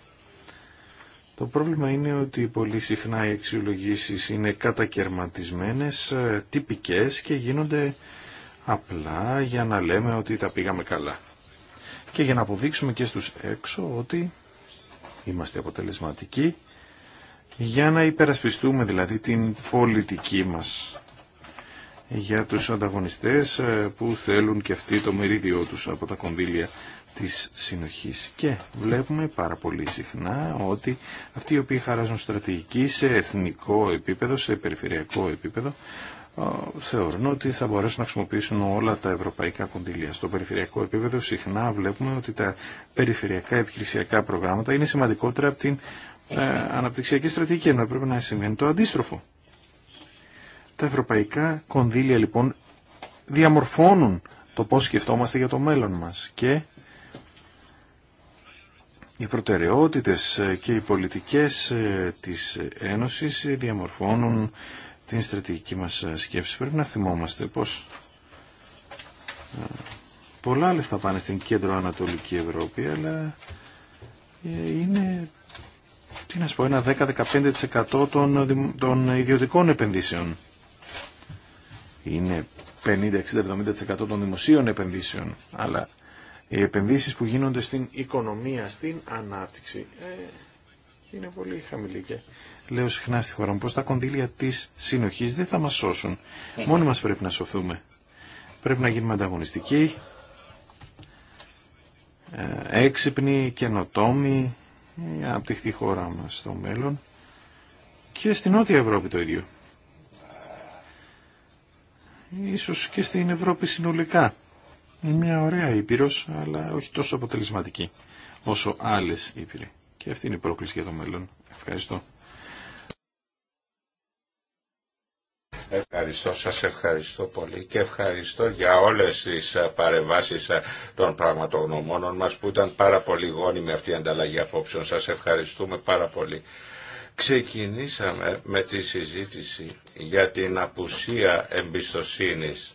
Το πρόβλημα είναι ότι πολύ συχνά οι αξιολογήσει είναι κατακαιρματισμένες, ε, τυπικές και γίνονται απλά για να λέμε ότι τα πήγαμε καλά. Και για να αποδείξουμε και στους έξω ότι είμαστε αποτελεσματικοί για να υπερασπιστούμε δηλαδή την πολιτική μας για τους ανταγωνιστές ε, που θέλουν και αυτοί το μερίδιό τους από τα κονδύλια της συνοχής. Και βλέπουμε πάρα πολύ συχνά ότι αυτοί οι οποίοι χαράζουν στρατηγική σε εθνικό επίπεδο, σε περιφερειακό επίπεδο, θεωρούν ότι θα μπορέσουν να χρησιμοποιήσουν όλα τα ευρωπαϊκά κονδύλια. Στο περιφερειακό επίπεδο συχνά βλέπουμε ότι τα περιφερειακά επιχειρησιακά προγράμματα είναι σημαντικότερα από την ε, αναπτυξιακή στρατηγική, ενώ πρέπει να σημαίνει το αντίστροφο. Τα ευρωπαϊκά κονδύλια λοιπόν διαμορφώνουν το πώς σκεφτόμαστε για το μέλλον μας και οι προτεραιότητες και οι πολιτικές ε, της Ένωσης διαμορφώνουν την στρατηγική μας ε, σκέψη. Πρέπει να θυμόμαστε πως ε, πολλά λεφτά πάνε στην κέντρο-ανατολική Ευρώπη, αλλά είναι τι να σου πω, ένα 10-15% των, των ιδιωτικών επενδύσεων. Είναι 50-60-70% των δημοσίων επενδύσεων. Αλλά οι επενδύσεις που γίνονται στην οικονομία, στην ανάπτυξη, ε, είναι πολύ χαμηλή και λέω συχνά στη χώρα μου πως τα κονδύλια της συνοχής δεν θα μας σώσουν. Μόνοι μας πρέπει να σωθούμε. Πρέπει να γίνουμε ανταγωνιστικοί, ε, έξυπνοι, καινοτόμοι, η χώρα μας στο μέλλον και στην Νότια Ευρώπη το ίδιο. Ίσως και στην Ευρώπη συνολικά. Είναι μια ωραία ήπειρο, αλλά όχι τόσο αποτελεσματική όσο άλλες ήπειροι. Και αυτή είναι η πρόκληση για το μέλλον. Ευχαριστώ. Ευχαριστώ, σας ευχαριστώ πολύ και ευχαριστώ για όλες τις παρεμβάσεις των πραγματογνωμόνων μας που ήταν πάρα πολύ γόνιμη αυτή η ανταλλαγή απόψεων. Σας ευχαριστούμε πάρα πολύ. Ξεκινήσαμε με τη συζήτηση για την απουσία εμπιστοσύνης.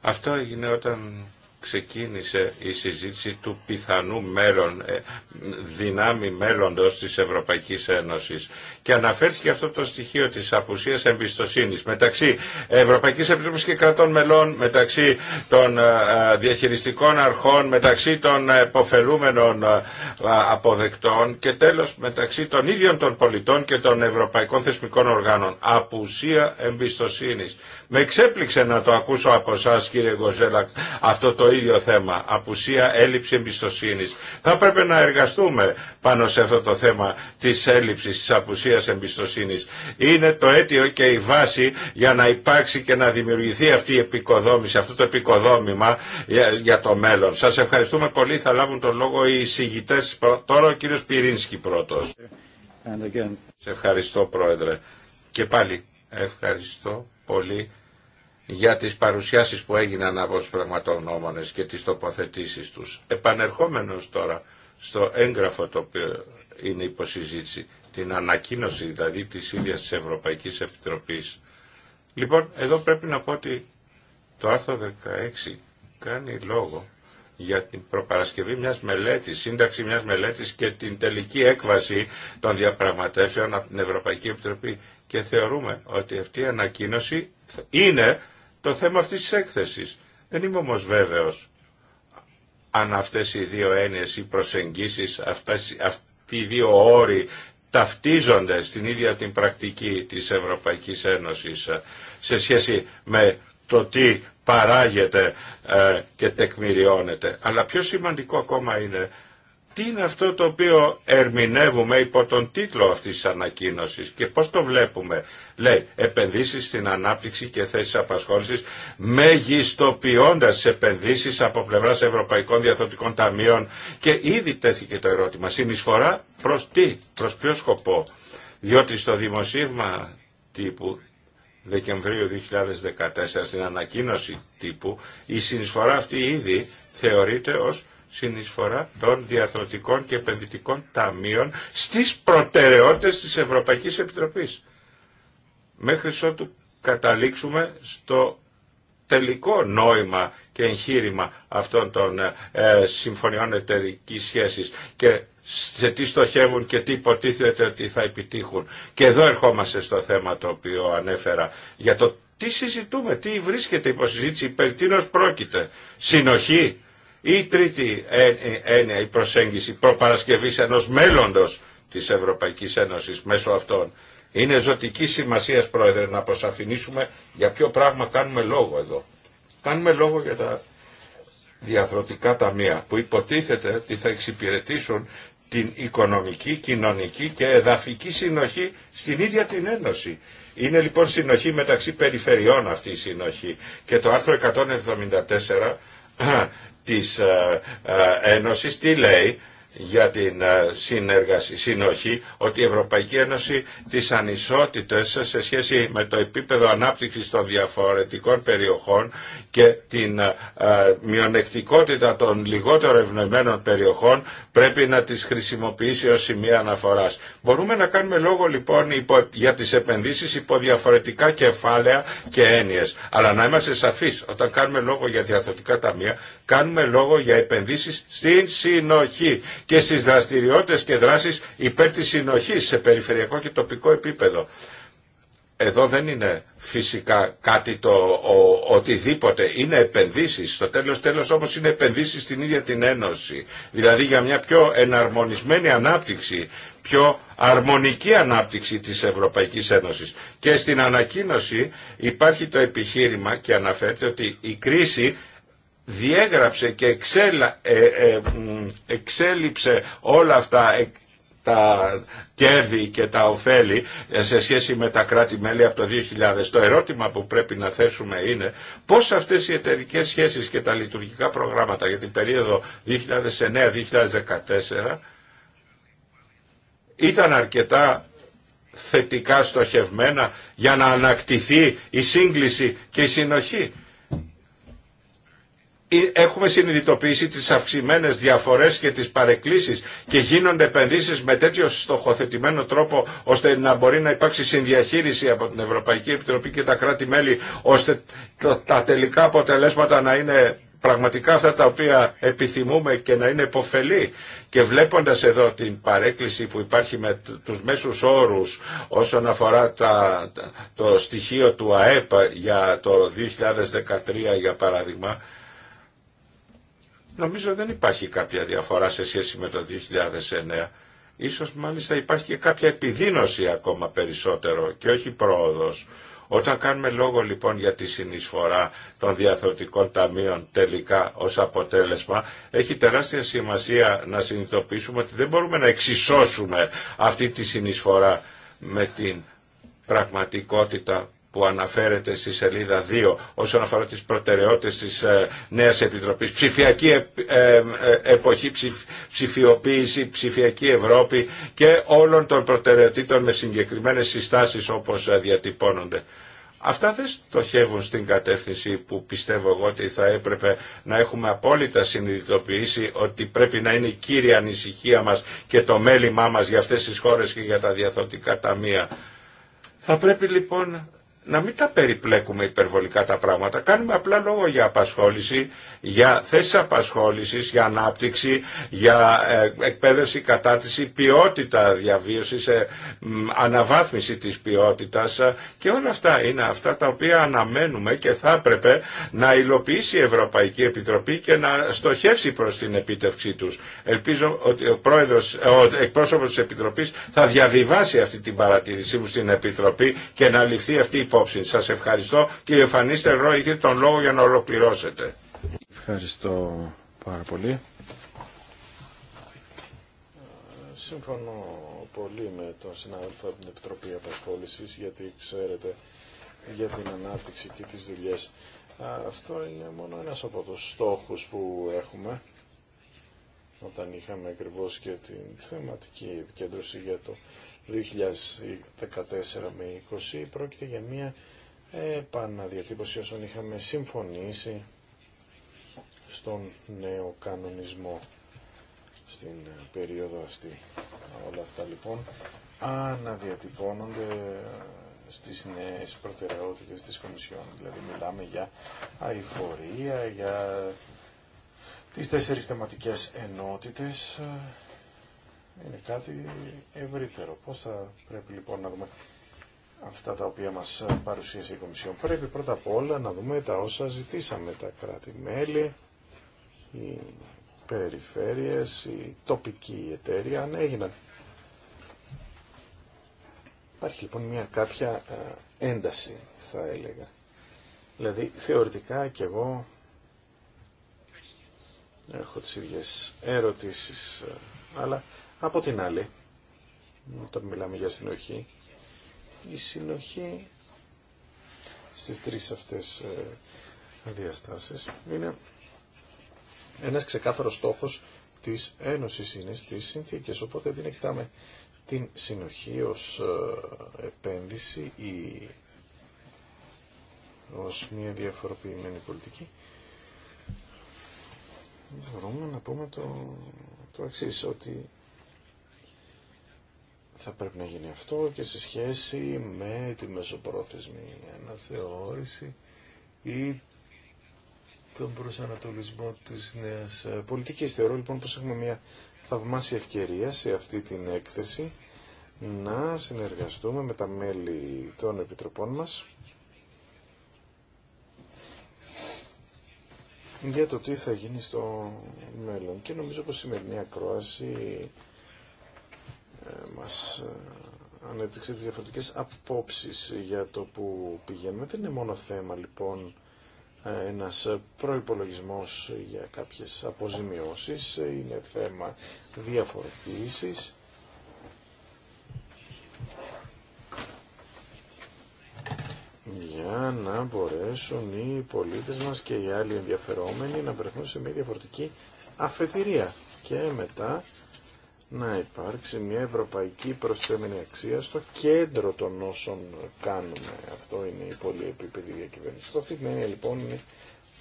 Αυτό έγινε όταν ξεκίνησε η συζήτηση του πιθανού μέλλον, ε, δυνάμει μέλλοντος της Ευρωπαϊκής Ένωσης και αναφέρθηκε αυτό το στοιχείο της απουσίας εμπιστοσύνης μεταξύ Ευρωπαϊκής Επιτροπής και κρατών μελών, μεταξύ των ε, ε, διαχειριστικών αρχών, μεταξύ των εποφελούμενων ε, αποδεκτών και τέλος μεταξύ των ίδιων των πολιτών και των ευρωπαϊκών θεσμικών οργάνων. Απουσία εμπιστοσύνης. Με εξέπληξε να το ακούσω από εσά κύριε Γκοζέλα αυτό το ίδιο θέμα. Απουσία έλλειψη εμπιστοσύνης. Θα πρέπει να εργαστούμε πάνω σε αυτό το θέμα της έλλειψης απουσίας εμπιστοσύνης. Είναι το αίτιο και η βάση για να υπάρξει και να δημιουργηθεί αυτή η επικοδόμηση, αυτό το επικοδόμημα για το μέλλον. Σας ευχαριστούμε πολύ. Θα λάβουν τον λόγο οι συγητές. Τώρα ο κύριος Πυρίνσκι πρώτος. Σε ευχαριστώ πρόεδρε. Και πάλι ευχαριστώ πολύ για τις παρουσιάσεις που έγιναν από τους πραγματογνώμονες και τις τοποθετήσεις τους. Επανερχόμενος τώρα στο έγγραφο το οποίο είναι υποσυζήτηση την ανακοίνωση δηλαδή της ίδιας της Ευρωπαϊκής Επιτροπής. Λοιπόν, εδώ πρέπει να πω ότι το άρθρο 16 κάνει λόγο για την προπαρασκευή μιας μελέτης, σύνταξη μιας μελέτης και την τελική έκβαση των διαπραγματεύσεων από την Ευρωπαϊκή Επιτροπή και θεωρούμε ότι αυτή η ανακοίνωση είναι το θέμα αυτής της έκθεσης. Δεν είμαι όμως βέβαιος αν αυτές οι δύο έννοιες ή προσεγγίσεις, αυτές, αυτοί οι δύο όροι ταυτίζονται στην ίδια την πρακτική της Ευρωπαϊκής Ένωσης ε, σε σχέση με το τι παράγεται ε, και τεκμηριώνεται. Αλλά πιο σημαντικό ακόμα είναι τι είναι αυτό το οποίο ερμηνεύουμε υπό τον τίτλο αυτής της ανακοίνωσης και πώς το βλέπουμε. Λέει, επενδύσεις στην ανάπτυξη και θέσεις απασχόλησης, μεγιστοποιώντας επενδύσεις από πλευράς Ευρωπαϊκών Διαθωτικών Ταμείων και ήδη τέθηκε το ερώτημα, συνεισφορά προς τι, προς ποιο σκοπό. Διότι στο δημοσίευμα τύπου Δεκεμβρίου 2014 στην ανακοίνωση τύπου η συνεισφορά αυτή ήδη θεωρείται ως συνεισφορά των διαθροτικών και επενδυτικών ταμείων στις προτεραιότητες της Ευρωπαϊκής Επιτροπής. Μέχρι ότου καταλήξουμε στο τελικό νόημα και εγχείρημα αυτών των ε, συμφωνιών εταιρικής σχέσης και σε τι στοχεύουν και τι υποτίθεται ότι θα επιτύχουν. Και εδώ ερχόμαστε στο θέμα το οποίο ανέφερα για το τι συζητούμε, τι βρίσκεται υποσυζήτηση, περί τίνος πρόκειται. Συνοχή, ή τρίτη έννοια, η προσέγγιση προπαρασκευής ενός μέλλοντος της Ευρωπαϊκής Ένωσης μέσω αυτών. Είναι ζωτική σημασία, Πρόεδρε, να προσαφηνήσουμε για ποιο πράγμα κάνουμε λόγο εδώ. Κάνουμε λόγο για τα διαδροτικά ταμεία που υποτίθεται ότι θα εξυπηρετήσουν την οικονομική, κοινωνική και εδαφική συνοχή στην ίδια την Ένωση. Είναι λοιπόν συνοχή μεταξύ περιφερειών αυτή η συνοχή. Και το άρθρο 174 της ε, ε, Ένωσης τι λέει για την ε, συνεργασία, συνοχή ότι η Ευρωπαϊκή Ένωση τις ανισότητες σε σχέση με το επίπεδο ανάπτυξης των διαφορετικών περιοχών και την ε, ε, μειονεκτικότητα των λιγότερο ευνοημένων περιοχών πρέπει να τις χρησιμοποιήσει ως σημεία αναφοράς. Μπορούμε να κάνουμε λόγο λοιπόν για τις επενδύσεις υπό διαφορετικά κεφάλαια και έννοιες. Αλλά να είμαστε σαφείς, όταν κάνουμε λόγο για διαθωτικά ταμεία, κάνουμε λόγο για επενδύσεις στην συνοχή και στις δραστηριότητες και δράσεις υπέρ της συνοχής σε περιφερειακό και τοπικό επίπεδο. Εδώ δεν είναι φυσικά κάτι το ο, οτιδήποτε, είναι επενδύσεις, στο τέλος τέλος όμως είναι επενδύσεις στην ίδια την Ένωση. Δηλαδή για μια πιο εναρμονισμένη ανάπτυξη, πιο αρμονική ανάπτυξη της Ευρωπαϊκής Ένωσης. Και στην ανακοίνωση υπάρχει το επιχείρημα και αναφέρεται ότι η κρίση διέγραψε και ε, ε, εξέλιψε όλα αυτά ε, τα κέρδη και τα ωφέλη σε σχέση με τα κράτη-μέλη από το 2000. Το ερώτημα που πρέπει να θέσουμε είναι πώς αυτές οι εταιρικέ σχέσεις και τα λειτουργικά προγράμματα για την περίοδο 2009-2014 ήταν αρκετά θετικά στοχευμένα για να ανακτηθεί η σύγκληση και η συνοχή. Ε, έχουμε συνειδητοποιήσει τις αυξημένες διαφορές και τις παρεκκλήσεις και γίνονται επενδύσεις με τέτοιο στοχοθετημένο τρόπο ώστε να μπορεί να υπάρξει συνδιαχείριση από την Ευρωπαϊκή Επιτροπή και τα κράτη-μέλη ώστε τα τελικά αποτελέσματα να είναι πραγματικά αυτά τα οποία επιθυμούμε και να είναι υποφελή και βλέποντας εδώ την παρέκκληση που υπάρχει με τους μέσους όρους όσον αφορά τα, το στοιχείο του ΑΕΠ για το 2013 για παράδειγμα Νομίζω δεν υπάρχει κάποια διαφορά σε σχέση με το 2009. Ίσως μάλιστα υπάρχει και κάποια επιδίνωση ακόμα περισσότερο και όχι πρόοδος. Όταν κάνουμε λόγο λοιπόν για τη συνεισφορά των διαθωτικών ταμείων τελικά ως αποτέλεσμα, έχει τεράστια σημασία να συνειδητοποιήσουμε ότι δεν μπορούμε να εξισώσουμε αυτή τη συνεισφορά με την πραγματικότητα που αναφέρεται στη σελίδα 2 όσον αφορά τις προτεραιότητες της ε, νέας Επιτροπής. Ψηφιακή ε, ε, εποχή, ψηφιοποίηση, ψηφιακή Ευρώπη και όλων των προτεραιοτήτων με συγκεκριμένες συστάσεις όπως διατυπώνονται. Αυτά δεν στοχεύουν στην κατεύθυνση που πιστεύω εγώ ότι θα έπρεπε να έχουμε απόλυτα συνειδητοποιήσει ότι πρέπει να είναι η κύρια ανησυχία μας και το μέλημά μας για αυτές τις χώρες και για τα διαθωτικά ταμεία. Θα πρέπει λοιπόν να μην τα περιπλέκουμε υπερβολικά τα πράγματα. Κάνουμε απλά λόγο για απασχόληση, για θέσεις απασχόλησης, για ανάπτυξη, για ε, εκπαίδευση, κατάρτιση, ποιότητα διαβίωσης, ε, αναβάθμιση της ποιότητας ε, και όλα αυτά είναι αυτά τα οποία αναμένουμε και θα έπρεπε να υλοποιήσει η Ευρωπαϊκή Επιτροπή και να στοχεύσει προς την επίτευξή τους. Ελπίζω ότι ο, πρόεδρος, ο εκπρόσωπος της Επιτροπής θα διαβιβάσει αυτή την παρατήρησή μου στην Επιτροπή και να ληφθεί αυτή η υπόψη. Σας ευχαριστώ. Κύριε Φανίστερ Ρό, είχε τον λόγο για να ολοκληρώσετε. Ευχαριστώ πάρα πολύ. Συμφωνώ πολύ με τον συνάδελφο από την Επιτροπή Απασχόληση, γιατί ξέρετε για την ανάπτυξη και τις δουλειές. Αυτό είναι μόνο ένας από τους στόχους που έχουμε όταν είχαμε ακριβώ και την θεματική επικέντρωση για το 2014 με 20 πρόκειται για μια επαναδιατύπωση όσων είχαμε συμφωνήσει στον νέο κανονισμό στην περίοδο αυτή. Όλα αυτά λοιπόν αναδιατυπώνονται στις νέες προτεραιότητες της Κομισιόν. Δηλαδή μιλάμε για αηφορία, για τις τέσσερις θεματικές ενότητες είναι κάτι ευρύτερο. Πώς θα πρέπει λοιπόν να δούμε αυτά τα οποία μας παρουσίασε η Κομισιόν. Πρέπει πρώτα απ' όλα να δούμε τα όσα ζητήσαμε τα κράτη-μέλη, οι περιφέρειες, η τοπική εταιρεία, αν έγιναν. Υπάρχει λοιπόν μια κάποια ε, ένταση θα έλεγα. Δηλαδή θεωρητικά και εγώ έχω τις ίδιες ερωτήσεις ε, αλλά από την άλλη, όταν μιλάμε για συνοχή, η συνοχή στις τρεις αυτές ε, διαστάσεις είναι ένας ξεκάθαρος στόχος της Ένωσης είναι στις συνθήκες, οπότε δεν εκτάμε την συνοχή ως ε, επένδυση ή ως μια διαφοροποιημένη πολιτική. Μπορούμε να πούμε το, το εξής, ότι θα πρέπει να γίνει αυτό και σε σχέση με τη μεσοπρόθεσμη αναθεώρηση ή τον προσανατολισμό της νέας πολιτικής. Θεωρώ λοιπόν πως έχουμε μια θαυμάσια ευκαιρία σε αυτή την έκθεση να συνεργαστούμε με τα μέλη των επιτροπών μας για το τι θα γίνει στο μέλλον. Και νομίζω πως η σημερινή ακρόαση μας ε, ανέπτυξε τις διαφορετικές απόψεις για το που πηγαίνουμε. Δεν είναι μόνο θέμα λοιπόν ε, ένας προϋπολογισμός για κάποιες αποζημιώσεις, είναι θέμα διαφορετήσεις για να μπορέσουν οι πολίτες μας και οι άλλοι ενδιαφερόμενοι να βρεθούν σε μια διαφορετική αφετηρία και μετά να υπάρξει μια ευρωπαϊκή προσθέμενη αξία στο κέντρο των όσων κάνουμε. Αυτό είναι η πολυεπίπεδη διακυβέρνηση. Το θύμενε λοιπόν είναι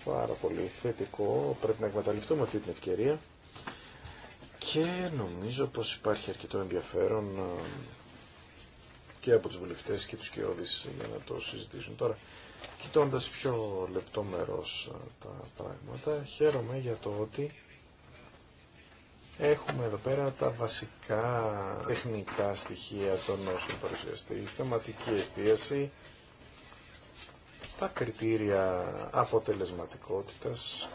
πάρα πολύ θετικό. Πρέπει να εκμεταλλευτούμε αυτή την ευκαιρία και νομίζω πως υπάρχει αρκετό ενδιαφέρον ε, και από τους βουλευτές και τους κοιόδης για να το συζητήσουν τώρα. Κοιτώντας πιο λεπτόμερος ε, τα πράγματα, χαίρομαι για το ότι Έχουμε εδώ πέρα τα βασικά τεχνικά στοιχεία των όσων παρουσιαστεί. Η θεματική εστίαση, τα κριτήρια αποτελεσματικότητας,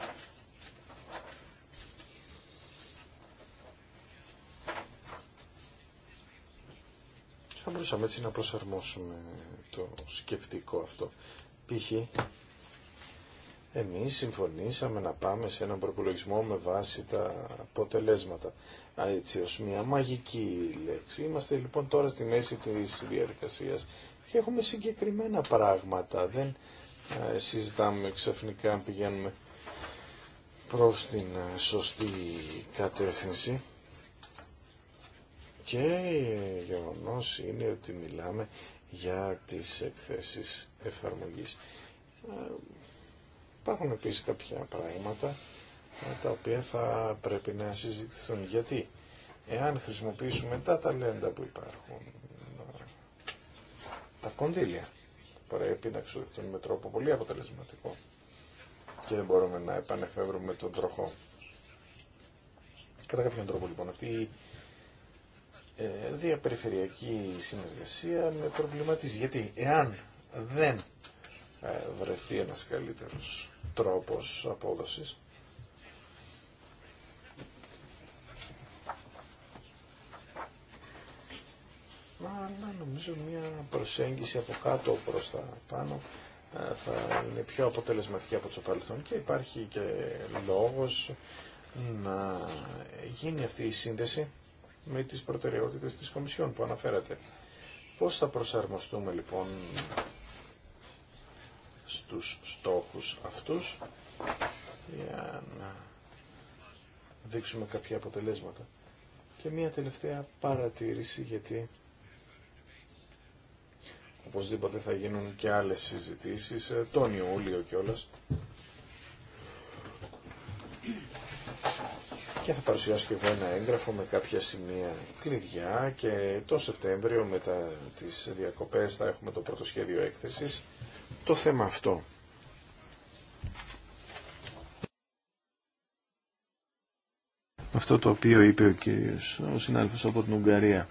Θα μπορούσαμε έτσι να προσαρμόσουμε το σκεπτικό αυτό. Π.χ εμείς συμφωνήσαμε να πάμε σε έναν προπολογισμό με βάση τα αποτελέσματα. έτσι ως μια μαγική λέξη. Είμαστε λοιπόν τώρα στη μέση της διαδικασίας και έχουμε συγκεκριμένα πράγματα. Δεν συζητάμε ξαφνικά αν πηγαίνουμε προς την σωστή κατεύθυνση. Και γεγονό είναι ότι μιλάμε για τις εκθέσεις εφαρμογής. Υπάρχουν επίσης κάποια πράγματα τα οποία θα πρέπει να συζητηθούν. Γιατί εάν χρησιμοποιήσουμε τα ταλέντα που υπάρχουν, τα κονδύλια πρέπει να εξοδευτούν με τρόπο πολύ αποτελεσματικό και δεν μπορούμε να επανεφεύρουμε τον τροχό. Κατά κάποιον τρόπο λοιπόν αυτή η ε, διαπεριφερειακή συνεργασία με προβληματίζει. Γιατί εάν δεν ε, βρεθεί ένας καλύτερος τρόπος απόδοσης. Αλλά νομίζω μια προσέγγιση από κάτω προς τα πάνω ε, θα είναι πιο αποτελεσματική από το παρελθόν και υπάρχει και λόγος να γίνει αυτή η σύνδεση με τις προτεραιότητες της Κομισιόν που αναφέρατε. Πώς θα προσαρμοστούμε λοιπόν στους στόχους αυτούς για να δείξουμε κάποια αποτελέσματα. Και μία τελευταία παρατήρηση γιατί οπωσδήποτε θα γίνουν και άλλες συζητήσεις ε, τον Ιούλιο κιόλας και θα παρουσιάσω και εγώ ένα έγγραφο με κάποια σημεία κλειδιά και το Σεπτέμβριο μετά τις διακοπές θα έχουμε το πρώτο σχέδιο έκθεσης το θέμα αυτό. Αυτό το οποίο είπε ο κύριος, ο συνάδελφος από την Ουγγαρία.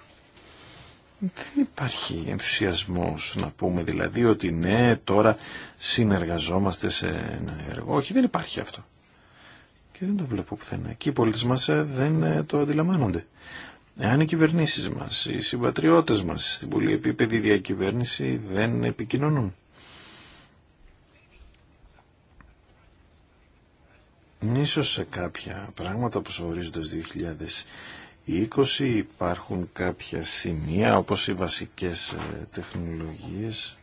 Δεν υπάρχει ενθουσιασμός να πούμε δηλαδή ότι ναι τώρα συνεργαζόμαστε σε ένα έργο. Όχι δεν υπάρχει αυτό. Και δεν το βλέπω πουθενά. Και οι πολίτες μας ε, δεν ε, το αντιλαμβάνονται. Εάν οι κυβερνήσεις μας, οι συμπατριώτες μας στην πολυεπίπεδη διακυβέρνηση δεν επικοινωνούν. Ίσως σε κάποια πράγματα όπως ορίζοντας 2020 υπάρχουν κάποια σημεία όπως οι βασικές ε, τεχνολογίες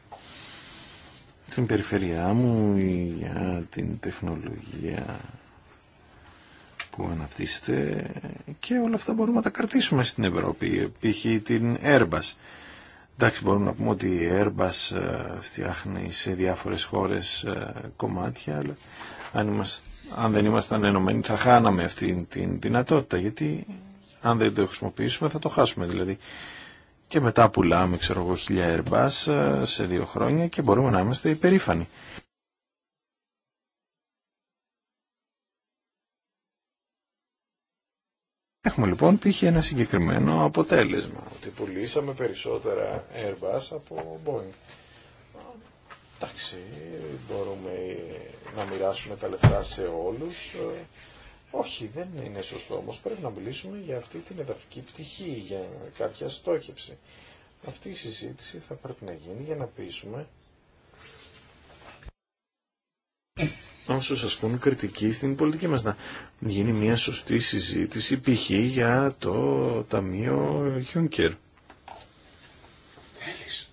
την περιφερειά μου για την τεχνολογία που αναπτύσσεται και όλα αυτά μπορούμε να τα κρατήσουμε στην Ευρώπη π.χ. την Airbus εντάξει μπορούμε να πούμε ότι η Airbus ε, φτιάχνει σε διάφορες χώρες ε, κομμάτια αλλά αν είμαστε αν δεν ήμασταν ενωμένοι θα χάναμε αυτή την δυνατότητα γιατί αν δεν το χρησιμοποιήσουμε θα το χάσουμε δηλαδή και μετά πουλάμε ξέρω εγώ χιλιά Airbus ε, σε δύο χρόνια και μπορούμε να είμαστε υπερήφανοι. Έχουμε λοιπόν π.χ. ένα συγκεκριμένο αποτέλεσμα ότι πουλήσαμε περισσότερα Airbus από Boeing. Εντάξει, μπορούμε να μοιράσουμε τα λεφτά σε όλους. Όχι, δεν είναι σωστό όμως. Πρέπει να μιλήσουμε για αυτή την εδαφική πτυχή, για κάποια στόχευση. Αυτή η συζήτηση θα πρέπει να γίνει για να πείσουμε σας ασκούν κριτική στην πολιτική μας να γίνει μια σωστή συζήτηση π.χ. για το Ταμείο Χιούνκερ. Θέλεις.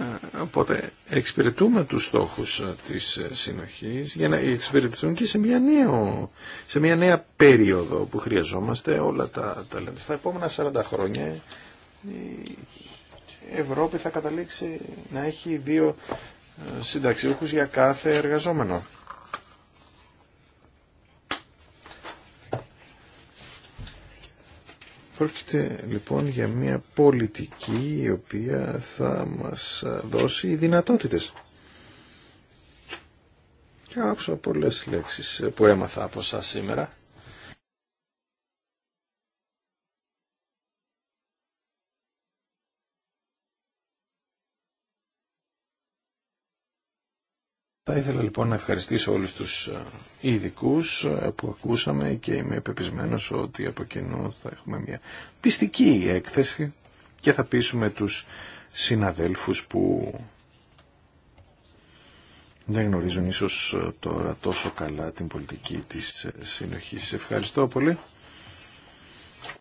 Ε, οπότε εξυπηρετούμε τους στόχους ε, της ε, συνοχής για να εξυπηρετηθούν και σε μια, νέο, σε μια νέα περίοδο που χρειαζόμαστε όλα τα ταλέντα. Στα επόμενα 40 χρόνια η Ευρώπη θα καταλήξει να έχει δύο συνταξιούχους για κάθε εργαζόμενο. Πρόκειται λοιπόν για μια πολιτική η οποία θα μας δώσει δυνατότητες. Και άκουσα πολλές λέξεις που έμαθα από σας σήμερα. Θα ήθελα λοιπόν να ευχαριστήσω όλους τους ε, ειδικού ε, που ακούσαμε και είμαι πεπισμένος ότι από κοινού θα έχουμε μια πιστική έκθεση και θα πείσουμε τους συναδέλφους που δεν γνωρίζουν ίσως ε, τώρα τόσο καλά την πολιτική της συνοχής. Ευχαριστώ πολύ.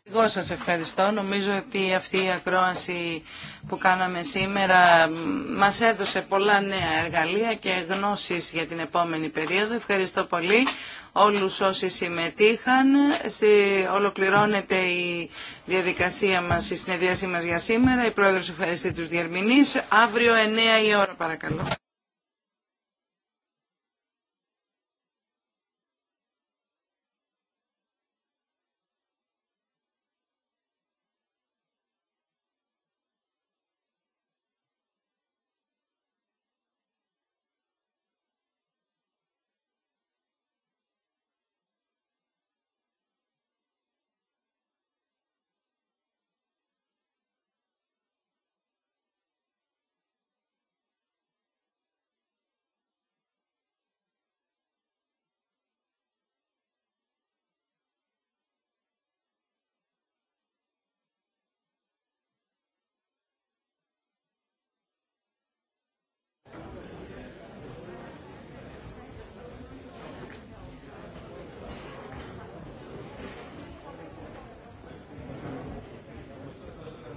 Εγώ σας ευχαριστώ. Νομίζω ότι αυτή η ακρόαση που κάναμε σήμερα μας έδωσε πολλά νέα εργαλεία και γνώσεις για την επόμενη περίοδο. Ευχαριστώ πολύ όλους όσοι συμμετείχαν. Ολοκληρώνεται η διαδικασία μας, η συνεδρίασή μας για σήμερα. Η Πρόεδρος ευχαριστεί τους διερμηνείς. Αύριο 9 η ώρα παρακαλώ.